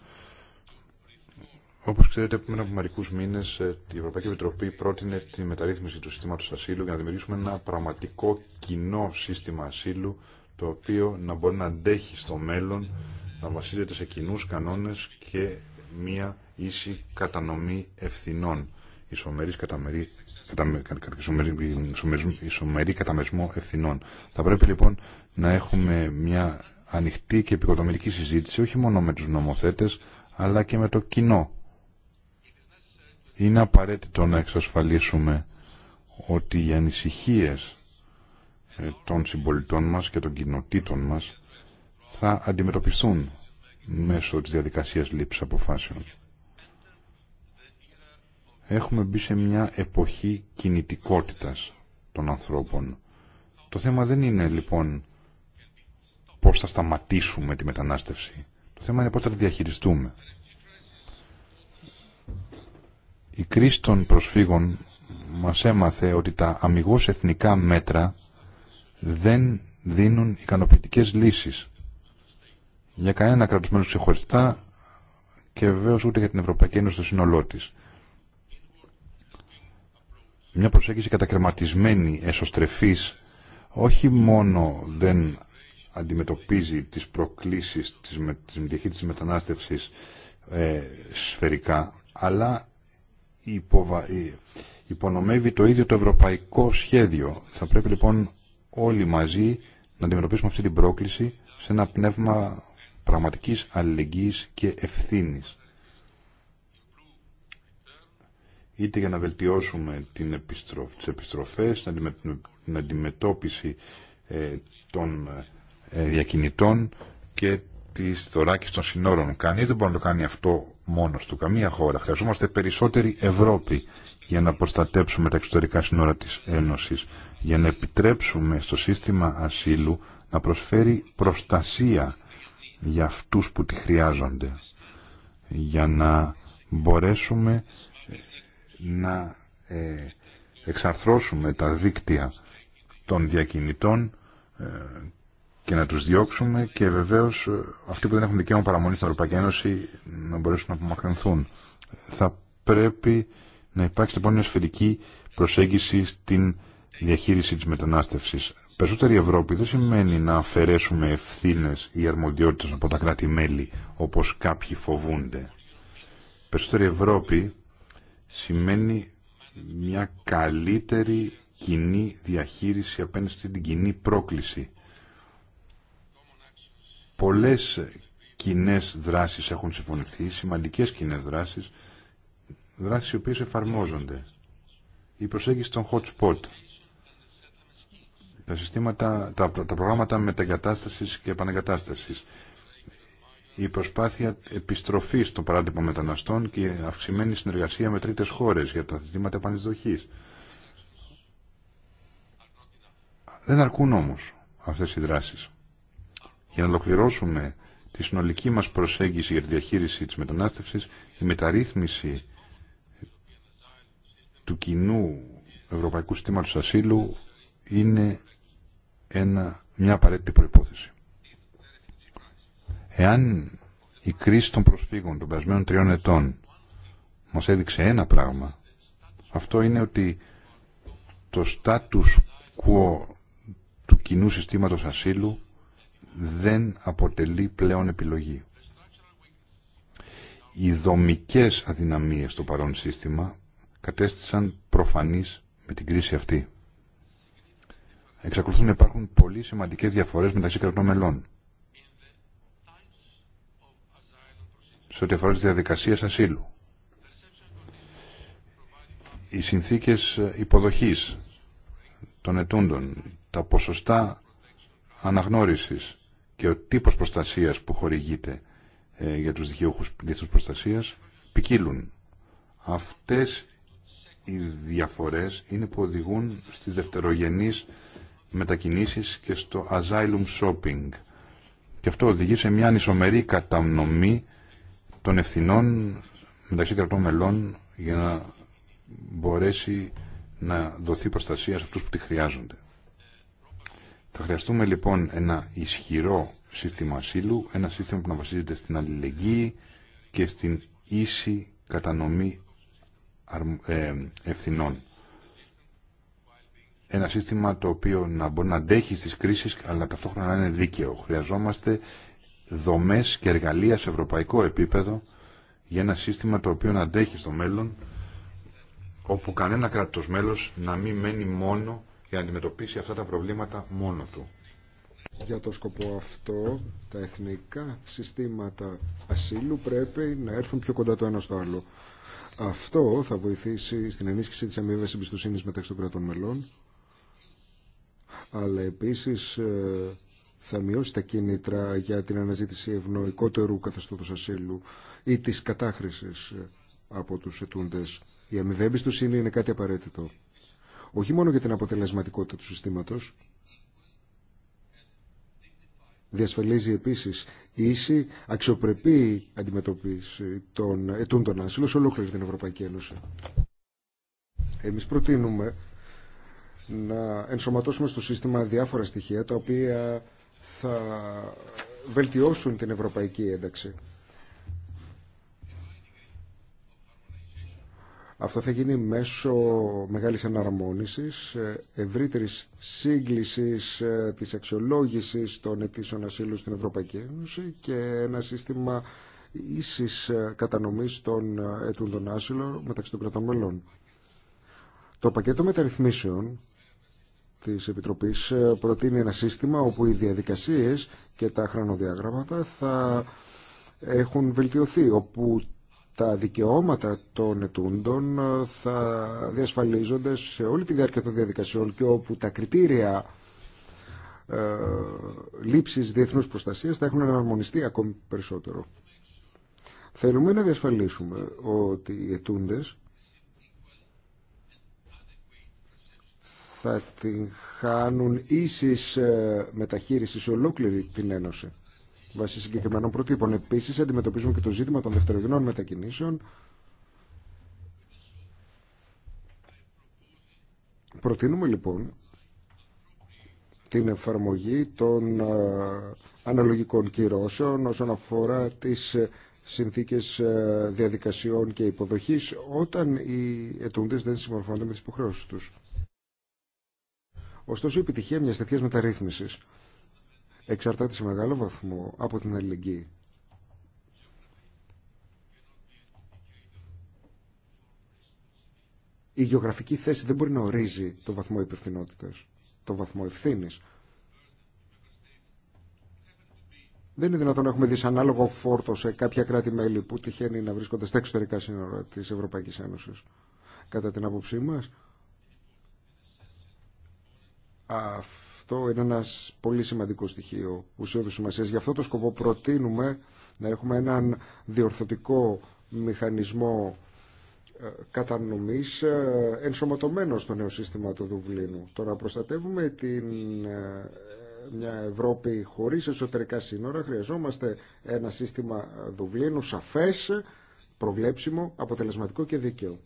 Όπως ξέρετε, πριν από μερικούς μήνες ε, η Ευρωπαϊκή Επιτροπή πρότεινε τη μεταρρύθμιση του συστήματος ασύλου για να δημιουργήσουμε ένα πραγματικό κοινό σύστημα ασύλου το οποίο να μπορεί να αντέχει στο μέλλον, να βασίζεται σε κοινού κανόνες και μία ίση κατανομή ευθυνών. ισομερή καταμερισμό ευθυνών. Θα πρέπει λοιπόν να έχουμε μια ανοιχτή και επικοδομητική συζήτηση όχι μόνο με τους νομοθέτες αλλά και με το κοινό. Είναι απαραίτητο να εξασφαλίσουμε ότι οι ανησυχίες ε, των συμπολιτών μας και των κοινοτήτων μας θα αντιμετωπιστούν μέσω της διαδικασίας λήψης αποφάσεων. Έχουμε μπει σε μια εποχή κινητικότητας των ανθρώπων. Το θέμα δεν είναι λοιπόν πώς θα σταματήσουμε τη μετανάστευση. Το θέμα είναι πώς θα τη διαχειριστούμε. Η κρίση των προσφύγων μας έμαθε ότι τα αμυγός εθνικά μέτρα δεν δίνουν ικανοποιητικές λύσεις για κανένα κράτος μέλος ξεχωριστά και βεβαίω ούτε για την Ευρωπαϊκή Ένωση στο σύνολό τη. Μια προσέγγιση κατακρεματισμένη, εσωστρεφής, όχι μόνο δεν αντιμετωπίζει τις προκλήσεις της, με, της, της μετανάστευσης ε, σφαιρικά, αλλά ε, υπονομεύει το ίδιο το ευρωπαϊκό σχέδιο. Θα πρέπει λοιπόν όλοι μαζί να αντιμετωπίσουμε αυτή την πρόκληση σε ένα πνεύμα πραγματικής αλληλεγγύης και ευθύνης. Είτε για να βελτιώσουμε την επιστροφ, τις επιστροφές, την αντιμετώπιση ε, των ε, διακινητών και τη θωράκη των συνόρων. Κανεί δεν μπορεί να το κάνει αυτό μόνο του. Καμία χώρα. Χρειαζόμαστε περισσότερη Ευρώπη για να προστατέψουμε τα εξωτερικά σύνορα της Ένωσης, για να επιτρέψουμε στο σύστημα ασύλου να προσφέρει προστασία για αυτούς που τη χρειάζονται, για να μπορέσουμε ε, να ε, εξαρθρώσουμε τα δίκτυα των διακινητών και να τους διώξουμε και βεβαίως ε, αυτοί που δεν έχουν δικαίωμα παραμονή στην Ευρωπαϊκή Ένωση να μπορέσουν να απομακρυνθούν. Θα πρέπει να υπάρξει λοιπόν μια σφαιρική προσέγγιση στην διαχείριση της μετανάστευσης. Περισσότερη Ευρώπη δεν σημαίνει να αφαιρέσουμε ευθύνε ή αρμοδιότητες από τα κράτη-μέλη όπως κάποιοι φοβούνται. Περισσότερη Ευρώπη σημαίνει μια καλύτερη κοινή διαχείριση απέναντι στην κοινή πρόκληση πολλές κοινέ δράσεις έχουν συμφωνηθεί, σημαντικές κοινέ δράσεις, δράσεις οι οποίες εφαρμόζονται. Η προσέγγιση των hot spot, τα, συστήματα, τα, τα προγράμματα μεταγκατάστασης και επαναγκατάστασης, η προσπάθεια επιστροφής των παράτυπων μεταναστών και η αυξημένη συνεργασία με τρίτες χώρες για τα ζητήματα επανεισδοχής. Δεν αρκούν όμως αυτές οι δράσεις. Για να ολοκληρώσουμε τη συνολική μας προσέγγιση για τη διαχείριση της μετανάστευσης, η μεταρρύθμιση του κοινού Ευρωπαϊκού Συστήματος Ασύλου είναι ένα, μια απαραίτητη προϋπόθεση. Εάν η κρίση των προσφύγων των περασμένων τριών ετών μας έδειξε ένα πράγμα, αυτό είναι ότι το status quo του κοινού συστήματος ασύλου δεν αποτελεί πλέον επιλογή. Οι δομικές αδυναμίες στο παρόν σύστημα κατέστησαν προφανείς με την κρίση αυτή. Εξακολουθούν να υπάρχουν πολύ σημαντικές διαφορές μεταξύ κρατών μελών. Σε ό,τι αφορά τις διαδικασίες ασύλου. Οι συνθήκες υποδοχής των ετούντων, τα ποσοστά αναγνώρισης, και ο τύπος προστασίας που χορηγείται ε, για τους δικαιούχους πλήθους προστασίας ποικίλουν. Αυτές οι διαφορές είναι που οδηγούν στις δευτερογενείς μετακινήσεις και στο asylum shopping. Και αυτό οδηγεί σε μια ανισομερή κατανομή των ευθυνών μεταξύ κρατών μελών για να μπορέσει να δοθεί προστασία σε αυτούς που τη χρειάζονται. Θα χρειαστούμε λοιπόν ένα ισχυρό σύστημα ασύλου, ένα σύστημα που να βασίζεται στην αλληλεγγύη και στην ίση κατανομή ε, ευθυνών. Ένα σύστημα το οποίο να μπορεί να αντέχει στις κρίσεις αλλά ταυτόχρονα να είναι δίκαιο. Χρειαζόμαστε δομές και εργαλεία σε ευρωπαϊκό επίπεδο για ένα σύστημα το οποίο να αντέχει στο μέλλον όπου κανένα κράτος μέλος να μην μένει μόνο για να αντιμετωπίσει αυτά τα προβλήματα μόνο του. Για το σκοπό αυτό, τα εθνικά συστήματα ασύλου πρέπει να έρθουν πιο κοντά το ένα στο άλλο. Αυτό θα βοηθήσει στην ενίσχυση της αμοιβή εμπιστοσύνη μεταξύ των κρατών μελών, αλλά επίσης ε, θα μειώσει τα κίνητρα για την αναζήτηση ευνοϊκότερου καθεστώτος ασύλου ή της κατάχρησης ε, από τους ετούντες. Η αμοιβή εμπιστοσύνη είναι κάτι απαραίτητο όχι μόνο για την αποτελεσματικότητα του συστήματος, διασφαλίζει επίσης η ίση αξιοπρεπή αντιμετώπιση των ετούντων άσυλων σε ολόκληρη την Ευρωπαϊκή Ένωση. Εμείς προτείνουμε να ενσωματώσουμε στο σύστημα διάφορα στοιχεία τα οποία θα βελτιώσουν την ευρωπαϊκή ένταξη. Αυτό θα γίνει μέσω μεγάλης αναρμόνισης, ευρύτερης σύγκλησης ε, της αξιολόγησης των αιτήσεων ασύλου στην Ευρωπαϊκή Ένωση και ένα σύστημα ίσης ε, κατανομής των ε, αιτούντων άσυλων μεταξύ των κρατών μελών. Το πακέτο μεταρρυθμίσεων της Επιτροπής προτείνει ένα σύστημα όπου οι διαδικασίες και τα χρονοδιάγραμματα θα έχουν βελτιωθεί, όπου τα δικαιώματα των ετούντων ε, θα διασφαλίζονται σε όλη τη διάρκεια των διαδικασιών και όπου τα κριτήρια ε, λήψης διεθνούς προστασίας θα έχουν αναρμονιστεί ακόμη περισσότερο. Θέλουμε να διασφαλίσουμε ότι οι ετούντες θα την χάνουν ίσης ε, μεταχείριση σε ολόκληρη την Ένωση βάσει συγκεκριμένων προτύπων. Επίση, αντιμετωπίζουμε και το ζήτημα των δευτερογενών μετακινήσεων. Προτείνουμε λοιπόν την εφαρμογή των ε, αναλογικών κυρώσεων όσον αφορά τις ε, συνθήκες ε, διαδικασιών και υποδοχής όταν οι ετούντες δεν συμμορφώνονται με τις υποχρεώσεις τους. Ωστόσο, η επιτυχία μιας τέτοιας μεταρρύθμισης εξαρτάται σε μεγάλο βαθμό από την αλληλεγγύη. Η γεωγραφική θέση δεν μπορεί να ορίζει το βαθμό υπευθυνότητα, το βαθμό ευθύνη. Δεν είναι δυνατόν να έχουμε δυσανάλογο φόρτο σε κάποια κράτη-μέλη που τυχαίνει να βρίσκονται στα εξωτερικά σύνορα τη Ευρωπαϊκή Ένωση. Κατά την άποψή μα, αυτό είναι ένα πολύ σημαντικό στοιχείο ουσιώδου σημασία. Γι' αυτό το σκοπό προτείνουμε να έχουμε έναν διορθωτικό μηχανισμό ε, κατανομής ε, ενσωματωμένο στο νέο σύστημα του Δουβλίνου. Το να προστατεύουμε την, ε, μια Ευρώπη χωρίς εσωτερικά σύνορα χρειαζόμαστε ένα σύστημα Δουβλίνου σαφές, προβλέψιμο, αποτελεσματικό και δίκαιο.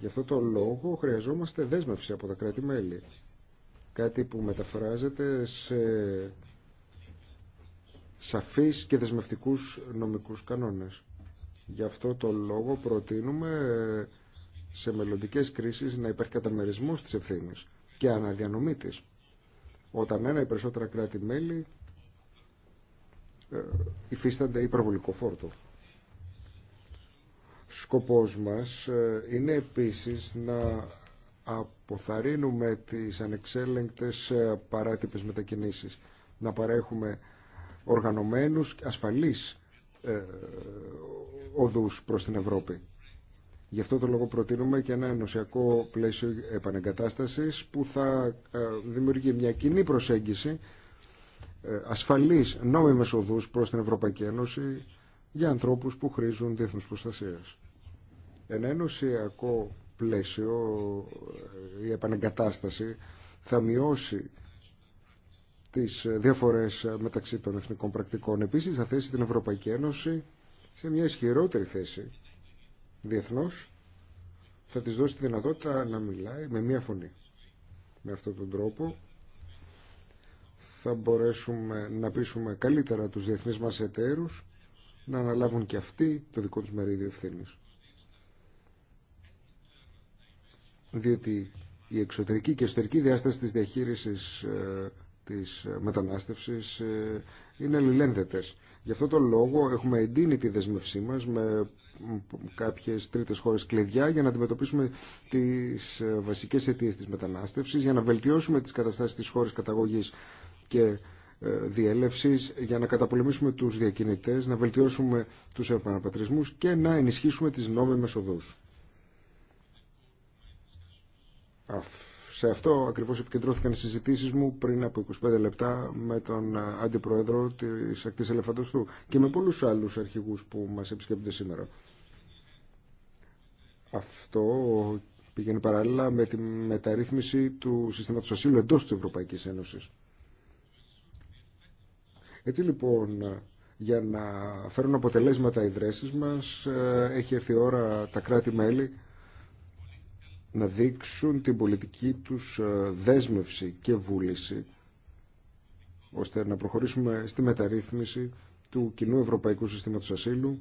Γι' αυτό το λόγο χρειαζόμαστε δέσμευση από τα κράτη-μέλη. Κάτι που μεταφράζεται σε σαφείς και δεσμευτικούς νομικούς κανόνες. Γι' αυτό το λόγο προτείνουμε ε, σε μελλοντικές κρίσεις να υπάρχει καταμερισμός της ευθύνη και αναδιανομή της. Όταν ένα ή περισσότερα κράτη-μέλη ε, υφίστανται υπερβολικό φόρτο. Σκοπός μας ε, είναι επίσης να αποθαρρύνουμε τις ανεξέλεγκτες ε, παράτυπες μετακινήσεις, να παρέχουμε οργανωμένους και ασφαλείς ε, οδούς προς την Ευρώπη. Γι' αυτό το λόγο προτείνουμε και ένα ενωσιακό πλαίσιο επανεγκατάστασης που θα ε, δημιουργεί μια κοινή προσέγγιση ασφαλείς νόμιμες οδούς προς την Ευρωπαϊκή Ένωση για ανθρώπους που χρήζουν διεθνούς προστασίας. Ένα ενωσιακό πλαίσιο η επανεγκατάσταση θα μειώσει τις διαφορές μεταξύ των εθνικών πρακτικών. Επίσης θα θέσει την Ευρωπαϊκή Ένωση σε μια ισχυρότερη θέση διεθνώς θα της δώσει τη δυνατότητα να μιλάει με μία φωνή. Με αυτόν τον τρόπο θα μπορέσουμε να πείσουμε καλύτερα τους διεθνείς μας εταίρους να αναλάβουν και αυτοί το δικό τους μερίδιο ευθύνης. διότι η εξωτερική και εσωτερική διάσταση της διαχείρισης ε, της μετανάστευσης ε, είναι αλληλένδετες. Γι' αυτό το λόγο έχουμε εντείνει τη δεσμευσή μας με κάποιες τρίτες χώρες κλειδιά για να αντιμετωπίσουμε τις ε, βασικές αιτίες της μετανάστευσης, για να βελτιώσουμε τις καταστάσεις της χώρας καταγωγής και διέλευσης, για να καταπολεμήσουμε τους διακινητές, να βελτιώσουμε τους επαναπατρισμούς και να ενισχύσουμε τις νόμιμες οδούς. Σε αυτό ακριβώς επικεντρώθηκαν οι συζητήσεις μου πριν από 25 λεπτά με τον ε, Αντιπρόεδρο της Ακτής Ελεφαντοστού και με πολλούς άλλους αρχηγούς που μας επισκέπτονται σήμερα. Αυτό πηγαίνει παράλληλα με τη μεταρρύθμιση του συστήματος ασύλου εντός της Ευρωπαϊκής Ένωσης. Έτσι λοιπόν, για να φέρουν αποτελέσματα οι δρέσεις μας, ε, έχει έρθει η ώρα τα κράτη-μέλη να δείξουν την πολιτική τους ε, δέσμευση και βούληση ώστε να προχωρήσουμε στη μεταρρύθμιση του κοινού ευρωπαϊκού συστήματος ασύλου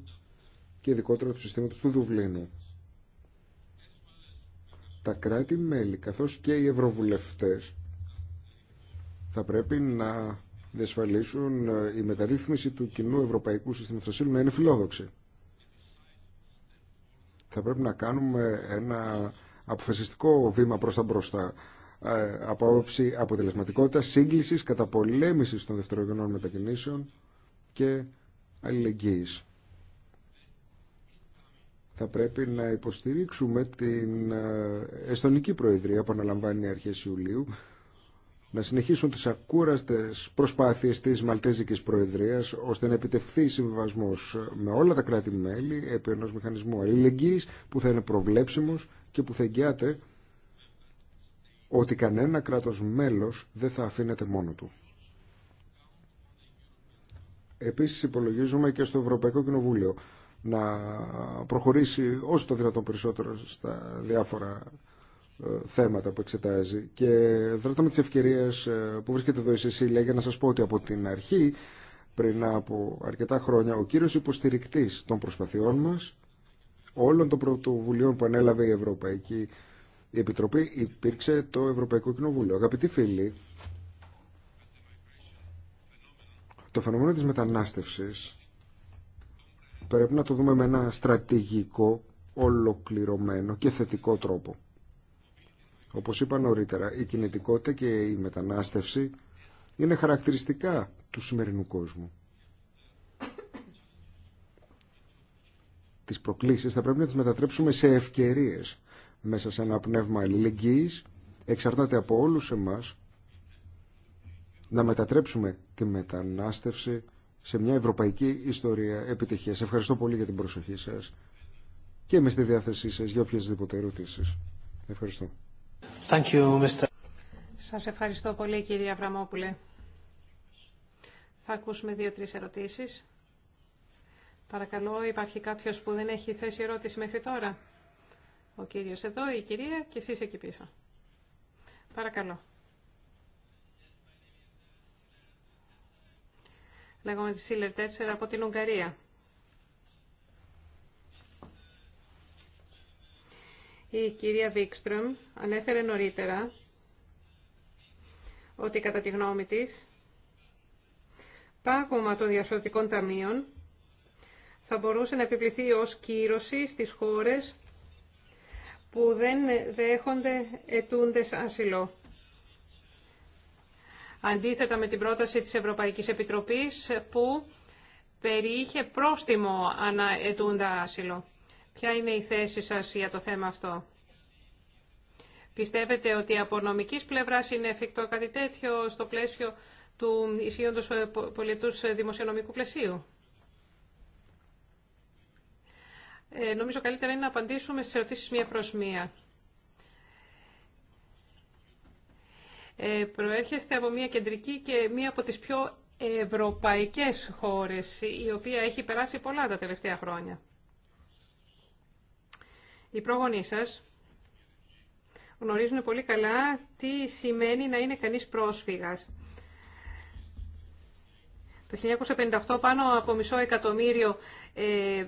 και ειδικότερα του συστήματος του Δουβλίνου. Τα κράτη-μέλη καθώς και οι ευρωβουλευτές θα πρέπει να διασφαλίσουν ε, η μεταρρύθμιση του κοινού ευρωπαϊκού συστήματος ασύλου να είναι φιλόδοξη. Θα πρέπει να κάνουμε ένα αποφασιστικό βήμα προς τα μπροστά ε, από άποψη αποτελεσματικότητα, σύγκλησης, καταπολέμησης των δευτερογενών μετακινήσεων και αλληλεγγύης. Θα πρέπει να υποστηρίξουμε την ε, Εστονική Προεδρία που αναλαμβάνει αρχές Ιουλίου να συνεχίσουν τις ακούραστες προσπάθειες της Μαλτέζικης Προεδρίας ώστε να επιτευχθεί συμβιβασμός με όλα τα κράτη-μέλη επί ενός μηχανισμού αλληλεγγύης που θα είναι προβλέψιμος και που θα ότι κανένα κράτος μέλος δεν θα αφήνεται μόνο του. Επίσης υπολογίζουμε και στο Ευρωπαϊκό Κοινοβούλιο να προχωρήσει όσο το δυνατόν περισσότερο στα διάφορα ε, θέματα που εξετάζει και δράτω με τις ευκαιρίες ε, που βρίσκεται εδώ η Σεσίλια για να σας πω ότι από την αρχή πριν από αρκετά χρόνια ο κύριος υποστηρικτής των προσπαθειών μας όλων των πρωτοβουλίων που ανέλαβε η Ευρωπαϊκή η Επιτροπή υπήρξε το Ευρωπαϊκό Κοινοβούλιο. Αγαπητοί φίλοι, το φαινόμενο της μετανάστευσης πρέπει να το δούμε με ένα στρατηγικό, ολοκληρωμένο και θετικό τρόπο. Όπως είπα νωρίτερα, η κινητικότητα και η μετανάστευση είναι χαρακτηριστικά του σημερινού κόσμου. τις προκλήσεις θα πρέπει να τις μετατρέψουμε σε ευκαιρίες μέσα σε ένα πνεύμα αλληλεγγύης εξαρτάται από όλους εμάς να μετατρέψουμε τη μετανάστευση σε μια ευρωπαϊκή ιστορία επιτυχίας. Ευχαριστώ πολύ για την προσοχή σας και είμαι στη διάθεσή σας για οποιασδήποτε ερωτήσεις. Ευχαριστώ. Thank you, Mr. Σας ευχαριστώ πολύ κύριε Αβραμόπουλε. Θα ακούσουμε δύο-τρεις ερωτήσεις. Παρακαλώ, υπάρχει κάποιος που δεν έχει θέσει ερώτηση μέχρι τώρα. Ο κύριος εδώ, η κυρία και εσείς εκεί πίσω. Παρακαλώ. Λέγομαι τη Σίλερ 4 από την Ουγγαρία. Η κυρία Βίκστρομ ανέφερε νωρίτερα ότι κατά τη γνώμη της πάγωμα των διαφορετικών ταμείων θα μπορούσε να επιβληθεί ως κύρωση στις χώρες που δεν δέχονται ετούντες άσυλο. Αντίθετα με την πρόταση της Ευρωπαϊκής Επιτροπής που περιείχε πρόστιμο ανά ετούντα άσυλο. Ποια είναι η θέση σας για το θέμα αυτό. Πιστεύετε ότι από νομικής πλευράς είναι εφικτό κάτι τέτοιο στο πλαίσιο του ισχύοντος πολιτούς δημοσιονομικού πλαισίου. Ε, νομίζω καλύτερα είναι να απαντήσουμε στις ερωτήσεις μία προς μία. Ε, προέρχεστε από μία κεντρική και μία από τις πιο ευρωπαϊκές χώρες, η οποία έχει περάσει πολλά τα τελευταία χρόνια. Οι πρόγονοί σας γνωρίζουν πολύ καλά τι σημαίνει να είναι κανείς πρόσφυγας. Το 1958 πάνω από μισό εκατομμύριο ε,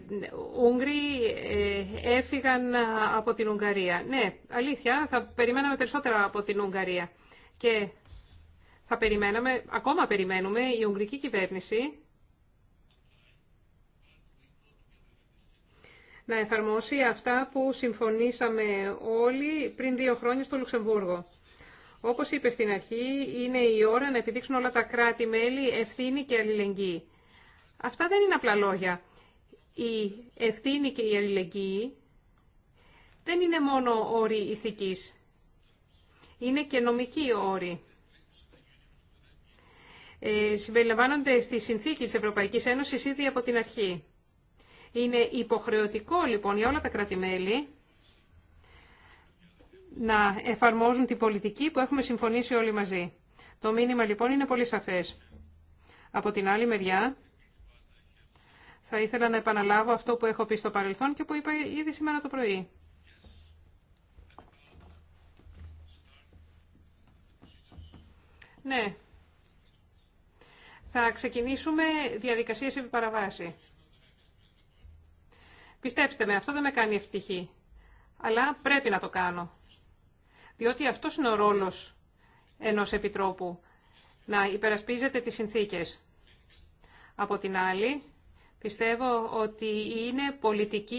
Ούγγροι ε, έφυγαν από την Ουγγαρία. Ναι, αλήθεια, θα περιμέναμε περισσότερα από την Ουγγαρία. Και θα περιμέναμε, ακόμα περιμένουμε, η Ουγγρική κυβέρνηση να εφαρμόσει αυτά που συμφωνήσαμε όλοι πριν δύο χρόνια στο Λουξεμβούργο. Όπως είπε στην αρχή, είναι η ώρα να επιδείξουν όλα τα κράτη-μέλη ευθύνη και αλληλεγγύη. Αυτά δεν είναι απλά λόγια. Η ευθύνη και η αλληλεγγύη δεν είναι μόνο όροι ηθικής. Είναι και νομικοί όροι. Ε, συμπεριλαμβάνονται στη συνθήκη της Ευρωπαϊκής Ένωσης ήδη από την αρχή. Είναι υποχρεωτικό λοιπόν για όλα τα κράτη-μέλη να εφαρμόζουν την πολιτική που έχουμε συμφωνήσει όλοι μαζί. Το μήνυμα λοιπόν είναι πολύ σαφές. Από την άλλη μεριά, θα ήθελα να επαναλάβω αυτό που έχω πει στο παρελθόν και που είπα ήδη σήμερα το πρωί. Ναι. Θα ξεκινήσουμε διαδικασίες επί παραβάση. Πιστέψτε με, αυτό δεν με κάνει ευτυχή. Αλλά πρέπει να το κάνω. Διότι αυτός είναι ο ρόλος ενός επιτρόπου, να υπερασπίζεται τις συνθήκες. Από την άλλη, πιστεύω ότι είναι πολιτική,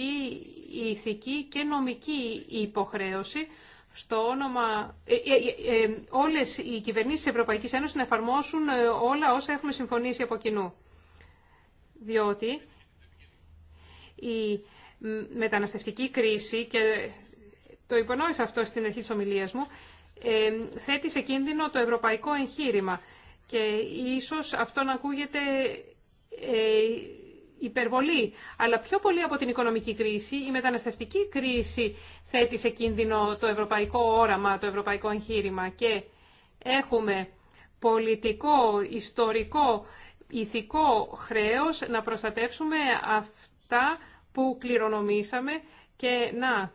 ηθική και νομική υποχρέωση στο όνομα... Ε, ε, ε, όλες οι κυβερνήσεις της Ευρωπαϊκής Ένωσης να εφαρμόσουν όλα όσα έχουμε συμφωνήσει από κοινού. Διότι η μεταναστευτική κρίση και το υπονόησα αυτό στην αρχή της ομιλίας μου, ε, θέτει σε κίνδυνο το ευρωπαϊκό εγχείρημα. Και ίσως αυτό να ακούγεται ε, υπερβολή. Αλλά πιο πολύ από την οικονομική κρίση, η μεταναστευτική κρίση θέτει σε κίνδυνο το ευρωπαϊκό όραμα, το ευρωπαϊκό εγχείρημα. Και έχουμε πολιτικό, ιστορικό, ηθικό χρέος να προστατεύσουμε αυτά που κληρονομήσαμε και να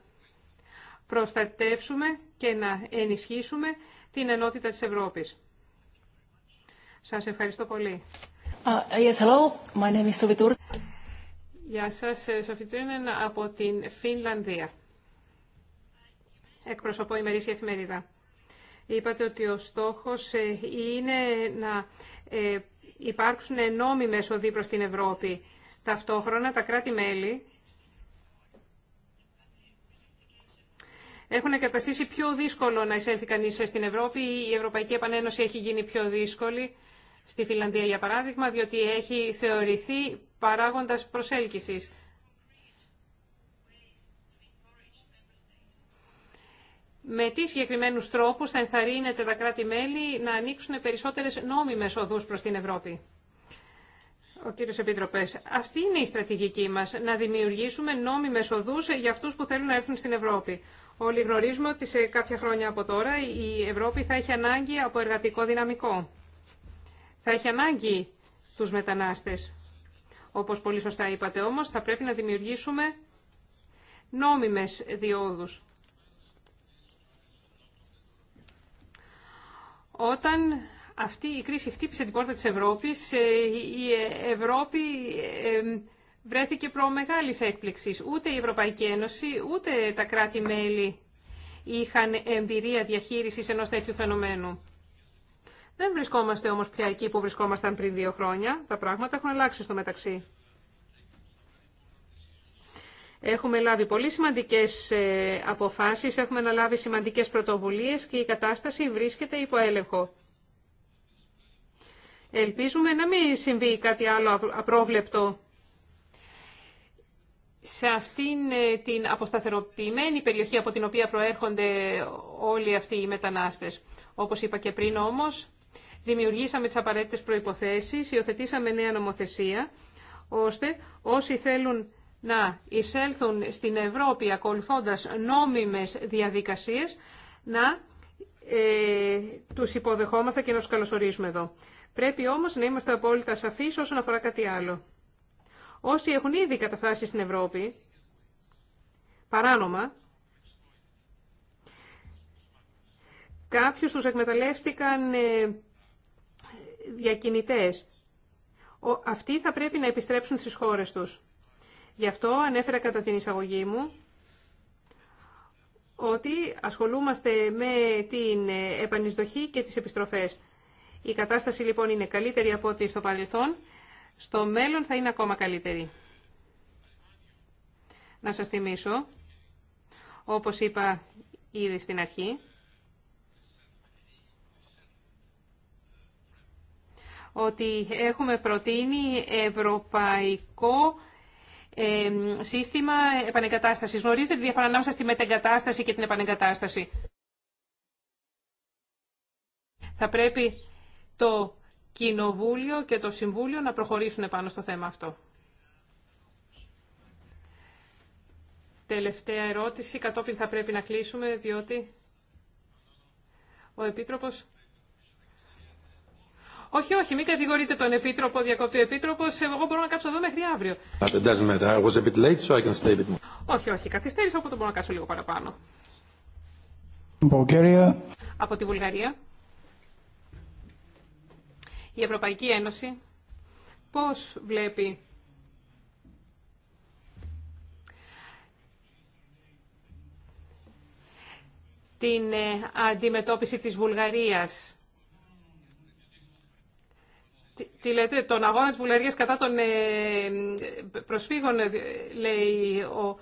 προστατεύσουμε και να ενισχύσουμε την ενότητα της Ευρώπης. Σας ευχαριστώ πολύ. Uh, yes, hello. My name is Γεια σας, Σοφιτρίνεν από την Φινλανδία. Εκπροσωπώ ημερήσια εφημερίδα. Είπατε ότι ο στόχος ε, είναι να ε, υπάρξουν νόμοι οδοί προς την Ευρώπη. Ταυτόχρονα τα κράτη-μέλη έχουν καταστήσει πιο δύσκολο να εισέλθει κανεί στην Ευρώπη. Η Ευρωπαϊκή Επανένωση έχει γίνει πιο δύσκολη στη Φιλανδία, για παράδειγμα, διότι έχει θεωρηθεί παράγοντας προσέλκυσης. Με τι συγκεκριμένου τρόπους θα ενθαρρύνεται τα κράτη-μέλη να ανοίξουν περισσότερες νόμιμες οδούς προς την Ευρώπη. Ο κύριος αυτή είναι η στρατηγική μας, να δημιουργήσουμε νόμιμες οδούς για αυτούς που θέλουν να έρθουν στην Ευρώπη. Όλοι γνωρίζουμε ότι σε κάποια χρόνια από τώρα η Ευρώπη θα έχει ανάγκη από εργατικό δυναμικό. Θα έχει ανάγκη τους μετανάστες. Όπως πολύ σωστά είπατε όμως, θα πρέπει να δημιουργήσουμε νόμιμες διόδους. Όταν αυτή η κρίση χτύπησε την πόρτα της Ευρώπης, ε, η Ευρώπη ε, βρέθηκε προ μεγάλης έκπληξης. Ούτε η Ευρωπαϊκή Ένωση, ούτε τα κράτη-μέλη είχαν εμπειρία διαχείρισης ενός τέτοιου φαινομένου. Δεν βρισκόμαστε όμως πια εκεί που βρισκόμασταν πριν δύο χρόνια. Τα πράγματα έχουν αλλάξει στο μεταξύ. Έχουμε λάβει πολύ σημαντικές ε, αποφάσεις, έχουμε αναλάβει σημαντικές πρωτοβουλίες και η κατάσταση βρίσκεται υπό έλεγχο. Ελπίζουμε να μην συμβεί κάτι άλλο απρόβλεπτο σε αυτήν ε, την αποσταθεροποιημένη περιοχή από την οποία προέρχονται όλοι αυτοί οι μετανάστες. Όπως είπα και πριν όμως, δημιουργήσαμε τις απαραίτητες προϋποθέσεις, υιοθετήσαμε νέα νομοθεσία, ώστε όσοι θέλουν να εισέλθουν στην Ευρώπη ακολουθώντας νόμιμες διαδικασίες, να ε, τους υποδεχόμαστε και να τους καλωσορίζουμε εδώ. Πρέπει όμως να είμαστε απόλυτα σαφείς όσον αφορά κάτι άλλο. Όσοι έχουν ήδη καταφτάσει στην Ευρώπη, παράνομα, κάποιους τους εκμεταλλεύτηκαν ε, διακινητές. Αυτοί θα πρέπει να επιστρέψουν στις χώρες τους. Γι' αυτό ανέφερα κατά την εισαγωγή μου ότι ασχολούμαστε με την ε, επανεισδοχή και τις επιστροφές. Η κατάσταση λοιπόν είναι καλύτερη από ό,τι στο παρελθόν στο μέλλον θα είναι ακόμα καλύτερη. Να σας θυμίσω, όπως είπα ήδη στην αρχή, ότι έχουμε προτείνει ευρωπαϊκό ε, σύστημα επανεγκατάστασης. Γνωρίζετε τη διαφορά ανάμεσα στη μετεγκατάσταση και την επανεγκατάσταση. Θα πρέπει το Κοινοβούλιο και το Συμβούλιο να προχωρήσουν πάνω στο θέμα αυτό. Τελευταία ερώτηση, κατόπιν θα πρέπει να κλείσουμε, διότι ο Επίτροπος... Όχι, όχι, μην κατηγορείτε τον Επίτροπο, διακόπτει ο Επίτροπος, εγώ μπορώ να κάτσω εδώ μέχρι αύριο. Όχι, όχι, καθυστέρησα, οπότε μπορώ να κάτσω λίγο παραπάνω. Από τη Βουλγαρία η Ευρωπαϊκή Ένωση πώς βλέπει την ε, αντιμετώπιση της Βουλγαρίας. Τι, λέτε, τον αγώνα της Βουλγαρίας κατά των ε, προσφύγων, ε, λέει ο,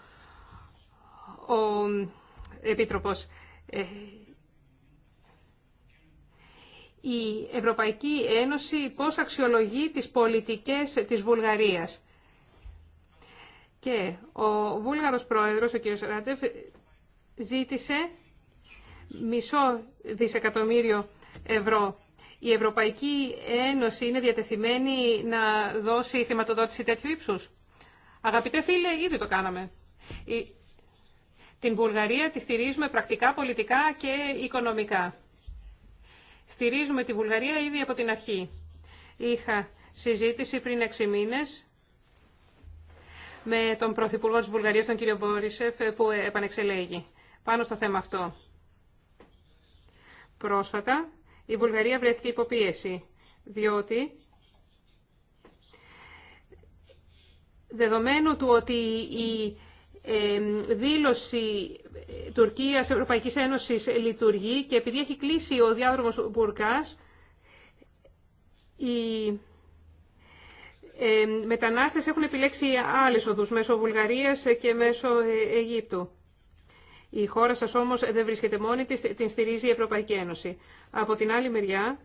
ο Επίτροπος η Ευρωπαϊκή Ένωση πώς αξιολογεί τις πολιτικές της Βουλγαρίας. Και ο Βούλγαρος Πρόεδρος, ο κ. Ράτεφ, ζήτησε μισό δισεκατομμύριο ευρώ. Η Ευρωπαϊκή Ένωση είναι διατεθειμένη να δώσει χρηματοδότηση τέτοιου ύψους. Αγαπητέ φίλε, ήδη το κάναμε. Την Βουλγαρία τη στηρίζουμε πρακτικά, πολιτικά και οικονομικά. Στηρίζουμε τη Βουλγαρία ήδη από την αρχή. Είχα συζήτηση πριν 6 μήνες με τον Πρωθυπουργό της Βουλγαρίας, τον κύριο Μπόρισεφ, που επανεξελέγει πάνω στο θέμα αυτό. Πρόσφατα, η Βουλγαρία βρέθηκε υποπίεση, διότι δεδομένου του ότι η δήλωση Τουρκίας Ευρωπαϊκής Ένωσης λειτουργεί και επειδή έχει κλείσει ο διάδρομος Μπουρκάς, οι μετανάστες έχουν επιλέξει άλλες οδούς μέσω Βουλγαρίας και μέσω ε, Αιγύπτου. Η χώρα σας όμως δεν βρίσκεται μόνη της, την στηρίζει η Ευρωπαϊκή Ένωση. Από την άλλη μεριά,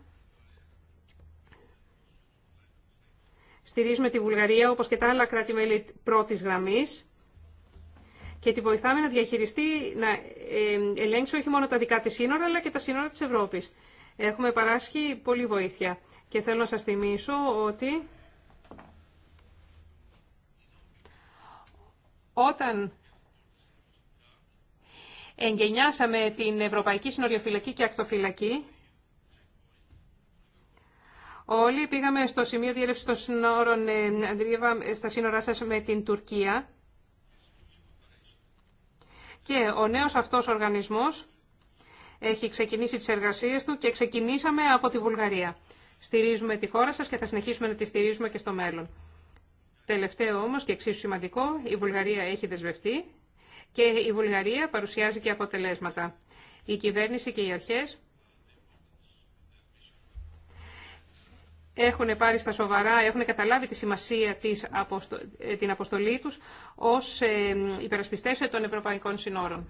στηρίζουμε τη Βουλγαρία όπως και τα άλλα κράτη-μέλη πρώτης γραμμής και τη βοηθάμε να διαχειριστεί, να ε, ελέγξει όχι μόνο τα δικά της σύνορα, αλλά και τα σύνορα της Ευρώπης. Έχουμε παράσχει πολλή βοήθεια. Και θέλω να σας θυμίσω ότι όταν εγκαινιάσαμε την Ευρωπαϊκή Συνοριοφυλακή και Ακτοφυλακή, όλοι πήγαμε στο σημείο διέλευσης των σύνορων, ε, ε στα σύνορά σας με την Τουρκία, και ο νέος αυτός οργανισμός έχει ξεκινήσει τις εργασίες του και ξεκινήσαμε από τη Βουλγαρία. Στηρίζουμε τη χώρα σας και θα συνεχίσουμε να τη στηρίζουμε και στο μέλλον. Τελευταίο όμως και εξίσου σημαντικό, η Βουλγαρία έχει δεσμευτεί και η Βουλγαρία παρουσιάζει και αποτελέσματα. Η κυβέρνηση και οι αρχές έχουν πάρει στα σοβαρά, έχουν καταλάβει τη σημασία της αποστο... Ε, την αποστολή τους ως ε, υπερασπιστές των Ευρωπαϊκών Συνόρων.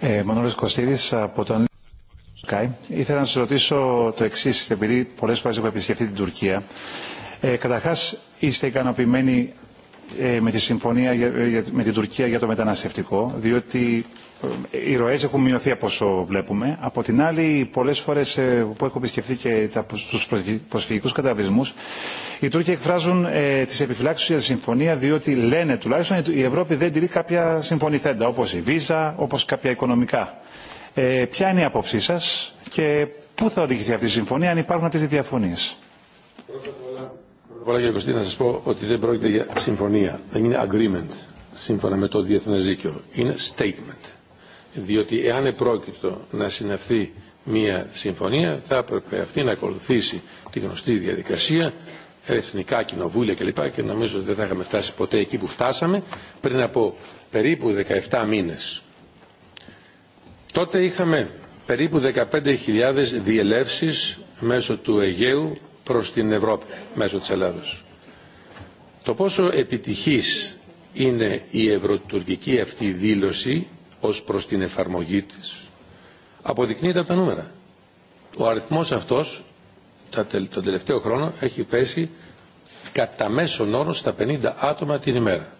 Ε, Μανώλης Κωστίδης από τον Sky. Ήθελα να σας ρωτήσω το εξής, επειδή πολλές φορές έχω επισκεφτεί την Τουρκία. Ε, καταρχάς, είστε ικανοποιημένοι ε, με τη συμφωνία με την Τουρκία για το μεταναστευτικό, διότι ε, οι ροές έχουν μειωθεί από όσο βλέπουμε. Από την άλλη, πολλές φορές ε, που έχω επισκεφθεί και τους προσφυγικούς καταβλισμούς, οι Τούρκοι εκφράζουν ε, τις επιφυλάξεις για τη συμφωνία, διότι λένε τουλάχιστον ότι η Ευρώπη δεν τηρεί κάποια συμφωνηθέντα, όπως η Βίζα, όπως κάποια οικονομικά. Ε, ποια είναι η άποψή σας και πού θα οδηγηθεί αυτή η συμφωνία, αν υπάρχουν αυτές οι διαφωνίες. Πρώτα απ' όλα, κύριε Κωστή, να σας πω ότι δεν πρόκειται για συμφωνία. Δεν είναι agreement σύμφωνα με το διεθνές δίκαιο. Είναι statement διότι εάν επρόκειτο να συναυθεί μία συμφωνία θα έπρεπε αυτή να ακολουθήσει τη γνωστή διαδικασία εθνικά κοινοβούλια κλπ. Και νομίζω ότι δεν θα είχαμε φτάσει ποτέ εκεί που φτάσαμε πριν από περίπου 17 μήνες. Τότε είχαμε περίπου 15.000 διελεύσεις μέσω του Αιγαίου προς την Ευρώπη, μέσω της Ελλάδος. Το πόσο επιτυχής είναι η ευρωτουρκική αυτή δήλωση ως προς την εφαρμογή της αποδεικνύεται από τα νούμερα. Ο αριθμός αυτός τον τελευταίο χρόνο έχει πέσει κατά μέσον όρο στα 50 άτομα την ημέρα.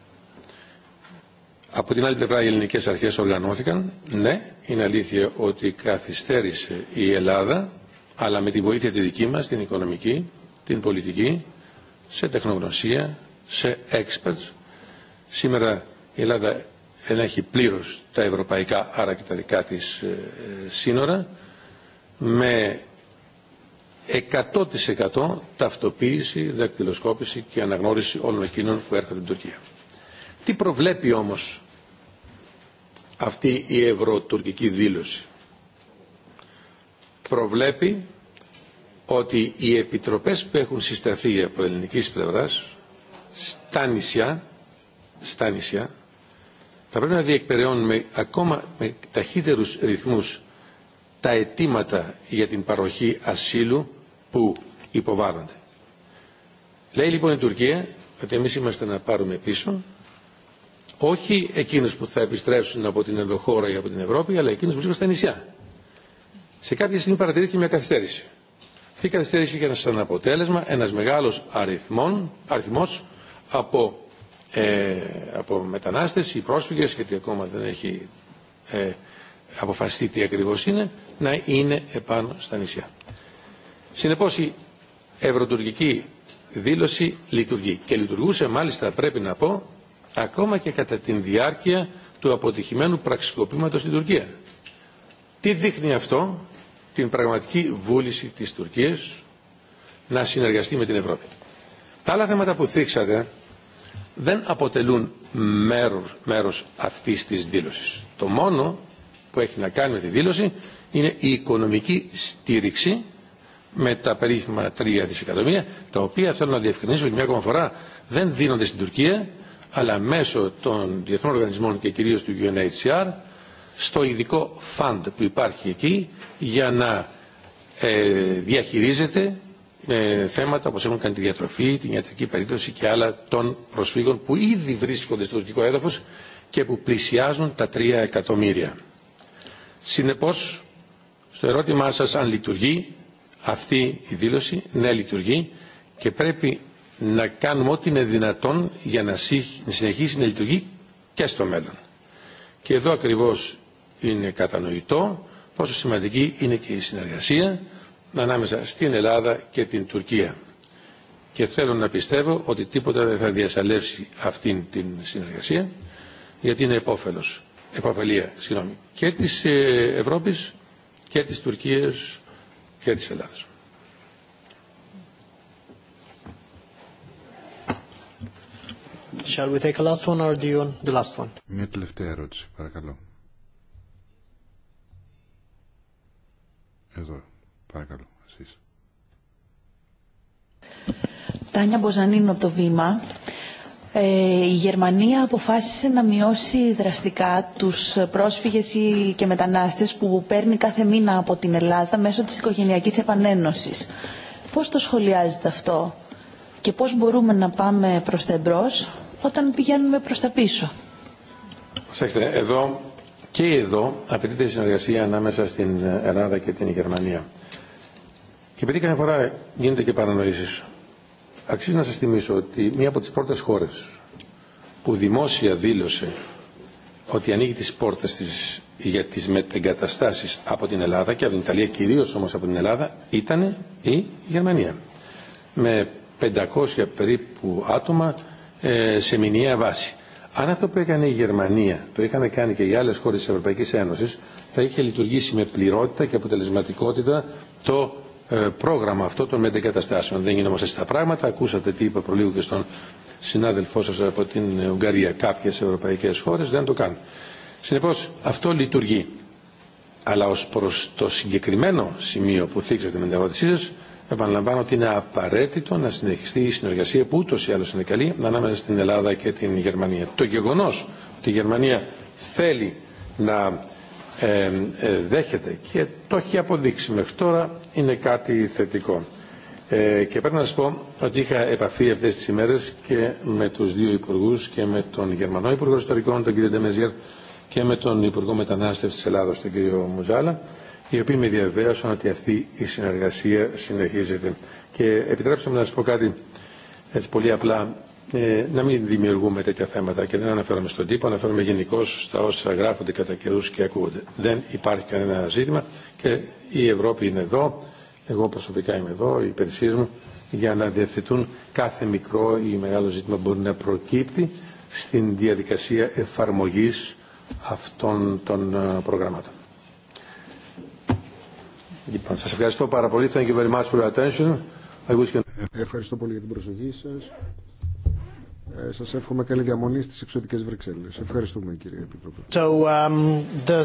Από την άλλη πλευρά οι ελληνικές αρχές οργανώθηκαν. Ναι, είναι αλήθεια ότι καθυστέρησε η Ελλάδα, αλλά με τη βοήθεια τη δική μας, την οικονομική, την πολιτική, σε τεχνογνωσία, σε experts. Σήμερα η Ελλάδα ελέγχει πλήρως τα ευρωπαϊκά, άρα και τα δικά της ε, σύνορα, με 100% ταυτοποίηση, δακτυλοσκόπηση και αναγνώριση όλων εκείνων που έρχονται στην Τουρκία. Τι προβλέπει όμως αυτή η ευρωτουρκική δήλωση. Προβλέπει ότι οι επιτροπές που έχουν συσταθεί από ελληνικής πλευράς στα νησιά, στα νησιά θα πρέπει να διεκπεραιώνουμε ακόμα με ταχύτερους ρυθμούς τα αιτήματα για την παροχή ασύλου που υποβάλλονται. Λέει λοιπόν η Τουρκία ότι εμείς είμαστε να πάρουμε πίσω όχι εκείνους που θα επιστρέψουν από την ενδοχώρα ή από την Ευρώπη, αλλά εκείνους που βρίσκονται στα νησιά. Σε κάποια στιγμή παρατηρήθηκε μια καθυστέρηση. Αυτή η καθυστέρηση είχε σαν αποτέλεσμα ένας μεγάλος αριθμός από ε, από μετανάστες ή πρόσφυγες, γιατί ακόμα δεν έχει ε, αποφασιστεί τι ακριβώς είναι, να είναι επάνω στα νησιά. Συνεπώς η ευρωτουρκική δήλωση λειτουργεί και λειτουργούσε μάλιστα πρέπει να πω ακόμα και κατά την διάρκεια του αποτυχημένου πραξικοπήματος στην Τουρκία. Τι δείχνει αυτό την πραγματική βούληση της Τουρκίας να συνεργαστεί με την Ευρώπη. Τα άλλα θέματα που θίξατε δεν αποτελούν μέρος, μέρος αυτής της δήλωσης. Το μόνο που έχει να κάνει με τη δήλωση είναι η οικονομική στήριξη με τα περίφημα 3 δισεκατομμύρια, τα οποία θέλω να διευκρινίσω για μια ακόμα φορά δεν δίνονται στην Τουρκία, αλλά μέσω των διεθνών οργανισμών και κυρίως του UNHCR, στο ειδικό φαντ που υπάρχει εκεί για να ε, διαχειρίζεται ε, θέματα όπως έχουν κάνει τη διατροφή, την ιατρική περίπτωση και άλλα των προσφύγων που ήδη βρίσκονται στο τουρκικό έδαφος και που πλησιάζουν τα 3 εκατομμύρια. Συνεπώς, στο ερώτημά σας αν λειτουργεί αυτή η δήλωση, ναι λειτουργεί και πρέπει να κάνουμε ό,τι είναι δυνατόν για να συνεχίσει να λειτουργεί και στο μέλλον. Και εδώ ακριβώς είναι κατανοητό πόσο σημαντική είναι και η συνεργασία ανάμεσα στην Ελλάδα και την Τουρκία. Και θέλω να πιστεύω ότι τίποτα δεν θα διασαλεύσει αυτήν την συνεργασία, γιατί είναι επόφελος, επαφελία, συγγνώμη, και της ε, Ευρώπης και της Τουρκίας και της Ελλάδας. Shall we take a last one or do you the last one? Μια τελευταία ερώτηση, παρακαλώ. Εδώ. Παρακαλώ, Τάνια Μποζανίνο το Βήμα. Ε, η Γερμανία αποφάσισε να μειώσει δραστικά τους πρόσφυγες και μετανάστες που παίρνει κάθε μήνα από την Ελλάδα μέσω της οικογενειακής επανένωσης. Πώς το σχολιάζετε αυτό και πώς μπορούμε να πάμε προς τα εμπρός όταν πηγαίνουμε προς τα πίσω. εδώ και εδώ απαιτείται συνεργασία ανάμεσα στην Ελλάδα και την Γερμανία επειδή καμιά φορά γίνονται και παρανοήσει. αξίζει να σα θυμίσω ότι μία από τι πρώτες χώρε που δημόσια δήλωσε ότι ανοίγει τι πόρτε τη για τι μετεγκαταστάσει από την Ελλάδα και από την Ιταλία, κυρίω όμω από την Ελλάδα, ήταν η Γερμανία. Με 500 περίπου άτομα ε, σε μηνιαία βάση. Αν αυτό που έκανε η Γερμανία το είχαν κάνει και οι άλλε χώρε τη Ευρωπαϊκή Ένωση θα είχε λειτουργήσει με πληρότητα και αποτελεσματικότητα το ε, πρόγραμμα αυτό των μετεγκαταστάσεων. Δεν γινόμαστε στα πράγματα. Ακούσατε τι είπα προλίγου και στον συνάδελφό σας από την Ουγγαρία. Κάποιες ευρωπαϊκές χώρες δεν το κάνουν. Συνεπώς αυτό λειτουργεί. Αλλά ως προς το συγκεκριμένο σημείο που θίξατε με την ερώτησή σας, επαναλαμβάνω ότι είναι απαραίτητο να συνεχιστεί η συνεργασία που ούτως ή άλλως είναι καλή ανάμεσα στην Ελλάδα και την Γερμανία. Το γεγονός ότι η Γερμανία θέλει να ε, ε, δέχεται και το έχει αποδείξει μέχρι τώρα είναι κάτι θετικό. Ε, και πρέπει να σας πω ότι είχα επαφή αυτές τις ημέρες και με τους δύο υπουργούς και με τον Γερμανό Υπουργό Ιστορικών, τον κύριο Ντεμεζιέρ και με τον Υπουργό Μετανάστευσης Ελλάδος, τον κυριο Μουζάλα οι οποίοι με διαβεβαίωσαν ότι αυτή η συνεργασία συνεχίζεται. Και επιτρέψτε μου να σας πω κάτι έτσι πολύ απλά ε, να μην δημιουργούμε τέτοια θέματα και δεν αναφέρομαι στον τύπο, αναφέρομαι γενικώ στα όσα γράφονται κατά καιρού και ακούγονται. Δεν υπάρχει κανένα ζήτημα και η Ευρώπη είναι εδώ, εγώ προσωπικά είμαι εδώ, οι υπηρεσίε μου, για να διευθετούν κάθε μικρό ή μεγάλο ζήτημα που μπορεί να προκύπτει στην διαδικασία εφαρμογή αυτών των ε, προγραμμάτων. Λοιπόν, σας ευχαριστώ πάρα πολύ. Thank very much your attention. Ε, ευχαριστώ πολύ για την προσοχή σας. Ε, σας εύχομαι καλή διαμονή στις εξωτικές Βρυξέλλες. Ευχαριστούμε κύριε Επιτρόπη. Um,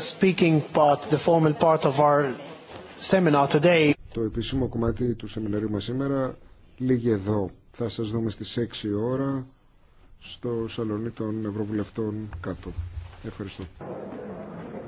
Το επίσημο κομμάτι του σεμιναρίου μας σήμερα λίγη εδώ. Θα σας δούμε στις 6 ώρα στο σαλονί των Ευρωβουλευτών κάτω. Ευχαριστώ.